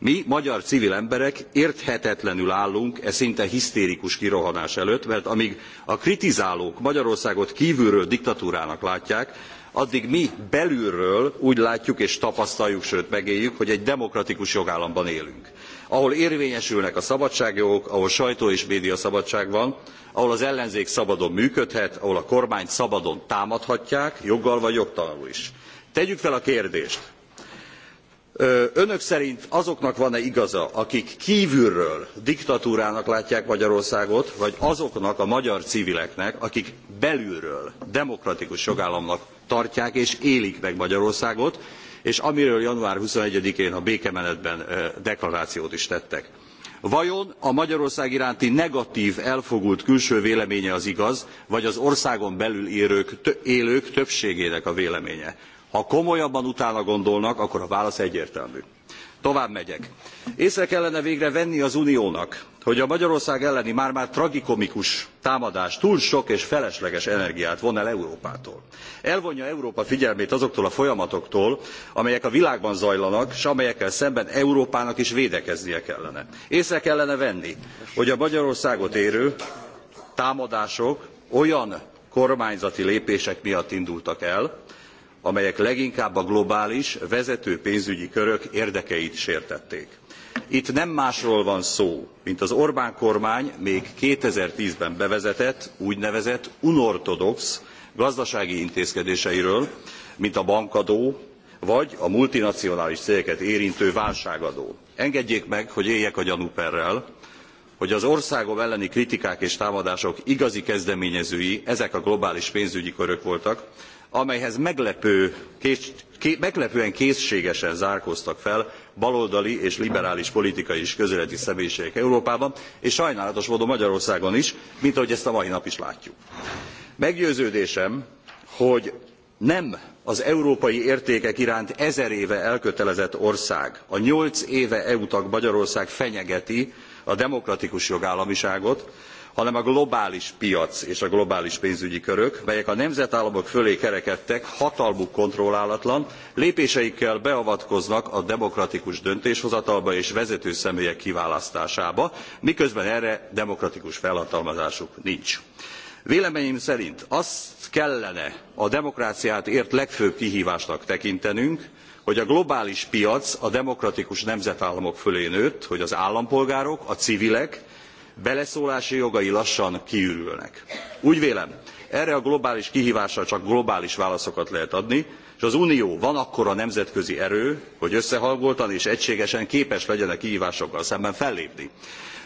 Mi, magyar civil emberek érthetetlenül állunk e szinte hisztérikus kirohanás előtt, mert amíg a kritizálók Magyarországot kívülről diktatúrának látják, addig mi belülről úgy látjuk és tapasztaljuk, sőt megéljük, hogy egy demokratikus jogállamban élünk. Ahol érvényesülnek a szabadságjogok, ahol sajtó és média szabadság van, ahol az ellenzék szabadon működhet, ahol a kormányt szabadon támadhatják, joggal vagy jogtalanul is. Tegyük fel a kérdést, Önök szerint azoknak van-e igaza, akik kívülről diktatúrának látják Magyarországot, vagy azoknak a magyar civileknek, akik belülről demokratikus jogállamnak tartják és élik meg Magyarországot, és amiről január 21-én a békemenetben deklarációt is tettek. Vajon a Magyarország iránti negatív elfogult külső véleménye az igaz, vagy az országon belül élők többségének a véleménye? Ha komolyabban utána gondolnak, akkor a válasz egyértelmű. Tovább megyek. Észre kellene végre venni az Uniónak, hogy a Magyarország elleni már-már már tragikomikus támadás túl sok és felesleges energiát von el Európától. Elvonja Európa figyelmét azoktól a folyamatoktól, amelyek a világban zajlanak, és amelyekkel szemben Európának is védekeznie kellene. Észre kellene venni, hogy a Magyarországot érő támadások olyan kormányzati lépések miatt indultak el, amelyek leginkább a globális, vezető pénzügyi körök érdekeit sértették. Itt nem másról van szó, mint az Orbán kormány még 2010-ben bevezetett úgynevezett unortodox gazdasági intézkedéseiről, mint a bankadó, vagy a multinacionális cégeket érintő válságadó. Engedjék meg, hogy éljek a gyanúperrel, hogy az országom elleni kritikák és támadások igazi kezdeményezői ezek a globális pénzügyi körök voltak, amelyhez meglepő, kés, ké, meglepően készségesen zárkóztak fel baloldali és liberális politikai és közéleti személyiségek Európában, és sajnálatos módon Magyarországon is, mint ahogy ezt a mai nap is látjuk. Meggyőződésem, hogy nem az európai értékek iránt ezer éve elkötelezett ország, a nyolc éve EU tag Magyarország fenyegeti a demokratikus jogállamiságot, hanem a globális piac és a globális pénzügyi körök, melyek a nemzetállamok fölé kerekedtek, hatalmuk kontrollálatlan, lépéseikkel beavatkoznak a demokratikus döntéshozatalba és vezető személyek kiválasztásába, miközben erre demokratikus felhatalmazásuk nincs. Véleményem szerint azt kellene a demokráciát ért legfőbb kihívásnak tekintenünk, hogy a globális piac a demokratikus nemzetállamok fölé nőtt, hogy az állampolgárok, a civilek, beleszólási jogai lassan kiürülnek. Úgy vélem, erre a globális kihívásra csak globális válaszokat lehet adni, és az Unió van akkora nemzetközi erő, hogy összehangoltan és egységesen képes legyen a kihívásokkal szemben fellépni.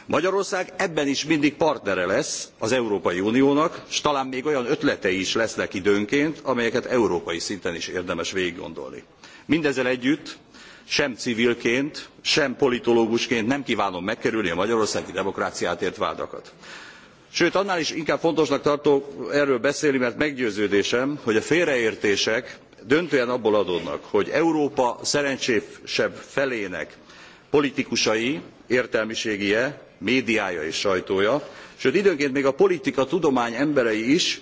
Magyarország ebben is mindig partnere lesz az Európai Uniónak, és talán még olyan ötletei is lesznek időnként, amelyeket európai szinten is érdemes végiggondolni. Mindezzel együtt sem civilként, sem politológusként nem kívánom megkerülni a magyarországi demokráciát ért vádakat. Sőt, annál is inkább fontosnak tartok erről beszélni, mert meggyőződésem, hogy a félreértések döntően abból adódnak, hogy Európa szerencsésebb felének politikusai, értelmiségie, médiája és sajtója, sőt időnként még a politika tudomány emberei is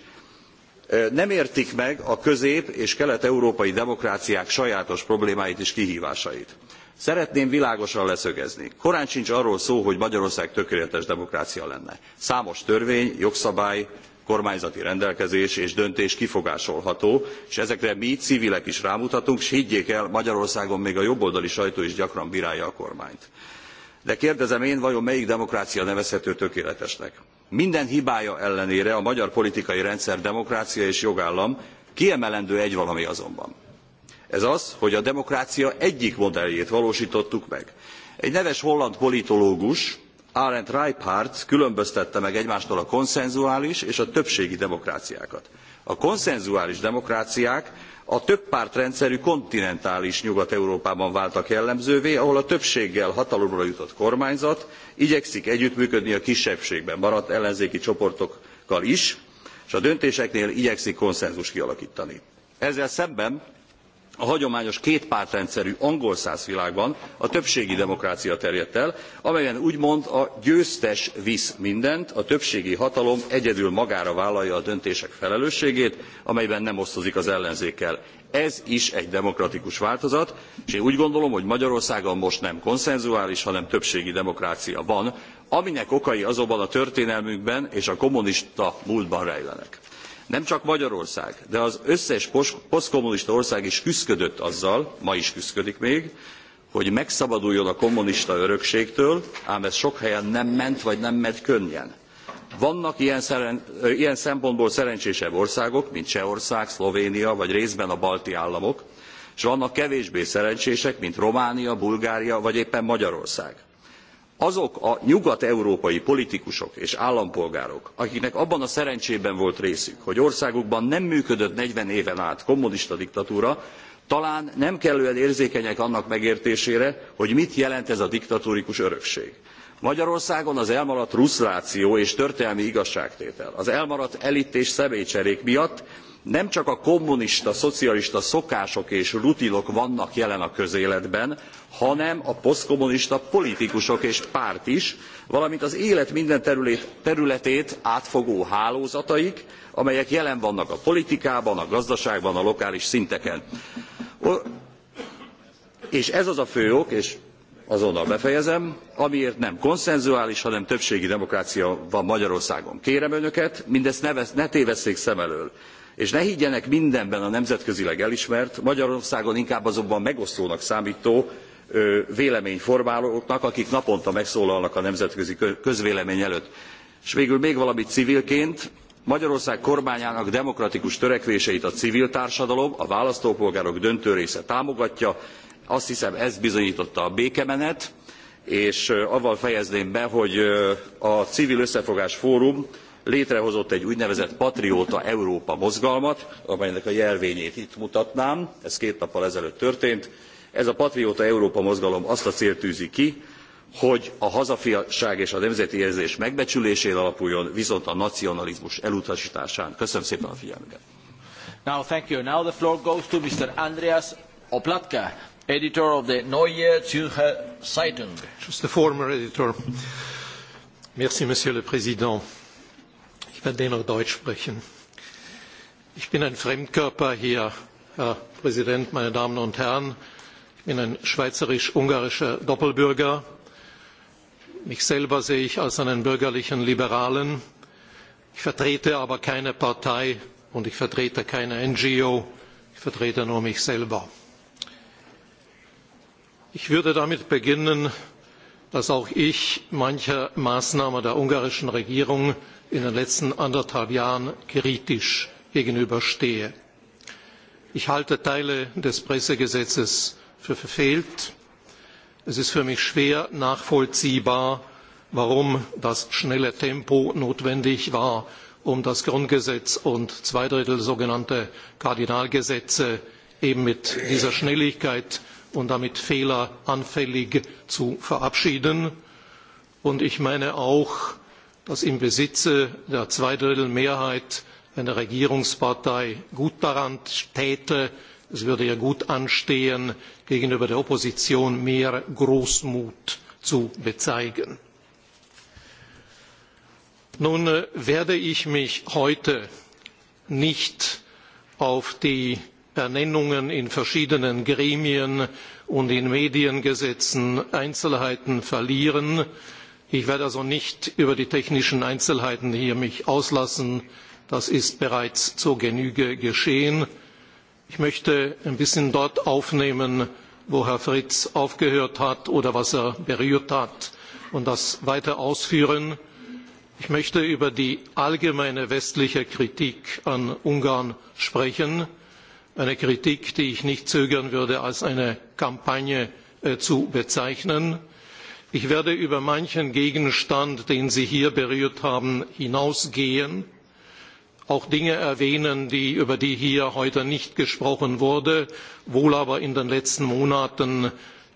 Nem értik meg a közép- és kelet-európai demokráciák sajátos problémáit és kihívásait. Szeretném világosan leszögezni. Korán sincs arról szó, hogy Magyarország tökéletes demokrácia lenne. Számos törvény, jogszabály, kormányzati rendelkezés és döntés kifogásolható, és ezekre mi civilek is rámutatunk, s higgyék el, Magyarországon még a jobboldali sajtó is gyakran bírálja a kormányt. De kérdezem én, vajon melyik demokrácia nevezhető tökéletesnek? Minden hibája ellenére a magyar politikai rendszer demokrácia és jogállam, kiemelendő egy valami azonban. Ez az, hogy a demokrácia egyik modelljét valósítottuk meg. Egy neves holland politológus, Arendt Reiphardt különböztette meg egymástól a konszenzuális és a többségi demokráciákat. A konszenzuális demokráciák A többpártrendszerű kontinentális Nyugat-Európában váltak jellemzővé, ahol a többséggel hatalomra jutott kormányzat igyekszik együttműködni a kisebbségben maradt ellenzéki csoportokkal is, és a döntéseknél igyekszik konszenzust kialakítani. Ezzel szemben a hagyományos kétpártrendszerű angol száz világban a többségi demokrácia terjedt el, amelyen úgymond a győztes visz mindent, a többségi hatalom egyedül magára vállalja a döntések felelősségét, amelyben nem osztozik az ellenzékkel. Ez is egy demokratikus változat, és én úgy gondolom, hogy Magyarországon most nem konszenzuális, hanem többségi demokrácia van, aminek okai azonban a történelmünkben és a kommunista múltban rejlenek. Nem csak Magyarország, de az összes posztkommunista ország is küszködött azzal, ma is küszködik még, hogy megszabaduljon a kommunista örökségtől, ám ez sok helyen nem ment, vagy nem ment könnyen. Vannak ilyen, szeren, ilyen szempontból szerencsésebb országok, mint Csehország, Szlovénia, vagy részben a balti államok, és vannak kevésbé szerencsések, mint Románia, Bulgária, vagy éppen Magyarország azok a nyugat-európai politikusok és állampolgárok, akiknek abban a szerencsében volt részük, hogy országukban nem működött negyven éven át kommunista diktatúra, talán nem kellően érzékenyek annak megértésére, hogy mit jelent ez a diktatórikus örökség. Magyarországon az elmaradt ruszláció és történelmi igazságtétel, az elmaradt elit és személycserék miatt nem csak a kommunista, szocialista szokások és rutinok vannak jelen a közéletben, hanem a posztkommunista politikusok és párt is, valamint az élet minden terület, területét átfogó hálózataik, amelyek jelen vannak a politikában, a gazdaságban, a lokális szinteken. És ez az a fő ok, és azonnal befejezem, amiért nem konszenzuális, hanem többségi demokrácia van Magyarországon. Kérem önöket, mindezt ne, vesz, ne tévesszék szem elől. És ne higgyenek mindenben a nemzetközileg elismert, Magyarországon inkább azonban megosztónak számító véleményformálóknak, akik naponta megszólalnak a nemzetközi közvélemény előtt. És végül még valamit civilként, Magyarország kormányának demokratikus törekvéseit a civil társadalom, a választópolgárok döntő része támogatja, azt hiszem ez bizonyította a békemenet, és avval fejezném be, hogy a Civil Összefogás Fórum létrehozott egy úgynevezett Patrióta Európa mozgalmat, amelynek a jelvényét itt mutatnám, ez két nappal ezelőtt történt. Ez a Patrióta Európa mozgalom azt a célt tűzi ki, hogy a hazafiasság és a nemzeti érzés megbecsülésén alapuljon, viszont a nacionalizmus elutasításán. Köszönöm szépen a figyelmüket. Now, thank you. Now the floor goes to Mr. Andreas Oplatka, editor of the Neue Zürcher Zeitung. Just the former editor. Merci, Monsieur le Président. Ich werde dennoch eh Deutsch sprechen. Ich bin ein Fremdkörper hier, Herr Präsident, meine Damen und Herren. Ich bin ein schweizerisch-ungarischer Doppelbürger. Mich selber sehe ich als einen bürgerlichen Liberalen. Ich vertrete aber keine Partei und ich vertrete keine NGO. Ich vertrete nur mich selber. Ich würde damit beginnen, dass auch ich manche Maßnahme der ungarischen Regierung in den letzten anderthalb Jahren kritisch gegenüberstehe. Ich halte Teile des Pressegesetzes für verfehlt. Es ist für mich schwer nachvollziehbar, warum das schnelle Tempo notwendig war, um das Grundgesetz und zwei Drittel sogenannte Kardinalgesetze eben mit dieser Schnelligkeit und damit fehleranfällig zu verabschieden. Und ich meine auch, dass im Besitze der Zweidrittelmehrheit eine Regierungspartei gut daran täte, es würde ihr gut anstehen, gegenüber der Opposition mehr Großmut zu bezeigen. Nun äh, werde ich mich heute nicht auf die Ernennungen in verschiedenen Gremien und in Mediengesetzen Einzelheiten verlieren. Ich werde also nicht über die technischen Einzelheiten hier mich auslassen. Das ist bereits zur Genüge geschehen. Ich möchte ein bisschen dort aufnehmen, wo Herr Fritz aufgehört hat oder was er berührt hat und das weiter ausführen. Ich möchte über die allgemeine westliche Kritik an Ungarn sprechen eine Kritik, die ich nicht zögern würde, als eine Kampagne äh, zu bezeichnen. Ich werde über manchen Gegenstand, den Sie hier berührt haben, hinausgehen, auch Dinge erwähnen, die, über die hier heute nicht gesprochen wurde, wohl aber in den letzten Monaten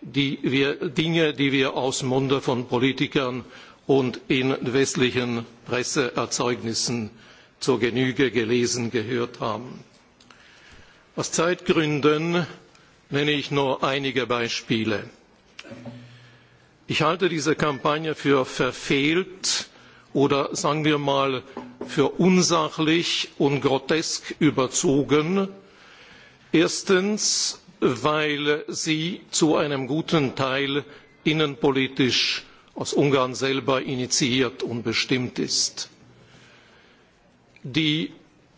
die wir, Dinge, die wir aus dem Munde von Politikern und in westlichen Presseerzeugnissen zur Genüge gelesen gehört haben. Aus Zeitgründen nenne ich nur einige Beispiele. Ich halte diese Kampagne für verfehlt oder sagen wir mal für unsachlich und grotesk überzogen. Erstens, weil sie zu einem guten Teil innenpolitisch aus Ungarn selber initiiert und bestimmt ist. Die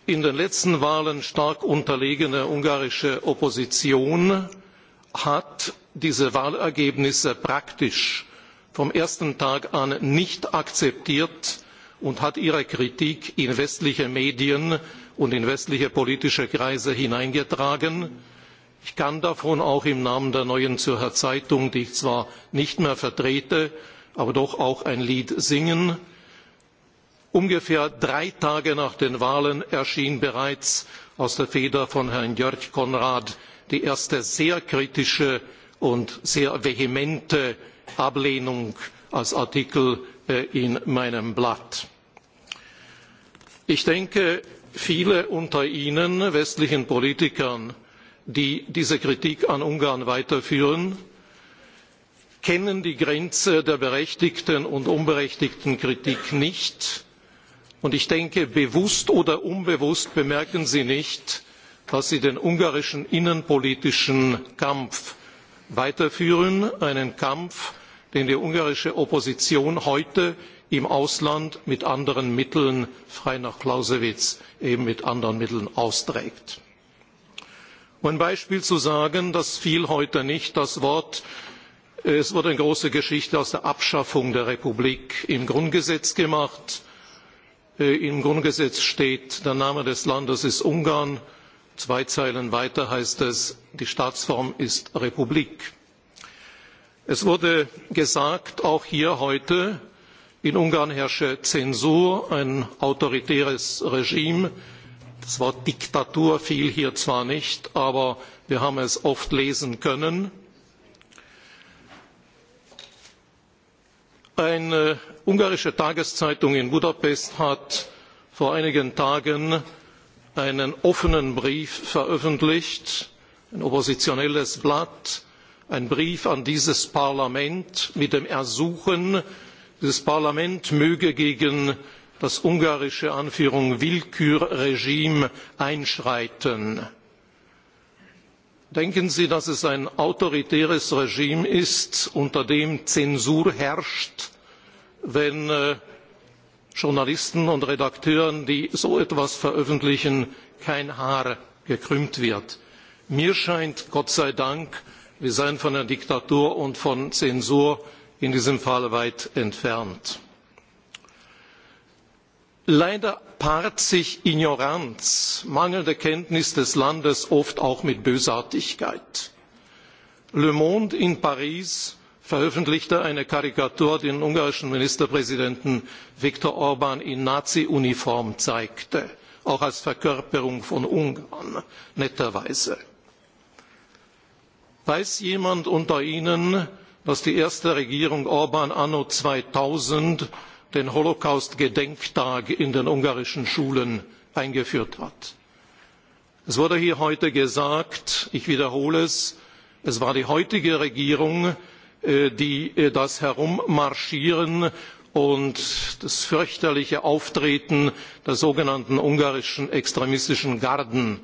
in den letzten Wahlen stark unterlegene ungarische Opposition hat diese Wahlergebnisse praktisch vom ersten Tag an nicht akzeptiert und hat ihre Kritik in westliche Medien und in westliche politische Kreise hineingetragen. Ich kann davon auch im Namen der Neuen Zürcher Zeitung, die ich zwar nicht mehr vertrete, aber doch auch ein Lied singen. Ungefähr drei Tage nach den Wahlen erschien bereits aus der Feder von Herrn Jörg Konrad die erste sehr kritische und sehr vehemente Ablehnung als Artikel äh, in meinem Blatt. Ich denke, viele unter Ihnen, westlichen Politikern, die diese Kritik an Ungarn weiterführen, kennen die Grenze der berechtigten und unberechtigten Kritik nicht Und ich denke, bewusst oder unbewusst bemerken sie nicht, dass sie den ungarischen innenpolitischen Kampf weiterführen, einen Kampf, den die ungarische Opposition heute im Ausland mit anderen Mitteln, frei nach Clausewitz, eben mit anderen Mitteln austrägt. Um ein Beispiel zu sagen, das fiel heute nicht, das Wort, es wurde eine große Geschichte aus der Abschaffung der Republik im Grundgesetz gemacht. Äh, Im Grundgesetz steht, der Name des Landes ist Ungarn. Zwei Zeilen weiter heißt es, die Staatsform ist Republik. Es wurde gesagt, auch hier heute, in Ungarn herrsche Zensur, ein autoritäres Regime. Das Wort Diktatur fiel hier zwar nicht, aber wir haben es oft lesen können. Eine ungarische Tageszeitung in Budapest hat vor einigen Tagen einen offenen Brief veröffentlicht, ein oppositionelles Blatt, ein Brief an dieses Parlament mit dem Ersuchen, dieses Parlament möge gegen das ungarische Anführung Willkürregime einschreiten. Denken Sie, dass es ein autoritäres Regime ist, unter dem Zensur herrscht, wenn äh, Journalisten und Redakteuren, die so etwas veröffentlichen, kein Haar gekrümmt wird? Mir scheint, Gott sei Dank, wir seien von der Diktatur und von Zensur in diesem Fall weit entfernt. Leider paart sich Ignoranz, mangelnde Kenntnis des Landes oft auch mit Bösartigkeit. Le Monde in Paris veröffentlichte eine Karikatur, die den ungarischen Ministerpräsidenten Viktor Orban in Nazi-Uniform zeigte, auch als Verkörperung von Ungarn, netterweise. Weiß jemand unter Ihnen, dass die erste Regierung Orban anno 2000 den Holocaust Gedenktag in den ungarischen Schulen eingeführt hat. Es wurde hier heute gesagt, ich wiederhole es, es war die heutige Regierung, äh, die äh, das Herummarschieren und das fürchterliche Auftreten der sogenannten ungarischen extremistischen Garden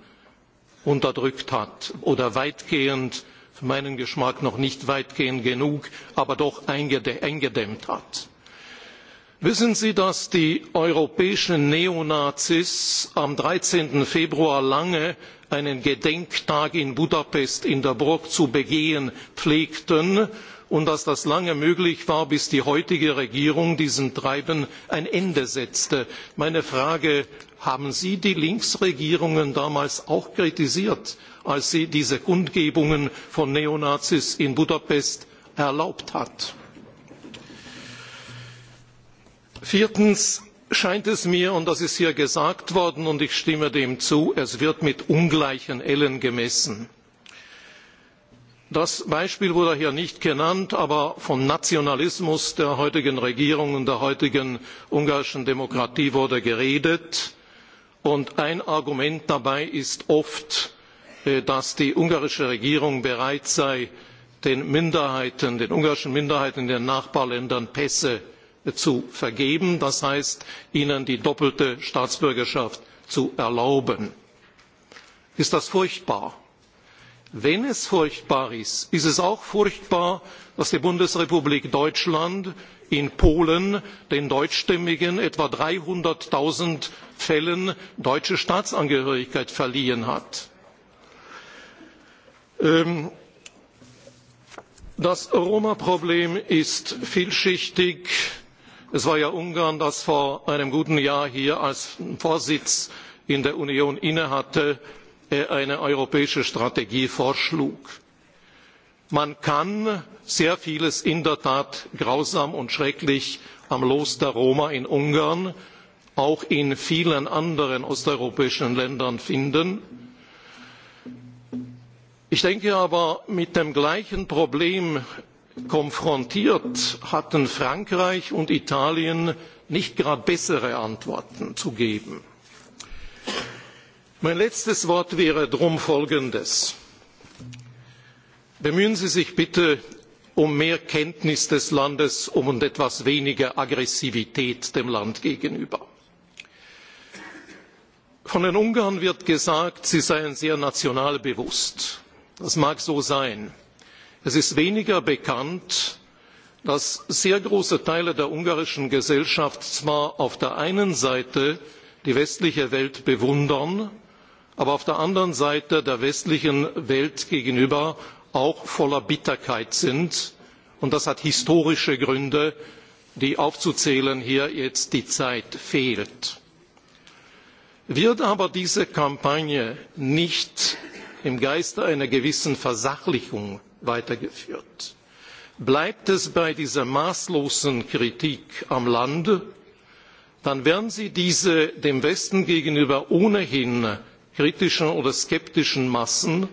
unterdrückt hat oder weitgehend, für meinen Geschmack noch nicht weitgehend genug, aber doch eingedämmt hat. Wissen Sie, dass die europäischen Neonazis am 13. Februar lange einen Gedenktag in Budapest in der Burg zu begehen pflegten und dass das lange möglich war, bis die heutige Regierung diesem Treiben ein Ende setzte? Meine Frage, haben Sie die Linksregierungen damals auch kritisiert, als sie diese Kundgebungen von Neonazis in Budapest erlaubt hat? Viertens scheint es mir, und das ist hier gesagt worden, und ich stimme dem zu, es wird mit ungleichen Ellen gemessen. Das Beispiel wurde hier nicht genannt, aber vom Nationalismus der heutigen Regierung und der heutigen ungarischen Demokratie wurde geredet. Und ein Argument dabei ist oft, äh, dass die ungarische Regierung bereit sei, den Minderheiten, den ungarischen Minderheiten in den Nachbarländern Pässe zu vergeben, das heißt, ihnen die doppelte Staatsbürgerschaft zu erlauben. Ist das furchtbar? Wenn es furchtbar ist, ist es auch furchtbar, dass die Bundesrepublik Deutschland in Polen den Deutschstämmigen etwa 300.000 Fällen deutsche Staatsangehörigkeit verliehen hat. Ähm, das Roma-Problem ist vielschichtig. Es war ja Ungarn, das vor einem guten Jahr hier als Vorsitz in der Union innehatte, eine europäische Strategie vorschlug. Man kann sehr vieles in der Tat grausam und schrecklich am Los der Roma in Ungarn, auch in vielen anderen osteuropäischen Ländern finden. Ich denke aber, mit dem gleichen Problem konfrontiert, hatten Frankreich und Italien nicht gerade bessere Antworten zu geben. Mein letztes Wort wäre drum folgendes. Bemühen Sie sich bitte um mehr Kenntnis des Landes um und etwas weniger Aggressivität dem Land gegenüber. Von den Ungarn wird gesagt, sie seien sehr nationalbewusst. Das mag so sein. Es ist weniger bekannt, dass sehr große Teile der ungarischen Gesellschaft zwar auf der einen Seite die westliche Welt bewundern, aber auf der anderen Seite der westlichen Welt gegenüber auch voller Bitterkeit sind. Und das hat historische Gründe, die aufzuzählen hier jetzt die Zeit fehlt. Wird aber diese Kampagne nicht im Geiste einer gewissen Versachlichung weitergeführt. Bleibt es bei dieser maßlosen Kritik am Lande, dann werden Sie diese dem Westen gegenüber ohnehin kritischen oder skeptischen Massen,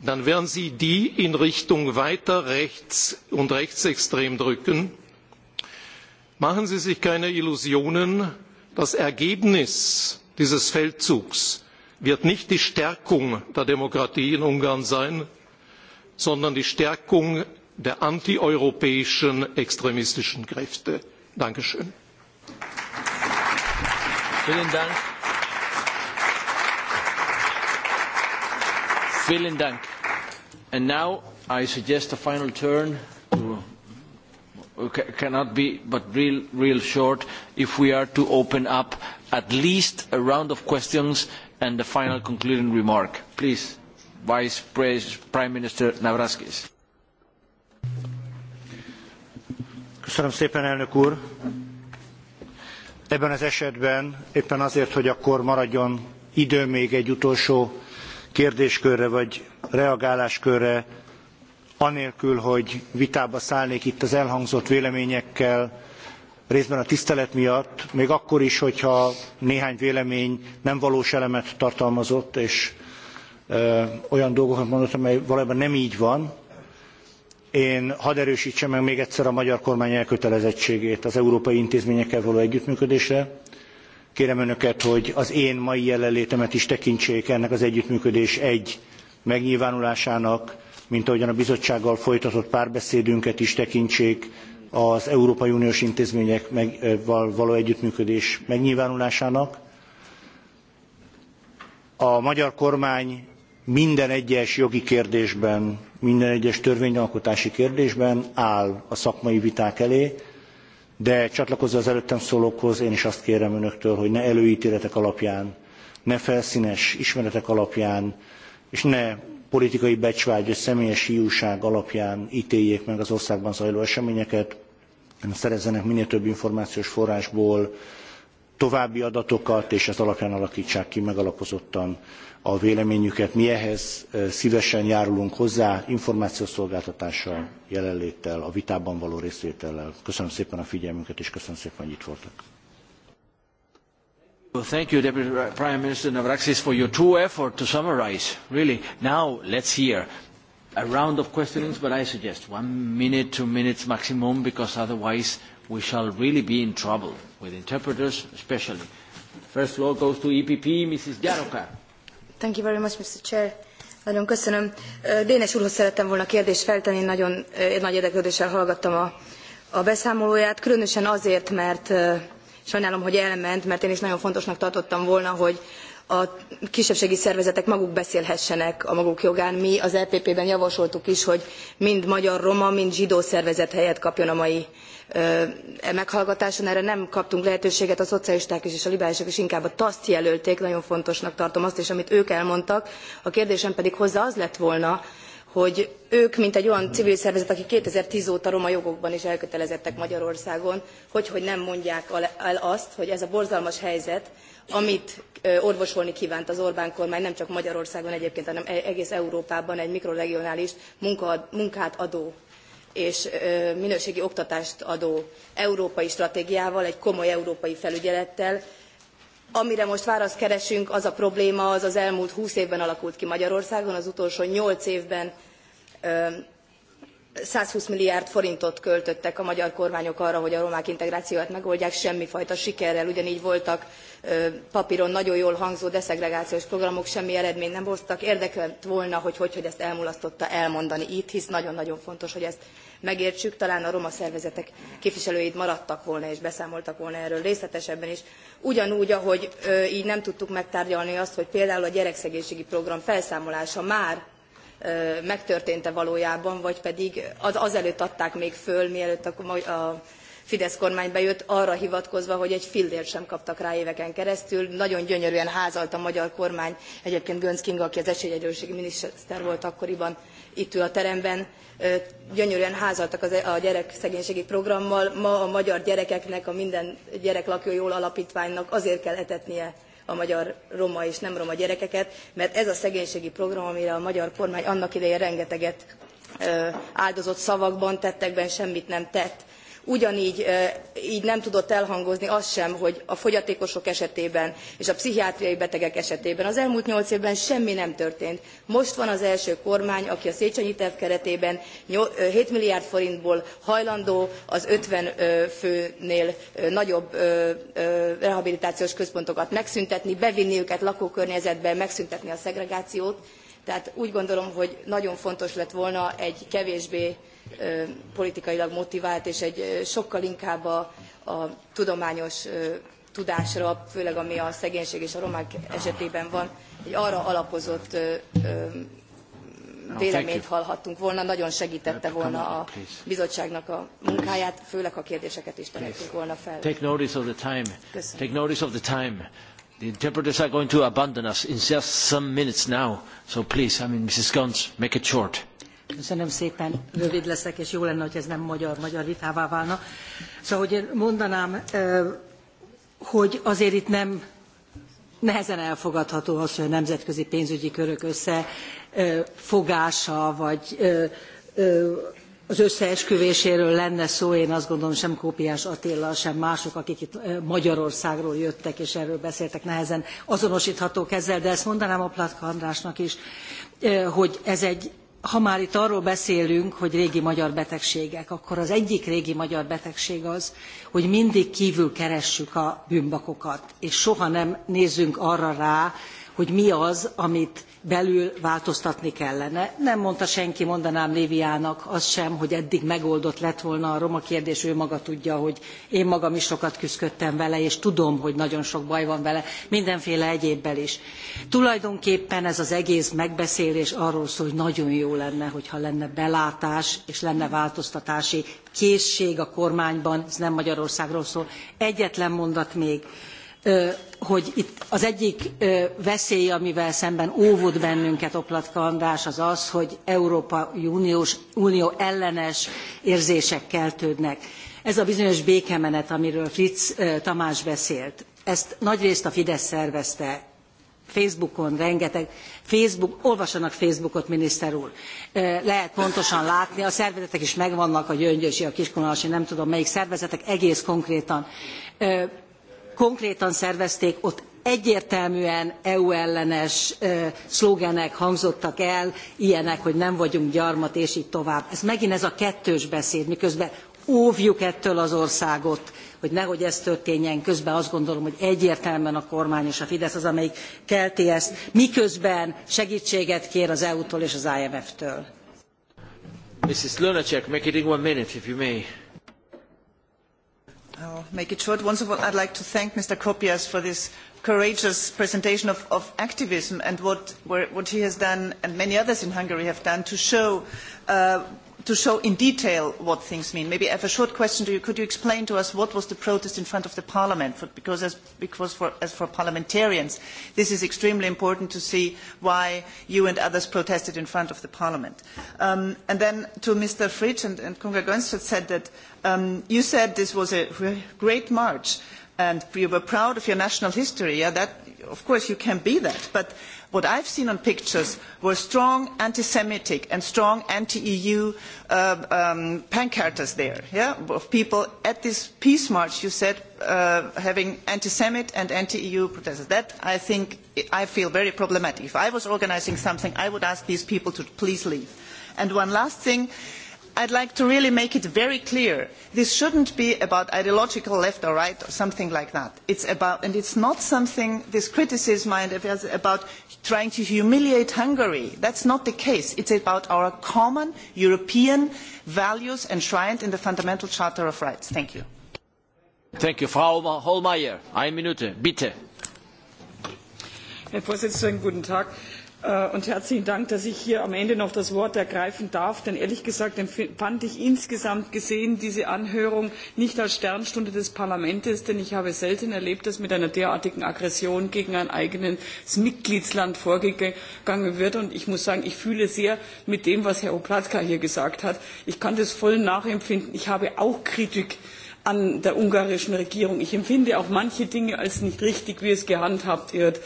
dann werden Sie die in Richtung weiter rechts und rechtsextrem drücken. Machen Sie sich keine Illusionen, das Ergebnis dieses Feldzugs wird nicht die Stärkung der Demokratie in Ungarn sein, sondern die Stärkung der antieuropäischen extremistischen Kräfte. Dankeschön. Vielen Dank. Vielen Dank. And now I suggest a final turn to uh, cannot be but real real short if we are to open up at least a round of questions and a final concluding remark. Please. Vice Prime Minister Navraskis. Köszönöm szépen, elnök úr! Ebben az esetben éppen azért, hogy akkor maradjon idő még egy utolsó kérdéskörre vagy reagáláskörre, anélkül, hogy vitába szállnék itt az elhangzott véleményekkel, részben a tisztelet miatt, még akkor is, hogyha néhány vélemény nem valós elemet tartalmazott, és olyan dolgokat mondott, amely valójában nem így van. Én hadd erősítsem meg még egyszer a magyar kormány elkötelezettségét az európai intézményekkel való együttműködésre. Kérem önöket, hogy az én mai jelenlétemet is tekintsék ennek az együttműködés egy megnyilvánulásának, mint ahogyan a bizottsággal folytatott párbeszédünket is tekintsék az Európai Uniós intézményekkel való együttműködés megnyilvánulásának. A magyar kormány minden egyes jogi kérdésben, minden egyes törvényalkotási kérdésben áll a szakmai viták elé, de csatlakozva az előttem szólókhoz én is azt kérem önöktől, hogy ne előítéletek alapján, ne felszínes ismeretek alapján, és ne politikai becsvágy és személyes hiúság alapján ítéljék meg az országban zajló eseményeket, hanem szerezzenek minél több információs forrásból további adatokat, és ez alapján alakítsák ki megalapozottan a véleményüket. Mi ehhez szívesen járulunk hozzá információszolgáltatással, jelenléttel, a vitában való részvétellel. Köszönöm szépen a figyelmünket, és köszönöm szépen, hogy itt voltak. Well, thank you, Deputy Prime Minister Navraxis, for your true effort to summarize. Really, now let's hear a round of questions, but I suggest one minute, two minutes maximum, because otherwise we shall really be in trouble with interpreters, especially. First floor goes to EPP, Mrs. Jaroka. Thank you very much, Mr. Chair. Nagyon köszönöm. Dénes úrhoz szerettem volna kérdést feltenni, Én nagyon én nagy érdeklődéssel hallgattam a, a beszámolóját, különösen azért, mert sajnálom, hogy elment, mert én is nagyon fontosnak tartottam volna, hogy a kisebbségi szervezetek maguk beszélhessenek a maguk jogán. Mi az EPP-ben javasoltuk is, hogy mind magyar roma, mind zsidó szervezet helyet kapjon a mai E meghallgatáson erre nem kaptunk lehetőséget, a szocialisták is és a liberálisok is inkább a TASZ jelölték, nagyon fontosnak tartom azt is, amit ők elmondtak. A kérdésem pedig hozzá az lett volna, hogy ők, mint egy olyan civil szervezet, aki 2010 óta roma jogokban is elkötelezettek Magyarországon, hogy, hogy nem mondják el azt, hogy ez a borzalmas helyzet, amit orvosolni kívánt az Orbán kormány, nem csak Magyarországon egyébként, hanem e-, egész Európában egy mikroregionális munkát adó és minőségi oktatást adó európai stratégiával, egy komoly európai felügyelettel. Amire most választ keresünk, az a probléma az az elmúlt 20 évben alakult ki Magyarországon, az utolsó 8 évben 120 milliárd forintot költöttek a magyar kormányok arra, hogy a romák integrációját megoldják semmifajta sikerrel. Ugyanígy voltak papíron nagyon jól hangzó deszegregációs programok, semmi eredmény nem hoztak. Érdekelt volna, hogy hogy, hogy ezt elmulasztotta elmondani itt, hisz nagyon-nagyon fontos, hogy ezt megértsük, talán a roma szervezetek képviselőid maradtak volna és beszámoltak volna erről részletesebben is. Ugyanúgy, ahogy ö, így nem tudtuk megtárgyalni azt, hogy például a gyerekszegénységi program felszámolása már ö, megtörtént-e valójában, vagy pedig az, azelőtt adták még föl, mielőtt a, a Fidesz kormány bejött, arra hivatkozva, hogy egy fillért sem kaptak rá éveken keresztül. Nagyon gyönyörűen házalt a magyar kormány, egyébként Gönc King, aki az esélyegyenlőségi miniszter volt akkoriban, itt ül a teremben, gyönyörűen házaltak az, e- a gyerek szegénységi programmal. Ma a magyar gyerekeknek, a minden gyerek lakjon jól alapítványnak azért kell etetnie a magyar roma és nem roma gyerekeket, mert ez a szegénységi program, amire a magyar kormány annak idején rengeteget áldozott szavakban, tettekben semmit nem tett ugyanígy így nem tudott elhangozni az sem, hogy a fogyatékosok esetében és a pszichiátriai betegek esetében az elmúlt nyolc évben semmi nem történt. Most van az első kormány, aki a Széchenyi terv keretében 7 milliárd forintból hajlandó az 50 főnél nagyobb rehabilitációs központokat megszüntetni, bevinni őket lakókörnyezetbe, megszüntetni a szegregációt. Tehát úgy gondolom, hogy nagyon fontos lett volna egy kevésbé politikailag motivált, és egy sokkal inkább a, a tudományos tudásra, főleg ami a szegénység és a romák esetében van, egy arra alapozott véleményt hallhattunk volna, nagyon segítette volna a bizottságnak a munkáját, főleg a kérdéseket is tehettünk volna fel. Take notice of the time. Köszönöm. Take notice of the time. The interpreters are going to abandon us in just some minutes now. So please, I mean, Mrs. Gons, make it short. Köszönöm szépen, rövid leszek, és jó lenne, hogy ez nem magyar-magyar vitává válna. Szóval, hogy én mondanám, hogy azért itt nem nehezen elfogadható az, hogy a nemzetközi pénzügyi körök összefogása, vagy az összeesküvéséről lenne szó, én azt gondolom sem Kópiás Attila, sem mások, akik itt Magyarországról jöttek és erről beszéltek, nehezen azonosíthatók ezzel, de ezt mondanám a Platka Andrásnak is, hogy ez egy ha már itt arról beszélünk, hogy régi magyar betegségek, akkor az egyik régi magyar betegség az, hogy mindig kívül keressük a bűnbakokat, és soha nem nézzünk arra rá, hogy mi az, amit belül változtatni kellene. Nem mondta senki, mondanám Léviának az sem, hogy eddig megoldott lett volna a roma kérdés, ő maga tudja, hogy én magam is sokat küzdöttem vele, és tudom, hogy nagyon sok baj van vele, mindenféle egyébbel is. Tulajdonképpen ez az egész megbeszélés arról szól, hogy nagyon jó lenne, hogyha lenne belátás, és lenne változtatási készség a kormányban, ez nem Magyarországról szól. Egyetlen mondat még hogy itt az egyik veszély, amivel szemben óvod bennünket Oplatka András, az az, hogy Európa Uniós, Unió ellenes érzések keltődnek. Ez a bizonyos békemenet, amiről Fritz Tamás beszélt, ezt nagyrészt a Fidesz szervezte, Facebookon rengeteg, Facebook, olvassanak Facebookot, miniszter úr. Lehet pontosan látni, a szervezetek is megvannak, a gyöngyösi, a kiskunalasi, nem tudom melyik szervezetek egész konkrétan konkrétan szervezték, ott egyértelműen EU ellenes szlogenek hangzottak el, ilyenek, hogy nem vagyunk gyarmat, és így tovább. Ez megint ez a kettős beszéd, miközben óvjuk ettől az országot, hogy nehogy ez történjen, közben azt gondolom, hogy egyértelműen a kormány és a Fidesz az, amelyik kelti ezt, miközben segítséget kér az EU-tól és az IMF-től. Mrs. Lunacek, make it in one minute, if you may. I'll make it short. Once of all, I'd like to thank Mr. Kopias for this courageous presentation of, of activism and what, where, what he has done and many others in Hungary have done to show uh, to show in detail what things mean. Maybe I have a short question to you. Could you explain to us what was the protest in front of the Parliament? For, because as, because for, as for parliamentarians, this is extremely important to see why you and others protested in front of the Parliament. Um, and then to Mr. Fritsch and, and Kunga Gönstedt said that um, you said this was a great march and you were proud of your national history. Yeah, that, of course you can be that. But what I have seen on pictures were strong anti-Semitic and strong anti-EU uh, um, pancartas there, yeah, of people at this peace march, you said, uh, having anti-Semit and anti-EU protesters. That, I think, I feel very problematic. If I was organising something, I would ask these people to please leave. And one last thing, I would like to really make it very clear. This should not be about ideological left or right or something like that. It's about, and it's not something, this criticism is about trying to humiliate Hungary. That is not the case. It is about our common European values enshrined in the Fundamental Charter of Rights. Thank you. Thank you. Frau Holmeier, eine Minute, bitte. Herr Präsident, guten Tag. Äh, und herzlichen Dank, dass ich hier am Ende noch das Wort ergreifen darf, denn ehrlich gesagt empfand ich insgesamt gesehen diese Anhörung nicht als Sternstunde des Parlaments, denn ich habe selten erlebt, dass mit einer derartigen Aggression gegen ein eigenes Mitgliedsland vorgegangen wird. Und ich muss sagen, ich fühle sehr mit dem, was Herr Oplatka hier gesagt hat. Ich kann das voll nachempfinden. Ich habe auch Kritik an der ungarischen Regierung. Ich empfinde auch manche Dinge als nicht richtig, wie es gehandhabt wird.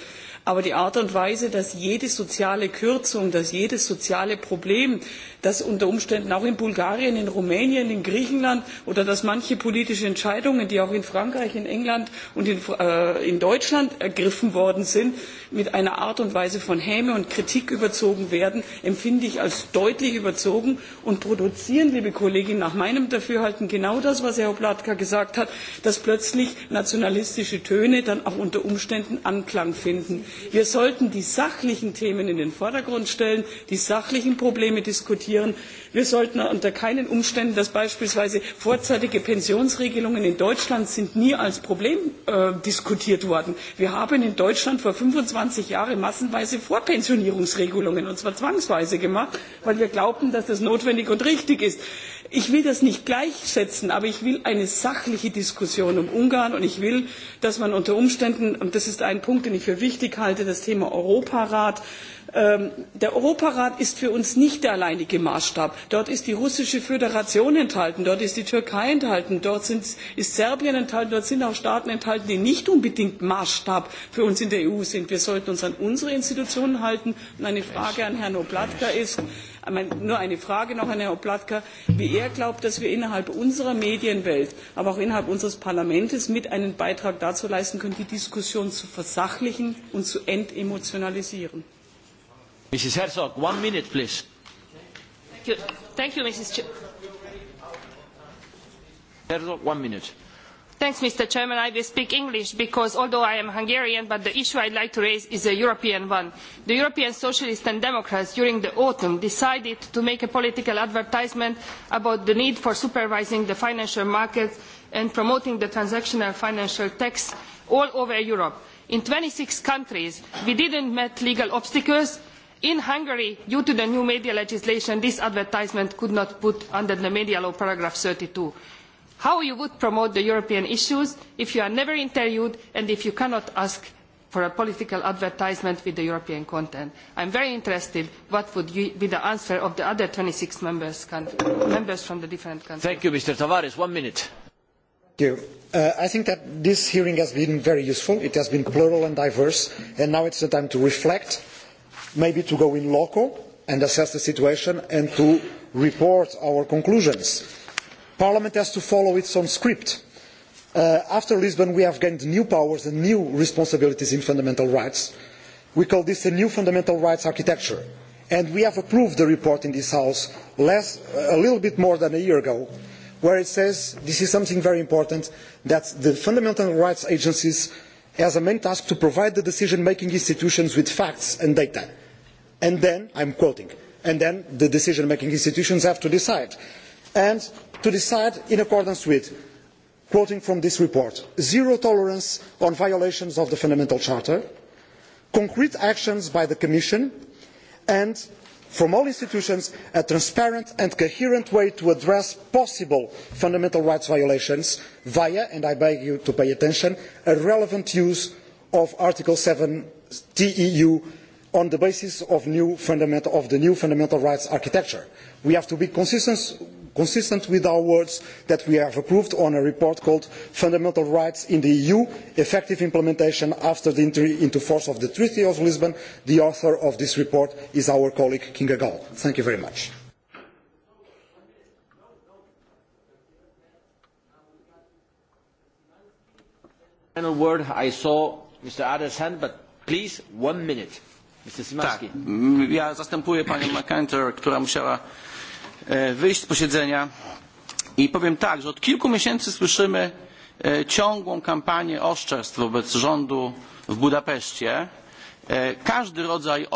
Aber die Art und Weise, dass jede soziale Kürzung, dass jedes soziale Problem dass unter Umständen auch in Bulgarien, in Rumänien, in Griechenland oder dass manche politische Entscheidungen, die auch in Frankreich, in England und in, äh, in Deutschland ergriffen worden sind, mit einer Art und Weise von Häme und Kritik überzogen werden, empfinde ich als deutlich überzogen und produzieren, liebe Kollegin, nach meinem Dafürhalten genau das, was Herr Oplatka gesagt hat, dass plötzlich nationalistische Töne dann auch unter Umständen Anklang finden. Wir sollten die sachlichen Themen in den Vordergrund stellen, die sachlichen Probleme diskutieren, diskutieren. Wir sollten unter keinen Umständen, dass beispielsweise vorzeitige Pensionsregelungen in Deutschland sind nie als Problem äh, diskutiert worden. Wir haben in Deutschland vor 25 Jahren massenweise Vorpensionierungsregelungen, und zwar zwangsweise gemacht, weil wir glaubten, dass das notwendig und richtig ist. Ich will das nicht gleichsetzen, aber ich will eine sachliche Diskussion um Ungarn und ich will, dass man unter Umständen, und das ist ein Punkt, den ich für wichtig halte, das Thema Europarat, Ähm, der Europarat ist für uns nicht der alleinige Maßstab. Dort ist die russische Föderation enthalten, dort ist die Türkei enthalten, dort sind, ist Serbien enthalten, dort sind auch Staaten enthalten, die nicht unbedingt Maßstab für uns in der EU sind. Wir sollten uns an unsere Institutionen halten. Und eine Frage an Herrn Oblatka ist, nur eine Frage noch an Herrn Oblatka, wie er glaubt, dass wir innerhalb unserer Medienwelt, aber auch innerhalb unseres Parlaments mit einen Beitrag dazu leisten können, die Diskussion zu versachlichen und zu entemotionalisieren. Mrs. Herzog, one minute, please. Thank you, Thank you Mrs. Ch Herzog, one minute. Thanks, Mr. Chairman. I will speak English because although I am Hungarian, but the issue I would like to raise is a European one. The European Socialists and Democrats during the autumn decided to make a political advertisement about the need for supervising the financial markets and promoting the transactional financial tax all over Europe. In twenty six countries, we did not meet legal obstacles, In Hungary, due to the new media legislation, this advertisement could not put under the media law paragraph thirty two. How you would promote the European issues if you are never interviewed and if you cannot ask for a political advertisement with the European content? I am very interested what would be the answer of the other twenty six members from the different countries. Thank you, Mr. Tavares. One minute. Uh, I think that this hearing has been very useful. It has been plural and diverse, and now it is the time to reflect maybe to go in loco and assess the situation and to report our conclusions. Parliament has to follow its own script. Uh, after Lisbon, we have gained new powers and new responsibilities in fundamental rights. We call this a new fundamental rights architecture. And we have approved the report in this House less, a little bit more than a year ago, where it says this is something very important that the fundamental rights agencies has a main task to provide the decision making institutions with facts and data And then, I am quoting, and then the decision-making institutions have to decide. And to decide in accordance with, quoting from this report, zero tolerance on violations of the Fundamental Charter, concrete actions by the Commission, and from all institutions a transparent and coherent way to address possible fundamental rights violations via, and I beg you to pay attention, a relevant use of Article 7 TEU on the basis of, new fundamental, of the new fundamental rights architecture. We have to be consistent, consistent with our words that we have approved on a report called Fundamental Rights in the EU, Effective Implementation After the Entry into Force of the Treaty of Lisbon. The author of this report is our colleague Kinga Gall. Thank you very much. Final word, I saw Mr. Adder's hand, but please, one minute. Tak. Mm, ja zastępuję panią McEnther, która musiała e, wyjść z posiedzenia i powiem tak, że od kilku miesięcy słyszymy e, ciągłą kampanię oszczerstw wobec rządu w Budapeszcie E, każdy rodzaj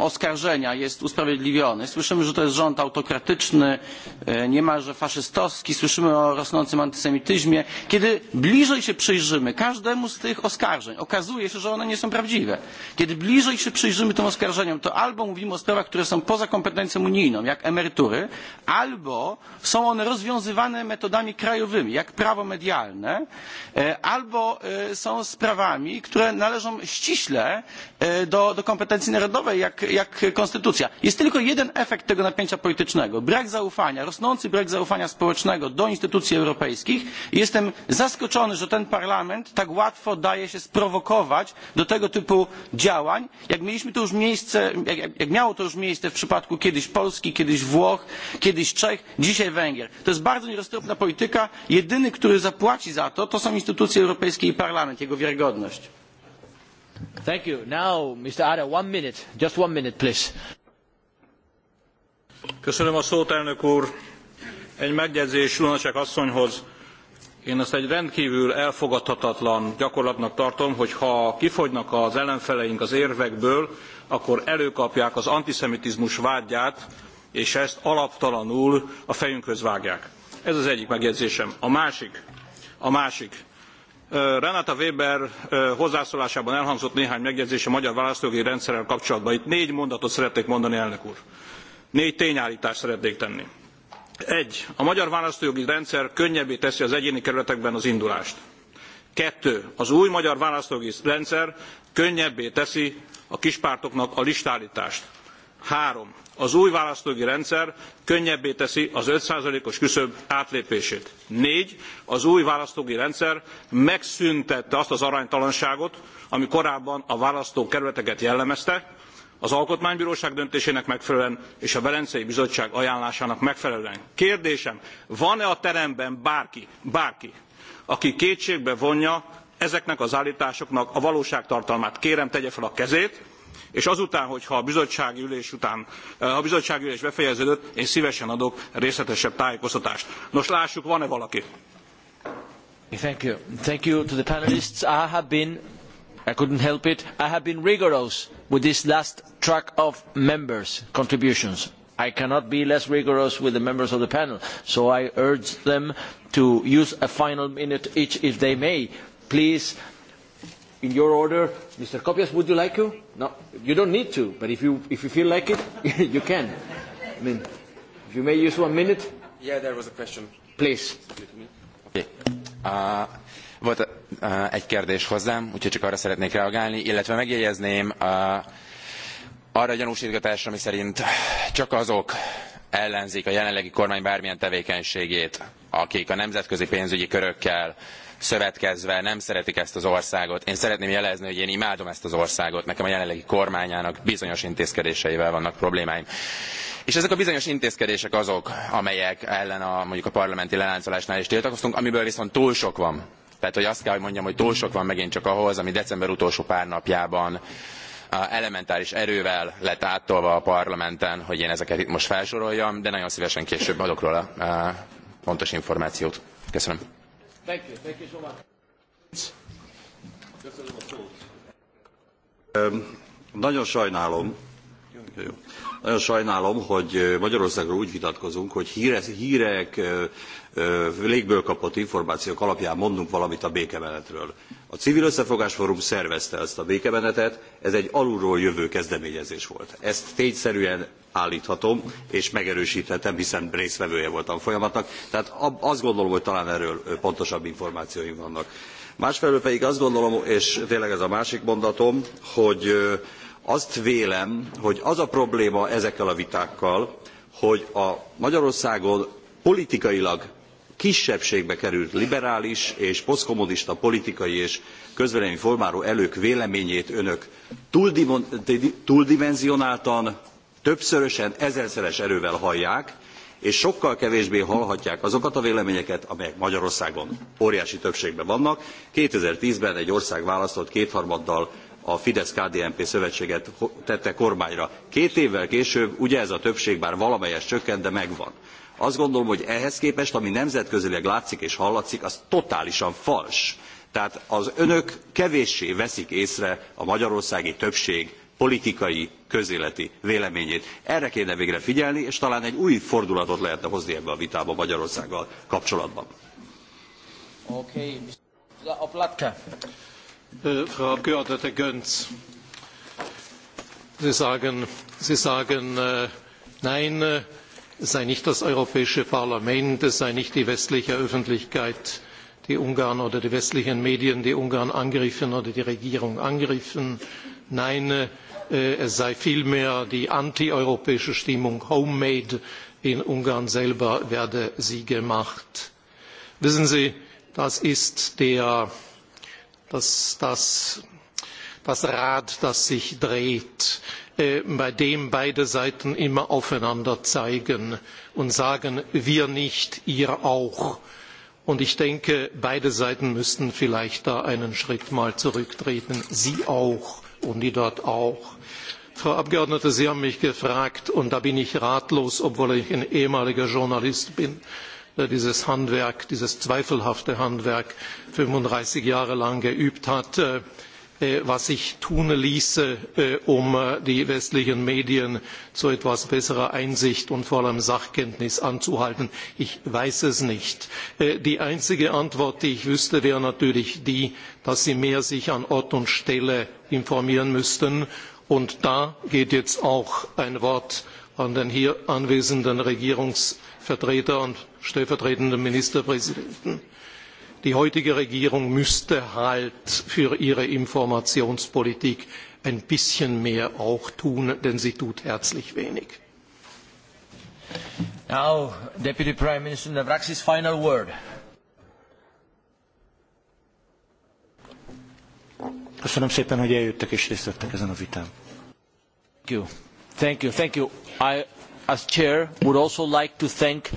oskarżenia jest usprawiedliwiony. Słyszymy, że to jest rząd autokratyczny, e, niemalże faszystowski, słyszymy o rosnącym antysemityzmie. Kiedy bliżej się przyjrzymy każdemu z tych oskarżeń, okazuje się, że one nie są prawdziwe. Kiedy bliżej się przyjrzymy tym oskarżeniom, to albo mówimy o sprawach, które są poza kompetencją unijną, jak emerytury, albo są one rozwiązywane metodami krajowymi, jak prawo medialne, e, albo są sprawami, które należą ściśle E, do, do kompetencji narodowej jak, jak konstytucja. Jest tylko jeden efekt tego napięcia politycznego. Brak zaufania, rosnący brak zaufania społecznego do instytucji europejskich. Jestem zaskoczony, że ten parlament tak łatwo daje się sprowokować do tego typu działań, jak mieliśmy to już miejsce, jak, jak miało to już miejsce w przypadku kiedyś Polski, kiedyś Włoch, kiedyś Czech, dzisiaj Węgier. To jest bardzo nieroztropna polityka. Jedyny, który zapłaci za to, to są instytucje europejskie i parlament, jego wiarygodność. Thank you. Now, Mr. Ada, one minute. Just one minute, please. Köszönöm a szót, elnök úr. Egy megjegyzés Lunacek asszonyhoz. Én ezt egy rendkívül elfogadhatatlan gyakorlatnak tartom, hogy ha kifogynak az ellenfeleink az érvekből, akkor előkapják az antiszemitizmus vágyát, és ezt alaptalanul a fejünkhöz vágják. Ez az egyik megjegyzésem. A másik, a másik Renata Weber hozzászólásában elhangzott néhány megjegyzés a magyar választógi rendszerrel kapcsolatban. Itt négy mondatot szeretnék mondani, elnök úr. Négy tényállítást szeretnék tenni. Egy, a magyar választójogi rendszer könnyebbé teszi az egyéni kerületekben az indulást. Kettő, az új magyar választójogi rendszer könnyebbé teszi a kispártoknak a listállítást. Három, az új választógi rendszer könnyebbé teszi az 5%-os küszöb átlépését. Négy, az új választógi rendszer megszüntette azt az aránytalanságot, ami korábban a választókerületeket jellemezte, az Alkotmánybíróság döntésének megfelelően és a Velencei Bizottság ajánlásának megfelelően. Kérdésem, van-e a teremben bárki, bárki, aki kétségbe vonja ezeknek az állításoknak a valóságtartalmát? Kérem, tegye fel a kezét, és azután, hogyha a bizottsági ülés után, eh, a bizottsági ülés befejeződött, én szívesen adok részletesebb tájékoztatást. Nos, lássuk, van-e valaki? Thank you. Thank you to the panelists. I have been, I couldn't help it, I have been rigorous with this last track of members' contributions. I cannot be less rigorous with the members of the panel, so I urge them to use a final minute each if they may. Please in your order. Mr. Kopias, would you like to? No, you don't need to, but if you, if you feel like it, you can. I mean, if you may use one minute. Yeah, there was a question. Please. Okay. Uh, volt uh, egy kérdés hozzám, úgyhogy csak arra szeretnék reagálni, illetve megjegyezném uh, arra a gyanúsítgatásra, ami szerint csak azok ellenzik a jelenlegi kormány bármilyen tevékenységét, akik a nemzetközi pénzügyi körökkel uh, szövetkezve nem szeretik ezt az országot. Én szeretném jelezni, hogy én imádom ezt az országot, nekem a jelenlegi kormányának bizonyos intézkedéseivel vannak problémáim. És ezek a bizonyos intézkedések azok, amelyek ellen a, mondjuk a parlamenti leláncolásnál is tiltakoztunk, amiből viszont túl sok van. Tehát, hogy azt kell, hogy mondjam, hogy túl sok van megint csak ahhoz, ami december utolsó pár napjában elementáris erővel lett áttolva a parlamenten, hogy én ezeket itt most felsoroljam, de nagyon szívesen később adok róla eh, pontos információt. Köszönöm. Thank you. Thank you so much. nagyon sajnálom, nagyon sajnálom, hogy eh, Magyarországról úgy vitatkozunk, hogy hírek, hírek eh, eh, légből kapott információk alapján mondunk valamit a békemenetről. A Civil Összefogás Fórum szervezte ezt a békemenetet, ez egy alulról jövő kezdeményezés volt. Ezt tényszerűen állíthatom, és megerősíthetem, hiszen résztvevője voltam a folyamatnak. Tehát azt gondolom, hogy talán erről pontosabb információim vannak. Másfelől pedig azt gondolom, és tényleg ez a másik mondatom, hogy azt vélem, hogy az a probléma ezekkel a vitákkal, hogy a Magyarországon politikailag kisebbségbe került liberális és posztkommunista politikai és közvélemény formáló elők véleményét önök túldimenzionáltan, többszörösen, ezerszeres erővel hallják, és sokkal kevésbé hallhatják azokat a véleményeket, amelyek Magyarországon óriási többségben vannak. 2010-ben egy ország választott kétharmaddal a Fidesz-KDNP szövetséget tette kormányra. Két évvel később ugye ez a többség bár valamelyes csökkent, de megvan. Azt gondolom, hogy ehhez képest, ami nemzetközileg látszik és hallatszik, az totálisan fals. Tehát az önök kevéssé veszik észre a magyarországi többség politikai, közéleti véleményét. Erre kéne végre figyelni, és talán egy új fordulatot lehetne hozni ebbe a vitába Magyarországgal kapcsolatban. Okay. Äh, Frau Abgeordnete Sie sagen, Sie sagen äh, nein, äh, es sei nicht das Europäische Parlament, es sei nicht die westliche Öffentlichkeit, die Ungarn oder die westlichen Medien, die Ungarn angriffen oder die Regierung angriffen. Nein, äh, es sei vielmehr die antieuropäische Stimmung homemade in Ungarn selber werde sie gemacht. Wissen Sie, das ist der, das, das, das Rad, das sich dreht, äh, bei dem beide Seiten immer aufeinander zeigen und sagen, wir nicht, ihr auch. Und ich denke, beide Seiten müssten vielleicht da einen Schritt mal zurücktreten, Sie auch und die dort auch. Frau Abgeordnete, Sie haben mich gefragt, und da bin ich ratlos, obwohl ich ein ehemaliger Journalist bin, der dieses Handwerk, dieses zweifelhafte Handwerk 35 Jahre lang geübt hat. Äh, was sich tun ließe, äh, um äh, die westlichen Medien zu etwas besserer Einsicht und vor allem Sachkenntnis anzuhalten? Ich weiß es nicht. Äh, die einzige Antwort, die ich wüsste, wäre natürlich die, dass sie mehr sich an Ort und Stelle informieren müssten. Und da geht jetzt auch ein Wort an den hier anwesenden Regierungsvertreter und stellvertretenden Ministerpräsidenten. Die heutige Regierung müsste halt für ihre Informationspolitik ein bisschen mehr auch tun, denn sie tut herzlich wenig. Now, Deputy Prime Minister Navraxis, final word. Köszönöm szépen, hogy eljöttek és részt vettek ezen a vitán. Thank you. Thank you. Thank you. I, as chair, would also like to thank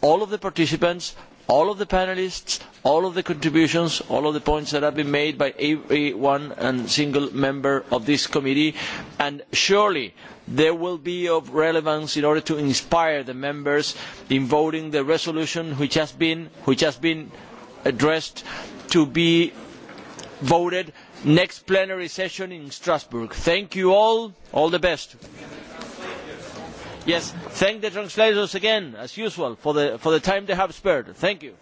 all of the participants all of the panelists, all of the contributions, all of the points that have been made by every one and single member of this committee, and surely they will be of relevance in order to inspire the members in voting the resolution which has been, which has been addressed to be voted next plenary session in Strasbourg. Thank you all. All the best. Yes, thank the translators again, as usual, for the, for the time they have spared. Thank you.